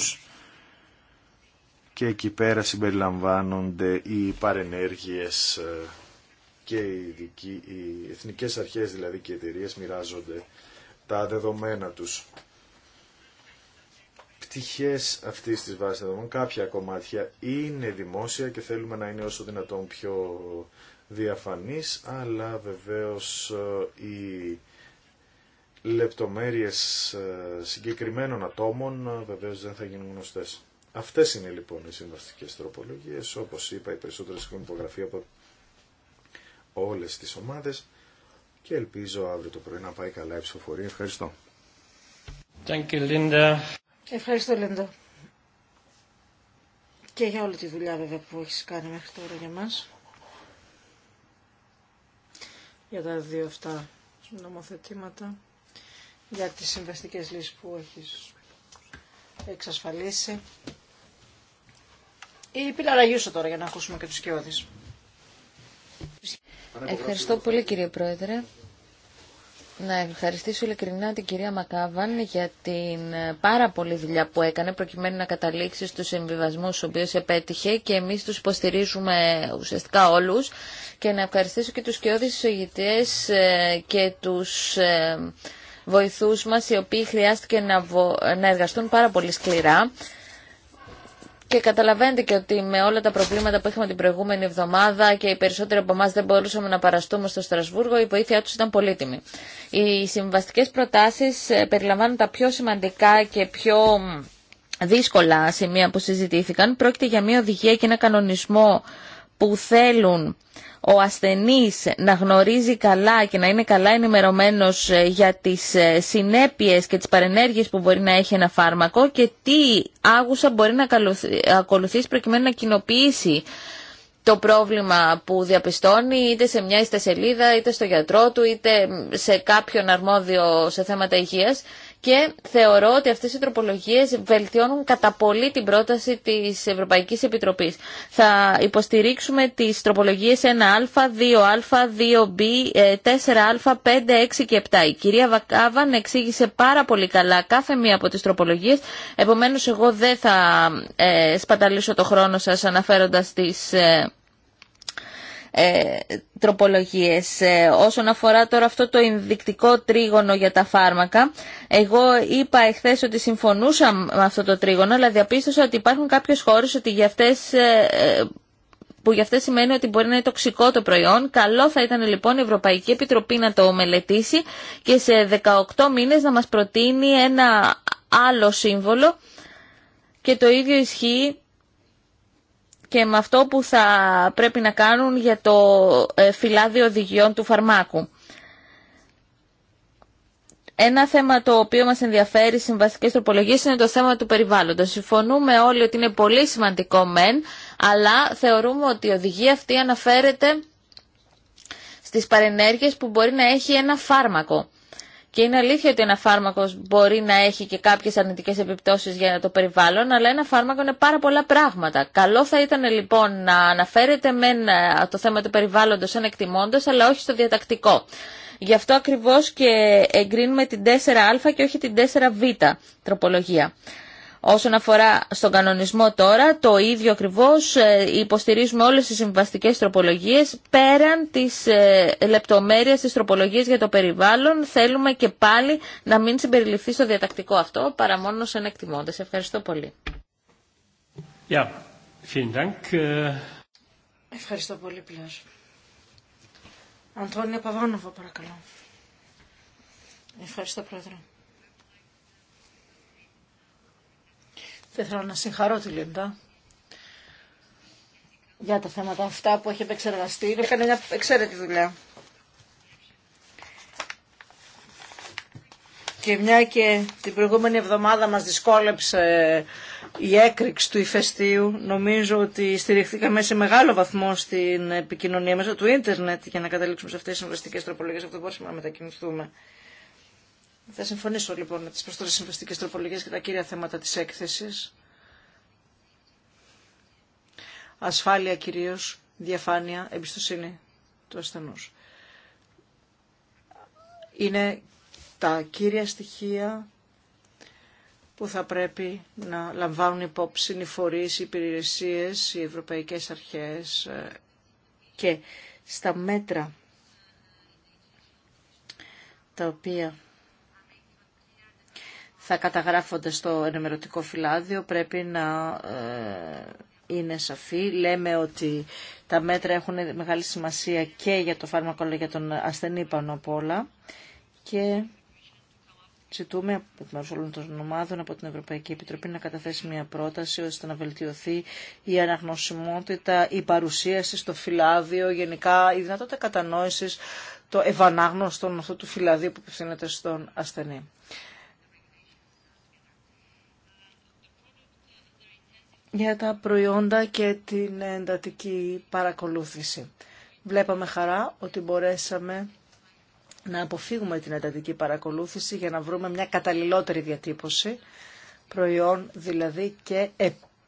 Speaker 1: Και εκεί πέρα συμπεριλαμβάνονται οι παρενέργειες ε, και οι, ειδικοί, οι εθνικές αρχές δηλαδή και οι εταιρείε μοιράζονται τα δεδομένα τους. Πτυχές αυτής της βάσης δεδομένων, κάποια κομμάτια είναι δημόσια και θέλουμε να είναι όσο δυνατόν πιο διαφανής, αλλά βεβαίως ε, οι λεπτομέρειες ε, συγκεκριμένων ατόμων ε, βεβαίως δεν θα γίνουν γνωστές. Αυτές είναι λοιπόν οι συμβαστικές τροπολογίες, όπως είπα οι περισσότερες έχουν υπογραφεί από όλες τις ομάδες και ελπίζω αύριο το πρωί να πάει καλά η ψηφοφορία. Ευχαριστώ.
Speaker 3: You,
Speaker 4: Ευχαριστώ Λίντα. Και για όλη τη δουλειά βέβαια που έχεις κάνει μέχρι τώρα για μας για τα δύο αυτά νομοθετήματα, για τις συμβαστικές λύσεις που έχει εξασφαλίσει. Η Πιλαραγιούσο τώρα για να ακούσουμε και τους κοιόδης. Ευχαριστώ
Speaker 2: πολύ κύριε Πρόεδρε να ευχαριστήσω ειλικρινά την κυρία Μακάβαν για την ε, πάρα πολλή δουλειά που έκανε προκειμένου να καταλήξει στους συμβιβασμούς ο οποίο επέτυχε και εμείς τους υποστηρίζουμε ουσιαστικά όλους και να ευχαριστήσω και τους κοιόδης εισηγητές ε, και τους ε, βοηθούς μας οι οποίοι χρειάστηκε να εργαστούν πάρα πολύ σκληρά και καταλαβαίνετε και ότι με όλα τα προβλήματα που είχαμε την προηγούμενη εβδομάδα και οι περισσότεροι από εμά δεν μπορούσαμε να παραστούμε στο Στρασβούργο, η βοήθειά του ήταν πολύτιμη. Οι συμβαστικέ προτάσει ε, περιλαμβάνουν τα πιο σημαντικά και πιο δύσκολα σημεία που συζητήθηκαν. Πρόκειται για μια οδηγία και ένα κανονισμό που θέλουν ο ασθενής να γνωρίζει καλά και να είναι καλά ενημερωμένος ε, για τις ε, συνέπειες και τις παρενέργειες που μπορεί να έχει ένα φάρμακο και τι άγουσα μπορεί να ακολουθήσει προκειμένου να κοινοποιήσει το πρόβλημα που διαπιστώνει είτε σε μια ιστοσελίδα, είτε στο γιατρό του, είτε σε κάποιον αρμόδιο σε θέματα υγείας και θεωρώ ότι αυτέ οι τροπολογίε βελτιώνουν κατά πολύ την πρόταση τη Ευρωπαϊκή Επιτροπή. Θα υποστηρίξουμε τι τροπολογιε 1 1α, 2α, 2b, 4α, 5, 6 και 7. Η κυρία Βακάβαν εξήγησε πάρα πολύ καλά κάθε μία από τι τροπολογίε. Επομένω, εγώ δεν θα ε, σπαταλήσω το χρόνο σας αναφέροντας τις ε, ε, τροπολογίες. Ε, όσον αφορά τώρα αυτό το ενδεικτικό τρίγωνο για τα φάρμακα, εγώ είπα εχθές ότι συμφωνούσα με αυτό το τρίγωνο, αλλά διαπίστωσα ότι υπάρχουν κάποιες χώρες ότι για αυτές ε, που για αυτές σημαίνει ότι μπορεί να είναι τοξικό το προϊόν. Καλό θα ήταν λοιπόν η Ευρωπαϊκή Επιτροπή να το μελετήσει και σε 18 μήνες να μας προτείνει ένα άλλο σύμβολο και το ίδιο ισχύει και με αυτό που θα πρέπει να κάνουν για το ε, φυλάδι οδηγιών του φαρμάκου. Ένα θέμα το οποίο μας ενδιαφέρει στις βασικές τροπολογίες είναι το θέμα του περιβάλλοντος. Συμφωνούμε όλοι ότι είναι πολύ σημαντικό μεν, αλλά θεωρούμε ότι η οδηγία αυτή αναφέρεται στις παρενέργειες που μπορεί να έχει ένα φάρμακο. Και είναι αλήθεια ότι ένα φάρμακο μπορεί να έχει και κάποιε αρνητικέ επιπτώσει για το περιβάλλον, αλλά ένα φάρμακο είναι πάρα πολλά πράγματα. Καλό θα ήταν λοιπόν να αναφέρεται μεν ε, το θέμα του περιβάλλοντο σαν εκτιμώντα, αλλά όχι στο διατακτικό. Γι' αυτό ακριβώ και εγκρίνουμε την 4α και όχι την 4β τροπολογία. Όσον αφορά στον κανονισμό τώρα, το ίδιο ακριβώς ε, υποστηρίζουμε όλες τις συμβαστικές τροπολογίες πέραν της ε, λεπτομέρειας της τροπολογίας για το περιβάλλον. Θέλουμε και πάλι να μην συμπεριληφθεί στο διατακτικό αυτό παρά μόνο σε ένα Ευχαριστώ πολύ.
Speaker 3: Ε.
Speaker 4: Ευχαριστώ πολύ, πλέον. Αντώνη Παβάνοβα, παρακαλώ. Ευχαριστώ, Πρόεδρε. Θα ήθελα να συγχαρώ τη Λίντα για τα θέματα αυτά που έχει επεξεργαστεί. Έκανε μια εξαίρετη δουλειά. Και μια και την προηγούμενη εβδομάδα μας δυσκόλεψε η έκρηξη του ηφαιστείου, νομίζω ότι στηριχθήκαμε σε μεγάλο βαθμό στην επικοινωνία μέσω του ίντερνετ για να καταλήξουμε σε αυτές τις συμβαστικές τροπολογίες, αυτό μπορούμε να μετακινηθούμε. Θα συμφωνήσω λοιπόν με τις προσθέσεις συμβαστικές τροπολογίες και τα κύρια θέματα της έκθεσης. Ασφάλεια κυρίως, διαφάνεια, εμπιστοσύνη του ασθενούς. Είναι τα κύρια στοιχεία που θα πρέπει να λαμβάνουν υπόψη οι φορείς, οι υπηρεσίες, οι ευρωπαϊκές αρχές ε, και στα μέτρα τα οποία θα καταγράφονται στο ενημερωτικό φυλάδιο, πρέπει να ε, είναι σαφή. Λέμε ότι τα μέτρα έχουν μεγάλη σημασία και για το φάρμακο, αλλά για τον ασθενή πάνω απ' όλα. Και ζητούμε από την όλων των ομάδων, από την Ευρωπαϊκή Επιτροπή να καταθέσει μια πρόταση ώστε να βελτιωθεί η αναγνωσιμότητα, η παρουσίαση στο φυλάδιο, γενικά η δυνατότητα κατανόησης το ευανάγνωστον αυτού του φυλαδίου που απευθύνεται στον ασθενή. για τα προϊόντα και την εντατική παρακολούθηση. Βλέπαμε χαρά ότι μπορέσαμε να αποφύγουμε την εντατική παρακολούθηση για να βρούμε μια καταλληλότερη διατύπωση προϊόν δηλαδή και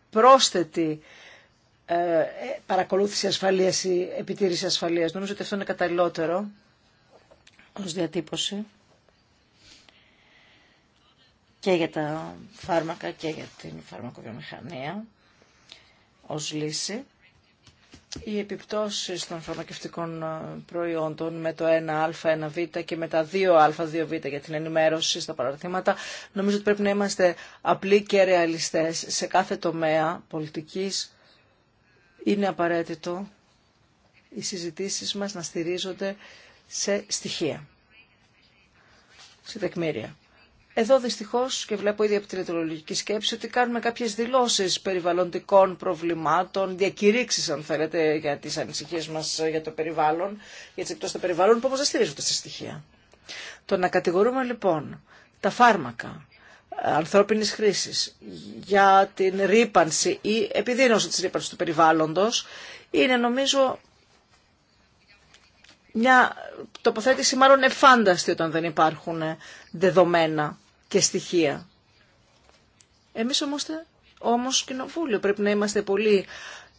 Speaker 4: πρόσθετη ε, παρακολούθηση ασφαλείας ή επιτήρηση ασφαλείας. Νομίζω ότι αυτό είναι καταλληλότερο ως διατύπωση και για τα φάρμακα και για την φαρμακοβιομηχανία ως λύση. Οι επιπτώσεις των φαρμακευτικών ε, προϊόντων με το 1α, 1β και με τα 2α, 2β για την ενημέρωση στα παραρτήματα. Νομίζω ότι πρέπει να είμαστε απλοί και ρεαλιστές σε κάθε τομέα πολιτικής. Είναι απαραίτητο οι συζητήσεις μας να στηρίζονται σε στοιχεία, σε τεκμήρια. Εδώ δυστυχώ και βλέπω ήδη από τη λειτουργική σκέψη ότι κάνουμε κάποιε δηλώσει περιβαλλοντικών προβλημάτων, διακηρύξει, αν θέλετε για τι ανησυχίε μα για το περιβάλλον, για τι εκτό των περιβάλλων που όμω δεν στηρίζονται στη στοιχεία. Το να κατηγορούμε λοιπόν τα φάρμακα ανθρώπινη χρήση για την ρήπανση ή επιδείνωση τη ρήπανση του περιβάλλοντο, είναι νομίζω μια τοποθέτηση μάλλον εφάνταστη όταν δεν υπάρχουν δεδομένα και στοιχεία. Εμείς όμως, όμως κοινοβούλιο πρέπει να είμαστε πολύ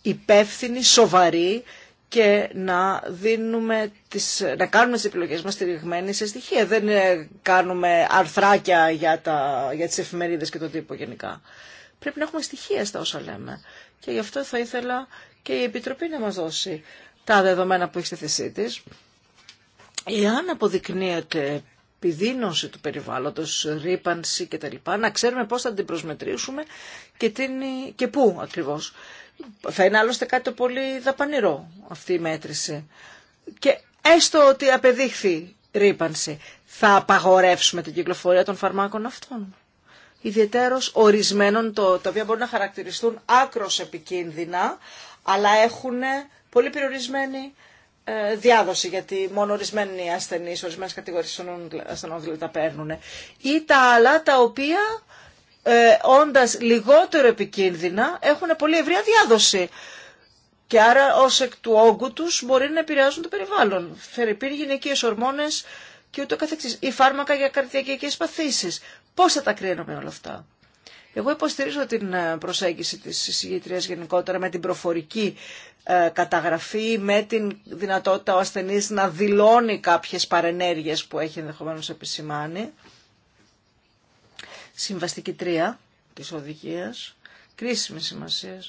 Speaker 4: υπεύθυνοι, σοβαροί και να, δίνουμε τις, να κάνουμε τις επιλογές μας στηριγμένοι σε στοιχεία. Δεν ε, κάνουμε αρθράκια για, τα, για τις εφημερίδες και το τύπο γενικά. Πρέπει να έχουμε στοιχεία στα όσα λέμε. Και γι' αυτό θα ήθελα και η Επιτροπή να μας δώσει τα δεδομένα που έχει στη θέσή της. Εάν αποδεικνύεται επιδείνωση του περιβάλλοντος, ρήπανση κτλ. Να ξέρουμε πώς θα την προσμετρήσουμε και, την, και πού ακριβώς. Θα είναι άλλωστε κάτι το πολύ δαπανηρό αυτή η μέτρηση. Και έστω ότι απεδείχθη ρήπανση, θα απαγορεύσουμε την κυκλοφορία των φαρμάκων αυτών. Ιδιαιτέρως ορισμένων, το, τα οποία μπορούν να χαρακτηριστούν άκρος επικίνδυνα, αλλά έχουν πολύ περιορισμένη ε, διάδοση, γιατί μόνο ορισμένοι ασθενεί, ορισμένε κατηγορίε ασθενών δηλαδή τα παίρνουν. Ή τα άλλα τα οποία, ε, όντα λιγότερο επικίνδυνα, έχουν πολύ ευρία διάδοση. Και άρα ω εκ του όγκου του μπορεί να επηρεάζουν το περιβάλλον. Φερρυπίν, γυναικείε ορμόνε και ούτω καθεξής. Ή φάρμακα για καρδιακές παθήσεις. Πώς θα τα κρίνουμε όλα αυτά. Εγώ υποστηρίζω την ε, προσέγγιση της εισηγήτριας γενικότερα με την προφορική ε, καταγραφή, με την δυνατότητα ο ασθενής να δηλώνει κάποιες παρενέργειες που έχει ενδεχομένως επισημάνει. Συμβαστική τρία της οδηγίας, κρίσιμη σημασία.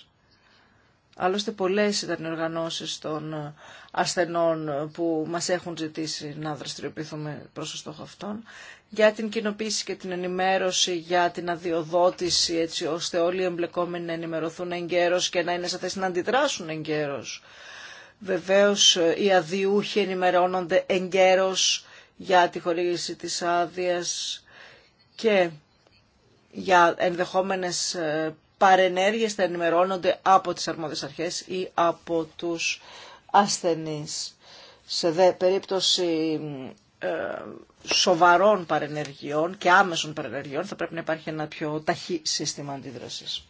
Speaker 4: Άλλωστε πολλές ήταν οι οργανώσεις των ε, ασθενών που μας έχουν ζητήσει να δραστηριοποιηθούμε προς το στόχο αυτών για την κοινοποίηση και την ενημέρωση, για την αδειοδότηση, έτσι ώστε όλοι οι εμπλεκόμενοι να ενημερωθούν εγκαίρως και να είναι σε θέση να αντιδράσουν εγκαίρως. Βεβαίως οι αδειούχοι ενημερώνονται εγκαίρως για τη χορήγηση της άδεια και για ενδεχόμενες ε, παρενέργειες θα ενημερώνονται από τις αρμόδιες αρχές ή από τους ασθενείς. Σε περίπτωση ε, σοβαρών παρενεργειών και άμεσων παρενεργειών θα πρέπει να υπάρχει ένα πιο ταχύ σύστημα αντίδρασης.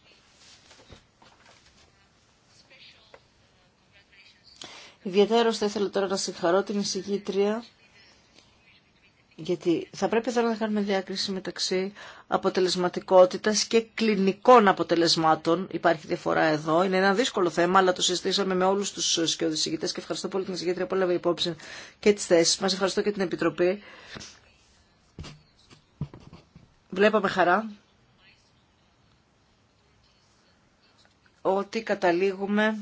Speaker 4: Ιδιαίτερος θα ήθελα τώρα να συγχαρώ την εισηγήτρια γιατί θα πρέπει εδώ να κάνουμε διάκριση μεταξύ αποτελεσματικότητας και κλινικών αποτελεσμάτων. Υπάρχει διαφορά εδώ. Είναι ένα δύσκολο θέμα, αλλά το συζητήσαμε με όλους τους σκιοδησηγητές και ευχαριστώ πολύ την συγκέντρια που έλαβε υπόψη και τις θέσεις μας. Ευχαριστώ και την Επιτροπή. Βλέπαμε χαρά ότι καταλήγουμε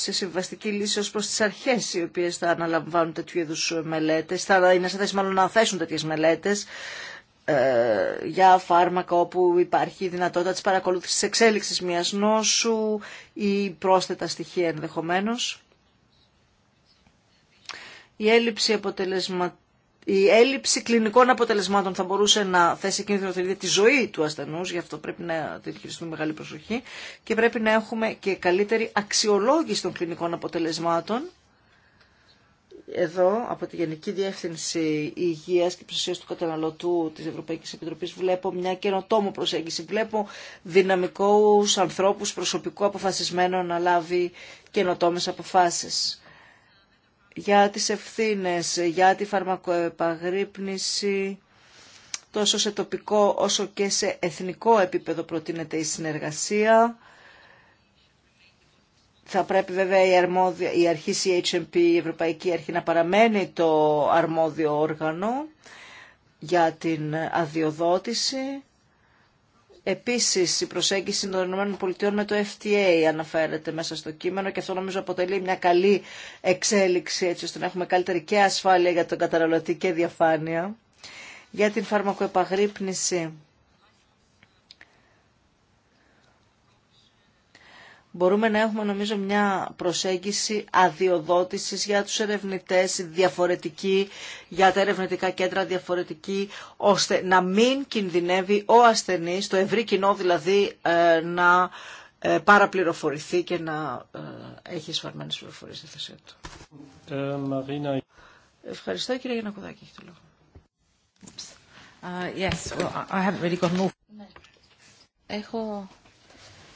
Speaker 4: σε συμβαστική λύση ως προς τις αρχές οι οποίες θα αναλαμβάνουν τέτοιου είδου μελέτες, θα είναι σε θέση μάλλον να θέσουν τέτοιες μελέτες ε, για φάρμακα όπου υπάρχει η δυνατότητα της παρακολούθησης εξέλιξης μιας νόσου ή πρόσθετα στοιχεία ενδεχομένως. Η έλλειψη αποτελεσματικότητα η έλλειψη κλινικών αποτελεσμάτων θα μπορούσε να θέσει κίνδυνο τη ζωή του ασθενού, γι' αυτό πρέπει να τη χειριστούμε μεγάλη προσοχή και πρέπει να έχουμε και καλύτερη αξιολόγηση των κλινικών αποτελεσμάτων. Εδώ, από τη Γενική Διεύθυνση υγεία και Προστασία του Καταναλωτού τη Ευρωπαϊκή Επιτροπής, βλέπω μια καινοτόμο προσέγγιση. Βλέπω δυναμικού ανθρώπου προσωπικού αποφασισμένο να λάβει καινοτόμε αποφάσει για τις ευθύνες, για τη φαρμακοεπαγρύπνηση, τόσο σε τοπικό όσο και σε εθνικό επίπεδο προτείνεται η συνεργασία. Θα πρέπει βέβαια η, αρμόδια, η αρχή CHMP, η Ευρωπαϊκή Αρχή, να παραμένει το αρμόδιο όργανο για την αδειοδότηση Επίσης η προσέγγιση των ΗΠΑ με το FTA αναφέρεται μέσα στο κείμενο και αυτό νομίζω αποτελεί μια καλή εξέλιξη έτσι ώστε να έχουμε καλύτερη και ασφάλεια για τον καταναλωτή και διαφάνεια. Για την φαρμακοεπαγρύπνηση μπορούμε να έχουμε νομίζω μια προσέγγιση αδειοδότησης για τους ερευνητές διαφορετική, για τα ερευνητικά κέντρα διαφορετική, ώστε να μην κινδυνεύει ο ασθενής, το ευρύ κοινό δηλαδή, ε, να ε, παραπληροφορηθεί και να ε, έχει σφαρμένες πληροφορίες στη θέση του. Ε, Μαρίνα... Ευχαριστώ κύριε Γιανακουδάκη, έχει το λόγο. Uh, yes, I haven't really got more.
Speaker 2: Έχω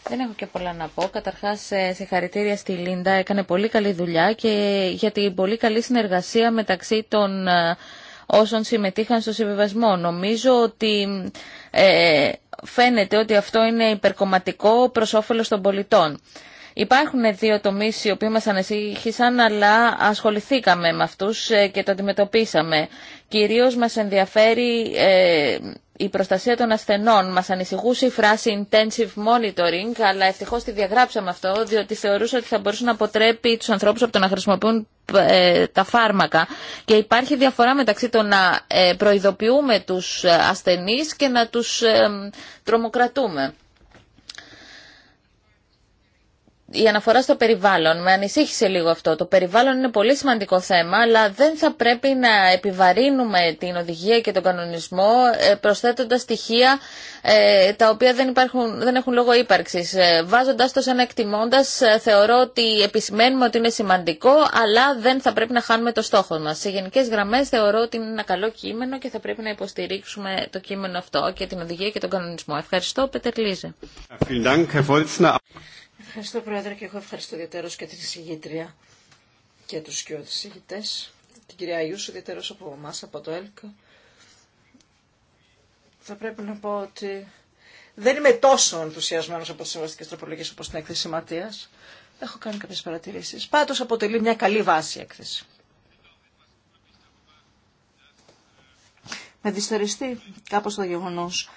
Speaker 2: δεν έχω και πολλά να πω. Καταρχάς, ε, συγχαρητήρια στη Λίντα. Έκανε πολύ καλή δουλειά και για την πολύ καλή συνεργασία μεταξύ των ε, όσων συμμετείχαν στο συμβιβασμό. Νομίζω ότι ε, φαίνεται ότι αυτό είναι υπερκομματικό προς όφελος των πολιτών. Υπάρχουν δύο τομείς οι οποίοι μας ανησύχησαν, αλλά ασχοληθήκαμε με αυτούς ε, και το αντιμετωπίσαμε. Κυρίω μας ενδιαφέρει ε, η προστασία των ασθενών. Μας ανησυχούσε η φράση intensive monitoring, αλλά ευτυχώ τη διαγράψαμε αυτό, διότι θεωρούσα ότι θα μπορούσε να αποτρέπει τους ανθρώπους από το να χρησιμοποιούν ε, τα φάρμακα και υπάρχει διαφορά μεταξύ το να προειδοποιούμε τους ασθενείς και να τους τρομοκρατούμε. η αναφορά στο περιβάλλον. Με ανησύχησε λίγο αυτό. Το περιβάλλον είναι πολύ σημαντικό θέμα, αλλά δεν θα πρέπει να επιβαρύνουμε την οδηγία και τον κανονισμό ε, προσθέτοντας στοιχεία ε, τα οποία δεν, υπάρχουν, δεν έχουν λόγο ύπαρξης. Ε, βάζοντας το σαν εκτιμώντας, θεωρώ ότι επισημαίνουμε ότι είναι σημαντικό, αλλά δεν θα πρέπει να χάνουμε το στόχο μας. Σε γενικές γραμμές θεωρώ ότι είναι ένα καλό κείμενο και θα πρέπει να υποστηρίξουμε το κείμενο αυτό και την οδηγία και τον κανονισμό. Ευχαριστώ, Πέτερ Λίζε. Ευχαριστώ Πρόεδρε και εγώ ευχαριστώ ιδιαίτερως και την συγγήτρια και τους και τους συγγητές.
Speaker 4: Την κυρία Ιούσου ιδιαίτερως από εμά από το ΕΛΚΑ. Θα πρέπει να πω ότι δεν είμαι τόσο ενθουσιασμένος από τις συμβαστικές τροπολογίες όπως την έκθεση Ματίας. Έχω κάνει κάποιες παρατηρήσεις. Πάντως αποτελεί μια καλή βάση η έκθεση. Με δυστεριστεί κάπως το γεγονός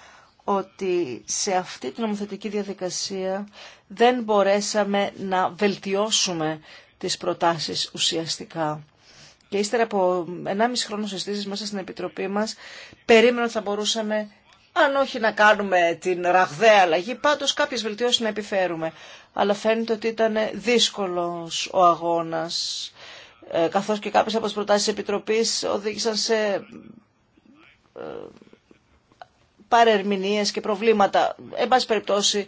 Speaker 4: ότι σε αυτή την νομοθετική διαδικασία δεν μπορέσαμε να βελτιώσουμε τις προτάσεις ουσιαστικά. Και ύστερα από 1,5 χρόνο συστήσεις μέσα στην Επιτροπή μας, περίμενα ότι θα μπορούσαμε, αν όχι να κάνουμε την ραγδαία αλλαγή, πάντως κάποιες βελτιώσεις να επιφέρουμε. Αλλά φαίνεται ότι ήταν δύσκολος ο αγώνας, ε, καθώς και κάποιες από τις προτάσεις της Επιτροπής οδήγησαν σε ε, παρερμηνίε και προβλήματα. Εν πάση περιπτώσει,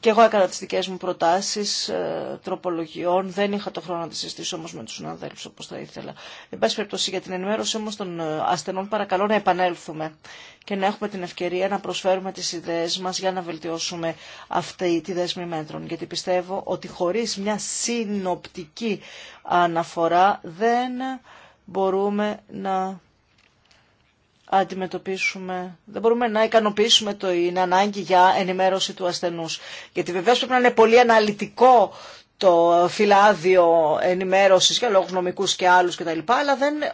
Speaker 4: και εγώ έκανα τι δικέ μου προτάσει ε, τροπολογιών. Δεν είχα το χρόνο να τις συζητήσω όμω με του συναδέλφου, όπω θα ήθελα. Εν πάση περιπτώσει για την ενημέρωση όμω των ε, ασθενών παρακαλώ να επανέλθουμε και να έχουμε την ευκαιρία να προσφέρουμε τι ιδέε μα για να βελτιώσουμε αυτή τη δέσμη μέτρων. Γιατί πιστεύω ότι χωρί μια συνοπτική αναφορά δεν μπορούμε να αντιμετωπίσουμε, δεν μπορούμε να ικανοποιήσουμε το «Είναι ανάγκη για ενημέρωση του ασθενούς. Γιατί βεβαίως πρέπει να είναι πολύ αναλυτικό το φυλάδιο ενημέρωσης για λόγους νομικούς και άλλους κτλ. Αλλά δεν ε,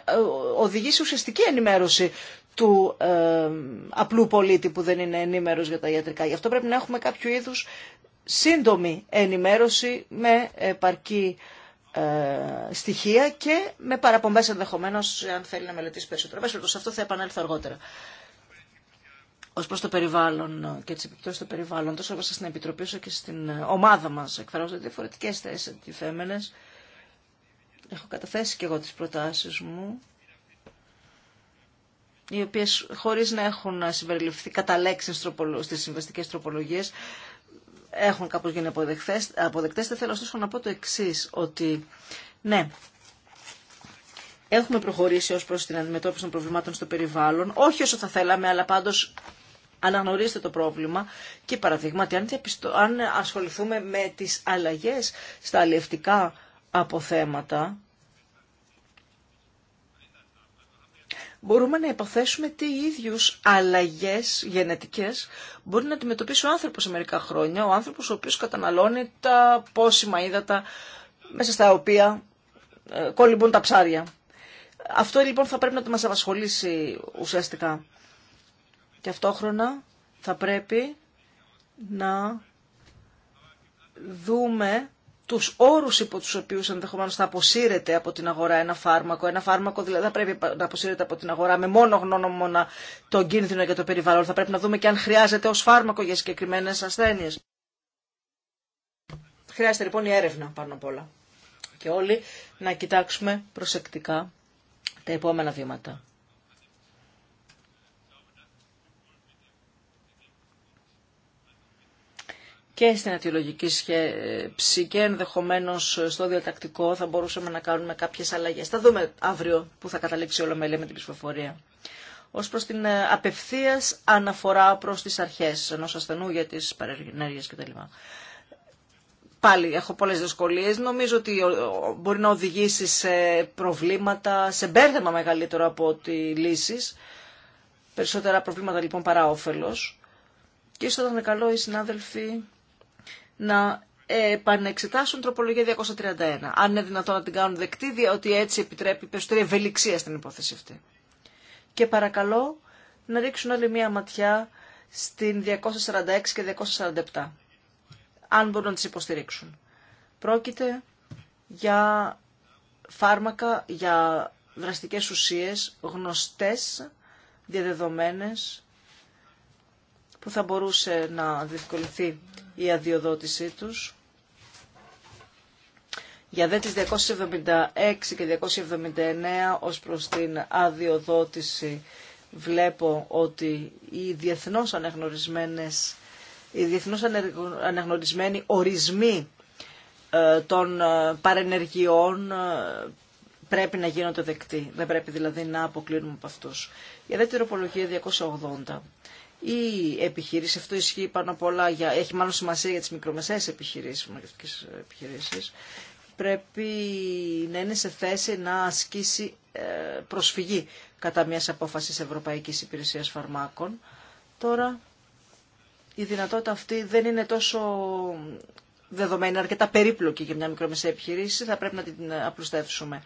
Speaker 4: οδηγεί σε ουσιαστική ενημέρωση του ε, απλού πολίτη που δεν είναι ενήμερος για τα ιατρικά. Γι' αυτό πρέπει να έχουμε κάποιο είδους σύντομη ενημέρωση με επαρκή ε, στοιχεία και με παραπομπές ενδεχομένω αν θέλει να μελετήσει περισσότερο. Βέβαια, σε αυτό θα επανέλθω αργότερα. Ω προ το περιβάλλον και τι επιπτώσει στο περιβάλλον, τόσο μέσα στην Επιτροπή όσο και στην ομάδα μα, εκφράζονται διαφορετικέ θέσει αντιφέμενε. Έχω καταθέσει και εγώ τι προτάσει μου, οι οποίε χωρί να έχουν συμπεριληφθεί κατά λέξη στι συμβαστικέ τροπολογίε, έχουν κάπως γίνει αποδεκτές. αποδεκτές. Δεν θέλω να πω το εξή ότι ναι, έχουμε προχωρήσει ως προς την αντιμετώπιση των προβλημάτων στο περιβάλλον, όχι όσο θα θέλαμε, αλλά πάντως αναγνωρίστε το πρόβλημα και παραδείγματι αν, αν ασχοληθούμε με τις αλλαγές στα αλλιευτικά αποθέματα, μπορούμε να υποθέσουμε τι ίδιους αλλαγές γενετικές μπορεί να αντιμετωπίσει ο άνθρωπος σε μερικά χρόνια, ο άνθρωπος ο οποίος καταναλώνει τα πόσιμα ύδατα μέσα στα οποία ε, κολυμπούν τα ψάρια. Αυτό λοιπόν θα πρέπει να το μας απασχολήσει ουσιαστικά. Και αυτόχρονα θα πρέπει να δούμε τους όρους υπό τους οποίους ενδεχομένως θα αποσύρεται από την αγορά ένα φάρμακο. Ένα φάρμακο δηλαδή θα πρέπει να αποσύρεται από την αγορά με μόνο γνώμονα τον κίνδυνο για το περιβάλλον. Θα πρέπει να δούμε και αν χρειάζεται ως φάρμακο για συγκεκριμένε ασθένειες. Χρειάζεται λοιπόν η έρευνα πάνω απ' όλα. Και όλοι να κοιτάξουμε προσεκτικά τα επόμενα βήματα. και στην αιτιολογική σκέψη και ενδεχομένω στο διατακτικό θα μπορούσαμε να κάνουμε κάποιε αλλαγέ. Θα δούμε αύριο που θα καταλήξει όλο με την ψηφοφορία. Ω προ την ε, απευθεία αναφορά προ τι αρχέ ενό ασθενού για τι παρενέργειε κτλ. Πάλι έχω πολλέ δυσκολίε. Νομίζω ότι ε, μπορεί να οδηγήσει σε προβλήματα, σε μπέρδεμα μεγαλύτερο από ότι λύσει. Περισσότερα προβλήματα λοιπόν παρά όφελο. Και ίσω ήταν καλό οι συνάδελφοι να επανεξετάσουν τροπολογία 231. Αν είναι δυνατόν να την κάνουν δεκτή, διότι έτσι επιτρέπει περισσότερη ευελιξία στην υπόθεση αυτή. Και παρακαλώ να ρίξουν άλλη μία ματιά στην 246 και 247, αν μπορούν να τις υποστηρίξουν. Πρόκειται για φάρμακα, για δραστικές ουσίες γνωστές, διαδεδομένες, που θα μπορούσε να διευκολυνθεί η αδειοδότησή τους. Για δε τις 276 και 279 ως προς την αδειοδότηση βλέπω ότι οι διεθνώς αναγνωρισμένες οι διεθνώς αναγνωρισμένοι ορισμοί ε, των ε, παρενεργειών ε, πρέπει να γίνονται δεκτοί. Δεν πρέπει δηλαδή να αποκλίνουμε από αυτούς. δε δεύτερη τροπολογία 280 η επιχείρηση, αυτό ισχύει πάνω πολλά, για, έχει μάλλον σημασία για τις μικρομεσαίες επιχειρήσεις, μαγευτικές επιχειρήσεις, πρέπει να είναι σε θέση να ασκήσει ε, προσφυγή κατά μιας απόφασης Ευρωπαϊκής Υπηρεσίας Φαρμάκων. Τώρα η δυνατότητα αυτή δεν είναι τόσο δεδομένη, αρκετά περίπλοκη για μια μικρομεσαία επιχειρήση, θα πρέπει να την απλουστεύσουμε.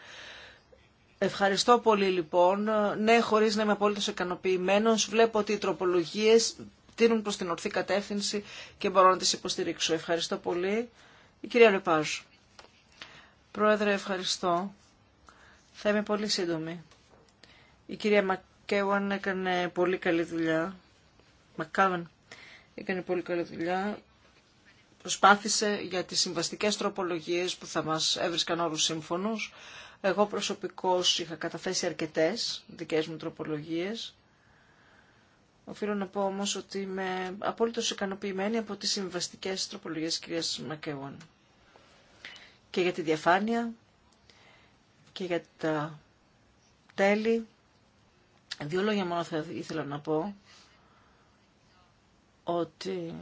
Speaker 4: Ευχαριστώ πολύ λοιπόν. Ναι, χωρίς να είμαι απόλυτο ικανοποιημένο, βλέπω ότι οι τροπολογίες τίνουν προς την ορθή κατεύθυνση και μπορώ να τι υποστηρίξω. Ευχαριστώ πολύ. Η κυρία Λεπάζ. Πρόεδρε, ευχαριστώ. Θα είμαι πολύ σύντομη. Η κυρία Μακέουαν έκανε πολύ καλή δουλειά. Μακάβαν έκανε πολύ καλή δουλειά. Προσπάθησε για τις συμβαστικές τροπολογίες που θα μας έβρισκαν όλους σύμφωνους εγώ προσωπικώς είχα καταθέσει αρκετές δικές μου τροπολογίες. Οφείλω να πω όμως ότι είμαι απόλυτο ικανοποιημένη από τις συμβαστικές τροπολογίες της κυρίας Μακεών. Και για τη διαφάνεια και για τα τέλη. Δύο λόγια μόνο θα ήθελα να πω ότι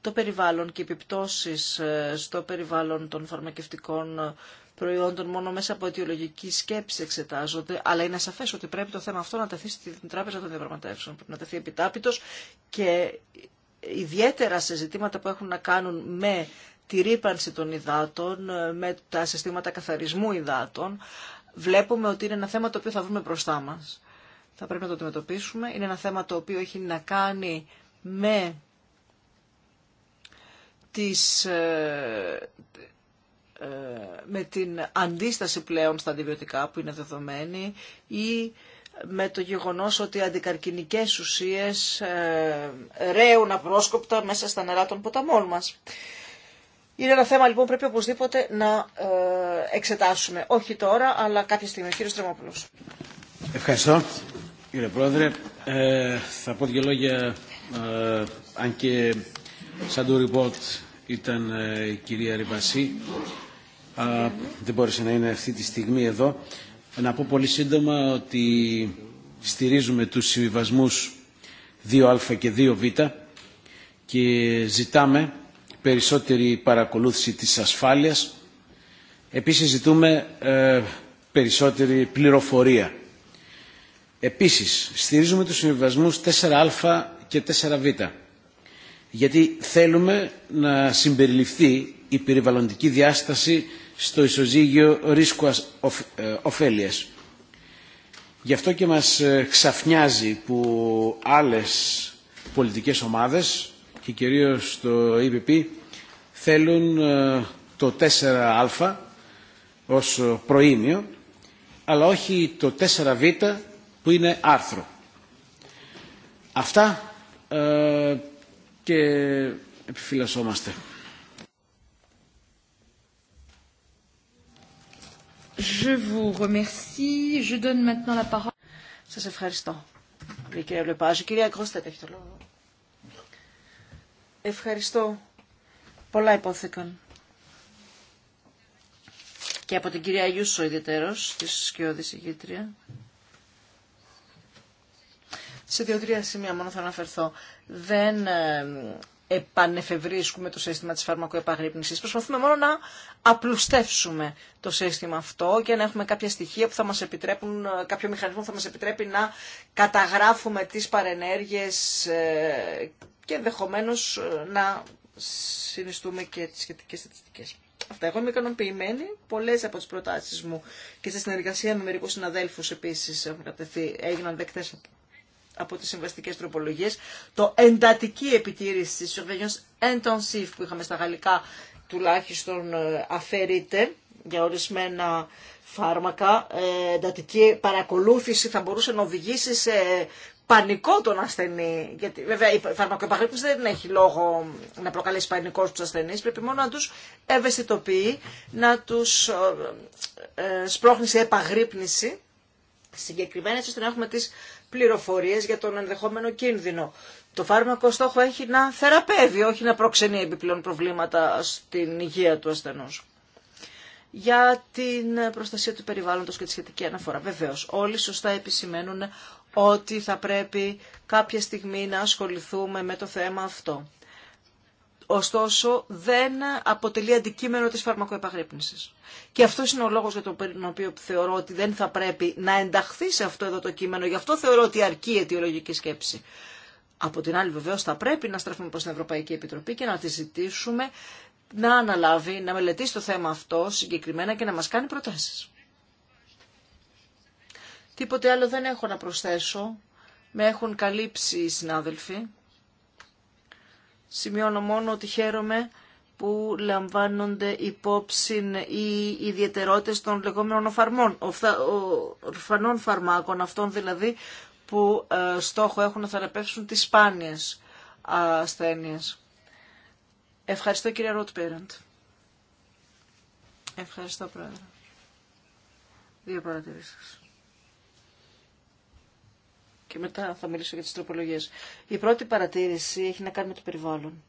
Speaker 4: το περιβάλλον και οι επιπτώσεις ε, στο περιβάλλον των φαρμακευτικών ε, προϊόντων μόνο μέσα από αιτιολογική σκέψη εξετάζονται, αλλά είναι σαφές ότι πρέπει το θέμα αυτό να τεθεί στην Τράπεζα των Διαπραγματεύσεων, πρέπει να τεθεί επιτάπητος και ιδιαίτερα σε ζητήματα που έχουν να κάνουν με τη ρήπανση των υδάτων, με τα συστήματα καθαρισμού υδάτων, βλέπουμε ότι είναι ένα θέμα το οποίο θα βρούμε μπροστά μας. Θα πρέπει να το αντιμετωπίσουμε. Είναι ένα θέμα το οποίο έχει να κάνει με τις, ε, ε, με την αντίσταση πλέον στα αντιβιωτικά που είναι δεδομένη ή με το γεγονός ότι οι αντικαρκυνικές ουσίες ε, ρέουν απρόσκοπτα μέσα στα νερά των ποταμών μας. Είναι ένα θέμα λοιπόν πρέπει οπωσδήποτε να ε, εξετάσουμε. Όχι τώρα, αλλά κάποια στιγμή. Κύριε Στρεμόπουλος.
Speaker 3: Ευχαριστώ κύριε Πρόεδρε. Ε, θα πω δύο λόγια, αν και σαν το report ήταν ε, η κυρία Ριβασί. Δεν μπόρεσε να είναι αυτή τη στιγμή εδώ. Να πω πολύ σύντομα ότι στηρίζουμε τους συμβιβασμούς 2α και 2β και ζητάμε περισσότερη παρακολούθηση της ασφάλειας. Επίσης ζητούμε ε, περισσότερη πληροφορία. Επίσης στηρίζουμε τους συμβιβασμούς 4α και 4β γιατί θέλουμε να συμπεριληφθεί η περιβαλλοντική διάσταση στο ισοζύγιο ρίσκου ε, ωφέλειας. Γι' αυτό και μας ε, ξαφνιάζει που άλλες πολιτικές ομάδες και κυρίως το EPP θέλουν ε, το 4α ως προήμιο αλλά όχι το 4β που είναι άρθρο. Αυτά και επιφυλασσόμαστε.
Speaker 4: Je ευχαριστώ. Ευχαριστώ. Πολλά υπόθηκαν. Και από την κυρία Ιούσο ιδιαίτερος, τη σκιώδης ηγήτρια. Σε δύο-τρία σημεία μόνο θα αναφερθώ. Δεν ε, επανεφευρίσκουμε το σύστημα της φαρμακοεπαγρύπνησης. Προσπαθούμε μόνο να απλουστεύσουμε το σύστημα αυτό και να έχουμε κάποια στοιχεία που θα μας επιτρέπουν, ε, κάποιο μηχανισμό που θα μας επιτρέπει να καταγράφουμε τις παρενέργειες ε, και ενδεχομένω να συνιστούμε και τις σχετικές στατιστικές. Αυτά. Εγώ είμαι ικανοποιημένη. Πολλές από τις προτάσεις μου και σε συνεργασία με μερικούς συναδέλφους επίσης έχουν κατευθεί, έγιναν δεκτές από τις συμβαστικές τροπολογίες, το εντατική επιτήρηση της surveillance intensive που είχαμε στα γαλλικά τουλάχιστον ε, αφαιρείται για ορισμένα φάρμακα, ε, εντατική παρακολούθηση θα μπορούσε να οδηγήσει σε πανικό τον ασθενή. Γιατί βέβαια η φαρμακοεπαγρύπνηση δεν έχει λόγο να προκαλέσει πανικό στους ασθενείς, πρέπει μόνο να τους ευαισθητοποιεί, να τους ε, σπρώχνει σε επαγρύπνηση συγκεκριμένα έτσι ώστε να έχουμε τις πληροφορίες για τον ενδεχόμενο κίνδυνο. Το φάρμακο στόχο έχει να θεραπεύει, όχι να προξενεί επιπλέον προβλήματα στην υγεία του ασθενούς. Για την προστασία του περιβάλλοντος και τη σχετική αναφορά. Βεβαίως, όλοι σωστά επισημαίνουν ότι θα πρέπει κάποια στιγμή να ασχοληθούμε με το θέμα αυτό ωστόσο δεν αποτελεί αντικείμενο της φαρμακοεπαγρύπνησης. Και αυτό είναι ο λόγος για τον οποίο θεωρώ ότι δεν θα πρέπει να ενταχθεί σε αυτό εδώ το κείμενο. Γι' αυτό θεωρώ ότι αρκεί η αιτιολογική σκέψη. Από την άλλη βεβαίως θα πρέπει να στραφούμε προς την Ευρωπαϊκή Επιτροπή και να τη ζητήσουμε να αναλάβει, να μελετήσει το θέμα αυτό συγκεκριμένα και να μας κάνει προτάσεις. Τίποτε άλλο δεν έχω να προσθέσω. Με έχουν καλύψει οι συνάδελφοι. Σημειώνω μόνο ότι χαίρομαι που λαμβάνονται υπόψη οι ιδιαιτερότητες των λεγόμενων οφαρμών, ορφανών φαρμάκων, αυτών δηλαδή που ε, στόχο έχουν να θεραπεύσουν τις σπάνιες ασθένειες. Ευχαριστώ κύριε Ροτ Ευχαριστώ πρόεδρε. Δύο παρατηρήσεις και μετά θα μιλήσω για τις τροπολογίες. Η πρώτη παρατήρηση έχει να κάνει με το περιβάλλον.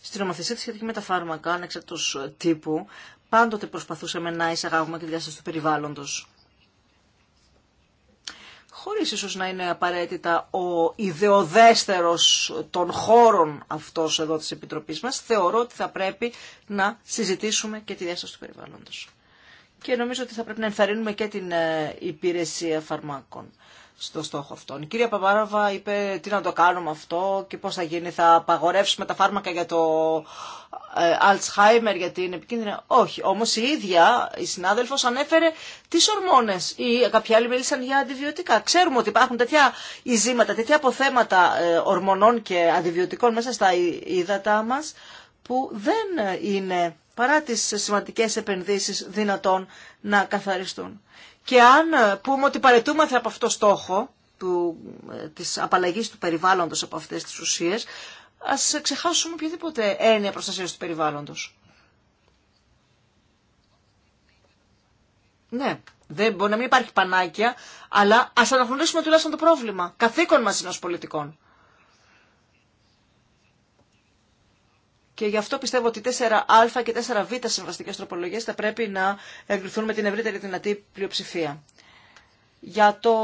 Speaker 4: Στην νομοθεσία τη σχετική με τα φάρμακα, ανέξαρτος ε, τύπου, πάντοτε προσπαθούσαμε να εισαγάγουμε τη διάσταση του περιβάλλοντος. Χωρίς ίσως να είναι απαραίτητα ο ιδεοδέστερος των χώρων αυτός εδώ της Επιτροπής μας, θεωρώ ότι θα πρέπει να συζητήσουμε και τη διάσταση του περιβάλλοντος και νομίζω ότι θα πρέπει να ενθαρρύνουμε και την ε, υπηρεσία φαρμάκων στο στόχο αυτόν. Η κυρία Παπάραβα είπε τι να το κάνουμε αυτό και πώς θα γίνει, θα απαγορεύσουμε τα φάρμακα για το ε, Alzheimer, γιατί είναι επικίνδυνα. Όχι, όμως η ίδια η συνάδελφος ανέφερε τις ορμόνες ή κάποιοι άλλοι μίλησαν για αντιβιωτικά. Ξέρουμε ότι υπάρχουν τέτοια ειζήματα, τέτοια αποθέματα ε, ορμονών και αντιβιωτικών μέσα στα ύδατά μας που δεν είναι παρά τις σημαντικές επενδύσεις δυνατόν να καθαριστούν. Και αν ε, πούμε ότι παρετούμαστε από αυτό στόχο του, ε, της απαλλαγής του περιβάλλοντος από αυτές τις ουσίες, ας ξεχάσουμε οποιαδήποτε έννοια προστασίας του περιβάλλοντος. Ναι, δεν μπορεί να μην υπάρχει πανάκια, αλλά ας αναγνωρίσουμε τουλάχιστον το πρόβλημα. Καθήκον μας είναι ως πολιτικών. Και γι' αυτό πιστεύω ότι 4α και 4β συμβαστικές τροπολογίες θα πρέπει να εγκριθούν με την ευρύτερη δυνατή πλειοψηφία. Για το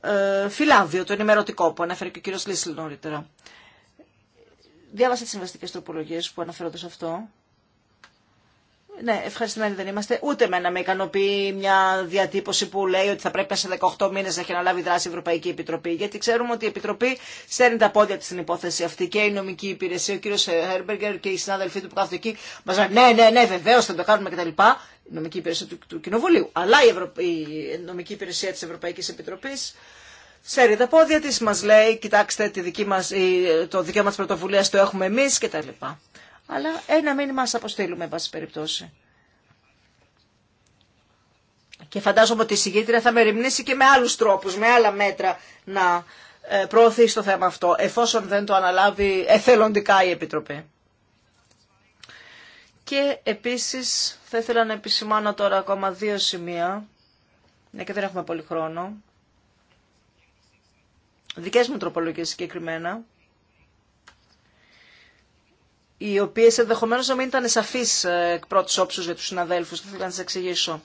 Speaker 4: ε, φυλάδιο, το ενημερωτικό που ανέφερε και ο κύριος Λίσλ νωρίτερα. Διάβασα τις συμβαστικές τροπολογίες που αναφέρονται σε αυτό ναι, ευχαριστημένοι δεν είμαστε. Ούτε με να με ικανοποιεί μια διατύπωση που λέει ότι θα πρέπει σε 18 μήνε να έχει αναλάβει δράση η Ευρωπαϊκή Επιτροπή. Γιατί ξέρουμε ότι η Επιτροπή στέλνει τα πόδια τη στην υπόθεση αυτή και η νομική υπηρεσία, ο κύριο Χέρμπεργκερ και οι συνάδελφοί του που κάθονται εκεί μα λένε ναι, ναι, ναι, βεβαίω θα το κάνουμε κτλ. Η νομική υπηρεσία του, του Κοινοβουλίου. Αλλά η, Ευρω... νομική υπηρεσία τη Ευρωπαϊκή Επιτροπή Σέρει τα πόδια της, μας λέει, κοιτάξτε τη δική μας, το δικαίωμα της το έχουμε εμείς λοιπά αλλά ένα μήνυμα σας αποστείλουμε, εν πάση περιπτώσει. Και φαντάζομαι ότι η συγκίτρια θα με ρημνήσει και με άλλους τρόπους, με άλλα μέτρα να ε, προωθεί στο θέμα αυτό, εφόσον δεν το αναλάβει εθελοντικά η Επιτροπή. Και επίσης θα ήθελα να επισημάνω τώρα ακόμα δύο σημεία, ναι και δεν έχουμε πολύ χρόνο. Δικές μου τροπολογίες συγκεκριμένα, οι οποίε ενδεχομένω να μην ήταν σαφεί ε, εκ πρώτη όψου για του συναδέλφου, θα ήθελα να σα εξηγήσω.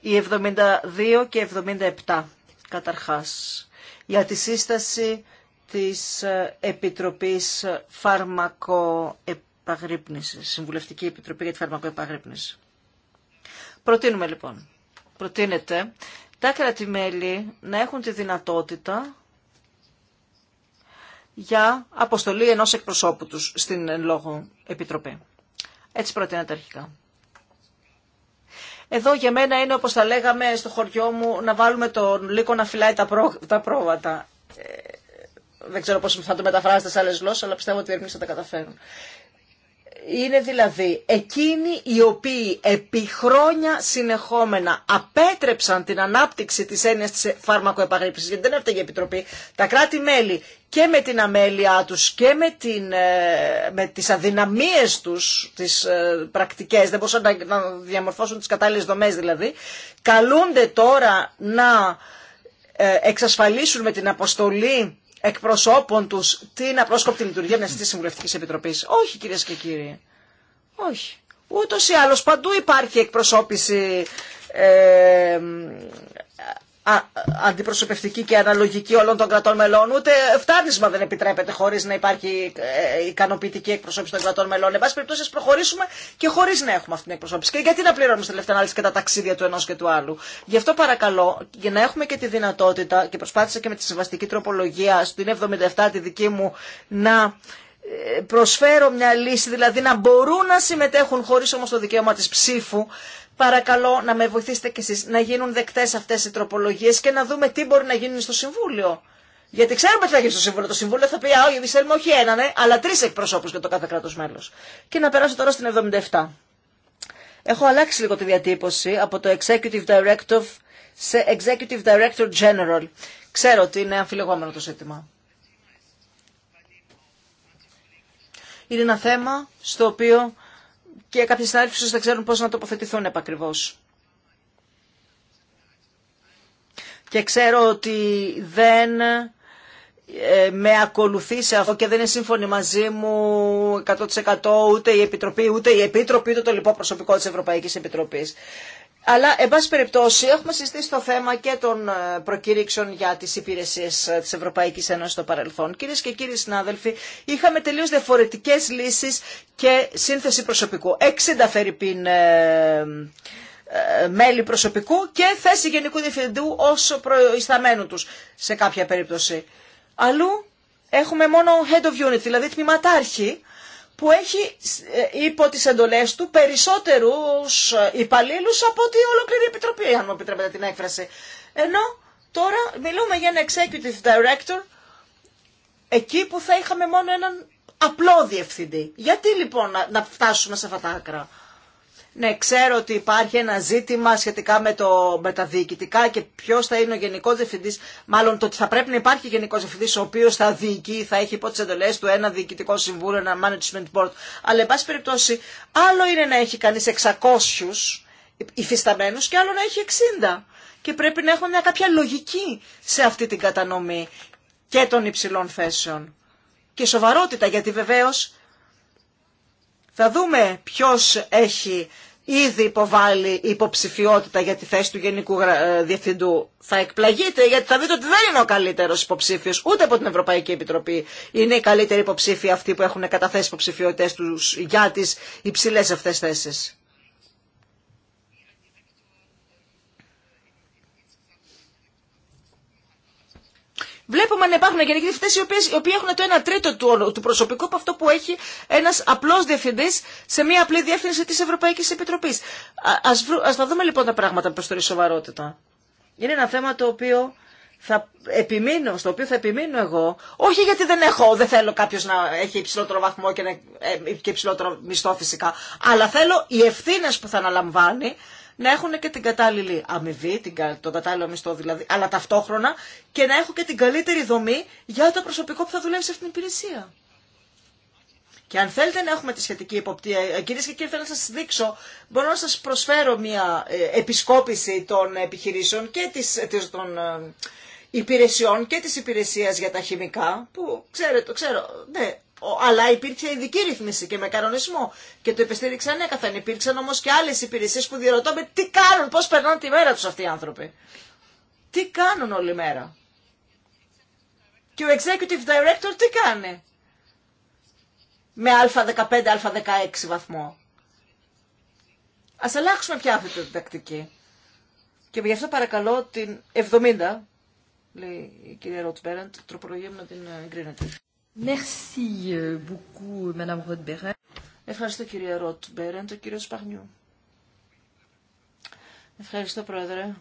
Speaker 4: Οι 72 και 77 καταρχάς για τη σύσταση της ε, Επιτροπής Φαρμακοεπαγρύπνησης, Συμβουλευτική Επιτροπή για τη Φαρμακοεπαγρύπνηση. Προτείνουμε λοιπόν, προτείνεται τα κράτη-μέλη να έχουν τη δυνατότητα για αποστολή ενός εκπροσώπου τους στην λόγω επιτροπή. Έτσι προτείνεται αρχικά. Εδώ για μένα είναι όπως θα λέγαμε στο χωριό μου να βάλουμε τον λύκο να φυλάει τα, τα πρόβατα. Ε, δεν ξέρω πώς θα το μεταφράσετε σε άλλες γλώσσες, αλλά πιστεύω ότι οι θα τα καταφέρουν είναι δηλαδή εκείνοι οι οποίοι επί χρόνια συνεχόμενα απέτρεψαν την ανάπτυξη της έννοιας της φάρμακοεπαγρύπησης γιατί δεν έφταγε η Επιτροπή, τα κράτη-μέλη και με την αμέλειά τους και με, την, ε, με τις αδυναμίες τους, τις ε, πρακτικές, δεν μπορούσαν να διαμορφώσουν τις κατάλληλες δομές δηλαδή, καλούνται τώρα να ε, εξασφαλίσουν με την αποστολή εκπροσώπων του την απρόσκοπτη λειτουργία μιας τη συμβουλευτική Επιτροπής. Όχι κυρίε και κύριοι. Όχι. Ούτω ή άλλως παντού υπάρχει εκπροσώπηση ε, αντιπροσωπευτική και αναλογική όλων των κρατών μελών. Ούτε φτάνισμα δεν επιτρέπεται χωρί να υπάρχει ε, ικανοποιητική εκπροσώπηση των κρατών μελών. Εν πάση περιπτώσει, προχωρήσουμε και χωρί να έχουμε αυτή την εκπροσώπηση. Και γιατί να πληρώνουμε στη τελευταία ανάλυση και τα ταξίδια του ενό και του άλλου. Γι' αυτό παρακαλώ, για να έχουμε και τη δυνατότητα, και προσπάθησα και με τη συμβαστική τροπολογία στην 77 τη δική μου να προσφέρω μια λύση, δηλαδή να μπορούν να συμμετέχουν χωρίς όμως το δικαίωμα της ψήφου, παρακαλώ να με βοηθήσετε κι εσείς να γίνουν δεκτές αυτές οι τροπολογίες και να δούμε τι μπορεί να γίνει στο Συμβούλιο. Γιατί ξέρουμε τι θα γίνει στο Συμβούλιο. Το Συμβούλιο θα πει, Α, όχι εμείς θέλουμε όχι έναν, ε, αλλά τρεις εκπροσώπους για το κάθε κράτο μέλο. Και να περάσω τώρα στην 77. Έχω αλλάξει λίγο τη διατύπωση από το Executive Director σε Executive Director General. Ξέρω ότι είναι αμφιλεγόμενο το ζήτημα. είναι ένα θέμα στο οποίο και κάποιοι συνάδελφοι δεν ξέρουν πώς να τοποθετηθούν επακριβώς. Και ξέρω ότι δεν ε, με ακολουθεί σε αυτό και δεν είναι σύμφωνη μαζί μου 100% ούτε η Επιτροπή, ούτε η Επίτροπη, ούτε το λοιπό προσωπικό της Ευρωπαϊκής Επιτροπής. Αλλά, εν πάση περιπτώσει, έχουμε συζητήσει το θέμα και των ε, προκήρυξεων για τι υπηρεσίε ε, τη Ευρωπαϊκής Ένωση στο παρελθόν. Κυρίε και κύριοι συνάδελφοι, είχαμε τελείω διαφορετικέ λύσει και σύνθεση προσωπικού. 60 φερρυπίν ε, μέλη προσωπικού και θέση γενικού διευθυντού ως προϊσταμένου τους σε κάποια περίπτωση. Αλλού έχουμε μόνο head of unit, δηλαδή τμήματάρχη, που έχει ε, υπό τις εντολές του περισσότερους ε, υπαλλήλους από ότι ολοκληρή επιτροπή, αν μου επιτρέπετε την έκφραση. Ενώ τώρα μιλούμε για ένα executive director εκεί που θα είχαμε μόνο έναν απλό διευθυντή. Γιατί λοιπόν να, φτάσουμε σε αυτά τα άκρα. Ναι, ξέρω ότι υπάρχει ένα ζήτημα σχετικά με, το, με τα διοικητικά και ποιο θα είναι ο γενικό διευθυντή. Μάλλον το ότι θα πρέπει να υπάρχει γενικό διευθυντή ο οποίο θα διοικεί, θα έχει υπό τι εντολέ του ένα διοικητικό συμβούλιο, ένα management board. Αλλά, εν πάση περιπτώσει, άλλο είναι να έχει κανεί 600 υφισταμένου και άλλο να έχει 60. Και πρέπει να έχουμε μια κάποια λογική σε αυτή την κατανομή και των υψηλών θέσεων. Και σοβαρότητα, γιατί βεβαίω θα δούμε ποιος έχει ήδη υποβάλει υποψηφιότητα για τη θέση του Γενικού ε, Διευθυντού. Θα εκπλαγείτε γιατί θα δείτε ότι δεν είναι ο καλύτερος υποψήφιος ούτε από την Ευρωπαϊκή Επιτροπή. Είναι οι καλύτεροι υποψήφοι αυτοί που έχουν καταθέσει υποψηφιότητες τους για τις υψηλές αυτές θέσεις. βλέπουμε να υπάρχουν γενικοί διευθυντέ οι, οποίες, οι οποίοι έχουν το 1 τρίτο του, του προσωπικού από αυτό που έχει ένα απλό διευθυντή σε μια απλή διεύθυνση τη Ευρωπαϊκή Επιτροπή. Α τα δούμε λοιπόν τα πράγματα προ τη σοβαρότητα. Είναι ένα θέμα το οποίο θα επιμείνω, στο οποίο θα επιμείνω εγώ, όχι γιατί δεν έχω, δεν θέλω κάποιο να έχει υψηλότερο βαθμό και, να, ε, και υψηλότερο μισθό φυσικά, αλλά θέλω οι ευθύνε που θα αναλαμβάνει να έχουν και την κατάλληλη αμοιβή, τον κατάλληλο μισθό δηλαδή, αλλά ταυτόχρονα και να έχουν και την καλύτερη δομή για το προσωπικό που θα δουλεύει σε αυτήν την υπηρεσία. Και αν θέλετε να έχουμε τη σχετική υποπτία, ε, κυρίε και κύριοι, θέλω να σα δείξω, μπορώ να σα προσφέρω μια ε, επισκόπηση των επιχειρήσεων και της, ε, των υπηρεσιών και τη υπηρεσία για τα χημικά, που ξέρετε, το ξέρω, ναι, αλλά υπήρξε ειδική ρύθμιση και με κανονισμό και το υπεστήριξαν έκαθεν. Υπήρξαν όμω και άλλες υπηρεσίε που διαρωτώ με τι κάνουν, πώς περνάνε τη μέρα του αυτοί οι άνθρωποι. Τι κάνουν όλη μέρα. Και ο Executive Director τι κάνει. Με α15, α16 βαθμό. α αλλάξουμε πια αυτή την τακτική. Και γι' αυτό παρακαλώ την 70, λέει η κυρία Ρότσπεραντ, τροπολογία μου να την ε, εγκρίνετε. Euh, euh, Ευχαριστώ κυρία Ροτ Μπέρεντ, ο κύριο Παγνιού. Ευχαριστώ πρόεδρε.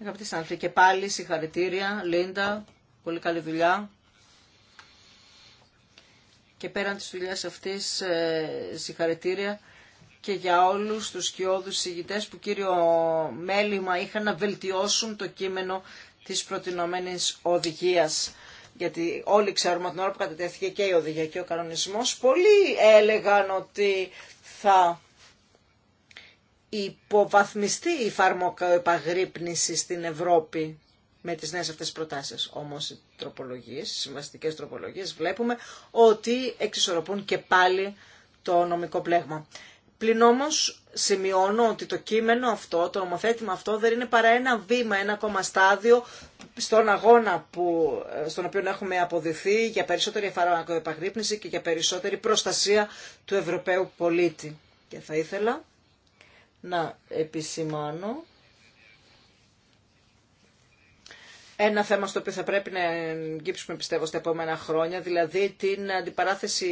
Speaker 4: Αγαπητοί συνάδελφοι, και πάλι συγχαρητήρια, Λίντα, πολύ καλή δουλειά. Και πέραν της δουλειάς αυτής ε, συγχαρητήρια και για όλους τους σκιώδους συγητές που κύριο μέλημα είχαν να βελτιώσουν το κείμενο της προτινόμενης οδηγίας γιατί όλοι ξέρουμε την ώρα που κατατέθηκε και η οδηγία και ο κανονισμός, πολλοί έλεγαν ότι θα υποβαθμιστεί η φαρμακοεπαγρύπνηση στην Ευρώπη με τις νέες αυτές προτάσεις. Όμως οι τροπολογίες, οι συμβαστικές τροπολογίες βλέπουμε ότι εξισορροπούν και πάλι το νομικό πλέγμα. Πλην όμως σημειώνω ότι το κείμενο αυτό, το νομοθέτημα αυτό δεν είναι παρά ένα βήμα, ένα ακόμα στάδιο στον αγώνα που, ε, στον οποίο έχουμε αποδηθεί για περισσότερη φαρμακοεπαγρύπνηση και για περισσότερη προστασία του Ευρωπαίου πολίτη. Και θα ήθελα να επισημάνω ένα θέμα στο οποίο θα πρέπει να εγγύψουμε πιστεύω στα επόμενα χρόνια, δηλαδή την αντιπαράθεση,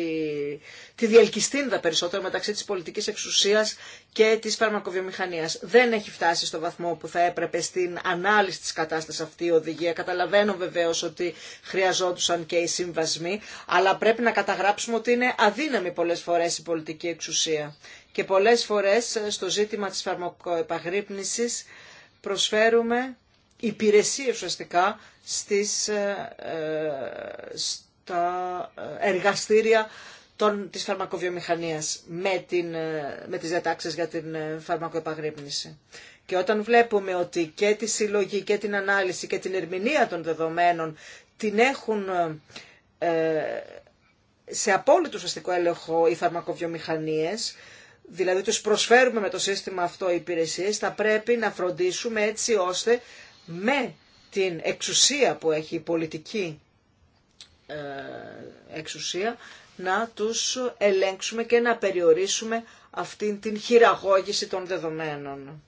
Speaker 4: τη διελκυστίνδα περισσότερο μεταξύ της πολιτικής εξουσίας και της φαρμακοβιομηχανίας. Δεν έχει φτάσει στο βαθμό που θα έπρεπε στην ανάλυση της κατάστασης αυτή η οδηγία. Καταλαβαίνω βεβαίως ότι χρειαζόντουσαν και οι συμβασμοί, αλλά πρέπει να καταγράψουμε ότι είναι αδύναμη πολλές φορές η πολιτική εξουσία. Και πολλές φορές ε, στο ζήτημα της φαρμακοεπαγρύπνησης προσφέρουμε υπηρεσία ουσιαστικά στις, ε, ε, στα εργαστήρια των, της φαρμακοβιομηχανίας με, την, ε, με τις διατάξεις για την φαρμακοεπαγρύπνηση. Και όταν βλέπουμε ότι και τη συλλογή και την ανάλυση και την ερμηνεία των δεδομένων την έχουν σε απόλυτο ουσιαστικό έλεγχο οι φαρμακοβιομηχανίες, δηλαδή τους προσφέρουμε με το σύστημα αυτό οι υπηρεσίες, θα πρέπει να φροντίσουμε έτσι ώστε με την εξουσία που έχει η πολιτική ε, εξουσία να τους ελέγξουμε και να περιορίσουμε αυτήν την χειραγώγηση των δεδομένων.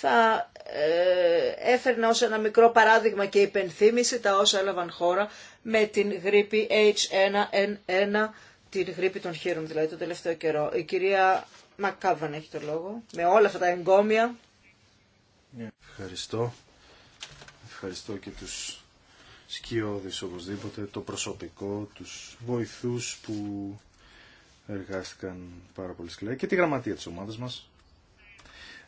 Speaker 4: Θα ε, έφερνα ως ένα μικρό παράδειγμα και υπενθύμηση τα όσα έλαβαν χώρα με την γρήπη H1N1, την γρήπη των χείρων δηλαδή το τελευταίο καιρό. Η κυρία Μακάβαν έχει το λόγο, με όλα αυτά τα εγκόμια
Speaker 1: ναι. Ευχαριστώ. Ευχαριστώ και τους σκιώδεις οπωσδήποτε, το προσωπικό, τους βοηθούς που εργάστηκαν πάρα πολύ σκληρά και τη γραμματεία της ομάδας μας.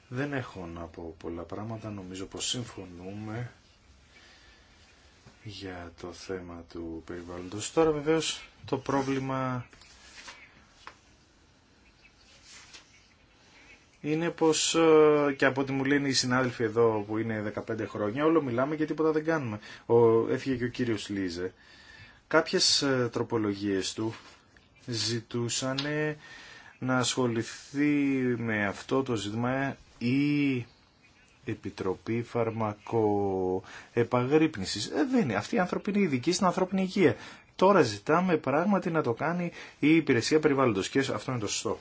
Speaker 1: Δεν έχω να πω πολλά πράγματα, νομίζω πως συμφωνούμε για το θέμα του περιβάλλοντος. Τώρα βεβαίως το πρόβλημα είναι πως ε, και από ό,τι μου λένε οι συνάδελφοι εδώ που είναι 15 χρόνια όλο μιλάμε και τίποτα δεν κάνουμε. Ο, έφυγε και ο κύριος Λίζε. Κάποιες ε, τροπολογίες του ζητούσαν να ασχοληθεί με αυτό το ζήτημα η Επιτροπή Φαρμακοεπαγρύπνησης. Ε, δεν είναι. Αυτοί οι άνθρωποι είναι ειδικοί στην ανθρώπινη υγεία. Τώρα ζητάμε πράγματι να το κάνει η Υπηρεσία Περιβάλλοντος και αυτό είναι το σωστό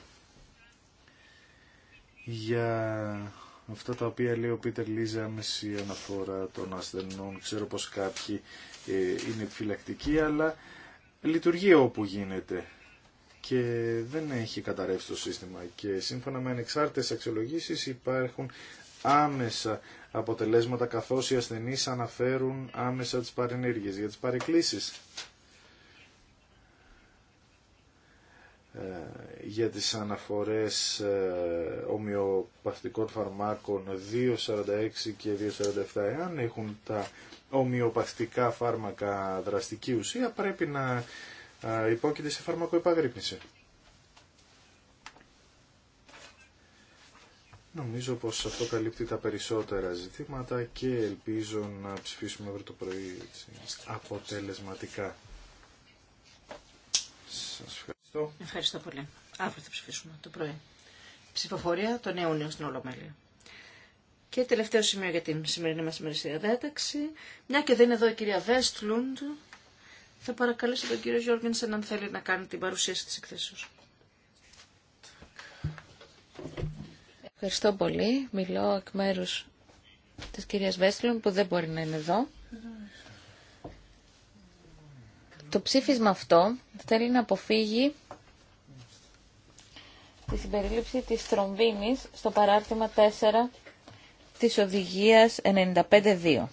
Speaker 1: για αυτά τα οποία λέει ο Πίτερ Λίζα άμεση αναφορά των ασθενών. Ξέρω πως κάποιοι ε, είναι επιφυλακτικοί, αλλά λειτουργεί όπου γίνεται και δεν έχει καταρρεύσει το σύστημα και σύμφωνα με ανεξάρτητες αξιολογήσεις υπάρχουν άμεσα αποτελέσματα καθώς οι ασθενείς αναφέρουν άμεσα τις παρενέργειες για τις παρεκκλήσεις. Ε, για τις αναφορές ε, ομοιοπαθητικών φαρμάκων 2.46 και 2.47 εάν έχουν τα ομοιοπαθητικά φάρμακα δραστική ουσία πρέπει να ε, υπόκειται σε φαρμακοεπαγρύπνηση. Νομίζω πως αυτό καλύπτει τα περισσότερα ζητήματα και ελπίζω να ψηφίσουμε αύριο το πρωί αποτελεσματικά.
Speaker 4: Ευχαριστώ. πολύ. Αύριο θα ψηφίσουμε το πρωί. Ψηφοφορία τον Ιούνιο στην Ολομέλεια. Και τελευταίο σημείο για την σημερινή μας ημερησία διάταξη. Μια και δεν είναι εδώ η κυρία Βέστλουντ, θα παρακαλέσω τον κύριο Γιώργενσεν αν θέλει να κάνει την παρουσίαση της εκθέσεως.
Speaker 2: Ευχαριστώ πολύ. Μιλώ εκ μέρους της κυρίας Βέστλουντ που δεν μπορεί να είναι εδώ. Το ψήφισμα αυτό θέλει να αποφύγει τη συμπερίληψη της τρομβίνης στο παράρτημα 4 της οδηγίας 95.2.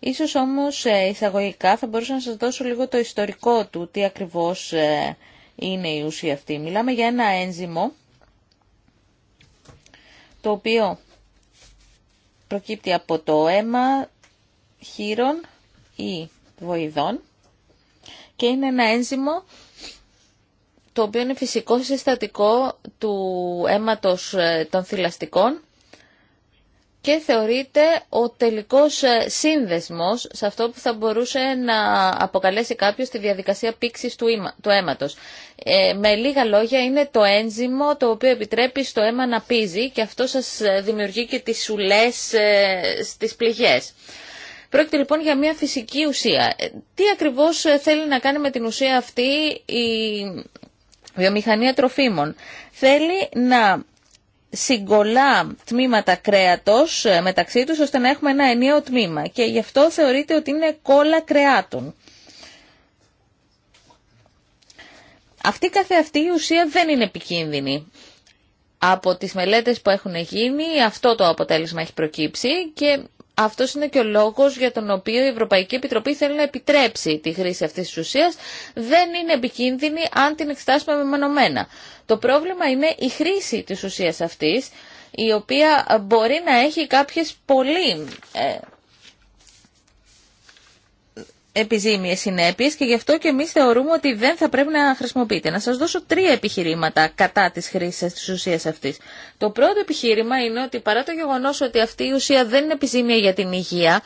Speaker 2: Ίσως όμως ε, εισαγωγικά θα μπορούσα να σας δώσω λίγο το ιστορικό του, τι ακριβώς ε, είναι η ουσία αυτή. Μιλάμε για ένα ένζυμο, το οποίο προκύπτει από το αίμα χείρων ή βοηδών και είναι ένα ένζυμο το οποίο είναι φυσικό συστατικό του αίματος ε, των θηλαστικών και θεωρείται ο τελικός ε, σύνδεσμος σε αυτό που θα μπορούσε να αποκαλέσει κάποιος τη διαδικασία πήξης του, αίμα, αίματος. Ε, με λίγα λόγια είναι το ένζυμο το οποίο επιτρέπει στο αίμα να πίζει και αυτό σας δημιουργεί και τις σουλές ε, στις πληγές. Πρόκειται λοιπόν για μια φυσική ουσία. Ε, τι ακριβώς ε, θέλει να κάνει με την ουσία αυτή η βιομηχανία τροφίμων. Θέλει να συγκολά τμήματα κρέατος ε, μεταξύ τους ώστε να έχουμε ένα ενιαίο τμήμα και γι' αυτό θεωρείται ότι είναι κόλλα κρεάτων. Αυτή καθε αυτή η ουσία δεν είναι επικίνδυνη. Από τις μελέτες που έχουν γίνει αυτό το αποτέλεσμα έχει προκύψει και αυτό είναι και ο λόγος για τον οποίο η Ευρωπαϊκή Επιτροπή θέλει να επιτρέψει τη χρήση αυτής της ουσίας. Δεν είναι επικίνδυνη αν την εξετάσουμε μεμονωμένα. Το πρόβλημα είναι η χρήση της ουσίας αυτής, η οποία μπορεί να έχει κάποιες πολύ ε, επιζήμιες συνέπειες και γι' αυτό και εμείς θεωρούμε ότι δεν θα πρέπει να χρησιμοποιείται. Να σας δώσω τρία επιχειρήματα κατά της χρήση της ουσίας αυτής. Το πρώτο επιχείρημα είναι ότι παρά το γεγονός ότι αυτή η ουσία δεν είναι επιζήμια για την υγεία,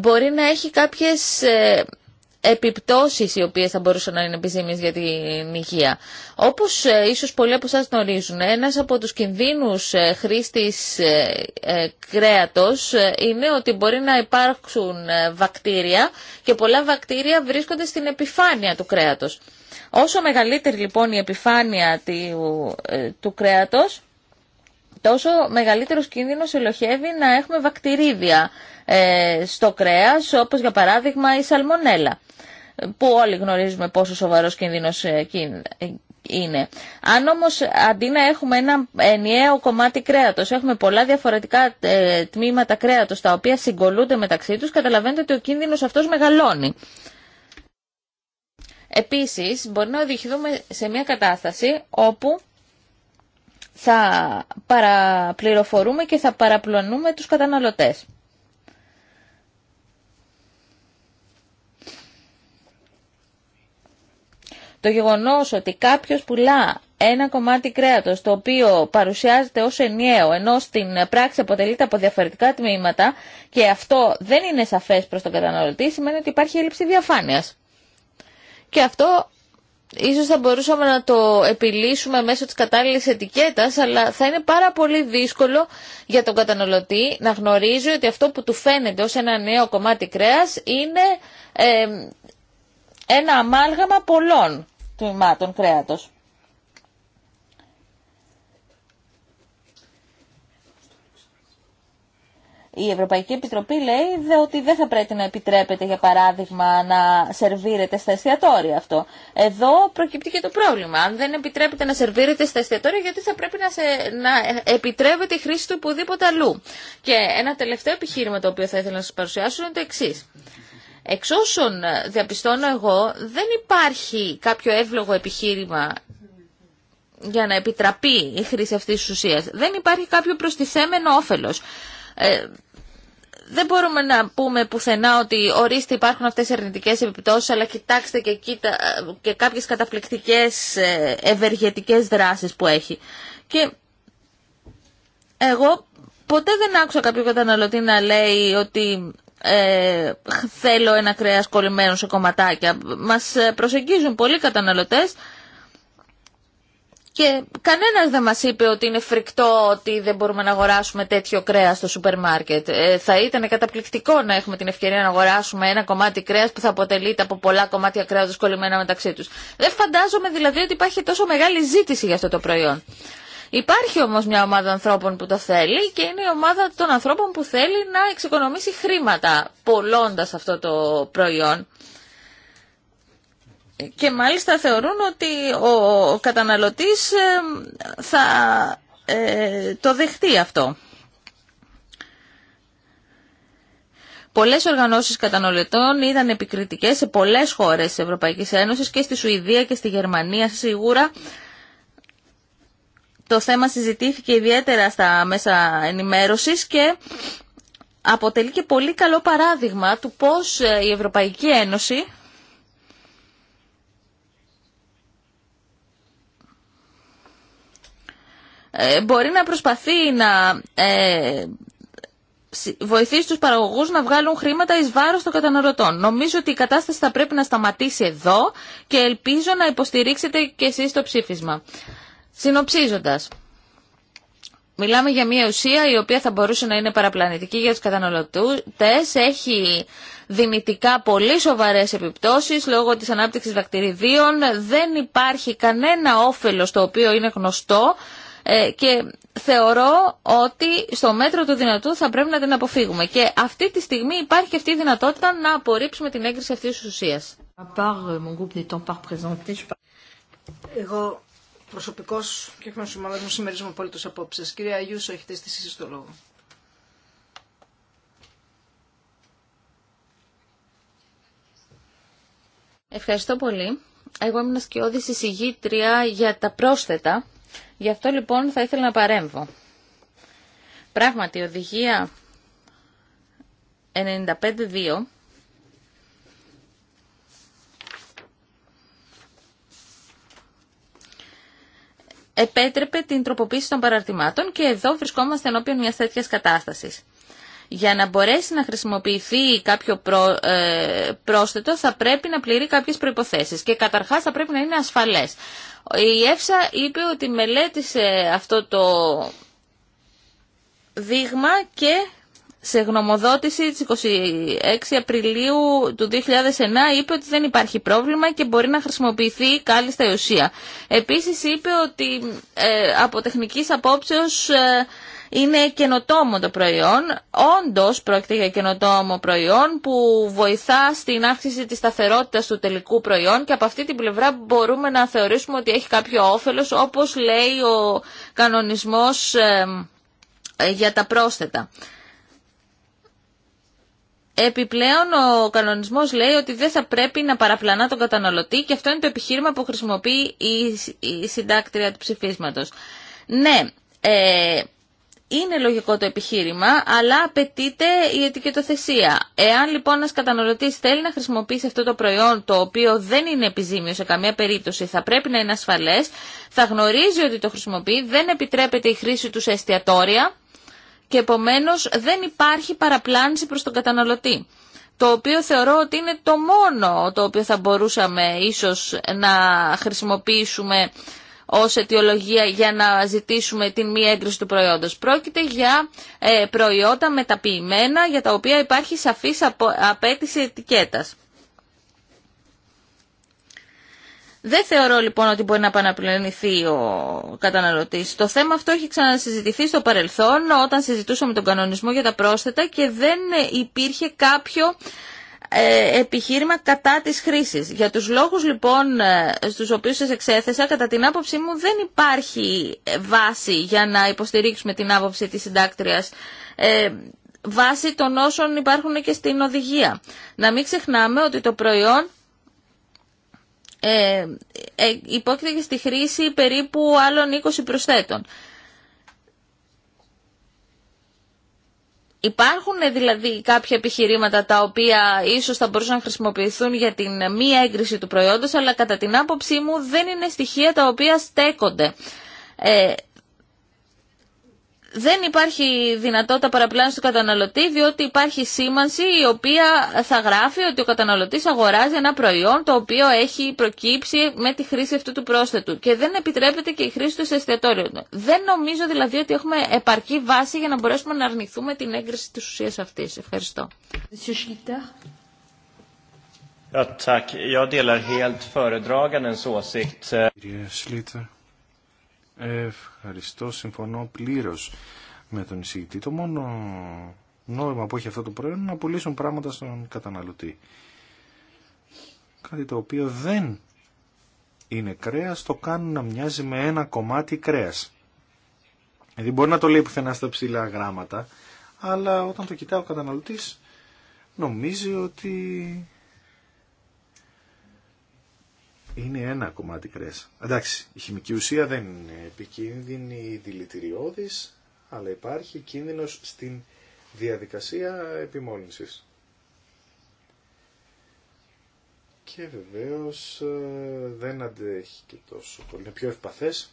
Speaker 2: μπορεί να έχει κάποιες ε, επιπτώσεις οι οποίες θα μπορούσαν να είναι επιζήμιες για την υγεία. Όπως ε, ίσως πολλοί από σας γνωρίζουν, ένας από τους κινδύνους ε, χρήστης ε, κρέατος είναι ότι μπορεί να υπάρξουν βακτήρια και πολλά βακτήρια βρίσκονται στην επιφάνεια του κρέατος. Όσο μεγαλύτερη λοιπόν η επιφάνεια του κρέατος, τόσο μεγαλύτερος κίνδυνος ελοχεύει να έχουμε βακτηρίδια ε, στο κρέας, όπως για παράδειγμα η σαλμονέλα, που όλοι γνωρίζουμε πόσο σοβαρός κίνδυνος ε, ε, είναι. Αν όμως αντί να έχουμε ένα ενιαίο κομμάτι κρέατος, έχουμε πολλά διαφορετικά τμήματα κρέατος τα οποία συγκολούνται μεταξύ τους, καταλαβαίνετε ότι ο κίνδυνος αυτός μεγαλώνει. Επίσης, μπορεί να οδηγηθούμε σε μια κατάσταση όπου θα παραπληροφορούμε και θα παραπλωνούμε τους καταναλωτές. Το γεγονός ότι κάποιος πουλά ένα κομμάτι κρέατος το οποίο παρουσιάζεται ως ενιαίο ενώ στην πράξη αποτελείται από διαφορετικά τμήματα και αυτό δεν είναι σαφές προς τον καταναλωτή σημαίνει ότι υπάρχει έλλειψη διαφάνειας. Και αυτό ίσως θα μπορούσαμε να το επιλύσουμε μέσω της κατάλληλης ετικέτας, αλλά θα είναι πάρα πολύ δύσκολο για τον καταναλωτή να γνωρίζει ότι αυτό που του φαίνεται ως ένα νέο κομμάτι κρέας είναι ε, ένα αμάλγαμα πολλών τμήματων κρέατος. Η Ευρωπαϊκή Επιτροπή λέει ότι δεν θα πρέπει να επιτρέπεται, για παράδειγμα, να σερβίρεται στα εστιατόρια αυτό. Εδώ προκύπτει και το πρόβλημα. Αν δεν επιτρέπεται να σερβίρεται στα εστιατόρια, γιατί θα πρέπει να, σε, να επιτρέπεται η χρήση του οπουδήποτε αλλού. Και ένα τελευταίο επιχείρημα το οποίο θα ήθελα να σα παρουσιάσω είναι το εξή. Εξ όσων διαπιστώνω εγώ, δεν υπάρχει κάποιο εύλογο επιχείρημα για να επιτραπεί η χρήση αυτής της ουσίας. Δεν υπάρχει κάποιο προστιθέμενο όφελος. Ε, δεν μπορούμε να πούμε πουθενά ότι ορίστε υπάρχουν αυτές οι αρνητικές επιπτώσεις αλλά κοιτάξτε και, κοίτα, και κάποιες καταπληκτικές ε, ευεργετικές δράσεις που έχει. Και εγώ ποτέ δεν άκουσα κάποιο καταναλωτή να λέει ότι ε, θέλω ένα κρέας κολλημένο σε κομματάκια. Μας προσεγγίζουν πολλοί καταναλωτές και κανένα δεν μα είπε ότι είναι φρικτό ότι δεν μπορούμε να αγοράσουμε τέτοιο κρέα στο σούπερ μάρκετ. Ε, θα ήταν καταπληκτικό να έχουμε την ευκαιρία να αγοράσουμε ένα κομμάτι κρέα που θα αποτελείται από πολλά κομμάτια κρέατος κολλημένα μεταξύ του. Δεν φαντάζομαι δηλαδή ότι υπάρχει τόσο μεγάλη ζήτηση για αυτό το προϊόν. Υπάρχει όμως μια ομάδα ανθρώπων που το θέλει και είναι η ομάδα των ανθρώπων που θέλει να εξοικονομήσει χρήματα πολλώντας αυτό το προϊόν και μάλιστα θεωρούν ότι ο καταναλωτής ε, θα ε, το δεχτεί αυτό. Πολλές οργανώσεις καταναλωτών ήταν επικριτικές σε πολλές χώρες της Ευρωπαϊκής Ένωσης και στη Σουηδία και στη Γερμανία σίγουρα. Το θέμα συζητήθηκε ιδιαίτερα στα μέσα ενημέρωσης και αποτελεί και πολύ καλό παράδειγμα του πώς ε, η Ευρωπαϊκή Ένωση Ε, μπορεί να προσπαθεί να ε, βοηθήσει τους παραγωγούς να βγάλουν χρήματα εις βάρος των καταναλωτών. Νομίζω ότι η κατάσταση θα πρέπει να σταματήσει εδώ και ελπίζω να υποστηρίξετε και εσείς το ψήφισμα. Συνοψίζοντας, μιλάμε για μια ουσία η οποία θα μπορούσε να είναι παραπλανητική για τους καταναλωτές, έχει δυνητικά πολύ σοβαρές επιπτώσεις λόγω της ανάπτυξης βακτηριδίων, δεν υπάρχει κανένα όφελος το οποίο είναι γνωστό ε, και θεωρώ ότι στο μέτρο του δυνατού θα πρέπει να την αποφύγουμε. Και αυτή τη στιγμή υπάρχει και αυτή η δυνατότητα να απορρίψουμε την έγκριση αυτής της ουσία. Euh, Εγώ
Speaker 4: προσωπικώς και έχουμε να ομάδας μου συμμερίζουμε απόλυτος απόψεις. Κυρία Αγίουσο, έχετε εσείς το λόγο.
Speaker 2: Ευχαριστώ πολύ. Εγώ ήμουν σκιώδης εισηγήτρια για τα πρόσθετα Γι' αυτό λοιπόν θα ήθελα να παρέμβω. Πράγματι, η οδηγία 95.2 επέτρεπε την τροποποίηση των παραρτημάτων και εδώ βρισκόμαστε ενώπιον μιας τέτοιας κατάστασης. Για να μπορέσει να χρησιμοποιηθεί κάποιο πρό, ε, πρόσθετο θα πρέπει να πληρεί κάποιες προϋποθέσεις και καταρχάς θα πρέπει να είναι ασφαλές. Η ΕΦΣΑ είπε ότι μελέτησε αυτό το δείγμα και σε γνωμοδότηση της 26 Απριλίου του 2009 είπε ότι δεν υπάρχει πρόβλημα και μπορεί να χρησιμοποιηθεί κάλλιστα η ουσία. Επίσης είπε ότι ε, από τεχνικής απόψεως ε, είναι καινοτόμο το προϊόν. όντω πρόκειται για καινοτόμο προϊόν που βοηθά στην αύξηση της σταθερότητα του τελικού προϊόν και από αυτή την πλευρά μπορούμε να θεωρήσουμε ότι έχει κάποιο όφελος όπως λέει ο κανονισμός για τα πρόσθετα. Επιπλέον ο κανονισμός λέει ότι δεν θα πρέπει να παραπλανά τον καταναλωτή και αυτό είναι το επιχείρημα που χρησιμοποιεί η συντάκτρια του ψηφίσματος. Ναι, ε, είναι λογικό το επιχείρημα, αλλά απαιτείται η ετικετοθεσία. Εάν λοιπόν ένα καταναλωτή θέλει να χρησιμοποιήσει αυτό το προϊόν, το οποίο δεν είναι επιζήμιο σε καμία περίπτωση, θα πρέπει να είναι ασφαλέ, θα γνωρίζει ότι το χρησιμοποιεί, δεν επιτρέπεται η χρήση του σε εστιατόρια και επομένω δεν υπάρχει παραπλάνηση προ τον καταναλωτή. Το οποίο θεωρώ ότι είναι το μόνο το οποίο θα μπορούσαμε ίσω να χρησιμοποιήσουμε ως αιτιολογία για να ζητήσουμε την μη έγκριση του προϊόντος. Πρόκειται για ε, προϊόντα μεταποιημένα για τα οποία υπάρχει σαφής απέτηση ετικέτας. Δεν θεωρώ λοιπόν ότι μπορεί να επαναπληρωθεί ο καταναλωτή. Το θέμα αυτό έχει ξανασυζητηθεί στο παρελθόν όταν συζητούσαμε τον κανονισμό για τα πρόσθετα και δεν υπήρχε κάποιο ε, επιχείρημα κατά της χρήσης. Για τους λόγους λοιπόν ε, στους οποίους σας εξέθεσα, κατά την άποψή μου δεν υπάρχει ε, βάση για να υποστηρίξουμε την άποψη της συντάκτριας βάση των όσων υπάρχουν και στην οδηγία. Να μην ξεχνάμε ότι το προϊόν ε, υπόκειται και στη χρήση περίπου άλλων 20 προσθέτων. Υπάρχουν ε, δηλαδή κάποια επιχειρήματα τα οποία ίσως θα μπορούσαν να χρησιμοποιηθούν για την ε, μία έγκριση του προϊόντος, αλλά κατά την άποψή μου δεν είναι στοιχεία τα οποία στέκονται. Ε, δεν υπάρχει δυνατότητα παραπλάνησης του καταναλωτή διότι υπάρχει σήμανση η οποία θα γράφει ότι ο καταναλωτής αγοράζει ένα προϊόν το οποίο έχει προκύψει με τη χρήση αυτού του πρόσθετου και δεν επιτρέπεται και η χρήση του σε εστιατόριο. Δεν νομίζω δηλαδή ότι έχουμε επαρκή βάση για να μπορέσουμε να αρνηθούμε την έγκριση της ουσίας αυτής. Ευχαριστώ.
Speaker 1: Ευχαριστώ. Συμφωνώ πλήρω με τον εισηγητή. Το μόνο νόημα που έχει αυτό το προϊόν είναι να πουλήσουν πράγματα στον καταναλωτή. Κάτι το οποίο δεν είναι κρέα το κάνουν να μοιάζει με ένα κομμάτι κρέας. Δηλαδή μπορεί να το λέει πουθενά στα ψηλά γράμματα, αλλά όταν το κοιτάει ο καταναλωτής νομίζει ότι είναι ένα κομμάτι κρέας. Εντάξει, η χημική ουσία δεν είναι επικίνδυνη, δηλητηριώδης, αλλά υπάρχει κίνδυνος στην διαδικασία επιμόλυνσης. Και βεβαίως ε, δεν αντέχει και τόσο πολύ. Είναι πιο ευπαθές,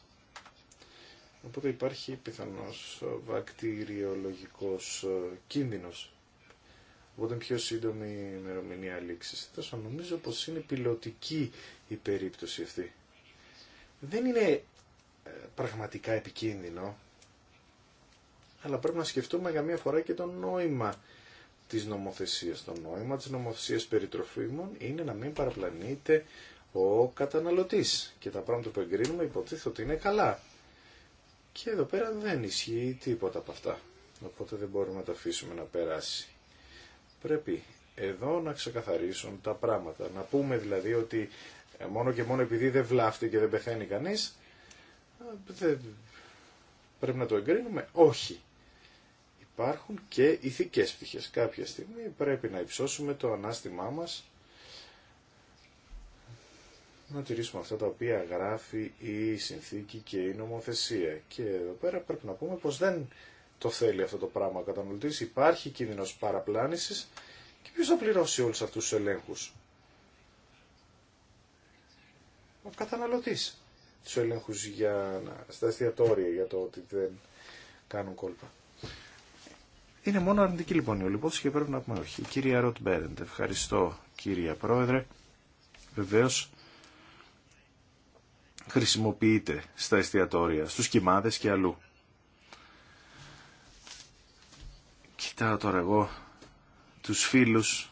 Speaker 1: οπότε υπάρχει πιθανός βακτηριολογικός ε, κίνδυνος. Οπότε πιο σύντομη η ημερομηνία λήξη. Τόσο νομίζω πως είναι πιλωτική η περίπτωση αυτή. Δεν είναι ε, πραγματικά επικίνδυνο, αλλά πρέπει να σκεφτούμε για μία φορά και το νόημα της νομοθεσίας. Το νόημα της νομοθεσίας περί τροφίμων είναι να μην παραπλανείται ο καταναλωτής και τα πράγματα που εγκρίνουμε υποτίθεται ότι είναι καλά. Και εδώ πέρα δεν ισχύει τίποτα από αυτά. Οπότε δεν μπορούμε να τα αφήσουμε να περάσει. Πρέπει εδώ να ξεκαθαρίσουν τα πράγματα. Να πούμε δηλαδή ότι ε, μόνο και μόνο επειδή δεν βλάφτει και δεν πεθαίνει κανείς, ε, πρέπει να το εγκρίνουμε. Όχι. Υπάρχουν και ηθικές πτυχές. Κάποια στιγμή πρέπει να υψώσουμε το ανάστημά μας να τηρήσουμε αυτά τα οποία γράφει η συνθήκη και η νομοθεσία. Και εδώ πέρα πρέπει να πούμε πως δεν το θέλει αυτό το πράγμα ο καταναλωτής, υπάρχει κίνδυνο παραπλάνησης και ποιο θα πληρώσει όλου αυτούς τους ελέγχου, Ο καταναλωτή τους ελέγχου για, στα εστιατόρια για το ότι δεν κάνουν κόλπα. Είναι μόνο αρνητική λοιπόν η ολυμπόση και πρέπει να πούμε όχι. κυρία Ροτ Μπέρεντ, ευχαριστώ κυρία Πρόεδρε. Βεβαίω χρησιμοποιείται στα εστιατόρια, στους κοιμάδες και αλλού. κοιτάω τώρα εγώ τους φίλους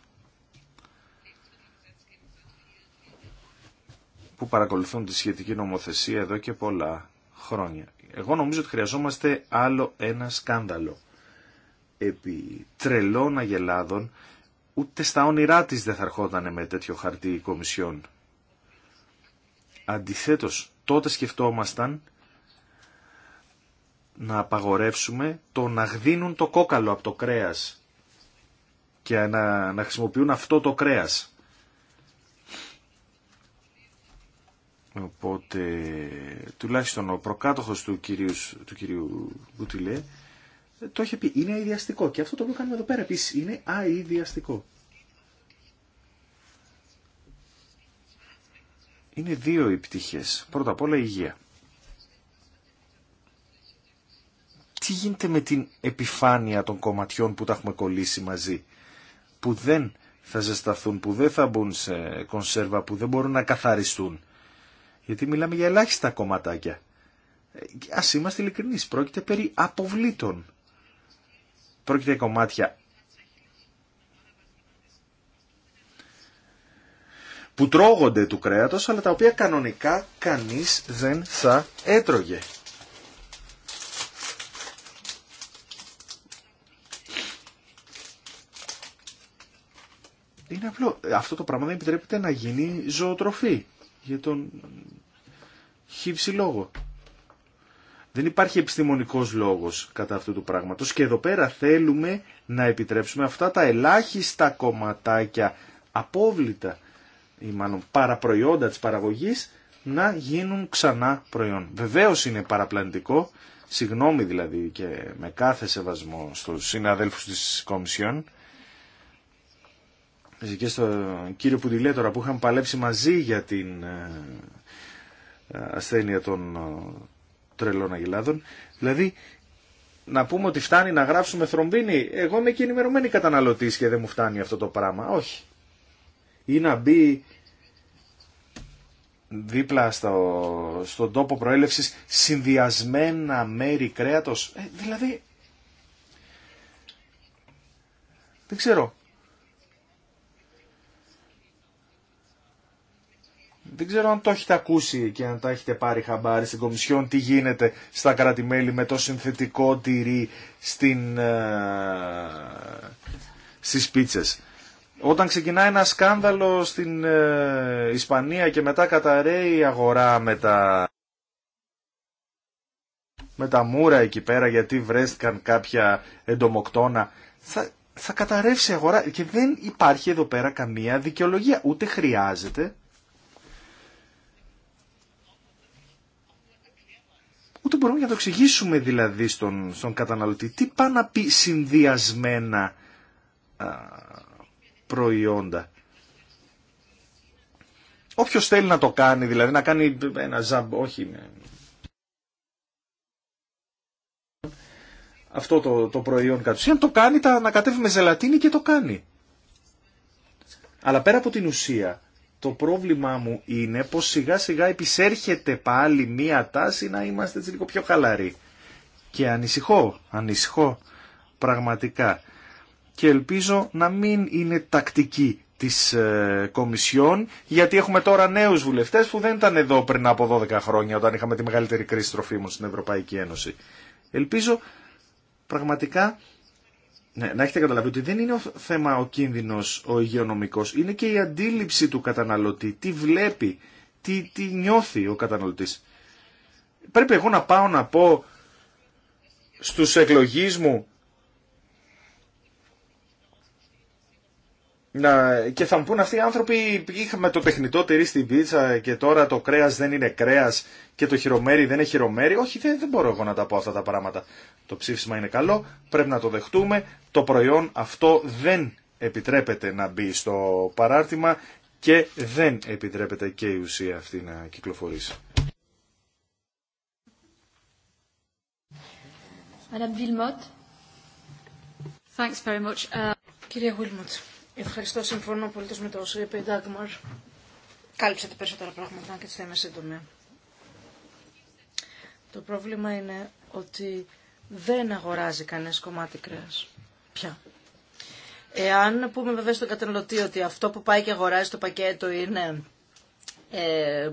Speaker 1: που παρακολουθούν τη σχετική νομοθεσία εδώ και πολλά χρόνια. Εγώ νομίζω ότι χρειαζόμαστε άλλο ένα σκάνδαλο. Επί τρελών αγελάδων ούτε στα όνειρά της δεν θα ερχόταν με τέτοιο χαρτί η Κομισιόν. Αντιθέτως, τότε σκεφτόμασταν να απαγορεύσουμε το να γδίνουν το κόκαλο από το κρέας και να, να χρησιμοποιούν αυτό το κρέας. Οπότε, τουλάχιστον ο προκάτοχος του κυρίου, του κυρίου Μπουτιλέ ε, το είχε πει, είναι αειδιαστικό. Και αυτό το οποίο κάνουμε εδώ πέρα επίσης είναι αειδιαστικό. Είναι δύο οι πτυχές. Πρώτα απ' όλα η υγεία. τι γίνεται με την επιφάνεια των κομματιών που τα έχουμε κολλήσει μαζί, που δεν θα ζεσταθούν, που δεν θα μπουν σε κονσέρβα, που δεν μπορούν να καθαριστούν. Γιατί μιλάμε για ελάχιστα κομματάκια. Ε, ας είμαστε ειλικρινεί, πρόκειται περί αποβλήτων. Πρόκειται για κομμάτια που τρώγονται του κρέατος, αλλά τα οποία κανονικά κανείς δεν θα έτρωγε. Αυτό το πράγμα δεν επιτρέπεται να γίνει ζωοτροφή για τον χύψη λόγο. Δεν υπάρχει επιστημονικός λόγος κατά αυτού του πράγματος και εδώ πέρα θέλουμε να επιτρέψουμε αυτά τα ελάχιστα κομματάκια απόβλητα ή μάλλον παραπροϊόντα της παραγωγής να γίνουν ξανά προϊόν. Βεβαίως είναι παραπλανητικό, συγγνώμη δηλαδή και με κάθε σεβασμό στους συναδέλφους της Κομισιόν, και στον κύριο Πουντιλέτορα που είχαν παλέψει μαζί για την ε, ασθένεια των ε, τρελών αγελάδων. Δηλαδή, να πούμε ότι φτάνει να γράψουμε θρομπίνη. Εγώ είμαι και ενημερωμένη καταναλωτή και δεν μου φτάνει αυτό το πράγμα. Όχι. Ή να μπει δίπλα στο, στον τόπο προέλευσης συνδυασμένα μέρη κρέατος. Ε, δηλαδή, δεν ξέρω. Δεν ξέρω αν το έχετε ακούσει και αν τα έχετε πάρει χαμπάρι στην Κομισιόν τι γίνεται στα κρατη με το συνθετικό τυρί στην, ε, στις πίτσες. Όταν ξεκινάει ένα σκάνδαλο στην ε, Ισπανία και μετά καταραίει η αγορά με τα, με τα μούρα εκεί πέρα γιατί βρέστηκαν κάποια εντομοκτώνα θα, θα καταρρεύσει η αγορά και δεν υπάρχει εδώ πέρα καμία δικαιολογία ούτε χρειάζεται Ούτε μπορούμε να το εξηγήσουμε δηλαδή στον, στον καταναλωτή. Τι πάνε να πει συνδυασμένα α, προϊόντα. Όποιο θέλει να το κάνει, δηλαδή να κάνει ένα ζαμπ, όχι. Αυτό το, το προϊόν κατ' ουσίαν το κάνει, τα ανακατεύει με ζελατίνη και το κάνει. Αλλά πέρα από την ουσία, το πρόβλημά μου είναι πως σιγά σιγά επισέρχεται πάλι μία τάση να είμαστε έτσι λίγο πιο χαλαροί. Και ανησυχώ, ανησυχώ πραγματικά. Και ελπίζω να μην είναι τακτική της ε, Κομισιόν, γιατί έχουμε τώρα νέους βουλευτές που δεν ήταν εδώ πριν από 12 χρόνια όταν είχαμε τη μεγαλύτερη κρίση τροφίμων στην Ευρωπαϊκή Ένωση. Ελπίζω πραγματικά ναι, να έχετε καταλαβεί ότι δεν είναι ο θέμα ο κίνδυνος ο υγειονομικός, είναι και η αντίληψη του καταναλωτή, τι βλέπει, τι, τι νιώθει ο καταναλωτής. Πρέπει εγώ να πάω να πω στους εκλογείς μου και θα μου πούν αυτοί οι άνθρωποι είχαμε το τεχνητό τυρί στην πίτσα και τώρα το κρέας δεν είναι κρέας και το χειρομέρι δεν είναι χειρομέρι. Όχι δεν, μπορώ εγώ να τα πω αυτά τα πράγματα. Το ψήφισμα είναι καλό, πρέπει να το δεχτούμε. Το προϊόν αυτό δεν επιτρέπεται να μπει στο παράρτημα και δεν επιτρέπεται και η ουσία αυτή να κυκλοφορήσει.
Speaker 4: Ευχαριστώ. Συμφωνώ πολύ με το όσο είπε η Ντάγμαρ. Κάλυψατε περισσότερα πράγματα και τις θα είμαι σύντομη. Το πρόβλημα είναι ότι δεν αγοράζει κανένα κομμάτι κρέας. Πια. Εάν πούμε βέβαια στον καταναλωτή ότι αυτό που πάει και αγοράζει το πακέτο είναι ε,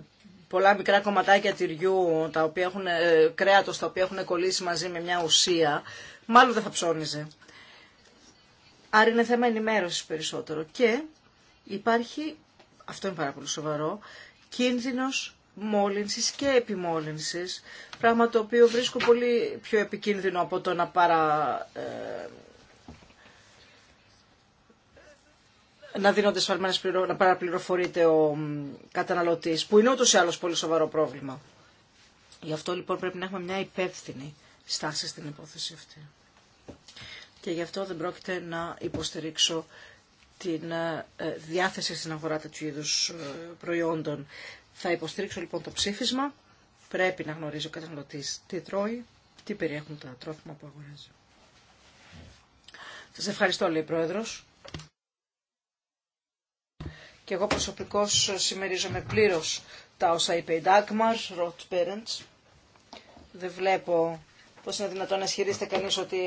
Speaker 4: πολλά μικρά κομματάκια τυριού, τα οποία έχουν, ε, κρέατος τα οποία έχουν κολλήσει μαζί με μια ουσία, μάλλον δεν θα ψώνιζε. Άρα είναι θέμα ενημέρωσης περισσότερο. Και υπάρχει, αυτό είναι πάρα πολύ σοβαρό, κίνδυνος μόλυνσης και επιμόλυνσης, πράγμα το οποίο βρίσκω πολύ πιο επικίνδυνο από το να παρα... Ε, να δίνονται να παραπληροφορείται ο καταναλωτής, που είναι ούτως ή άλλως πολύ σοβαρό πρόβλημα. Γι' αυτό λοιπόν πρέπει να έχουμε μια υπεύθυνη στάση στην υπόθεση αυτή και γι' αυτό δεν πρόκειται να υποστηρίξω την ε, ε, διάθεση στην αγορά τέτοιου είδου ε, προϊόντων. Θα υποστηρίξω λοιπόν το ψήφισμα. Πρέπει να γνωρίζει ο καταναλωτή τι τρώει, τι περιέχουν τα τρόφιμα που αγοράζει. Σα ευχαριστώ, λέει Πρόεδρος. Και εγώ προσωπικώ συμμερίζομαι πλήρω τα όσα είπε η Ντάκμαρ, Ροτ Δεν βλέπω Πώς είναι δυνατόν να ισχυρίζεται κανείς ότι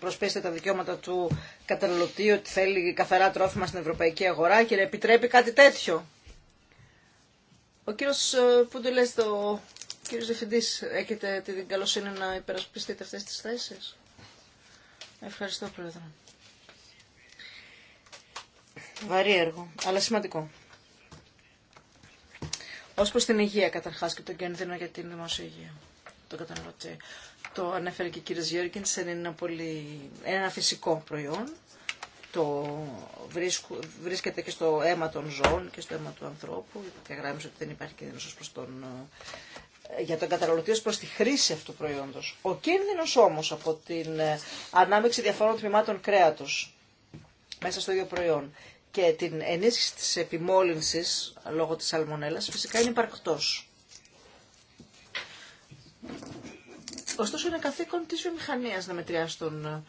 Speaker 4: προσπέσετε τα δικαιώματα του καταναλωτή, ότι θέλει καθαρά τρόφιμα στην ευρωπαϊκή αγορά και επιτρέπει κάτι τέτοιο. Ο κύριος ε, που το κύριος Διευθυντής, έχετε την καλοσύνη να υπερασπιστείτε αυτές τις θέσεις. Ευχαριστώ, Πρόεδρε. Βαρύ έργο, αλλά σημαντικό. Ως προς την υγεία, καταρχάς, και τον κίνδυνο για την δημοσιογεία το ότι Το ανέφερε και ο κύριος Γιώργινσεν, είναι ένα, πολύ, ένα φυσικό προϊόν. Το βρίσκεται και στο αίμα των ζώων και στο αίμα του ανθρώπου. Διαγράμμισε ότι δεν υπάρχει κίνδυνος προς τον, ε, για τον καταναλωτή ω προ τη χρήση αυτού του προϊόντος. Ο κίνδυνο όμω από την ε, ανάμειξη διαφόρων τμήματων κρέατος μέσα στο ίδιο προϊόν και την ενίσχυση τη επιμόλυνσης λόγω τη αλμονέλας φυσικά είναι υπαρκτό. Ωστόσο είναι καθήκον τη βιομηχανία να μετριάσει τον ε,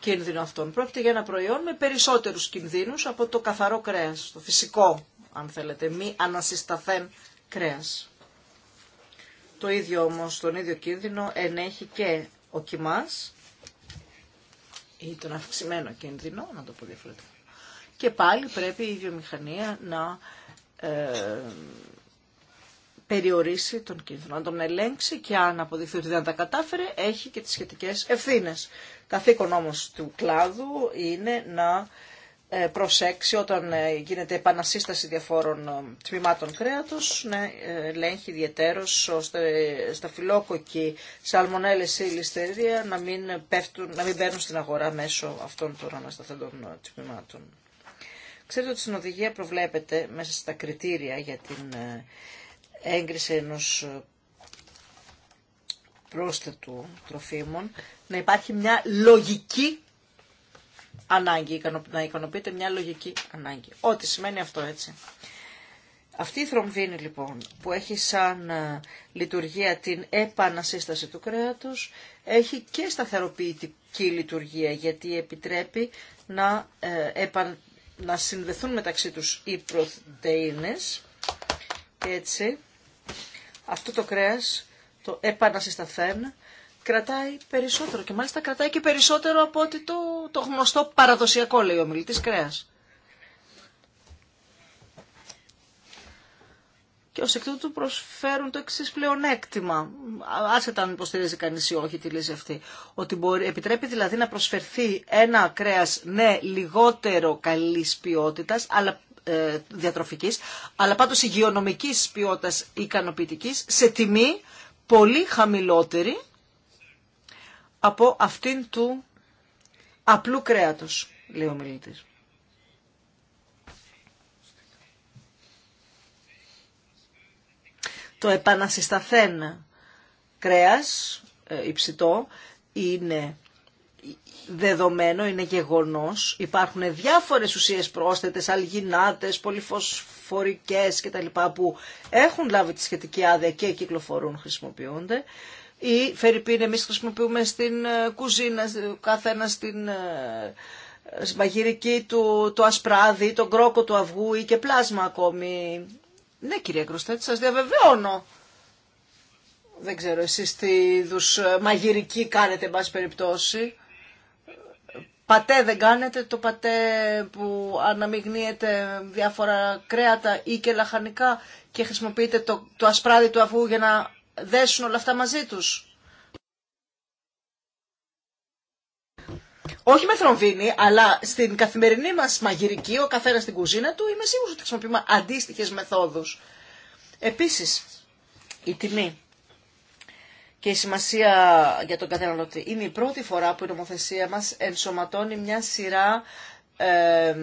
Speaker 4: κίνδυνο αυτόν. Πρόκειται για ένα προϊόν με περισσότερους κινδύνους από το καθαρό κρέας, το φυσικό, αν θέλετε, μη ανασυσταθέν κρέας. Το ίδιο όμω, τον ίδιο κίνδυνο ενέχει και ο κοιμά ή τον αυξημένο κίνδυνο, να το πω διαφορετικά. Και πάλι πρέπει η βιομηχανία να ε, περιορίσει τον κίνδυνο, να τον ελέγξει και αν αποδειχθεί ότι δεν τα κατάφερε, έχει και τις σχετικές ευθύνες. Καθήκον όμως του κλάδου είναι να ε, προσέξει όταν ε, γίνεται επανασύσταση διαφόρων ε, τμήματων κρέατος να ελέγχει ιδιαίτερος ώστε στα φιλόκοκοι σαλμονέλες ή ληστερία να μην, πέφτουν, να μην μπαίνουν στην αγορά μέσω αυτών των ανασταθέντων τμήματων. Ξέρετε ότι στην οδηγία προβλέπεται μέσα στα κριτήρια για την έγκριση ενός πρόσθετου τροφίμων, να υπάρχει μια λογική ανάγκη, να ικανοποιείται μια λογική ανάγκη. Ό,τι σημαίνει αυτό έτσι. Αυτή η θρομβίνη λοιπόν που έχει σαν ε, λειτουργία την επανασύσταση του κρέατος έχει και σταθεροποιητική λειτουργία γιατί επιτρέπει να, ε, να συνδεθούν μεταξύ τους οι πρωτεΐνες έτσι αυτό το κρέας, το επανασυσταθέν, κρατάει περισσότερο και μάλιστα κρατάει και περισσότερο από ότι το, το γνωστό παραδοσιακό, λέει ο μιλητής, κρέας. και ως εκ τούτου προσφέρουν το εξή πλεονέκτημα, άσχετα αν υποστηρίζει κανείς ή όχι τη λύση αυτή, ότι μπορεί, επιτρέπει δηλαδή να προσφερθεί ένα κρέας, ναι, λιγότερο καλής ποιότητας, αλλά ε, διατροφικής, αλλά πάντως υγειονομικής ποιότητας ικανοποιητικής, σε τιμή πολύ χαμηλότερη από αυτήν του απλού κρέατος, λέει ο μιλήτης. Το επανασυσταθέν κρέας, ε, υψητό, είναι δεδομένο, είναι γεγονός. Υπάρχουν διάφορες ουσίες πρόσθετες, αλγινάτες, πολυφωσφορικές κτλ. που έχουν λάβει τη σχετική άδεια και κυκλοφορούν, χρησιμοποιούνται. Ή φεριπίν εμείς χρησιμοποιούμε στην ε, κουζίνα, κάθε ένα ε, στην μαγειρική του το ασπράδι, τον κρόκο του αυγού ή και πλάσμα ακόμη. Ναι κυρία Κρουστέτ, σας διαβεβαιώνω. Δεν ξέρω εσείς τι είδου ε, μαγειρική κάνετε, εν πάση περιπτώσει πατέ δεν κάνετε, το πατέ που αναμειγνύεται διάφορα κρέατα ή και λαχανικά και χρησιμοποιείτε το, το ασπράδι του αφού για να δέσουν όλα αυτά μαζί τους. Όχι με θρομβίνη, αλλά στην καθημερινή μας μαγειρική, ο καθένας στην κουζίνα του, είμαι σίγουρος ότι χρησιμοποιούμε αντίστοιχες μεθόδους. Επίσης, η τιμή και η σημασία για τον καταναλωτή. Είναι η πρώτη φορά που η νομοθεσία μας ενσωματώνει μια σειρά ε,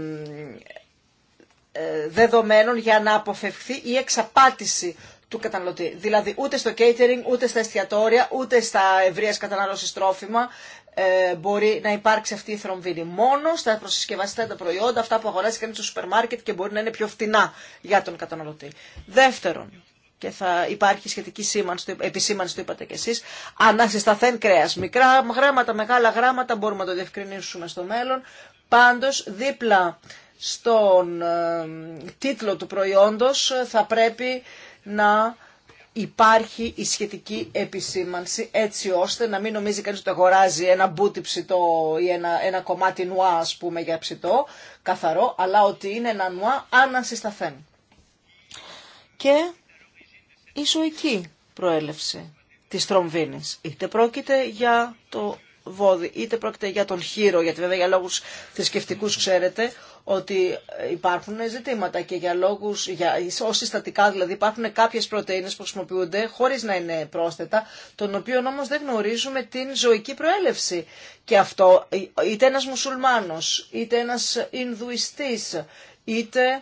Speaker 4: δεδομένων για να αποφευχθεί η εξαπάτηση του καταναλωτή. Δηλαδή ούτε στο catering, ούτε στα εστιατόρια, ούτε στα ευρεία κατανάλωση τρόφιμα ε, μπορεί να υπάρξει αυτή η θρομβίνη. Μόνο στα προσυσκευαστικά τα προϊόντα, αυτά που αγοράζει κανεί στο σούπερ μάρκετ και μπορεί να είναι πιο φτηνά για τον καταναλωτή. Δεύτερον, και θα υπάρχει σχετική σήμανση, επισήμανση, το είπατε κι εσείς. Ανασυσταθέν κρέας. Μικρά γράμματα, μεγάλα γράμματα, μπορούμε να το διευκρινίσουμε στο μέλλον. Πάντως, δίπλα στον ε, τίτλο του προϊόντος ε, θα πρέπει να υπάρχει η σχετική επισήμανση έτσι ώστε να μην νομίζει κανείς ότι αγοράζει ένα μπούτι ψητό ή ένα, ένα κομμάτι νουά ας πούμε για ψητό καθαρό αλλά ότι είναι ένα νουά ανασυσταθέν. Και η ζωική προέλευση της τρομβίνης. Είτε πρόκειται για το βόδι, είτε πρόκειται για τον χείρο, γιατί βέβαια για λόγους θρησκευτικού ξέρετε ότι υπάρχουν ζητήματα και για λόγου, για, συστατικά δηλαδή υπάρχουν κάποιες πρωτεΐνες που χρησιμοποιούνται χωρίς να είναι πρόσθετα, των οποίων όμως δεν γνωρίζουμε την ζωική προέλευση. Και αυτό είτε ένα μουσουλμάνος, είτε ένα Ινδουιστής, είτε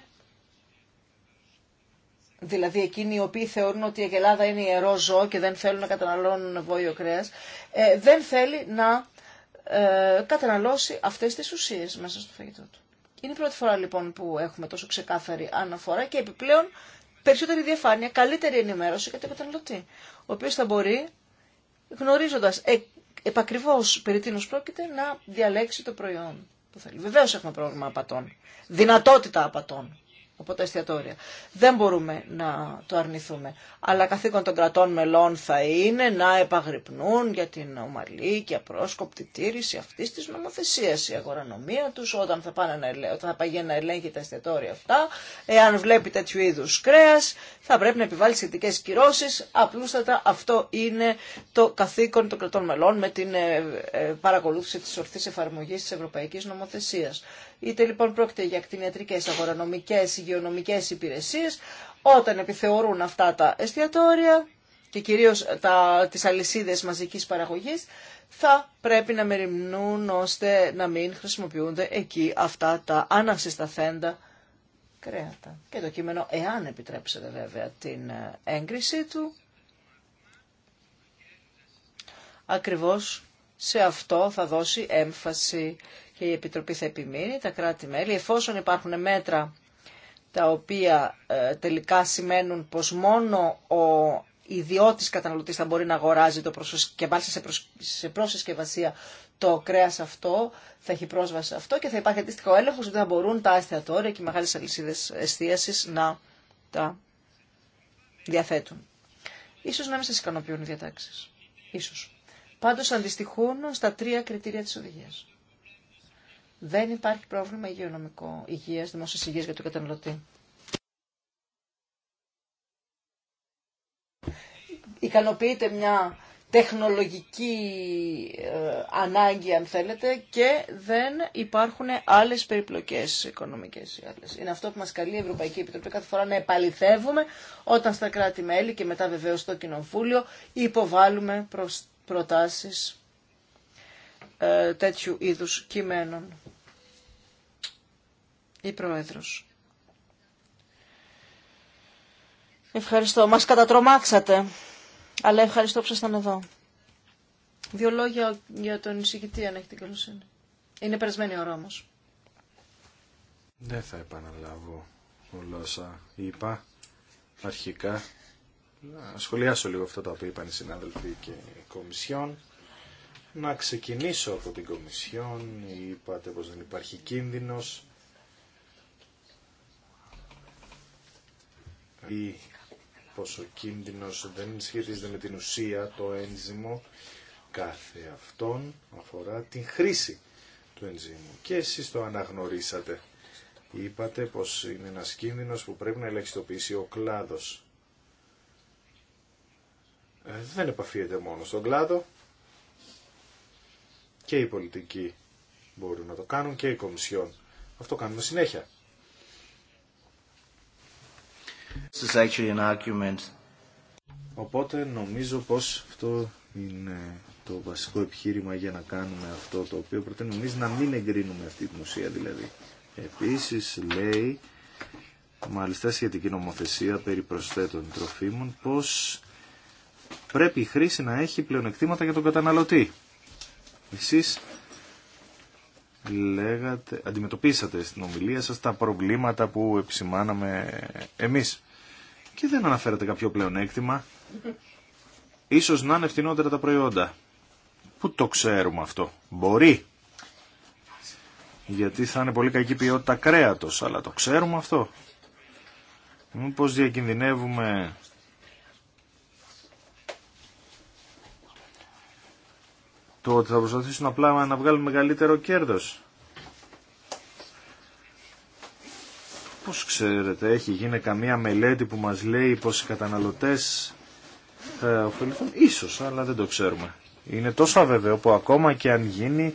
Speaker 4: δηλαδή εκείνοι οι οποίοι θεωρούν ότι η Ελλάδα είναι ιερό ζώο και δεν θέλουν να καταναλώνουν βόλιο κρέα, ε, δεν θέλει να ε, καταναλώσει αυτέ τι ουσίε μέσα στο φαγητό του. Είναι η πρώτη φορά λοιπόν που έχουμε τόσο ξεκάθαρη αναφορά και επιπλέον περισσότερη διαφάνεια, καλύτερη ενημέρωση για τον καταναλωτή, ο οποίο θα μπορεί γνωρίζοντα ε, επακριβώς περί τίνο πρόκειται να διαλέξει το προϊόν που θέλει. Βεβαίω έχουμε πρόβλημα απατών, δυνατότητα απατών από τα εστιατόρια. Δεν μπορούμε να το αρνηθούμε. Αλλά καθήκον των κρατών μελών θα είναι να επαγρυπνούν για την ομαλή και απρόσκοπτη τήρηση αυτή τη νομοθεσία, Η αγορανομία του, όταν θα, πάνε να όταν θα να ελέγχει τα εστιατόρια αυτά, εάν βλέπει τέτοιου είδου κρέα, θα πρέπει να επιβάλλει σχετικέ κυρώσει. Απλούστατα αυτό είναι το καθήκον των κρατών μελών με την ε, ε, παρακολούθηση τη ορθής εφαρμογή τη Ευρωπαϊκή Νομοθεσία. Είτε λοιπόν πρόκειται για κτηνιατρικές, αγορανομικές, υγειονομικές υπηρεσίες, όταν επιθεωρούν αυτά τα εστιατόρια και κυρίως τα, τις αλυσίδες μαζικής παραγωγής, θα πρέπει να μεριμνούν ώστε να μην χρησιμοποιούνται εκεί αυτά τα φέντα κρέατα. Και το κείμενο, εάν επιτρέψετε βέβαια την ε, έγκρισή του, ακριβώς σε αυτό θα δώσει έμφαση και η Επιτροπή θα επιμείνει, τα κράτη-μέλη, εφόσον υπάρχουν μέτρα τα οποία ε, τελικά σημαίνουν πως μόνο ο ιδιώτης καταναλωτής θα μπορεί να αγοράζει το και μάλιστα σε, προσ... σε προσυσκευασία το κρέας αυτό, θα έχει πρόσβαση σε αυτό και θα υπάρχει αντίστοιχο έλεγχος ότι θα μπορούν τα εστιατόρια και οι μεγάλες αλυσίδες εστίασης να τα διαθέτουν. Ίσως να μην σας ικανοποιούν οι διατάξεις. Ίσως. Πάντως αντιστοιχούν στα τρία κριτήρια της οδηγίας δεν υπάρχει πρόβλημα υγειονομικό, υγείας, δημόσιας υγείας για τον καταναλωτή. Ικανοποιείται μια τεχνολογική ε, ανάγκη, αν θέλετε, και δεν υπάρχουν άλλες περιπλοκές οικονομικές. Άλλες. Είναι αυτό που μας καλεί η Ευρωπαϊκή Επιτροπή κάθε φορά να επαληθεύουμε όταν στα κράτη-μέλη και μετά βεβαίως στο Κοινοβούλιο υποβάλλουμε προς ε, τέτοιου είδους κειμένων η Πρόεδρος. Ευχαριστώ. Μας κατατρομάξατε. Αλλά ευχαριστώ που ήσασταν εδώ. Δύο λόγια για τον εισηγητή, αν έχει την καλοσύνη. Είναι περασμένη ώρα όμως.
Speaker 1: Δεν θα επαναλάβω όλα όσα είπα αρχικά. Να σχολιάσω λίγο αυτό το οποία είπαν οι συνάδελφοι και η Κομισιόν. Να ξεκινήσω από την Κομισιόν. Είπατε πως δεν υπάρχει κίνδυνος ή πως ο κίνδυνος δεν σχετίζεται με την ουσία, το ένζυμο κάθε αυτόν αφορά την χρήση του ενζύμου. Και εσείς το αναγνωρίσατε. Είπατε πως είναι ένας κίνδυνος που πρέπει να ελαχιστοποιήσει ο κλάδος. Ε, δεν επαφίεται μόνο στον κλάδο. Και οι πολιτικοί μπορούν να το κάνουν και οι κομισιόν. Αυτό κάνουμε συνέχεια. Οπότε νομίζω πως αυτό είναι το βασικό επιχείρημα για να κάνουμε αυτό το οποίο προτείνουμε να μην εγκρίνουμε αυτή την ουσία δηλαδή. Επίσης λέει μάλιστα σχετική νομοθεσία περί προσθέτων τροφίμων πως πρέπει η χρήση να έχει πλεονεκτήματα για τον καταναλωτή. Εσείς λέγατε, αντιμετωπίσατε στην ομιλία σας τα προβλήματα που επισημάναμε εμείς. Και δεν αναφέρατε κάποιο πλεονέκτημα. Ίσως να είναι φτηνότερα τα προϊόντα. Πού το ξέρουμε αυτό. Μπορεί. Γιατί θα είναι πολύ κακή ποιότητα κρέατος, αλλά το ξέρουμε αυτό. Μήπως διακινδυνεύουμε το ότι θα προσπαθήσουν απλά να βγάλουν μεγαλύτερο κέρδος. Πώς ξέρετε, έχει γίνει καμία μελέτη που μας λέει πως οι καταναλωτές θα ωφεληθούν. Ίσως, αλλά δεν το ξέρουμε. Είναι τόσο αβεβαίο που ακόμα και αν γίνει